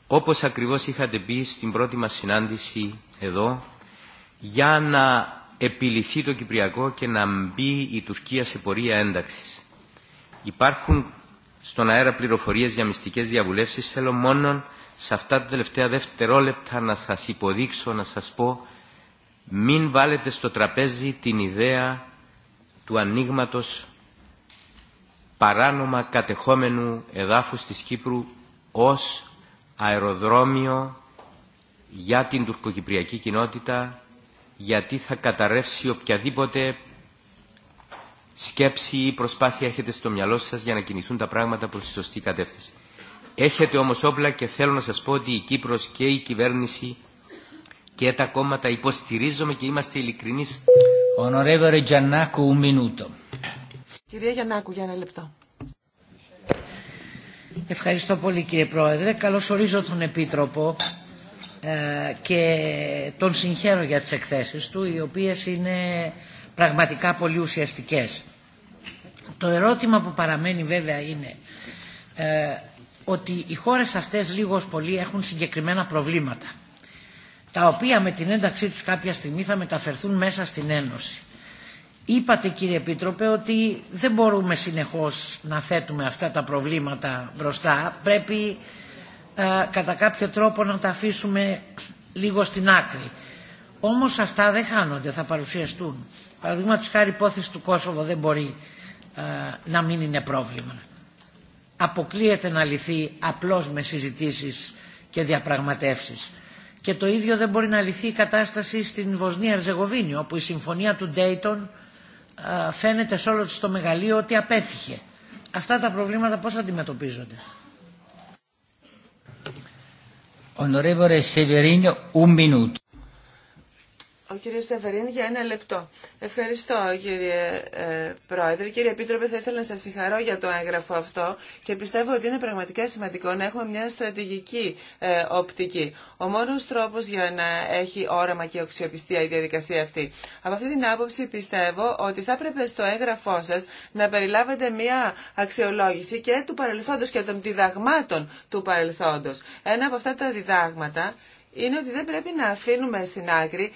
όπως ακριβώς είχατε πει στην πρώτη μας συνάντηση εδώ για να επιληθεί το Κυπριακό και να μπει η Τουρκία σε πορεία ένταξης. Υπάρχουν στον αέρα πληροφορίες για μυστικές διαβουλεύσεις. Θέλω μόνο σε αυτά τα τελευταία δευτερόλεπτα να σας υποδείξω, να σας πω μην βάλετε στο τραπέζι την ιδέα του ανοίγματο παράνομα κατεχόμενου εδάφους της Κύπρου ως αεροδρόμιο για την τουρκοκυπριακή κοινότητα γιατί θα καταρρεύσει οποιαδήποτε σκέψη ή προσπάθεια έχετε στο μυαλό σας για να κινηθούν τα πράγματα προς τη σωστή κατεύθυνση. Έχετε όμως όπλα και θέλω να σας πω ότι η Κύπρος και η κυβέρνηση και τα κόμματα υποστηρίζομαι και είμαστε ειλικρινείς. Ονορεύωρε Γιαννάκου un Κυρία Γιαννάκου, για ένα λεπτό. Ευχαριστώ πολύ κύριε Πρόεδρε. Καλωσορίζω τον Επίτροπο ε, και τον συγχαίρω για τις εκθέσεις του, οι οποίες είναι πραγματικά πολύ ουσιαστικές. Το ερώτημα που παραμένει βέβαια είναι ε, ότι οι χώρες αυτές λίγος πολύ έχουν συγκεκριμένα προβλήματα, τα οποία με την ένταξή τους κάποια στιγμή θα μεταφερθούν μέσα στην Ένωση. Είπατε κύριε Επίτροπε ότι δεν μπορούμε συνεχώς να θέτουμε αυτά τα προβλήματα μπροστά. Πρέπει ε, κατά κάποιο τρόπο να τα αφήσουμε λίγο στην άκρη. Όμως αυτά δεν χάνονται, θα παρουσιαστούν. Παραδείγματος χάρη υπόθεση του Κόσοβο δεν μπορεί ε, να μην είναι πρόβλημα αποκλείεται να λυθεί απλώς με συζητήσεις και διαπραγματεύσεις. Και το ίδιο δεν μπορεί να λυθεί η κατάσταση στην Βοσνία Ερζεγοβίνη, όπου η συμφωνία του Ντέιτον φαίνεται σε όλο το μεγαλείο ότι απέτυχε. Αυτά τα προβλήματα πώς αντιμετωπίζονται. Onorevole Severino, un minuto. Ο κύριος Σεβερίν για ένα λεπτό. Ευχαριστώ κύριε ε, Πρόεδρε. Κύριε Επίτροπε, θα ήθελα να σας συγχαρώ για το έγγραφο αυτό και πιστεύω ότι είναι πραγματικά σημαντικό να έχουμε μια στρατηγική ε, οπτική. Ο μόνος τρόπος για να έχει όραμα και αξιοπιστία η διαδικασία αυτή. Από αυτή την άποψη πιστεύω ότι θα έπρεπε στο έγγραφό σας να περιλάβετε μια αξιολόγηση και του παρελθόντος και των διδαγμάτων του παρελθόντος. Ένα από αυτά τα διδάγματα είναι ότι δεν πρέπει να αφήνουμε στην άκρη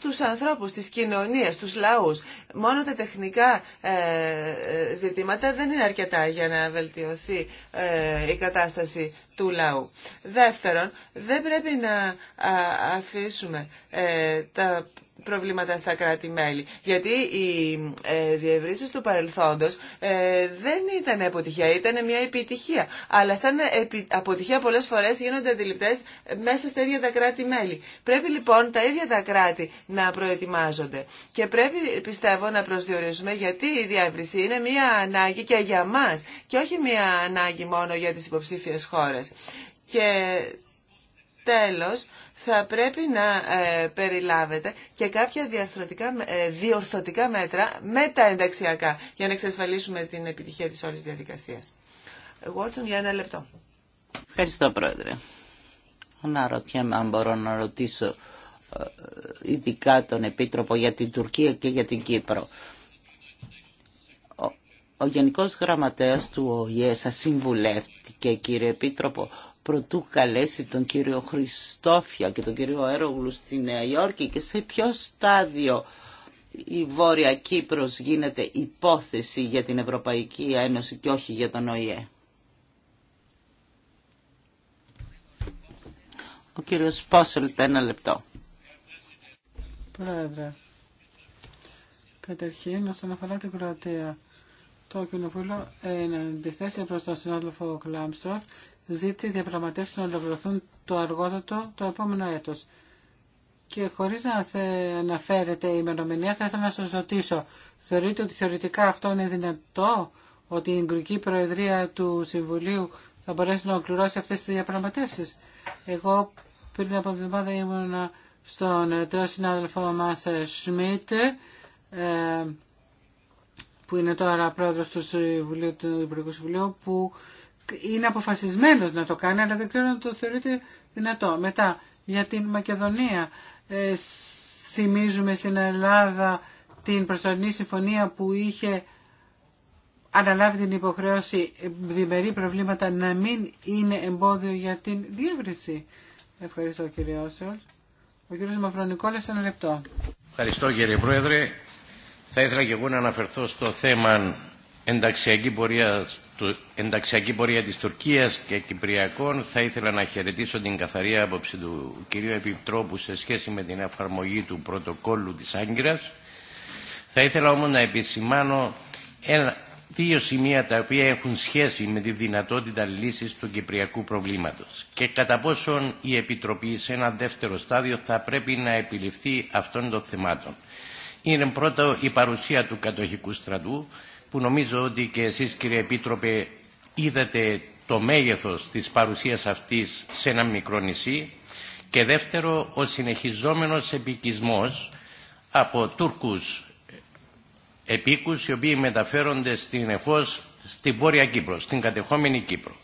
τους ανθρώπους, τις κοινωνίες, τους λαούς. Μόνο τα τεχνικά ε, ε, ζητήματα δεν είναι αρκετά για να βελτιωθεί ε, η κατάσταση του λαού. Δεύτερον, δεν πρέπει να αφήσουμε τα προβλήματα στα κράτη-μέλη. Γιατί οι ε, του παρελθόντος ε, δεν ήταν αποτυχία, ήταν μια επιτυχία. Αλλά σαν αποτυχία πολλές φορές γίνονται αντιληπτές μέσα στα ίδια τα κράτη-μέλη. Πρέπει λοιπόν τα ίδια τα κράτη να προετοιμάζονται. Και πρέπει πιστεύω να προσδιορίζουμε γιατί η διεύρυνση είναι μια ανάγκη και για μας και όχι μια ανάγκη μόνο για τις υποψήφιες χώρες. Και τέλος, θα πρέπει να ε, περιλάβετε και κάποια ε, διορθωτικά μέτρα με τα ενταξιακά για να εξασφαλίσουμε την επιτυχία της όλης διαδικασίας. Watson, για ένα λεπτό. Ευχαριστώ, Πρόεδρε. Αναρωτιέμαι αν μπορώ να ρωτήσω ε, ειδικά τον Επίτροπο για την Τουρκία και για την Κύπρο. Ο, ο Γενικός Γραμματέας του ΟΗΕ σας συμβουλεύτηκε, κύριε Επίτροπο, προτού καλέσει τον κύριο Χριστόφια και τον κύριο Έρογλου στη Νέα Υόρκη και σε ποιο στάδιο η Βόρεια Κύπρος γίνεται υπόθεση για την Ευρωπαϊκή Ένωση και όχι για τον ΟΗΕ. Ο κύριος Πόσελτ, ένα λεπτό. Πρόεδρε, καταρχήν όσον αφορά την Κροατία, το κοινοβούλιο είναι αντιθέσει προς τον συνάδελφο Κλάμψοφ ζήτησε οι να ολοκληρωθούν το αργότερο το επόμενο έτος. Και χωρίς να αναφέρεται η ημερομηνία, θα ήθελα να σα ρωτήσω, θεωρείτε ότι θεωρητικά αυτό είναι δυνατό, ότι η Γκρική Προεδρία του Συμβουλίου θα μπορέσει να ολοκληρώσει αυτές τις διαπραγματεύσει. Εγώ πριν από εβδομάδα ήμουν στον τρέο συνάδελφό μα ε, Σμιτ, ε, που είναι τώρα πρόεδρος του, του Συμβουλίου, που είναι αποφασισμένος να το κάνει, αλλά δεν ξέρω αν το θεωρείται δυνατό. Μετά, για την Μακεδονία, ε, θυμίζουμε στην Ελλάδα την προσωρινή συμφωνία που είχε αναλάβει την υποχρέωση διμερεί προβλήματα να μην είναι εμπόδιο για την διεύρυνση. Ευχαριστώ κύριε Οσελ. Ο κύριος Μαυρονικόλα, ένα λεπτό. Ευχαριστώ κύριε Πρόεδρε. Θα ήθελα και εγώ να αναφερθώ στο θέμα ενταξιακή πορεία, ενταξιακή πορεία της Τουρκίας και Κυπριακών θα ήθελα να χαιρετήσω την καθαρή άποψη του κυρίου Επιτρόπου σε σχέση με την εφαρμογή του πρωτοκόλλου της Άγκυρας. Θα ήθελα όμως να επισημάνω ένα, δύο σημεία τα οποία έχουν σχέση με τη δυνατότητα λύσης του κυπριακού προβλήματος και κατά πόσον η Επιτροπή σε ένα δεύτερο στάδιο θα πρέπει να επιληφθεί αυτών των θεμάτων. Είναι πρώτα η παρουσία του κατοχικού στρατού που νομίζω ότι και εσείς κύριε Επίτροπε είδατε το μέγεθος της παρουσίας αυτής σε ένα μικρό νησί και δεύτερο ο συνεχιζόμενος επικισμός από Τούρκους επίκους οι οποίοι μεταφέρονται στην ΕΦΟΣ στην Βόρεια Κύπρο, στην κατεχόμενη Κύπρο.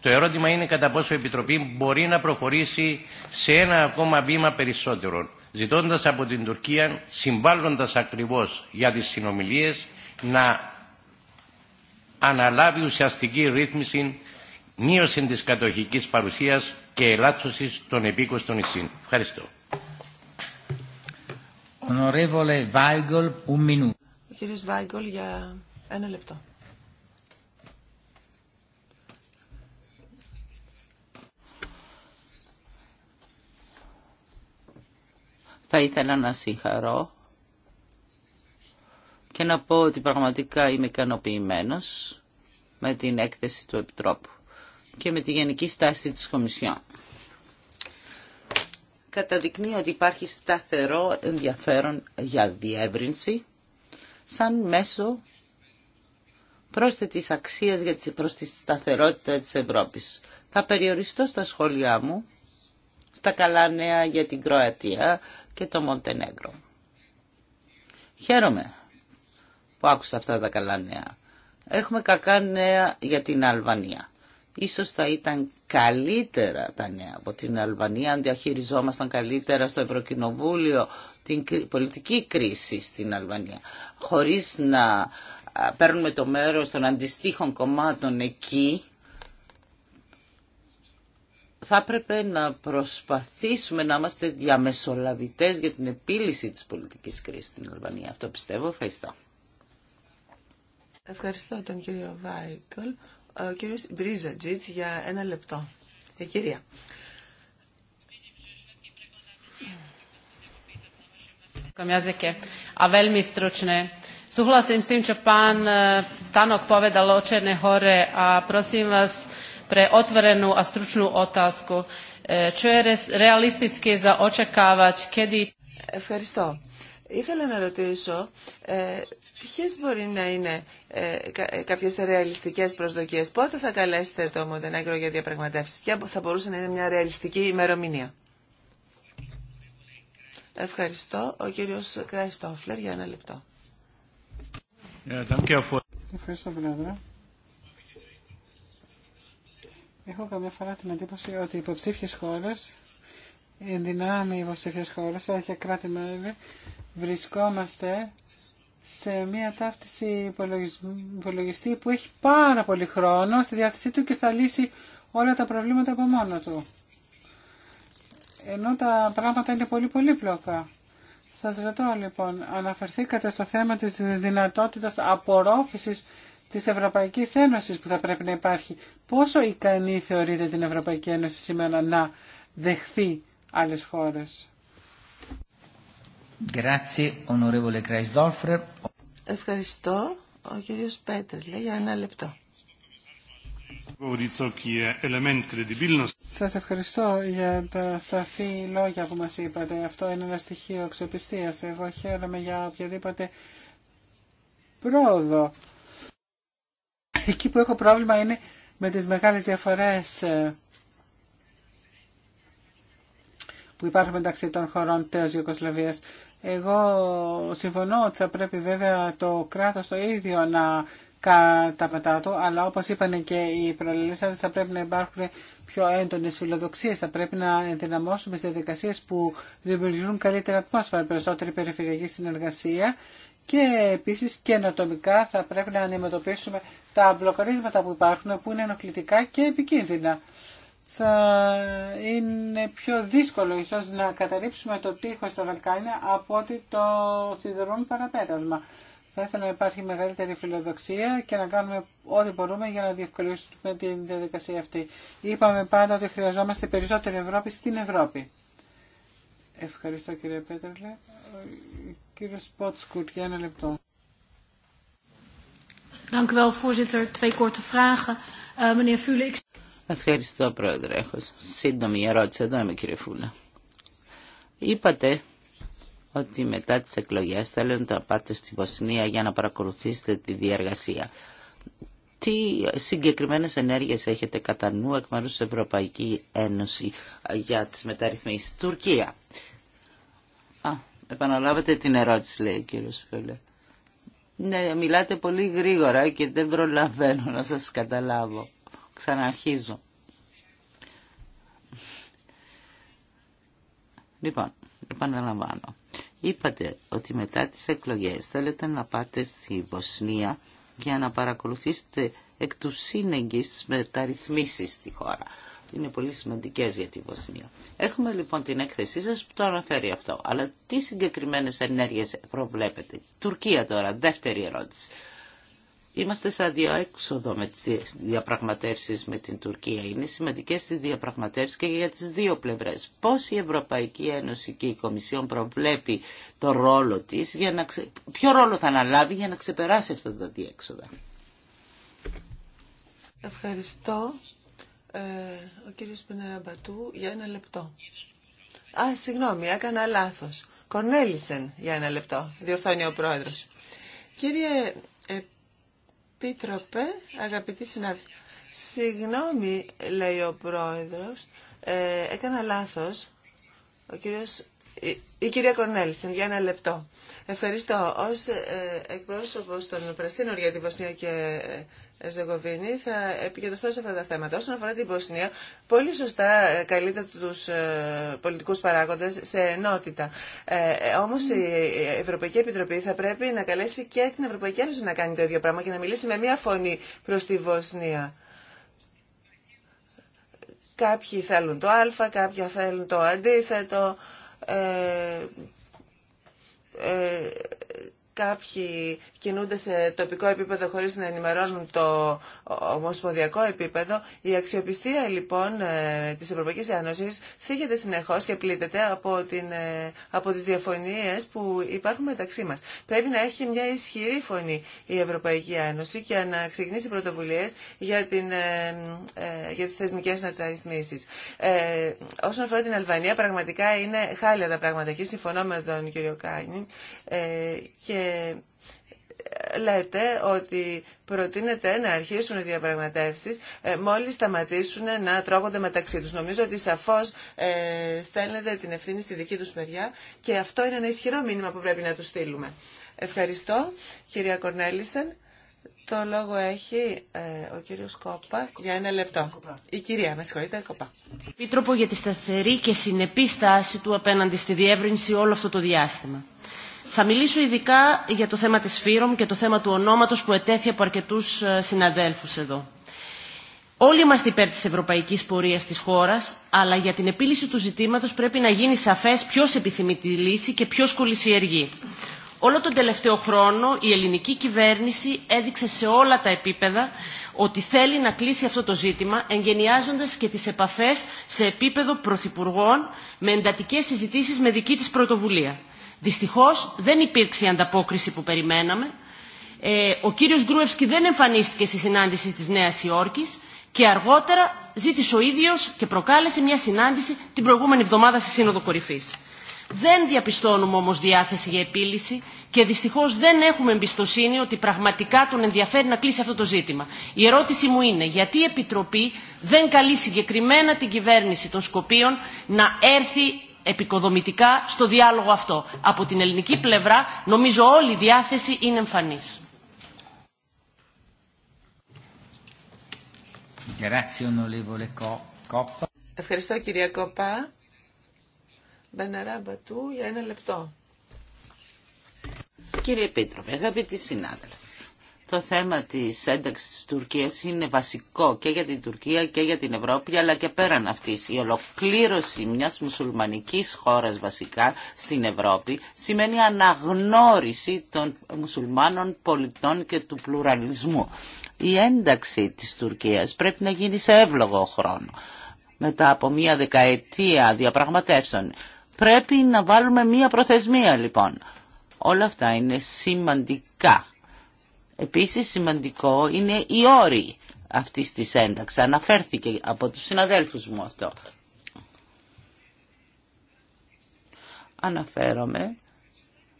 Το ερώτημα είναι κατά πόσο η Επιτροπή μπορεί να προχωρήσει σε ένα ακόμα βήμα περισσότερο, ζητώντας από την Τουρκία, συμβάλλοντας ακριβώς για τις συνομιλίες, να αναλάβει ουσιαστική ρύθμιση, μείωση της κατοχικής παρουσίας και ελάττωσης των επίκοστων νησίων. Ευχαριστώ. Ο κύριος Βάιγκολ για ένα λεπτό. Θα ήθελα να συγχαρώ και να πω ότι πραγματικά είμαι ικανοποιημένο με την έκθεση του Επιτρόπου και με τη γενική στάση της Κομισιόν. Καταδεικνύει ότι υπάρχει σταθερό ενδιαφέρον για διεύρυνση σαν μέσο πρόσθετης αξίας για τη, προς τη σταθερότητα της Ευρώπης. Θα περιοριστώ στα σχόλιά μου, στα καλά νέα για την Κροατία και το Μοντενέγκρο. Χαίρομαι που άκουσα αυτά τα καλά νέα. Έχουμε κακά νέα για την Αλβανία. Ίσως θα ήταν καλύτερα τα νέα από την Αλβανία αν διαχειριζόμασταν καλύτερα στο Ευρωκοινοβούλιο την πολιτική κρίση στην Αλβανία. Χωρίς να παίρνουμε το μέρος των αντιστοίχων κομμάτων εκεί, θα έπρεπε να προσπαθήσουμε να είμαστε διαμεσολαβητές για την επίλυση της πολιτικής κρίσης στην Αλβανία. Αυτό πιστεύω. Ευχαριστώ. Ευχαριστώ τον κύριο Βάικολ. Ο κύριος Μπρίζατζιτς για ένα λεπτό. Η κυρία. Súhlasím s tým, čo pán Tanok povedal o Černej hore a prosím vás pre otvorenú a stručnú otázku. Čo je realistické za očakávať, kedy... Ευχαριστώ. Ήθελα να ρωτήσω Ποιε μπορεί να είναι ε, ε, κάποιες ρεαλιστικές προσδοκίες. Πότε θα καλέσετε το Μοντενέγκρο για διαπραγματεύσεις. Ποια θα μπορούσε να είναι μια ρεαλιστική ημερομηνία. Ευχαριστώ. Ο κύριο Κράιστοφλερ για ένα λεπτό. Ε, Ευχαριστώ, Πρόεδρε. Έχω καμιά φορά την εντύπωση ότι οι υποψήφιε χώρε, οι δυνάμει υποψήφιε χώρε, όχι κράτη-μέλη, βρισκόμαστε σε μια ταύτιση υπολογιστή που έχει πάρα πολύ χρόνο στη διάθεσή του και θα λύσει όλα τα προβλήματα από μόνο του. Ενώ τα πράγματα είναι πολύ πολύπλοκα. Σας ρωτώ λοιπόν, αναφερθήκατε στο θέμα της δυνατότητας απορρόφησης της Ευρωπαϊκής Ένωσης που θα πρέπει να υπάρχει. Πόσο ικανή θεωρείτε την Ευρωπαϊκή Ένωση σήμερα να δεχθεί άλλες χώρες. Ευχαριστώ. Ο κύριος Πέτρελ για ένα λεπτό. Σας ευχαριστώ για τα σαφή λόγια που μας είπατε. Αυτό είναι ένα στοιχείο αξιοπιστία. Εγώ χαίρομαι για οποιαδήποτε πρόοδο. Εκεί που έχω πρόβλημα είναι με τις μεγάλες διαφορές ε, που υπάρχουν μεταξύ των χωρών τέος Ιουκοσλαβία. Εγώ συμφωνώ ότι θα πρέπει βέβαια το κράτος το ίδιο να καταπατά του, αλλά όπως είπαν και οι προλελήσαντες θα πρέπει να υπάρχουν πιο έντονες φιλοδοξίες, θα πρέπει να ενδυναμώσουμε στις διαδικασίες που δημιουργούν καλύτερα ατμόσφαιρα, περισσότερη περιφερειακή συνεργασία και επίσης και ανατομικά θα πρέπει να αντιμετωπίσουμε τα μπλοκαρίσματα που υπάρχουν που είναι ενοχλητικά και επικίνδυνα θα είναι πιο δύσκολο ίσως να καταρρύψουμε το τείχο στα Βαλκάνια από ότι το σιδερόν παραπέτασμα. Θα ήθελα να υπάρχει μεγαλύτερη φιλοδοξία και να κάνουμε ό,τι μπορούμε για να διευκολύνουμε την διαδικασία αυτή. Είπαμε πάντα ότι χρειαζόμαστε περισσότερη Ευρώπη στην Ευρώπη. Ευχαριστώ κύριε Πέτρελε. Κύριε Σπότσκουτ, για ένα λεπτό. Ευχαριστώ πρόεδρε. Έχω σύντομη ερώτηση. Εδώ είμαι κύριε Φούλα. Είπατε ότι μετά τις εκλογές θέλετε να πάτε στη Βοσνία για να παρακολουθήσετε τη διαργασία. Τι συγκεκριμένες ενέργειες έχετε κατά νου εκ μέρους της Ευρωπαϊκή Ένωση για τις μεταρρυθμίσεις. Τουρκία. Α, επαναλάβετε την ερώτηση λέει ο κύριος Φούλα. Ναι, μιλάτε πολύ γρήγορα και δεν προλαβαίνω να σας καταλάβω. Ξαναρχίζω. Λοιπόν, επαναλαμβάνω. Είπατε ότι μετά τις εκλογές θέλετε να πάτε στη Βοσνία για να παρακολουθήσετε εκ του σύνεγγυς τις μεταρρυθμίσεις στη χώρα. Είναι πολύ σημαντικές για τη Βοσνία. Έχουμε λοιπόν την έκθεσή σας που το αναφέρει αυτό. Αλλά τι συγκεκριμένες ενέργειες προβλέπετε. Τουρκία τώρα, δεύτερη ερώτηση. Είμαστε σαν διαέξοδο με τις διαπραγματεύσεις με την Τουρκία. Είναι σημαντικές οι διαπραγματεύσεις και για τις δύο πλευρές. Πώς η Ευρωπαϊκή Ένωση και η Κομισιόν προβλέπει το ρόλο της, για να ποιο ρόλο θα αναλάβει για να ξεπεράσει αυτά τα διέξοδα. Ευχαριστώ. Ε, ο κύριος Πενεραμπατού για ένα λεπτό. Α, συγγνώμη, έκανα λάθος. Κονέλησεν για ένα λεπτό, διορθώνει ο πρόεδρος. Κύριε Επίτροπε, αγαπητοί συνάδελφοι, συγγνώμη, λέει ο πρόεδρος, ε, έκανα λάθος. Ο κύριος ε, η κυρία Κορνέλσεν, για ένα λεπτό. Ευχαριστώ. Ως ε, εκπρόσωπος των Πρεσίνων για τη Βοσνία και ε, Ζεγοβίνη θα επικεντρωθώ σε αυτά τα θέματα. Όσον αφορά την Βοσνία, πολύ σωστά καλείται τους πολιτικού παράγοντε σε ενότητα. Ε, όμως η Ευρωπαϊκή Επιτροπή θα πρέπει να καλέσει και την Ευρωπαϊκή Ένωση να κάνει το ίδιο πράγμα και να μιλήσει με μία φωνή προ τη Βοσνία. Κάποιοι θέλουν το α, κάποιοι θέλουν το αντίθετο ε, ε, κάποιοι κινούνται σε τοπικό επίπεδο χωρίς να ενημερώνουν το ομοσπονδιακό επίπεδο. Η αξιοπιστία λοιπόν ε, της Ευρωπαϊκής Ένωσης θίγεται συνεχώς και πλήττεται από, την, ε, από τις διαφωνίες που υπάρχουν μεταξύ μας. Πρέπει να έχει μια ισχυρή φωνή η Ευρωπαϊκή Ένωση και να ξεκινήσει πρωτοβουλίες για, την, ε, για τις θεσμικές μεταρρυθμίσεις. Ε, όσον αφορά την Αλβανία, πραγματικά είναι χάλια τα πράγματα και συμφωνώ με τον κύριο Κάνι ε, και λέτε ότι προτείνεται να αρχίσουν οι διαπραγματεύσεις ε, μόλις σταματήσουν να τρώγονται μεταξύ τους. Νομίζω ότι σαφώς ε, στέλνετε την ευθύνη στη δική τους μεριά και αυτό είναι ένα ισχυρό μήνυμα που πρέπει να τους στείλουμε. Ευχαριστώ κυρία Κορνέλισεν. Το λόγο έχει ε, ο κύριος Κόπα για ένα λεπτό. Η κυρία, με συγχωρείτε, Κόπα. Επίτροπο για τη σταθερή και συνεπή στάση του απέναντι στη διεύρυνση όλο αυτό το διάστημα. Θα μιλήσω ειδικά για το θέμα της Φύρομ και το θέμα του ονόματος που ετέθη από αρκετούς ε, συναδέλφους εδώ. Όλοι είμαστε υπέρ της ευρωπαϊκής πορείας της χώρας, αλλά για την επίλυση του ζητήματος πρέπει να γίνει σαφές ποιος επιθυμεί τη λύση και ποιος κολλησιεργεί. Όλο τον τελευταίο χρόνο η ελληνική κυβέρνηση έδειξε σε όλα τα επίπεδα ότι θέλει να κλείσει αυτό το ζήτημα, εγγενιάζοντας και τις επαφές σε επίπεδο πρωθυπουργών με εντατικές συζητήσεις με δική της πρωτοβουλία. Δυστυχώς δεν υπήρξε η ανταπόκριση που περιμέναμε. Ε, ο κύριος Γκρούευσκι δεν εμφανίστηκε στη συνάντηση της Νέας Υόρκης και αργότερα ζήτησε ο ίδιος και προκάλεσε μια συνάντηση την προηγούμενη εβδομάδα στη Σύνοδο Κορυφής. Δεν διαπιστώνουμε όμως διάθεση για επίλυση και δυστυχώς δεν έχουμε εμπιστοσύνη ότι πραγματικά τον ενδιαφέρει να κλείσει αυτό το ζήτημα. Η ερώτηση μου είναι γιατί η Επιτροπή δεν καλεί συγκεκριμένα την κυβέρνηση των Σκοπίων να έρθει επικοδομητικά στο διάλογο αυτό. Από την ελληνική πλευρά νομίζω όλη η διάθεση είναι εμφανής. Ευχαριστώ κυρία Κόπα. Μπενερά Μπατού για ένα λεπτό. Κύριε Πίτροπε, αγαπητοί συνάδελφοι, το θέμα της ένταξης της Τουρκίας είναι βασικό και για την Τουρκία και για την Ευρώπη αλλά και πέραν αυτής. Η ολοκλήρωση μιας μουσουλμανικής χώρας βασικά στην Ευρώπη σημαίνει αναγνώριση των μουσουλμάνων πολιτών και του πλουραλισμού. Η ένταξη της Τουρκίας πρέπει να γίνει σε εύλογο χρόνο. Μετά από μια δεκαετία διαπραγματεύσεων πρέπει να βάλουμε μια προθεσμία λοιπόν. Όλα αυτά είναι σημαντικά Επίσης σημαντικό είναι η όρη αυτής της ένταξης. Αναφέρθηκε από τους συναδέλφους μου αυτό. Αναφέρομαι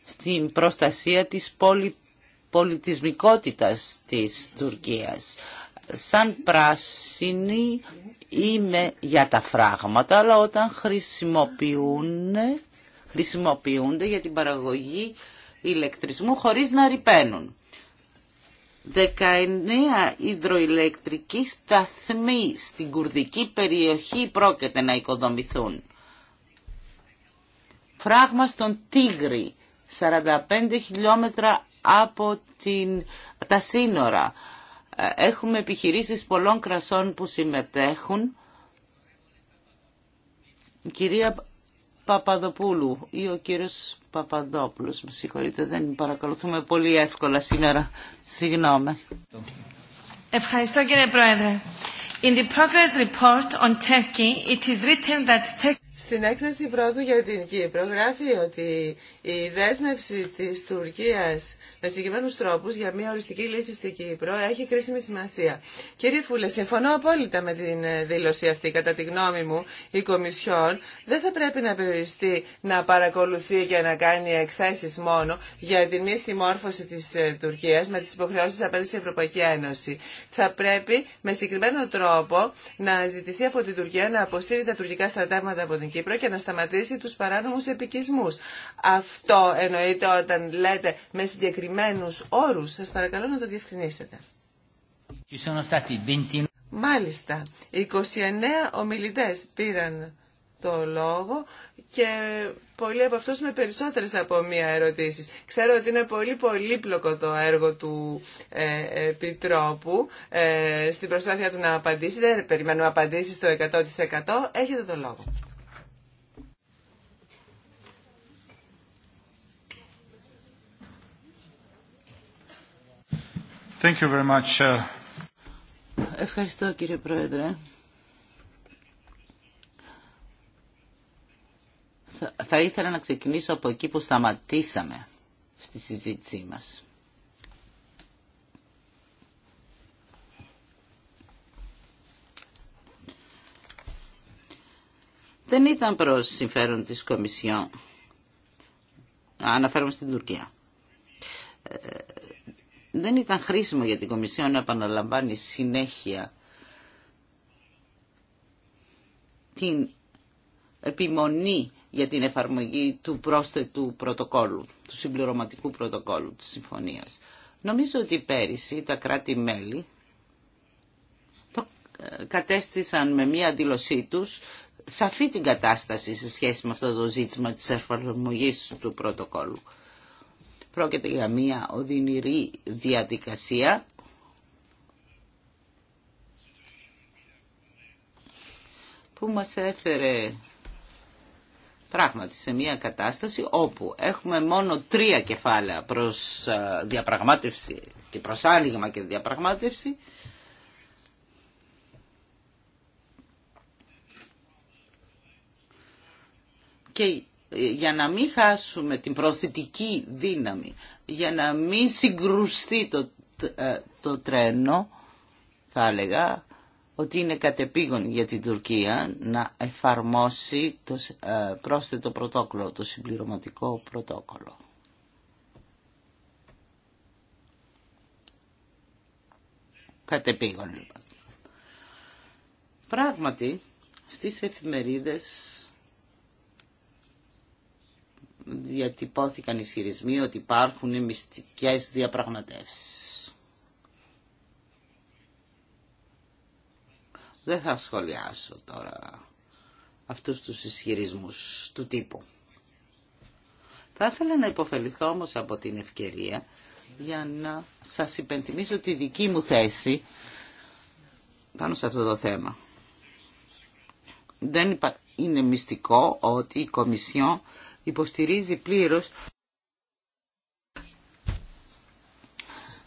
στην προστασία της πολι... πολιτισμικότητας της Τουρκίας. Σαν πράσινη είμαι για τα φράγματα, αλλά όταν χρησιμοποιούν, χρησιμοποιούνται για την παραγωγή ηλεκτρισμού χωρίς να ρηπαίνουν. 19 υδροηλεκτρικοί σταθμοί στην κουρδική περιοχή πρόκειται να οικοδομηθούν. Φράγμα στον Τίγρη, 45 χιλιόμετρα από την, τα σύνορα. Ε, έχουμε επιχειρήσεις πολλών κρασών που συμμετέχουν. κυρία Παπαδοπούλου ή ο κύριος Παπαδόπουλος. Με συγχωρείτε, δεν παρακολουθούμε πολύ εύκολα σήμερα. Συγγνώμη. Ευχαριστώ κύριε Πρόεδρε. In the progress report on Turkey, it is written that Turkey... Στην έκθεση πρώτου για την Κύπρο γράφει ότι η δέσμευση της Τουρκίας με συγκεκριμένου τρόπους για μια οριστική λύση στην Κύπρο έχει κρίσιμη σημασία. Κύριε Φούλε, συμφωνώ απόλυτα με την ε, δήλωση αυτή. Κατά τη γνώμη μου, η Κομισιόν δεν θα πρέπει να περιοριστεί να παρακολουθεί και να κάνει εκθέσεις μόνο για τη μη συμμόρφωση της ε, Τουρκίας με τις υποχρεώσεις απέναντι στην Ευρωπαϊκή Ένωση. Θα πρέπει με συγκεκριμένο τρόπο να ζητηθεί από την Τουρκία να αποσύρει τα τουρκικά στρατεύματα από την Κύπρο και να σταματήσει τους παράνομους επικισμούς. Αυτό εννοείται όταν λέτε με συγκεκριμένους όρους. Σας παρακαλώ να το διευκρινίσετε. Μάλιστα, 29 ομιλητές πήραν το λόγο και πολλοί από αυτούς με περισσότερες από μία ερωτήσεις. Ξέρω ότι είναι πολύ πολύπλοκο το έργο του ε, Επιτρόπου ε, στην προσπάθεια του να απαντήσει. περιμένουμε απαντήσεις στο 100%. Έχετε το λόγο. Uh, Ευχαριστώ κύριε Πρόεδρε. Θα ήθελα να ξεκινήσω από εκεί που σταματήσαμε στη συζήτησή μας. Δεν ήταν προς συμφέρον της Κομισιόν. Αναφέρομαι στην Τουρκία. Ε, δεν ήταν χρήσιμο για την Κομισιό να επαναλαμβάνει συνέχεια την επιμονή για την εφαρμογή του πρόσθετου πρωτοκόλου, του συμπληρωματικού πρωτοκόλου της συμφωνίας. Νομίζω ότι πέρυσι τα κράτη-μέλη το ε, κατέστησαν με μία αντίλωσή τους σαφή την κατάσταση σε σχέση με αυτό το ζήτημα της εφαρμογής του πρωτοκόλου. Πρόκειται για μια οδυνηρή διαδικασία που μας έφερε πράγματι σε μια κατάσταση όπου έχουμε μόνο τρία κεφάλαια προς διαπραγμάτευση και προς άνοιγμα και διαπραγμάτευση και για να μην χάσουμε την προθετική δύναμη, για να μην συγκρουστεί το, ε, το τρένο, θα έλεγα ότι είναι κατεπήγον για την Τουρκία να εφαρμόσει το ε, πρόσθετο πρωτόκολλο, το συμπληρωματικό πρωτόκολλο. Κατεπήγον λοιπόν. Πράγματι, στις εφημερίδες διατυπώθηκαν ισχυρισμοί ότι υπάρχουν μυστικές διαπραγματεύσεις. Δεν θα σχολιάσω τώρα αυτούς τους ισχυρισμούς του τύπου. Θα ήθελα να υποφεληθώ όμως από την ευκαιρία για να σας υπενθυμίσω τη δική μου θέση πάνω σε αυτό το θέμα. Δεν είναι μυστικό ότι η Κομισιόν υποστηρίζει πλήρως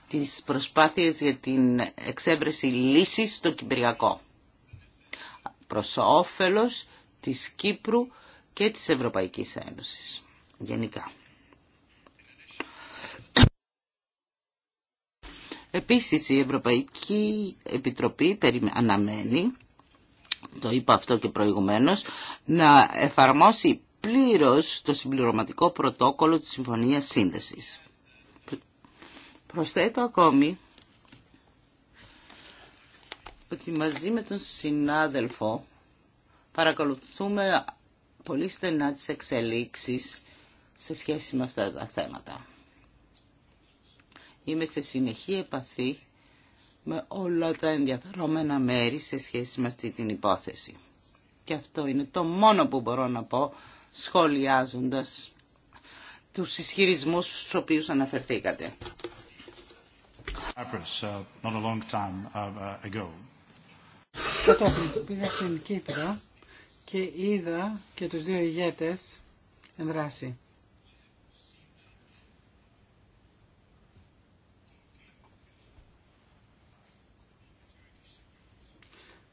τις προσπάθειες για την εξέβρεση λύσης στο Κυπριακό προς όφελος της Κύπρου και της Ευρωπαϊκής Ένωσης γενικά. Επίσης η Ευρωπαϊκή Επιτροπή αναμένει, το είπα αυτό και προηγουμένως, να εφαρμόσει πλήρως το συμπληρωματικό πρωτόκολλο της Συμφωνίας Σύνδεσης. Προσθέτω ακόμη ότι μαζί με τον συνάδελφο παρακολουθούμε πολύ στενά τις εξελίξεις σε σχέση με αυτά τα θέματα. Είμαι σε συνεχή επαφή με όλα τα ενδιαφερόμενα μέρη σε σχέση με αυτή την υπόθεση. Και αυτό είναι το μόνο που μπορώ να πω σχολιάζοντας τους ισχυρισμούς στους οποίους αναφερθήκατε. Uh, uh, uh, Κατόπιν πήγα στην Κύπρο και είδα και τους δύο ηγέτες εν δράση.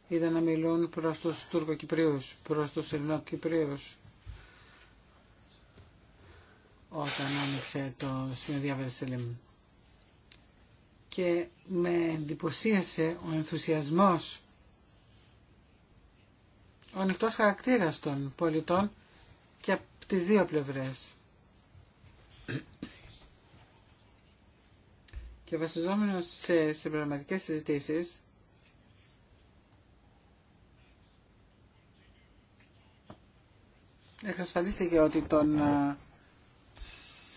Είδα να μιλούν προς τους Τούρκοκυπρίους, προς τους Ελληνοκυπρίους όταν άνοιξε το σημείο διάβαση και με εντυπωσίασε ο ενθουσιασμός ο ανοιχτό χαρακτήρας των πολιτών και από τις δύο πλευρές. Και βασιζόμενος σε συμπραγματικές συζητήσεις, εξασφαλίστηκε ότι τον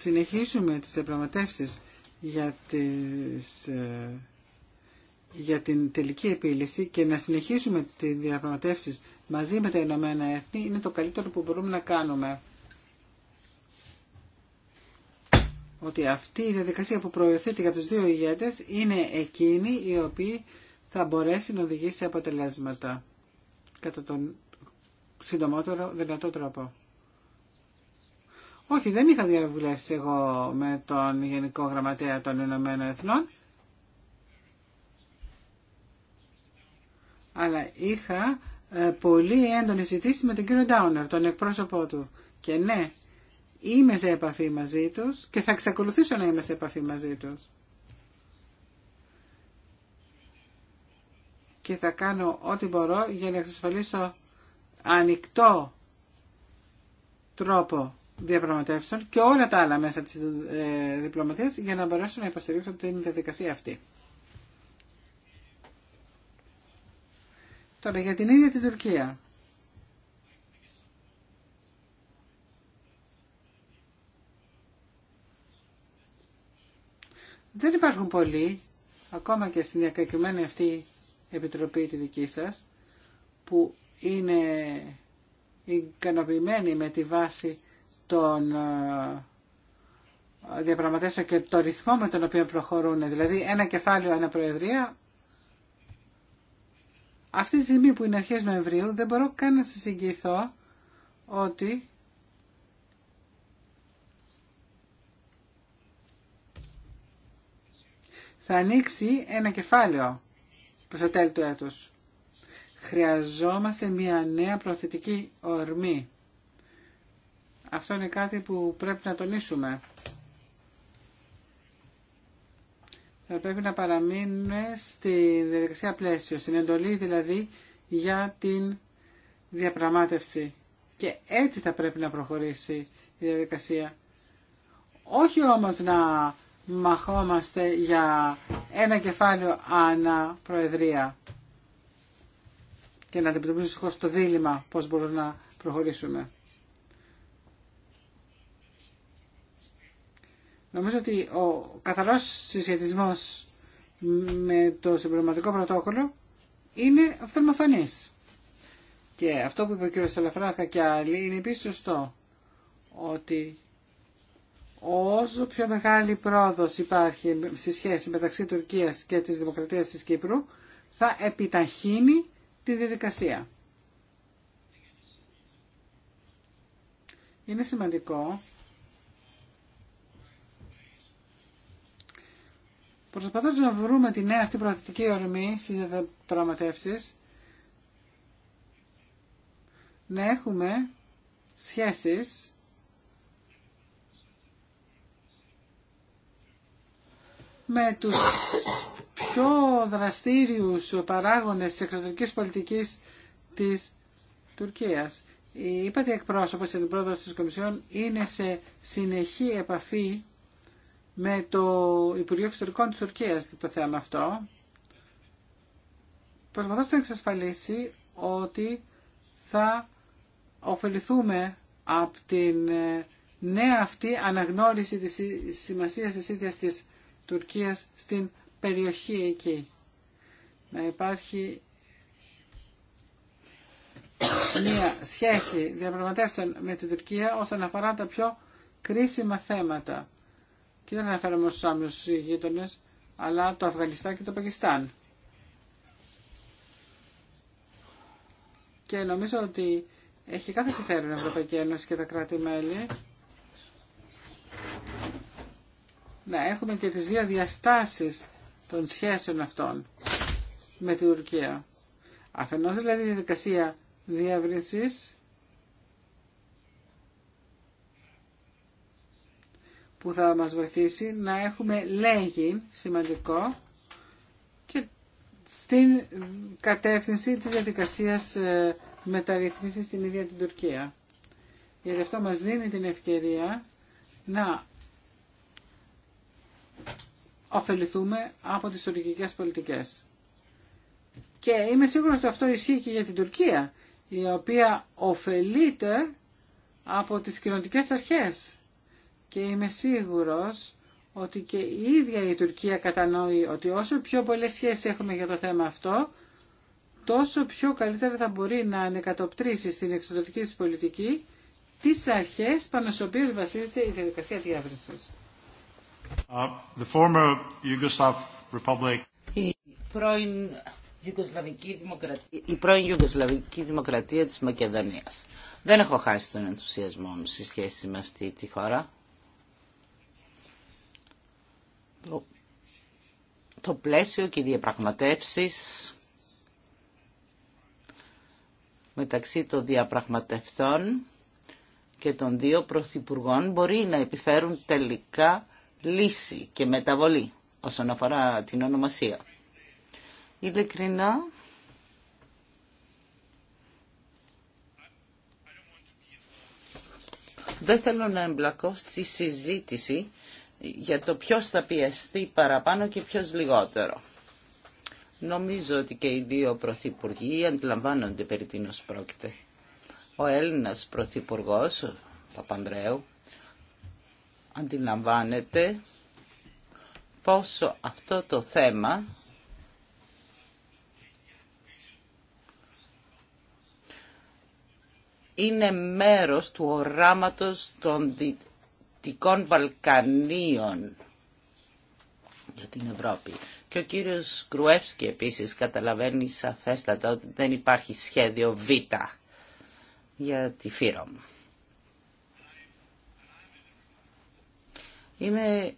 συνεχίσουμε τις διαπραγματεύσεις για, τις, ε, για την τελική επίλυση και να συνεχίσουμε τις διαπραγματεύσεις μαζί με τα Ηνωμένα Έθνη είναι το καλύτερο που μπορούμε να κάνουμε. Ότι αυτή η διαδικασία που προωθείται για τους δύο ηγέτες είναι εκείνη η οποία θα μπορέσει να οδηγήσει αποτελέσματα κατά τον συντομότερο δυνατό τρόπο. Όχι, δεν είχα διαβουλεύσει εγώ με τον Γενικό Γραμματέα των Ηνωμένων Εθνών. Αλλά είχα ε, πολύ έντονη συζητήσει με τον κύριο Ντάουνερ, τον εκπρόσωπό του. Και ναι, είμαι σε επαφή μαζί τους και θα εξακολουθήσω να είμαι σε επαφή μαζί τους. Και θα κάνω ό,τι μπορώ για να εξασφαλίσω ανοιχτό τρόπο διαπραγματεύσεων και όλα τα άλλα μέσα της ε, διπλωματίας για να μπορέσουν να υποστηρίξουν την διαδικασία αυτή. Τώρα για την ίδια την Τουρκία. Δεν υπάρχουν πολλοί, ακόμα και στην διακεκριμένη αυτή επιτροπή τη δική σας, που είναι ικανοποιημένοι με τη βάση τον ε, διαπραγματεύσεων και το ρυθμό με τον οποίο προχωρούν. Δηλαδή ένα κεφάλαιο, ένα προεδρία. Αυτή τη στιγμή που είναι αρχές Νοεμβρίου δεν μπορώ καν να σας εγγυηθώ ότι θα ανοίξει ένα κεφάλαιο προς το τέλη του έτους. Χρειαζόμαστε μια νέα προθετική ορμή. Αυτό είναι κάτι που πρέπει να τονίσουμε. Θα πρέπει να παραμείνουμε στη διαδικασία πλαίσιο, στην εντολή δηλαδή για την διαπραγμάτευση. Και έτσι θα πρέπει να προχωρήσει η διαδικασία. Όχι όμως να μαχόμαστε για ένα κεφάλαιο ανά προεδρία και να αντιμετωπίσουμε το δίλημα πώς μπορούμε να προχωρήσουμε. Νομίζω ότι ο καθαρός συσχετισμός με το συμπληρωματικό πρωτόκολλο είναι αυθερμοφανής. Και αυτό που είπε ο κ. Σαλαφράκα και άλλοι είναι επίση σωστό ότι όσο πιο μεγάλη πρόοδος υπάρχει στη σχέση μεταξύ Τουρκίας και της Δημοκρατίας της Κύπρου θα επιταχύνει τη διαδικασία. Είναι σημαντικό Προσπαθώντας να βρούμε τη νέα αυτή προοδευτική ορμή στις διαπραγματεύσει να έχουμε σχέσεις με τους πιο δραστήριους παράγοντε της εξωτερικής πολιτικής της Τουρκίας. Η είπατε εκπρόσωπος την πρόεδρος της Κομισιόν είναι σε συνεχή επαφή με το Υπουργείο Εξωτερικών της Τουρκίας το θέμα αυτό, προσπαθώ να εξασφαλίσει ότι θα ωφεληθούμε από την ε, νέα αυτή αναγνώριση της σημασίας της ίδιας της Τουρκίας στην περιοχή εκεί. Να υπάρχει μια σχέση διαπραγματεύσεων με την Τουρκία όσον αφορά τα πιο κρίσιμα θέματα και δεν αναφέραμε μόνο στους άμεσους αλλά το Αφγανιστάν και το Πακιστάν. Και νομίζω ότι έχει κάθε συμφέρον η Ευρωπαϊκή Ένωση και τα κράτη-μέλη να έχουμε και τις δύο διαστάσεις των σχέσεων αυτών με την Τουρκία. Αφενός δηλαδή η διαδικασία διευρυνση. που θα μας βοηθήσει να έχουμε λέγει σημαντικό και στην κατεύθυνση της διαδικασίας ε, μεταρρύθμισης στην ίδια την Τουρκία. Γιατί αυτό μας δίνει την ευκαιρία να ωφεληθούμε από τις τουρκικές πολιτικές. Και είμαι σίγουρος ότι αυτό ισχύει και για την Τουρκία, η οποία ωφελείται από τις κοινωνικές αρχές και είμαι σίγουρος ότι και η ίδια η Τουρκία κατανοεί ότι όσο πιο πολλές σχέσεις έχουμε για το θέμα αυτό, τόσο πιο καλύτερα θα μπορεί να ανεκατοπτρίσει στην εξωτερική της πολιτική τις αρχές πάνω στις οποίες βασίζεται η διαδικασία διάβρυνσης. Uh, η πρώην Ιουγκοσλαβική Δημοκρατία, της Μακεδονίας. Δεν έχω χάσει τον ενθουσιασμό μου στη σχέση με αυτή τη χώρα το, πλαίσιο και οι διαπραγματεύσεις μεταξύ των διαπραγματευτών και των δύο πρωθυπουργών μπορεί να επιφέρουν τελικά λύση και μεταβολή όσον αφορά την ονομασία. Ειλικρινά, δεν θέλω να εμπλακώ στη συζήτηση για το ποιος θα πιεστεί παραπάνω και ποιος λιγότερο. Νομίζω ότι και οι δύο πρωθυπουργοί αντιλαμβάνονται περί τίνος πρόκειται. Ο Έλληνας πρωθυπουργός, Παπανδρέου, αντιλαμβάνεται πόσο αυτό το θέμα είναι μέρος του οράματος των Δυτικών Βαλκανίων για την Ευρώπη. Και ο κύριος Γκρουεύσκη επίσης καταλαβαίνει σαφέστατα ότι δεν υπάρχει σχέδιο Β για τη Φύρομ. Είμαι...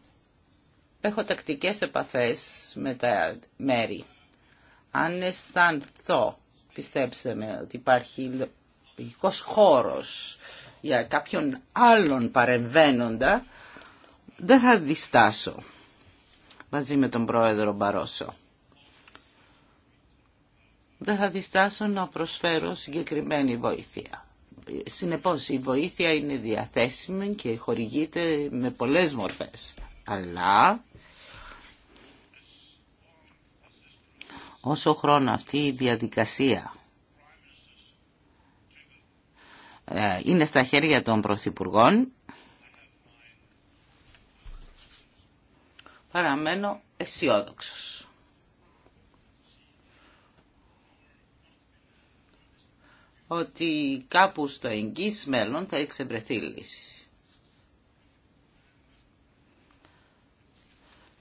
Έχω τακτικές επαφές με τα μέρη. Αν αισθανθώ, πιστέψτε με, ότι υπάρχει λογικός χώρος για κάποιον άλλον παρεμβαίνοντα, δεν θα διστάσω μαζί με τον πρόεδρο Μπαρόσο. Δεν θα διστάσω να προσφέρω συγκεκριμένη βοήθεια. Συνεπώς η βοήθεια είναι διαθέσιμη και χορηγείται με πολλές μορφές. Αλλά όσο χρόνο αυτή η διαδικασία ε, είναι στα χέρια των Πρωθυπουργών. Παραμένω αισιόδοξο. ότι κάπου στο εγγύς μέλλον θα εξευρεθεί λύση.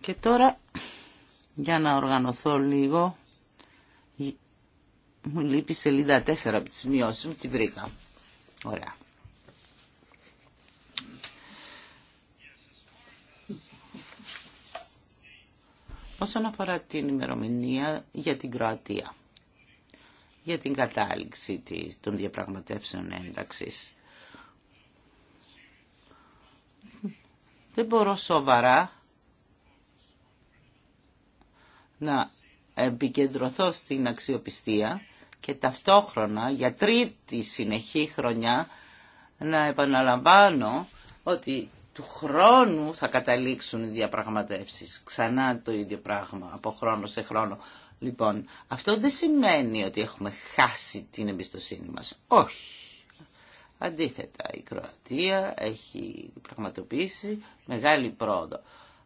Και τώρα, για να οργανωθώ λίγο, μου λείπει σελίδα 4 από τις μειώσεις μου, τη βρήκα. Ωραία. Όσον αφορά την ημερομηνία για την Κροατία, για την κατάληξη της, των διαπραγματεύσεων ένταξης, δεν μπορώ σοβαρά να επικεντρωθώ στην αξιοπιστία και ταυτόχρονα για τρίτη συνεχή χρονιά να επαναλαμβάνω ότι του χρόνου θα καταλήξουν οι διαπραγματεύσεις. Ξανά το ίδιο πράγμα από χρόνο σε χρόνο. Λοιπόν, αυτό δεν σημαίνει ότι έχουμε χάσει την εμπιστοσύνη μας. Όχι. Αντίθετα, η Κροατία έχει πραγματοποιήσει μεγάλη πρόοδο.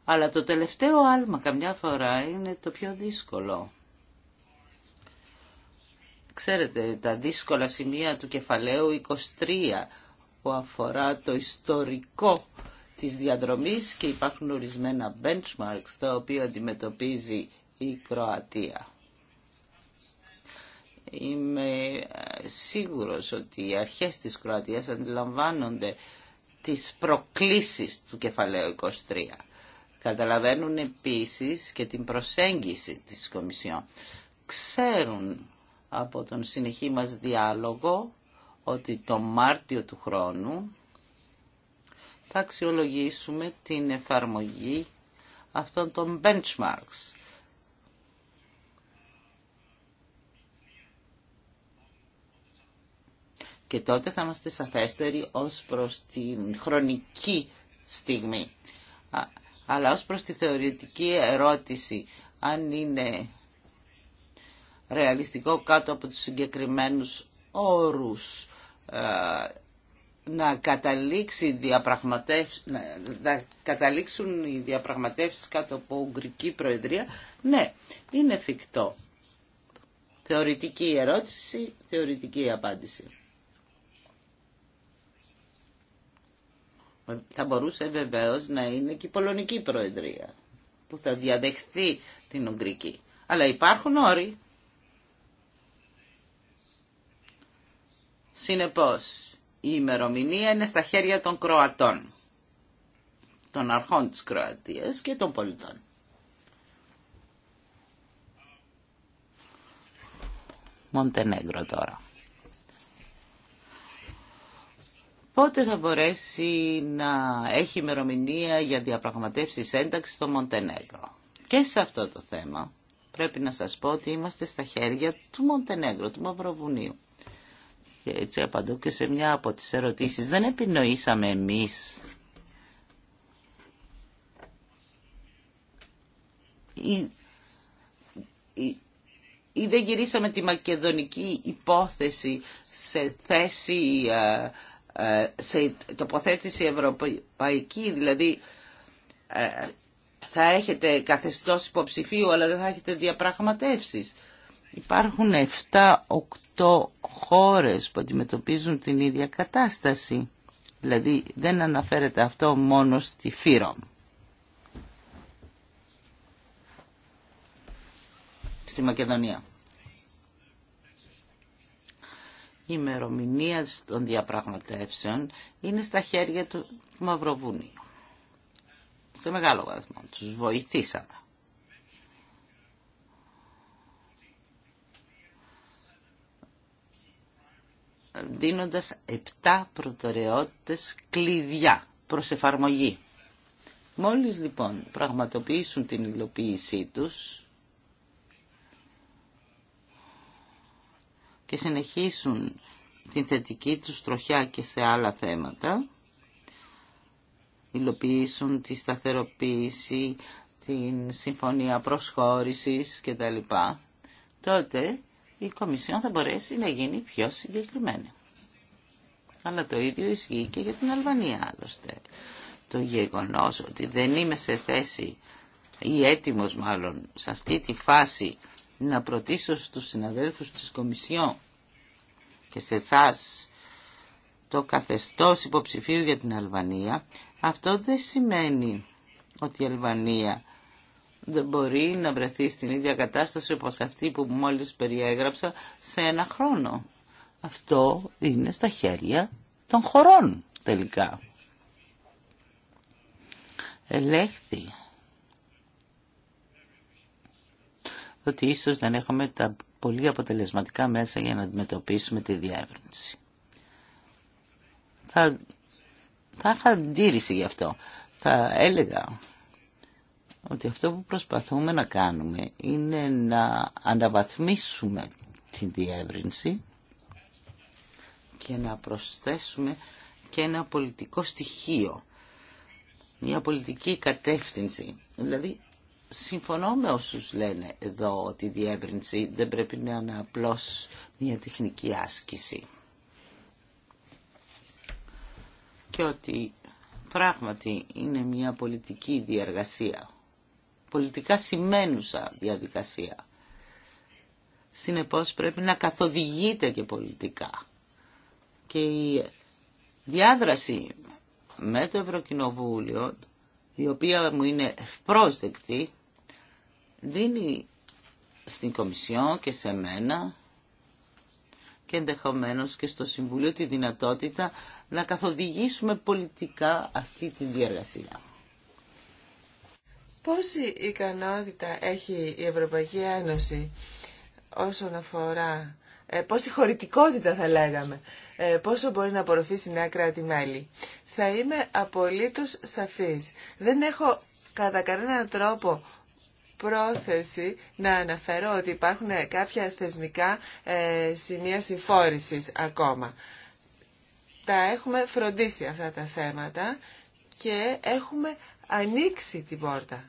Αλλά το τελευταίο άλμα καμιά φορά είναι το πιο δύσκολο. Ξέρετε, τα δύσκολα σημεία του κεφαλαίου 23 που αφορά το ιστορικό της διαδρομής και υπάρχουν ορισμένα benchmarks τα οποία αντιμετωπίζει η Κροατία. Είμαι ε, σίγουρος ότι οι αρχές της Κροατίας αντιλαμβάνονται τις προκλήσεις του κεφαλαίου 23. Καταλαβαίνουν επίσης και την προσέγγιση της Κομισιόν. Ξέρουν από τον συνεχή μας διάλογο ότι το Μάρτιο του χρόνου θα αξιολογήσουμε την εφαρμογή αυτών των benchmarks. Και τότε θα είμαστε σαφέστεροι ως προς την χρονική στιγμή. Αλλά ως προς τη θεωρητική ερώτηση, αν είναι ρεαλιστικό κάτω από τους συγκεκριμένους όρους ε, να, καταλήξει να, καταλήξουν οι διαπραγματεύσεις κάτω από Ουγγρική Προεδρία. Ναι, είναι εφικτό. Θεωρητική ερώτηση, θεωρητική απάντηση. Θα μπορούσε βεβαίως να είναι και η Πολωνική Προεδρία που θα διαδεχθεί την Ουγγρική. Αλλά υπάρχουν όροι. Συνεπώς, η ημερομηνία είναι στα χέρια των Κροατών, των αρχών της Κροατίας και των πολιτών. Μοντενέγκρο τώρα. Πότε θα μπορέσει να έχει ημερομηνία για διαπραγματεύσει ένταξη στο Μοντενέγκρο. Και σε αυτό το θέμα πρέπει να σας πω ότι είμαστε στα χέρια του Μοντενέγκρο, του Μαυροβουνίου και έτσι απαντώ και σε μια από τις ερωτήσεις. Δεν επινοήσαμε εμείς ή, ή, δεν γυρίσαμε τη μακεδονική υπόθεση σε θέση, ε, ε, σε τοποθέτηση ευρωπαϊκή, δηλαδή ε, θα έχετε καθεστώς υποψηφίου αλλά δεν θα έχετε διαπραγματεύσεις. Υπάρχουν 7-8 χώρες που αντιμετωπίζουν την ίδια κατάσταση. Δηλαδή δεν αναφέρεται αυτό μόνο στη Φύρο. Στη Μακεδονία. Η ημερομηνία των διαπραγματεύσεων είναι στα χέρια του Μαυροβουνίου. Σε μεγάλο βαθμό. Τους βοηθήσαμε. δίνοντας 7 προτεραιότητες κλειδιά προς εφαρμογή. Μόλις λοιπόν πραγματοποιήσουν την υλοποίησή τους και συνεχίσουν την θετική τους τροχιά και σε άλλα θέματα, υλοποιήσουν τη σταθεροποίηση, την συμφωνία προσχώρησης κτλ. Τότε η Κομισιόν θα μπορέσει να γίνει πιο συγκεκριμένη. Αλλά το ίδιο ισχύει και για την Αλβανία άλλωστε. Το γεγονό ότι δεν είμαι σε θέση ή έτοιμος μάλλον σε αυτή τη φάση να προτίσω στους συναδέλφους της Κομισιόν και σε εσά το καθεστώς υποψηφίου για την Αλβανία, αυτό δεν σημαίνει ότι η Αλβανία δεν μπορεί να βρεθεί στην ίδια κατάσταση όπως αυτή που μόλις περιέγραψα σε ένα χρόνο. Αυτό είναι στα χέρια των χωρών τελικά. Ελέγχθη ότι ίσως δεν έχουμε τα πολύ αποτελεσματικά μέσα για να αντιμετωπίσουμε τη διεύρυνση. Θα, θα είχα αντίρρηση γι' αυτό. Θα έλεγα ότι αυτό που προσπαθούμε να κάνουμε είναι να αναβαθμίσουμε την διεύρυνση και να προσθέσουμε και ένα πολιτικό στοιχείο, μια πολιτική κατεύθυνση. Δηλαδή, συμφωνώ με όσους λένε εδώ ότι η διεύρυνση δεν πρέπει να είναι απλώς μια τεχνική άσκηση. Και ότι πράγματι είναι μια πολιτική διαργασία πολιτικά σημαίνουσα διαδικασία. Συνεπώς πρέπει να καθοδηγείται και πολιτικά. Και η διάδραση με το Ευρωκοινοβούλιο, η οποία μου είναι ευπρόσδεκτη, δίνει στην Κομισιό και σε μένα και ενδεχομένω και στο Συμβουλίο τη δυνατότητα να καθοδηγήσουμε πολιτικά αυτή τη διεργασία. Πόση ικανότητα έχει η Ευρωπαϊκή Ένωση όσον αφορά, ε, πόση χωρητικότητα θα λέγαμε, ε, πόσο μπορεί να απορροφήσει νέα κράτη-μέλη. Θα είμαι απολύτως σαφής. Δεν έχω κατά κανέναν τρόπο πρόθεση να αναφέρω ότι υπάρχουν κάποια θεσμικά ε, σημεία συμφόρησης ακόμα. Τα έχουμε φροντίσει αυτά τα θέματα και έχουμε ανοίξει την πόρτα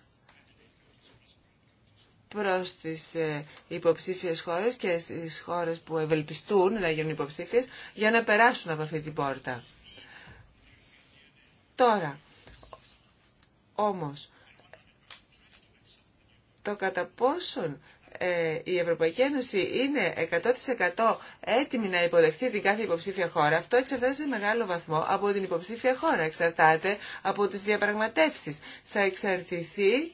προς τις ε, υποψήφιες χώρες και στις χώρες που ευελπιστούν να γίνουν υποψήφιες για να περάσουν από αυτή την πόρτα. Τώρα, όμως, το κατά πόσον ε, η Ευρωπαϊκή Ένωση είναι 100% έτοιμη να υποδεχτεί την κάθε υποψήφια χώρα, αυτό εξαρτάται σε μεγάλο βαθμό από την υποψήφια χώρα. Εξαρτάται από τις διαπραγματεύσεις. Θα εξαρτηθεί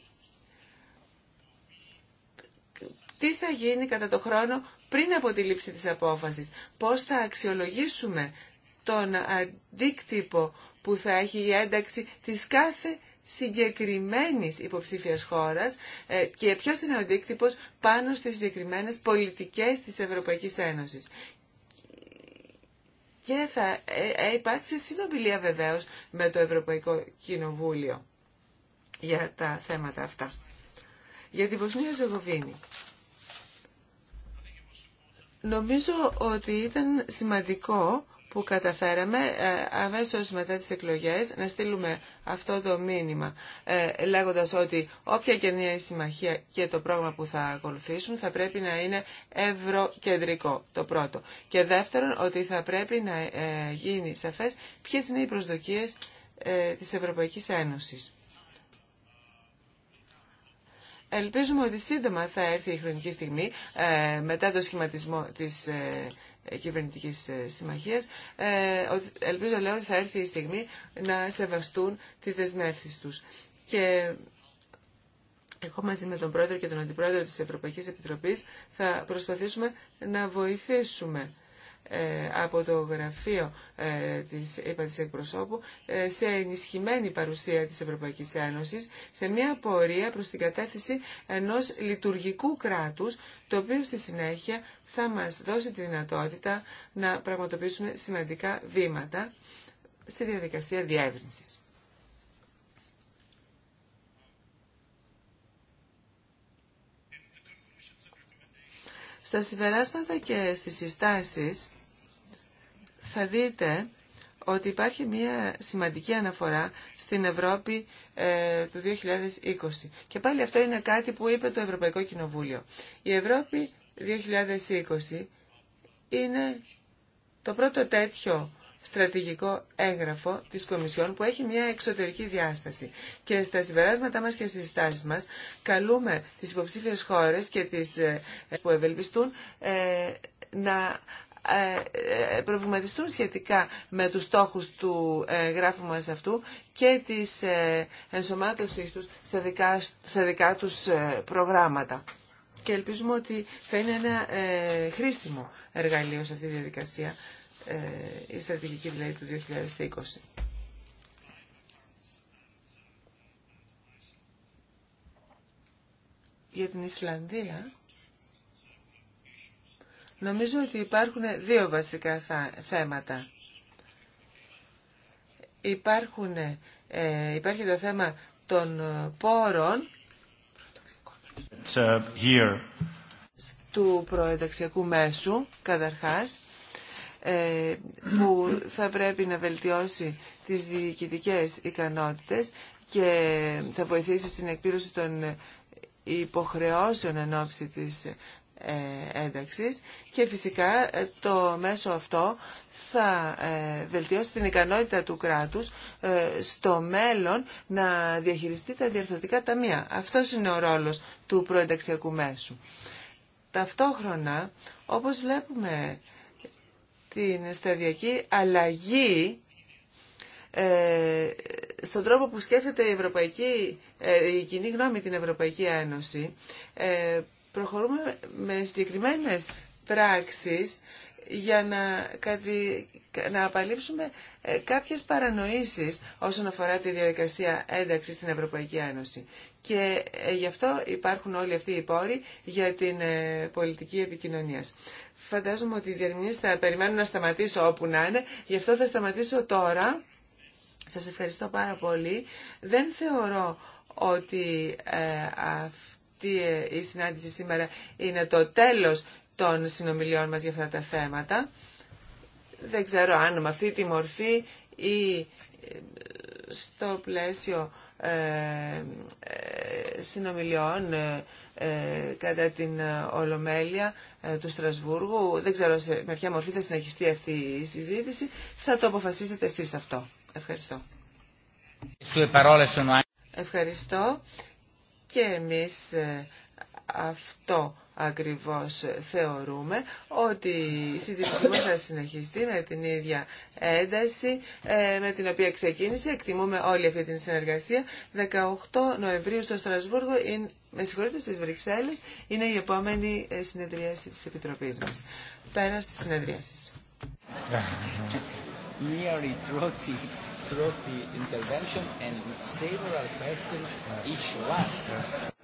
τι θα γίνει κατά το χρόνο πριν από τη λήψη της απόφασης. Πώς θα αξιολογήσουμε τον αντίκτυπο που θα έχει η ένταξη της κάθε συγκεκριμένης υποψήφιας χώρας ε, και ποιος είναι ο αντίκτυπος πάνω στις συγκεκριμένες πολιτικές της Ευρωπαϊκής Ένωσης. Και θα ε, ε, υπάρξει συνομιλία βεβαίως με το Ευρωπαϊκό Κοινοβούλιο για τα θέματα αυτά. Για την Βοσνία Ζεγοβίνη. Νομίζω ότι ήταν σημαντικό που καταφέραμε ε, αμέσως μετά τις εκλογές να στείλουμε αυτό το μήνυμα ε, λέγοντας ότι όποια και η συμμαχία και το πρόγραμμα που θα ακολουθήσουν θα πρέπει να είναι ευρωκεντρικό το πρώτο και δεύτερον ότι θα πρέπει να ε, γίνει σαφές ποιες είναι οι προσδοκίες της Ευρωπαϊκής Ένωσης. Ελπίζουμε ότι σύντομα θα έρθει η χρονική στιγμή ε, μετά το σχηματισμό της ε, κυβερνητική ε, συμμαχία. ελπίζω, λέω, ότι θα έρθει η στιγμή να σεβαστούν τι δεσμεύσει του. Και εγώ μαζί με τον πρόεδρο και τον αντιπρόεδρο της Ευρωπαϊκής Επιτροπής θα προσπαθήσουμε να βοηθήσουμε ε, από το γραφείο ε, της ΕΠΑ της ε, σε ενισχυμένη παρουσία της Ευρωπαϊκής Ένωσης σε μια πορεία προς την κατεύθυνση ενός λειτουργικού κράτους το οποίο στη συνέχεια θα μας δώσει τη δυνατότητα να πραγματοποιήσουμε σημαντικά βήματα στη διαδικασία διεύρυνσης. Στα συμπεράσματα και στις συστάσεις θα δείτε ότι υπάρχει μια σημαντική αναφορά στην Ευρώπη ε, του 2020. Και πάλι αυτό είναι κάτι που είπε το Ευρωπαϊκό Κοινοβούλιο. Η Ευρώπη 2020 είναι το πρώτο τέτοιο στρατηγικό έγγραφο της Κομισιόν που έχει μια εξωτερική διάσταση. Και στα συμπεράσματά μας και στις συστάσεις μας καλούμε τις υποψήφιες χώρες και τις ε, που ευελπιστούν ε, να ε, ε, προβληματιστούν σχετικά με τους στόχους του ε, γράφου μας αυτού και της ενσωμάτωσής τους στα δικά, τους προγράμματα. Και ελπίζουμε ότι θα είναι ένα χρήσιμο εργαλείο σε αυτή τη διαδικασία, η στρατηγική δηλαδή του 2020. Για την Ισλανδία... Νομίζω ότι υπάρχουν δύο βασικά θέματα. Υπάρχουν, ε, υπάρχει το θέμα των ε, πόρων uh, του προενταξιακού μέσου, καταρχάς, ε, που θα πρέπει να βελτιώσει τις διοικητικές ικανότητες και θα βοηθήσει στην εκπλήρωση των υποχρεώσεων εν ώψη της ε, ένταξης και φυσικά ε, το μέσο αυτό θα ε, βελτιώσει την ικανότητα του κράτους στο μέλλον να διαχειριστεί τα διαρθρωτικά ταμεία. Αυτός είναι ο ρόλος του προενταξιακού μέσου. Ταυτόχρονα, όπως βλέπουμε την σταδιακή αλλαγή στον τρόπο που σκέφτεται η, Ευρωπαϊκή, η κοινή γνώμη την Ευρωπαϊκή Ένωση προχωρούμε με συγκεκριμένες πράξεις για να, κάτι, να απαλείψουμε ε, κάποιες παρανοήσεις όσον αφορά τη διαδικασία ένταξης στην Ευρωπαϊκή Ένωση. Και ε, γι' αυτό υπάρχουν όλοι αυτοί οι πόροι για την ε, πολιτική επικοινωνία. Φαντάζομαι ότι οι διερμηνείς θα περιμένουν να σταματήσω όπου να είναι, γι' αυτό θα σταματήσω τώρα. Σας ευχαριστώ πάρα πολύ. Δεν θεωρώ ότι αυτή ε, η συνάντηση σήμερα είναι το τέλος των συνομιλιών μας για αυτά τα θέματα. Δεν ξέρω αν με αυτή τη μορφή ή ε, στο πλαίσιο ε, συνομιλιών κατά την Ολομέλεια του Στρασβούργου. Δεν ξέρω με ποια μορφή θα συνεχιστεί αυτή η συζήτηση. Θα το αποφασίσετε εσείς αυτό. Ευχαριστώ. Ευχαριστώ και εμείς ε, αυτό ακριβώς θεωρούμε ότι η συζήτησή μας θα συνεχιστεί με την ίδια ένταση ε, με την οποία ξεκίνησε. Εκτιμούμε όλη αυτή την συνεργασία. 18 Νοεμβρίου στο Στρασβούργο, με συγχωρείτε στις Βρυξέλλες, είναι η επόμενη ε, συνεδρίαση της Επιτροπής μας. Πέρα στις συνεδρίαση throughout the intervention and several questions each one.